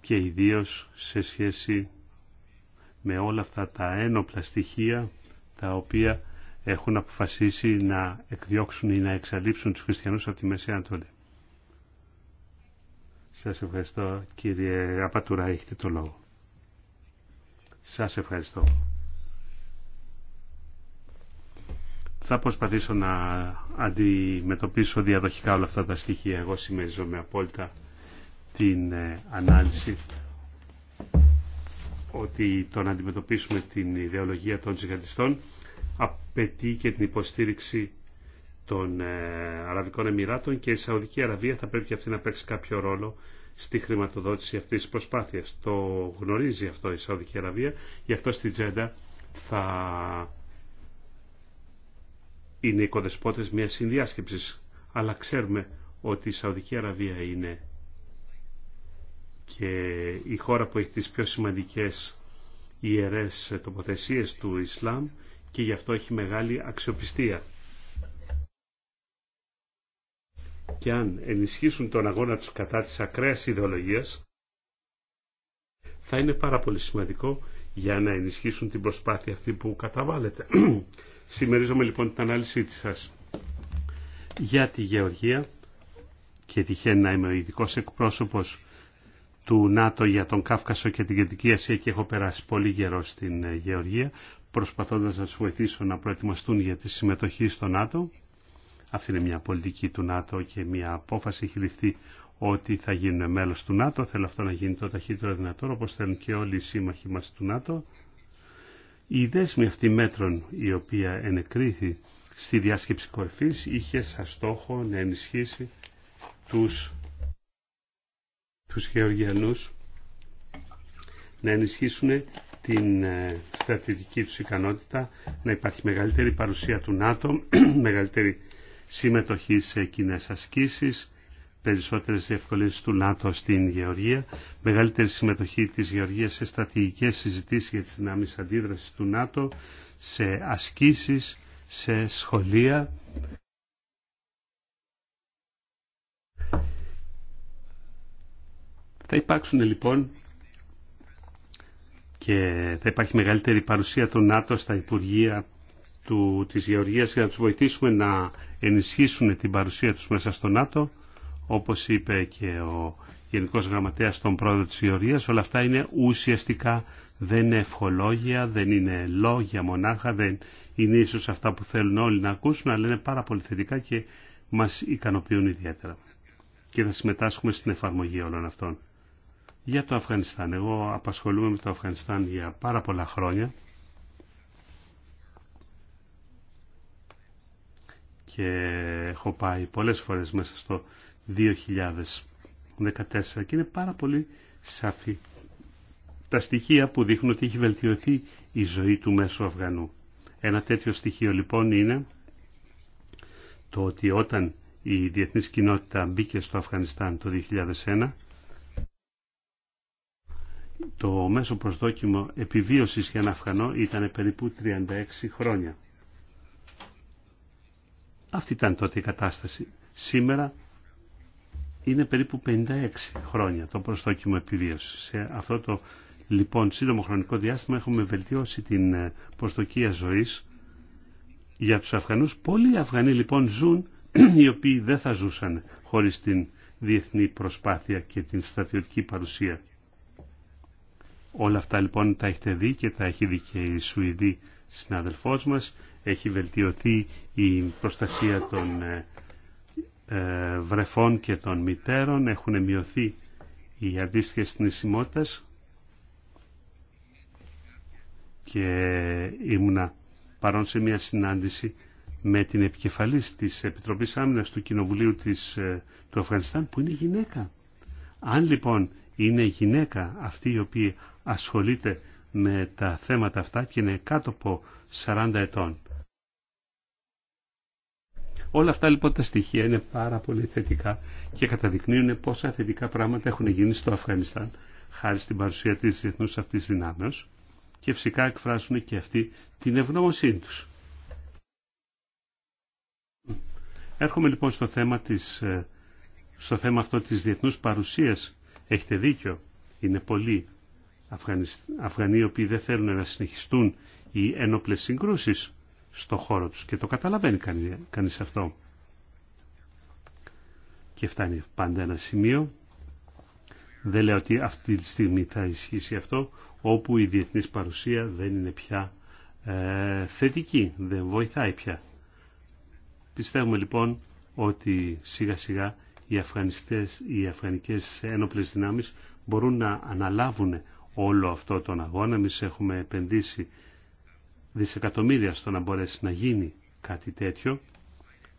και ιδίως σε σχέση με όλα αυτά τα ένοπλα στοιχεία τα οποία έχουν αποφασίσει να εκδιώξουν ή να εξαλείψουν τους χριστιανούς από τη Μέση Ανατολή. Σας ευχαριστώ κύριε Απατουρά, έχετε το λόγο. Σας ευχαριστώ. Θα προσπαθήσω να αντιμετωπίσω διαδοχικά όλα αυτά τα στοιχεία. Εγώ συμμεριζόμαι απόλυτα την ε, ανάλυση ότι το να αντιμετωπίσουμε την ιδεολογία των τσιγαντιστών απαιτεί και την υποστήριξη των ε, Αραβικών Εμμυράτων και η Σαουδική Αραβία θα πρέπει και αυτή να παίξει κάποιο ρόλο στη χρηματοδότηση αυτής της προσπάθειας. Το γνωρίζει αυτό η Σαουδική Αραβία, γι' αυτό στη Τζέντα θα είναι οικοδεσπότες μια συνδιάσκεψης. Αλλά ξέρουμε ότι η Σαουδική Αραβία είναι και η χώρα που έχει τις πιο σημαντικές ιερές τοποθεσίες του Ισλάμ και γι' αυτό έχει μεγάλη αξιοπιστία. Και αν ενισχύσουν τον αγώνα τους κατά της ακραίας ιδεολογίας, θα είναι πάρα πολύ σημαντικό για να ενισχύσουν την προσπάθεια αυτή που καταβάλλεται. Συμμερίζομαι λοιπόν την ανάλυση της σας. Για τη γεωργία και τυχαίνει να είμαι ο ειδικό εκπρόσωπος του ΝΑΤΟ για τον Κάφκασο και την Κεντρική Ασία και έχω περάσει πολύ καιρό στην ε, Γεωργία προσπαθώντας να σας βοηθήσω να προετοιμαστούν για τη συμμετοχή στο ΝΑΤΟ. Αυτή είναι μια πολιτική του ΝΑΤΟ και μια απόφαση έχει ληφθεί ότι θα γίνουν μέλος του ΝΑΤΟ. Θέλω αυτό να γίνει το ταχύτερο δυνατό όπως θέλουν και όλοι οι σύμμαχοι μας του ΝΑΤΟ. Η δέσμη αυτή μέτρων η οποία ενεκρίθη στη διάσκεψη κορυφής είχε σαν στόχο να ενισχύσει τους, τους γεωργιανούς να ενισχύσουν την ε, στρατηγική τους ικανότητα, να υπάρχει μεγαλύτερη παρουσία του ΝΑΤΟ, μεγαλύτερη συμμετοχή σε κοινέ ασκήσεις, περισσότερες διευκολύνσεις του ΝΑΤΟ στην Γεωργία, μεγαλύτερη συμμετοχή της Γεωργίας σε στρατηγικέ συζητήσεις για τις δυνάμεις αντίδρασης του ΝΑΤΟ, σε ασκήσεις, σε σχολεία. Θα υπάρξουν λοιπόν και θα υπάρχει μεγαλύτερη παρουσία του ΝΑΤΟ στα Υπουργεία του, της Γεωργίας για να τους βοηθήσουμε να ενισχύσουν την παρουσία τους μέσα στο ΝΑΤΟ όπως είπε και ο Γενικός Γραμματέας των Πρόεδρων της Ιωρίας, όλα αυτά είναι ουσιαστικά, δεν είναι ευχολόγια, δεν είναι λόγια μονάχα, δεν είναι ίσως αυτά που θέλουν όλοι να ακούσουν, αλλά είναι πάρα πολύ θετικά και μας ικανοποιούν ιδιαίτερα. Και θα συμμετάσχουμε στην εφαρμογή όλων αυτών. Για το Αφγανιστάν. Εγώ απασχολούμαι με το Αφγανιστάν για πάρα πολλά χρόνια. και έχω πάει πολλές φορές μέσα στο 2014 και είναι πάρα πολύ σαφή τα στοιχεία που δείχνουν ότι έχει βελτιωθεί η ζωή του μέσου Αφγανού. Ένα τέτοιο στοιχείο λοιπόν είναι το ότι όταν η διεθνής κοινότητα μπήκε στο Αφγανιστάν το 2001 το μέσο προσδόκιμο επιβίωσης για ένα Αφγανό ήταν περίπου 36 χρόνια. Αυτή ήταν τότε η κατάσταση. Σήμερα είναι περίπου 56 χρόνια το προσδόκιμο επιβίωση. Σε αυτό το λοιπόν σύντομο χρονικό διάστημα έχουμε βελτιώσει την ε, προσδοκία ζωής για τους Αφγανούς. Πολλοί Αφγανοί λοιπόν ζουν οι οποίοι δεν θα ζούσαν χωρίς την διεθνή προσπάθεια και την στρατιωτική παρουσία. Όλα αυτά λοιπόν τα έχετε δει και τα έχει δει και η Σουηδή συνάδελφός μας. Έχει βελτιωθεί η προστασία των ε, ε, βρεφών και των μητέρων έχουν μειωθεί οι αντίστοιχε νησιμότητες και ήμουνα παρόν σε μια συνάντηση με την επικεφαλής της Επιτροπής Άμυνας του Κοινοβουλίου της, ε, του Αφγανιστάν που είναι γυναίκα. Αν λοιπόν είναι γυναίκα αυτή η οποία ασχολείται με τα θέματα αυτά και είναι κάτω από 40 ετών Όλα αυτά λοιπόν τα στοιχεία είναι πάρα πολύ θετικά και καταδεικνύουν πόσα θετικά πράγματα έχουν γίνει στο Αφγανιστάν χάρη στην παρουσία της διεθνούς αυτής δυνάμεως και φυσικά εκφράσουν και αυτοί την ευγνωμοσύνη τους. Έρχομαι λοιπόν στο θέμα, της, ε, στο θέμα αυτό της διεθνούς παρουσίας. Έχετε δίκιο, είναι πολλοί Αφγανοί οι οποίοι δεν θέλουν να συνεχιστούν οι ένοπλες συγκρούσεις στο χώρο τους. Και το καταλαβαίνει κανείς αυτό. Και φτάνει πάντα ένα σημείο, δεν λέω ότι αυτή τη στιγμή θα ισχύσει αυτό, όπου η διεθνής παρουσία δεν είναι πια ε, θετική, δεν βοηθάει πια. Πιστεύουμε λοιπόν ότι σιγά σιγά οι, Αφγανιστές, οι αφγανικές ένοπλες δυνάμεις μπορούν να αναλάβουν όλο αυτό τον αγώνα. Εμείς έχουμε επενδύσει δισεκατομμύρια στο να μπορέσει να γίνει κάτι τέτοιο.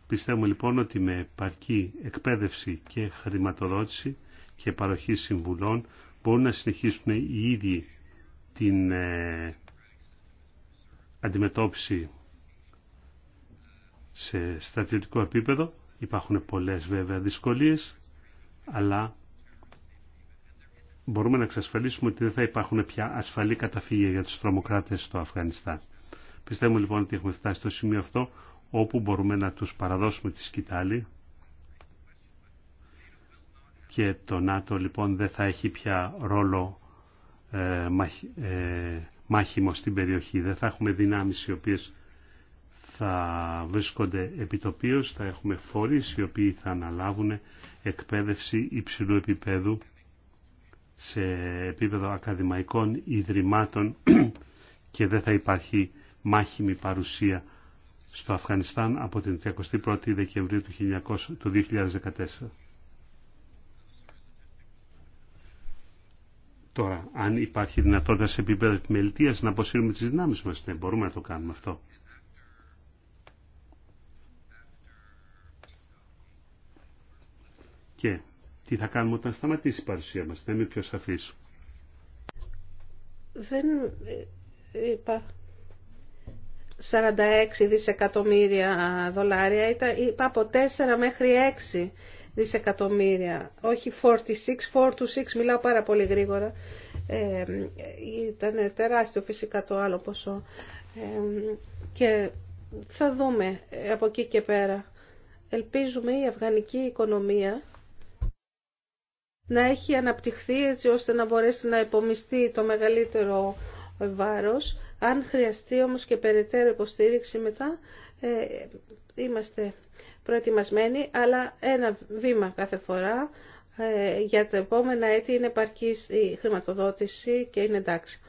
Πιστεύουμε λοιπόν ότι με επαρκή εκπαίδευση και χρηματοδότηση και παροχή συμβουλών μπορούν να συνεχίσουν οι ίδιοι την ε, αντιμετώπιση σε στρατιωτικό επίπεδο. Υπάρχουν πολλές βέβαια δυσκολίες, αλλά μπορούμε να εξασφαλίσουμε ότι δεν θα υπάρχουν πια ασφαλή καταφύγια για τους τρομοκράτες στο Αφγανιστάν. Πιστεύουμε λοιπόν ότι έχουμε φτάσει στο σημείο αυτό όπου μπορούμε να τους παραδώσουμε τη σκητάλη και το ΝΑΤΟ λοιπόν δεν θα έχει πια ρόλο ε, ε, μάχημο στην περιοχή. Δεν θα έχουμε δυνάμεις οι οποίες θα βρίσκονται επιτοπίως, θα έχουμε φορείς οι οποίοι θα αναλάβουν εκπαίδευση υψηλού επίπεδου σε επίπεδο ακαδημαϊκών ιδρυμάτων και δεν θα υπάρχει μάχημη παρουσία στο Αφγανιστάν από την 31η Δεκεμβρίου του 2014. Τώρα, αν υπάρχει δυνατότητα σε επίπεδο επιμελητίας να αποσύρουμε τις δυνάμεις μας, δεν ναι, μπορούμε να το κάνουμε αυτό. Και τι θα κάνουμε όταν σταματήσει η παρουσία μας, Δεν είμαι πιο σαφής. Δεν ε, είπα 46 δισεκατομμύρια δολάρια, ήταν, είπα από 4 μέχρι 6 δισεκατομμύρια, όχι 46, 4 μιλάω πάρα πολύ γρήγορα. Ε, ήταν τεράστιο φυσικά το άλλο ποσό. Ε, και θα δούμε από εκεί και πέρα. Ελπίζουμε η αφγανική οικονομία να έχει αναπτυχθεί έτσι ώστε να μπορέσει να υπομειστεί το μεγαλύτερο βάρος αν χρειαστεί όμως και περαιτέρω υποστήριξη μετά, ε, είμαστε προετοιμασμένοι, αλλά ένα βήμα κάθε φορά ε, για τα επόμενα έτη είναι επαρκής η χρηματοδότηση και είναι εντάξει.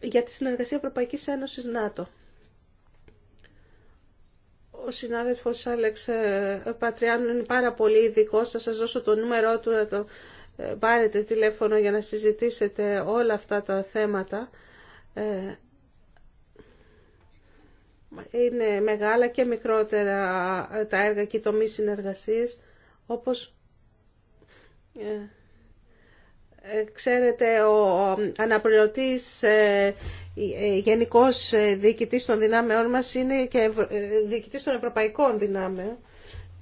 Για τη συνεργασία Ευρωπαϊκής Ένωσης ΝΑΤΟ. Ο συνάδελφος Άλεξ ε, Πατριάνου είναι πάρα πολύ ειδικό. Θα σας δώσω το νούμερό του να το πάρετε τηλέφωνο για να συζητήσετε όλα αυτά τα θέματα ε, είναι μεγάλα και μικρότερα ε, τα έργα και οι τομείς συνεργασίες, όπως ε, ξέρετε ο αναπληρωτής γενικός διοικητής των δυνάμεών μας είναι και διοικητής των ευρωπαϊκών δυνάμεων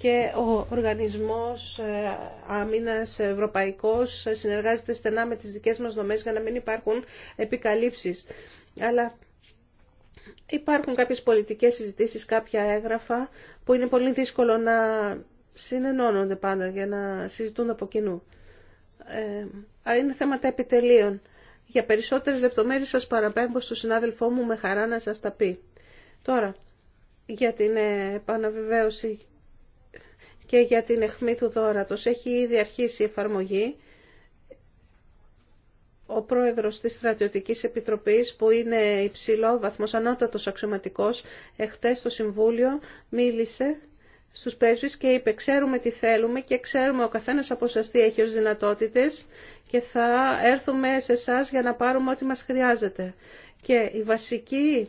και ο Οργανισμός ε, Άμυνα Ευρωπαϊκός συνεργάζεται στενά με τις δικές μας δομές για να μην υπάρχουν επικαλύψεις. Αλλά υπάρχουν κάποιες πολιτικές συζητήσεις, κάποια έγγραφα που είναι πολύ δύσκολο να συνενώνονται πάντα για να συζητούν από κοινού. Ε, είναι θέματα επιτελείων. Για περισσότερες λεπτομέρειες σας παραπέμπω στον συνάδελφό μου με χαρά να σας τα πει. Τώρα, για την επαναβεβαίωση και για την εχμή του δόρατος. Έχει ήδη αρχίσει η εφαρμογή. Ο πρόεδρος της Στρατιωτικής Επιτροπής, που είναι υψηλό βαθμός ανώτατος αξιωματικός, εχθές στο Συμβούλιο μίλησε στους πρέσβεις και είπε «Ξέρουμε τι θέλουμε και ξέρουμε ο καθένας από σας τι έχει ως δυνατότητες και θα έρθουμε σε εσά για να πάρουμε ό,τι μας χρειάζεται». Και η βασική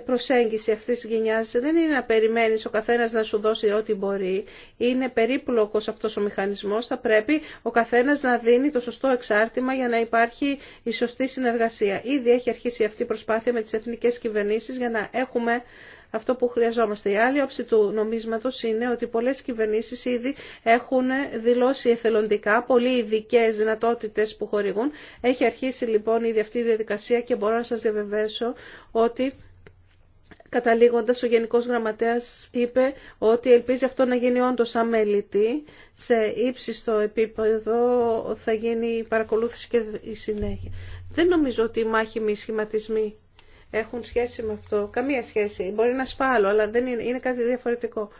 προσέγγιση αυτής της γενιάς δεν είναι να περιμένεις ο καθένας να σου δώσει ό,τι μπορεί. Είναι περίπλοκος αυτός ο μηχανισμός. Θα πρέπει ο καθένας να δίνει το σωστό εξάρτημα για να υπάρχει η σωστή συνεργασία. Ήδη έχει αρχίσει αυτή η προσπάθεια με τις εθνικές κυβερνήσεις για να έχουμε αυτό που χρειαζόμαστε. Η άλλη όψη του νομίσματος είναι ότι πολλές κυβερνήσεις ήδη έχουν δηλώσει εθελοντικά πολύ ειδικέ δυνατότητες που χορηγούν. Έχει αρχίσει λοιπόν ήδη αυτή η διαδικασία και μπορώ να σας διαβεβαίσω ότι Καταλήγοντας, ο Γενικός Γραμματέας είπε ότι ελπίζει αυτό να γίνει όντως αμέλητη. Σε ύψιστο επίπεδο θα γίνει η παρακολούθηση και η συνέχεια. Δεν νομίζω ότι οι μάχημοι σχηματισμοί έχουν σχέση με αυτό. Καμία σχέση. Μπορεί να σπάλω, αλλά δεν είναι, κάτι διαφορετικό.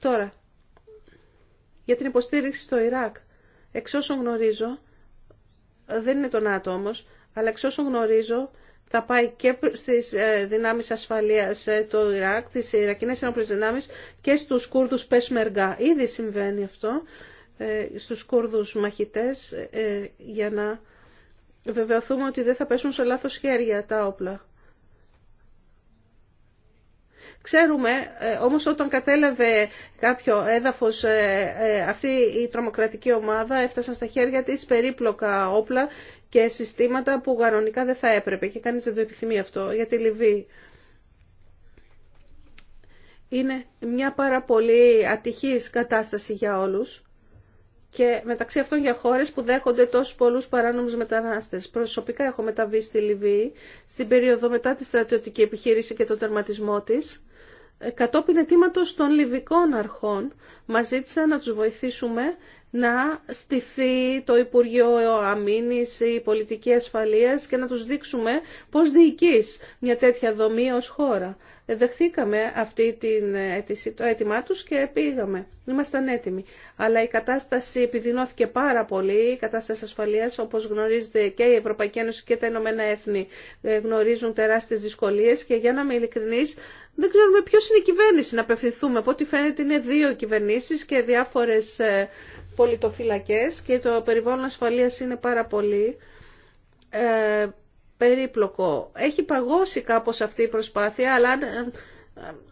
Τώρα, για την υποστήριξη στο Ιράκ. Εξ όσων γνωρίζω, δεν είναι το ΝΑΤΟ αλλά εξ όσων γνωρίζω, θα πάει και στις ε, δυνάμεις ασφαλείας ε, του Ιράκ, τις Ιρακινές ενόπλες δυνάμεις και στους Κούρδους Πεσμεργά. Ήδη συμβαίνει αυτό ε, στους Κούρδους μαχητές για να βεβαιωθούμε ότι δεν θα πέσουν σε λάθος χέρια τα όπλα. Ξέρουμε όμως όταν κατέλαβε κάποιο έδαφος αυτή η τρομοκρατική ομάδα έφτασαν στα χέρια της περίπλοκα όπλα και συστήματα που γαρονικά δεν θα έπρεπε και κανείς δεν το επιθυμεί αυτό για τη Λιβύη. Είναι μια πάρα πολύ ατυχής κατάσταση για όλους και μεταξύ αυτών για χώρες που δέχονται τόσους πολλούς παράνομους μετανάστες. Προσωπικά έχω μεταβεί στη Λιβύη στην περίοδο μετά τη στρατιωτική επιχείρηση και τον τερματισμό της κατόπιν αιτήματος των Λιβικών αρχών μας ζήτησαν να τους βοηθήσουμε να στηθεί το Υπουργείο Αμήνης, η Πολιτική Ασφαλείας και να τους δείξουμε πώς διοικείς μια τέτοια δομή ως χώρα δεχθήκαμε αυτή την αίτηση, το αίτημά τους και πήγαμε. Ήμασταν έτοιμοι. Αλλά η κατάσταση επιδεινώθηκε πάρα πολύ, η κατάσταση ασφαλείας, όπως γνωρίζετε και η Ευρωπαϊκή Ένωση και τα Ηνωμένα Έθνη ε, γνωρίζουν τεράστιες δυσκολίες και για να είμαι ειλικρινής, δεν ξέρουμε ποιος είναι η κυβέρνηση να απευθυνθούμε. Από ό,τι φαίνεται είναι δύο κυβερνήσεις και διάφορες ε, πολιτοφυλακές και το περιβάλλον ασφαλείας είναι πάρα πολύ ε, περίπλοκο. Έχει παγώσει κάπως αυτή η προσπάθεια, αλλά αν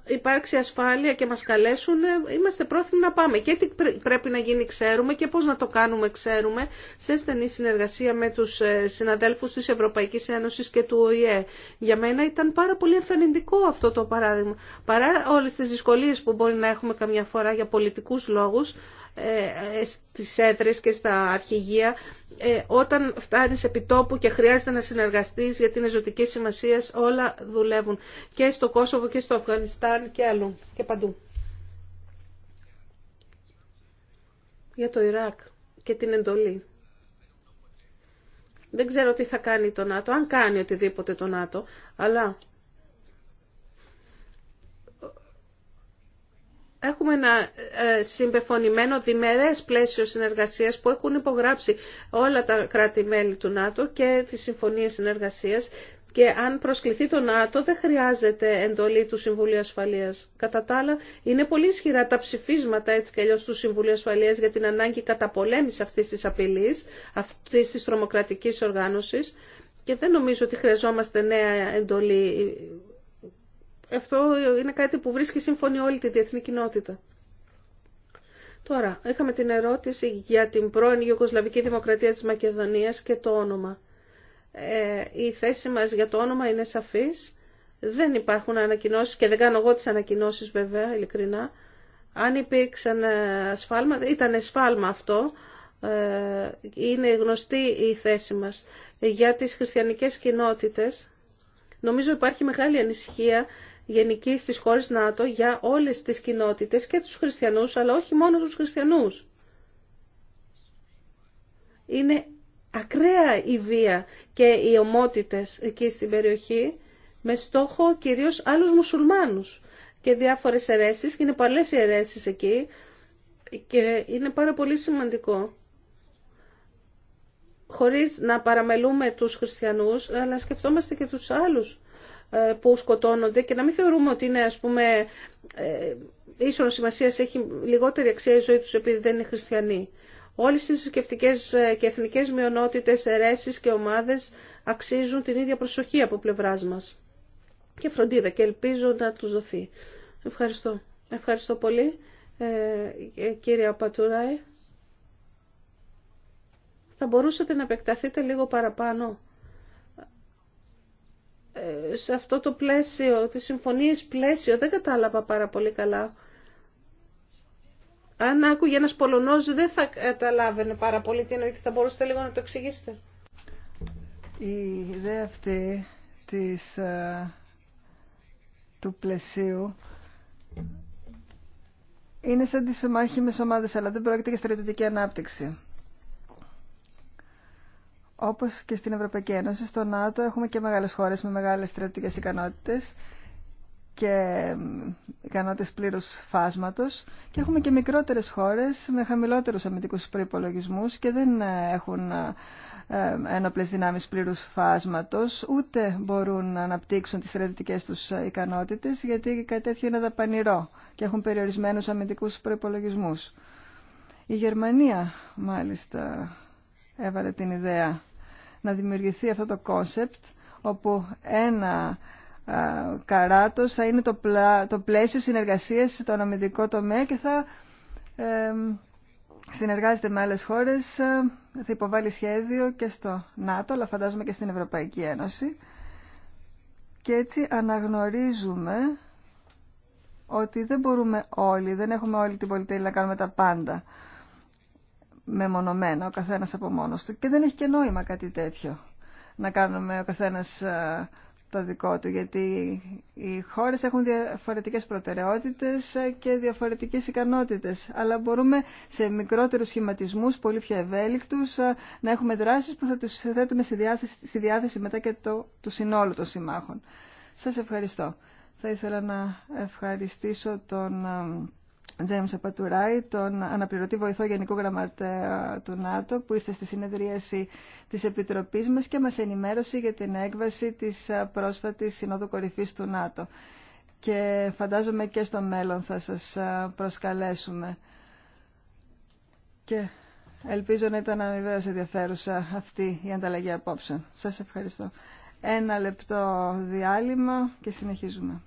υπάρξει ασφάλεια και μας καλέσουν, ε, είμαστε πρόθυμοι να πάμε. Και τι πρέπει να γίνει ξέρουμε και πώς να το κάνουμε ξέρουμε σε στενή συνεργασία με τους ε, συναδέλφους της Ευρωπαϊκής Ένωσης και του ΟΗΕ. Για μένα ήταν πάρα πολύ ενθαρρυντικό αυτό το παράδειγμα. Παρά όλες τις δυσκολίες που μπορεί να έχουμε καμιά φορά για πολιτικούς λόγους, ε, ε, στις έδρες και στα αρχηγεία ε, όταν φτάνεις επί τόπου και χρειάζεται να συνεργαστείς για την ζωτική σημασία όλα δουλεύουν και στο Κόσοβο και στο Αφγανιστάν και αλλού και παντού. Για το Ιράκ και την εντολή. Δεν ξέρω τι θα κάνει το ΝΑΤΟ, αν κάνει οτιδήποτε το ΝΑΤΟ, αλλά Έχουμε ένα ε, συμπεφωνημένο διμερές πλαίσιο συνεργασίας που έχουν υπογράψει όλα τα κράτη-μέλη του ΝΑΤΟ και τις συμφωνίες συνεργασίας και αν προσκληθεί το ΝΑΤΟ δεν χρειάζεται εντολή του Συμβουλίου Ασφαλείας. Κατά τα άλλα είναι πολύ ισχυρά τα ψηφίσματα έτσι και αλλιώς του Συμβουλίου Ασφαλείας για την ανάγκη καταπολέμηση αυτής της απειλής, αυτής της τρομοκρατικής οργάνωσης και δεν νομίζω ότι χρειαζόμαστε νέα εντολή αυτό είναι κάτι που βρίσκει σύμφωνη όλη τη διεθνή κοινότητα. Τώρα, είχαμε την ερώτηση για την πρώην Ιουγκοσλαβική Δημοκρατία της Μακεδονίας και το όνομα. Ε, η θέση μας για το όνομα είναι σαφής. Δεν υπάρχουν ανακοινώσεις και δεν κάνω εγώ τις ανακοινώσεις βέβαια, ειλικρινά. Αν υπήρξαν ασφάλματα, ε, ήταν ασφάλμα αυτό, ε, είναι γνωστή η θέση μας. Για τις χριστιανικές κοινότητες, νομίζω υπάρχει μεγάλη ανησυχία γενική στις χώρες ΝΑΤΟ για όλες τις κοινότητες και τους χριστιανούς, αλλά όχι μόνο τους χριστιανούς. Είναι ακραία η βία και οι ομότητες εκεί στην περιοχή με στόχο κυρίως άλλους μουσουλμάνους και διάφορες αιρέσεις και είναι πολλές οι αιρέσεις εκεί και είναι πάρα πολύ σημαντικό χωρίς να παραμελούμε τους χριστιανούς αλλά σκεφτόμαστε και τους άλλους ε, που σκοτώνονται και να μην θεωρούμε ότι είναι ας πούμε ε, ίσονο σημασία έχει λιγότερη αξία η ζωή τους επειδή δεν είναι χριστιανοί. Όλες τις θρησκευτικέ ε, και εθνικές μειονότητες, αιρέσεις και ομάδες αξίζουν την ίδια προσοχή από πλευράς μας και φροντίδα και ελπίζω να τους δοθεί. Ευχαριστώ. Ευχαριστώ πολύ ε, κύριε Πατουράη. Θα μπορούσατε να επεκταθείτε λίγο παραπάνω ε, σε αυτό το πλαίσιο, τη συμφωνίες πλαίσιο, δεν κατάλαβα πάρα πολύ καλά. Αν άκουγε ένας Πολωνός δεν θα καταλάβαινε πάρα πολύ τι εννοείται, θα μπορούσατε λίγο να το εξηγήσετε. Η ιδέα αυτή της, ε, του πλαισίου είναι σαν τη μάχη με ομάδες, αλλά δεν πρόκειται για στρατιωτική ανάπτυξη. Όπως και στην Ευρωπαϊκή Ένωση, στο ΝΑΤΟ έχουμε και μεγάλες χώρες με μεγάλες στρατηγικές ικανότητες και ικανότητες πλήρους φάσματος και έχουμε και μικρότερες χώρες με χαμηλότερους αμυντικούς προϋπολογισμούς και δεν ε, έχουν ε, ε, ένοπλες δυνάμεις πλήρους φάσματος ούτε μπορούν να αναπτύξουν τις στρατιωτικές τους ικανότητες γιατί κάτι τέτοιο είναι δαπανηρό και έχουν περιορισμένους αμυντικούς προπολογισμού. Η Γερμανία μάλιστα έβαλε την ιδέα να δημιουργηθεί αυτό το κόνσεπτ όπου ένα καράτος θα είναι το, το πλαίσιο συνεργασίας το αμυντικό τομέα και θα συνεργάζεται με άλλες χώρες, θα υποβάλει σχέδιο και στο ΝΑΤΟ, αλλά φαντάζομαι και στην Ευρωπαϊκή Ένωση. Και έτσι αναγνωρίζουμε ότι δεν μπορούμε όλοι, δεν έχουμε όλοι την πολυτέλεια να κάνουμε τα πάντα μεμονωμένα ο καθένας από μόνος του και δεν έχει και νόημα κάτι τέτοιο να κάνουμε ο καθένας ε, το δικό του γιατί οι χώρες έχουν διαφορετικές προτεραιότητες ε, και διαφορετικές ικανότητες αλλά μπορούμε σε μικρότερους σχηματισμούς πολύ πιο ευέλικτους ε, να έχουμε δράσεις που θα τους θέτουμε στη διάθεση, στη διάθεση μετά και το, του συνόλου των συμμάχων. Σας ευχαριστώ. Θα ήθελα να ευχαριστήσω τον Τζέιμ Απατουράη, τον αναπληρωτή βοηθό Γενικού Γραμματέα του ΝΑΤΟ, που ήρθε στη συνεδρίαση της Επιτροπής μας και μας ενημέρωσε για την έκβαση της πρόσφατης Συνόδου Κορυφής του ΝΑΤΟ. Και φαντάζομαι και στο μέλλον θα σας προσκαλέσουμε. Και ελπίζω να ήταν αμοιβαίως ενδιαφέρουσα αυτή η ανταλλαγή απόψε. Σας ευχαριστώ. Ένα λεπτό διάλειμμα και συνεχίζουμε.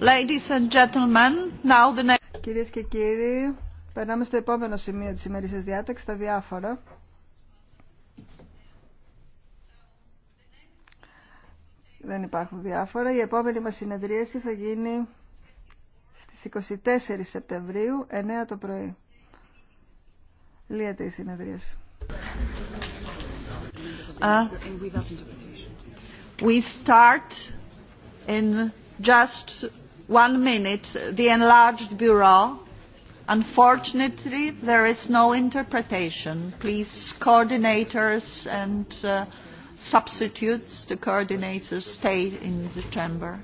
Ladies and gentlemen, now the next Κυρίε και κύριοι, περνάμε στο επόμενο σημείο τη ημερήσια διάταξη, τα διάφορα. Δεν υπάρχουν διάφορα. Η επόμενη μας συνεδρίαση θα γίνει στις 24 Σεπτεμβρίου, 9 το πρωί. Λύεται η συνεδρίαση. Uh, we start in just one minute the enlarged bureau unfortunately there is no interpretation please coordinators and substitutes the coordinators stay in the chamber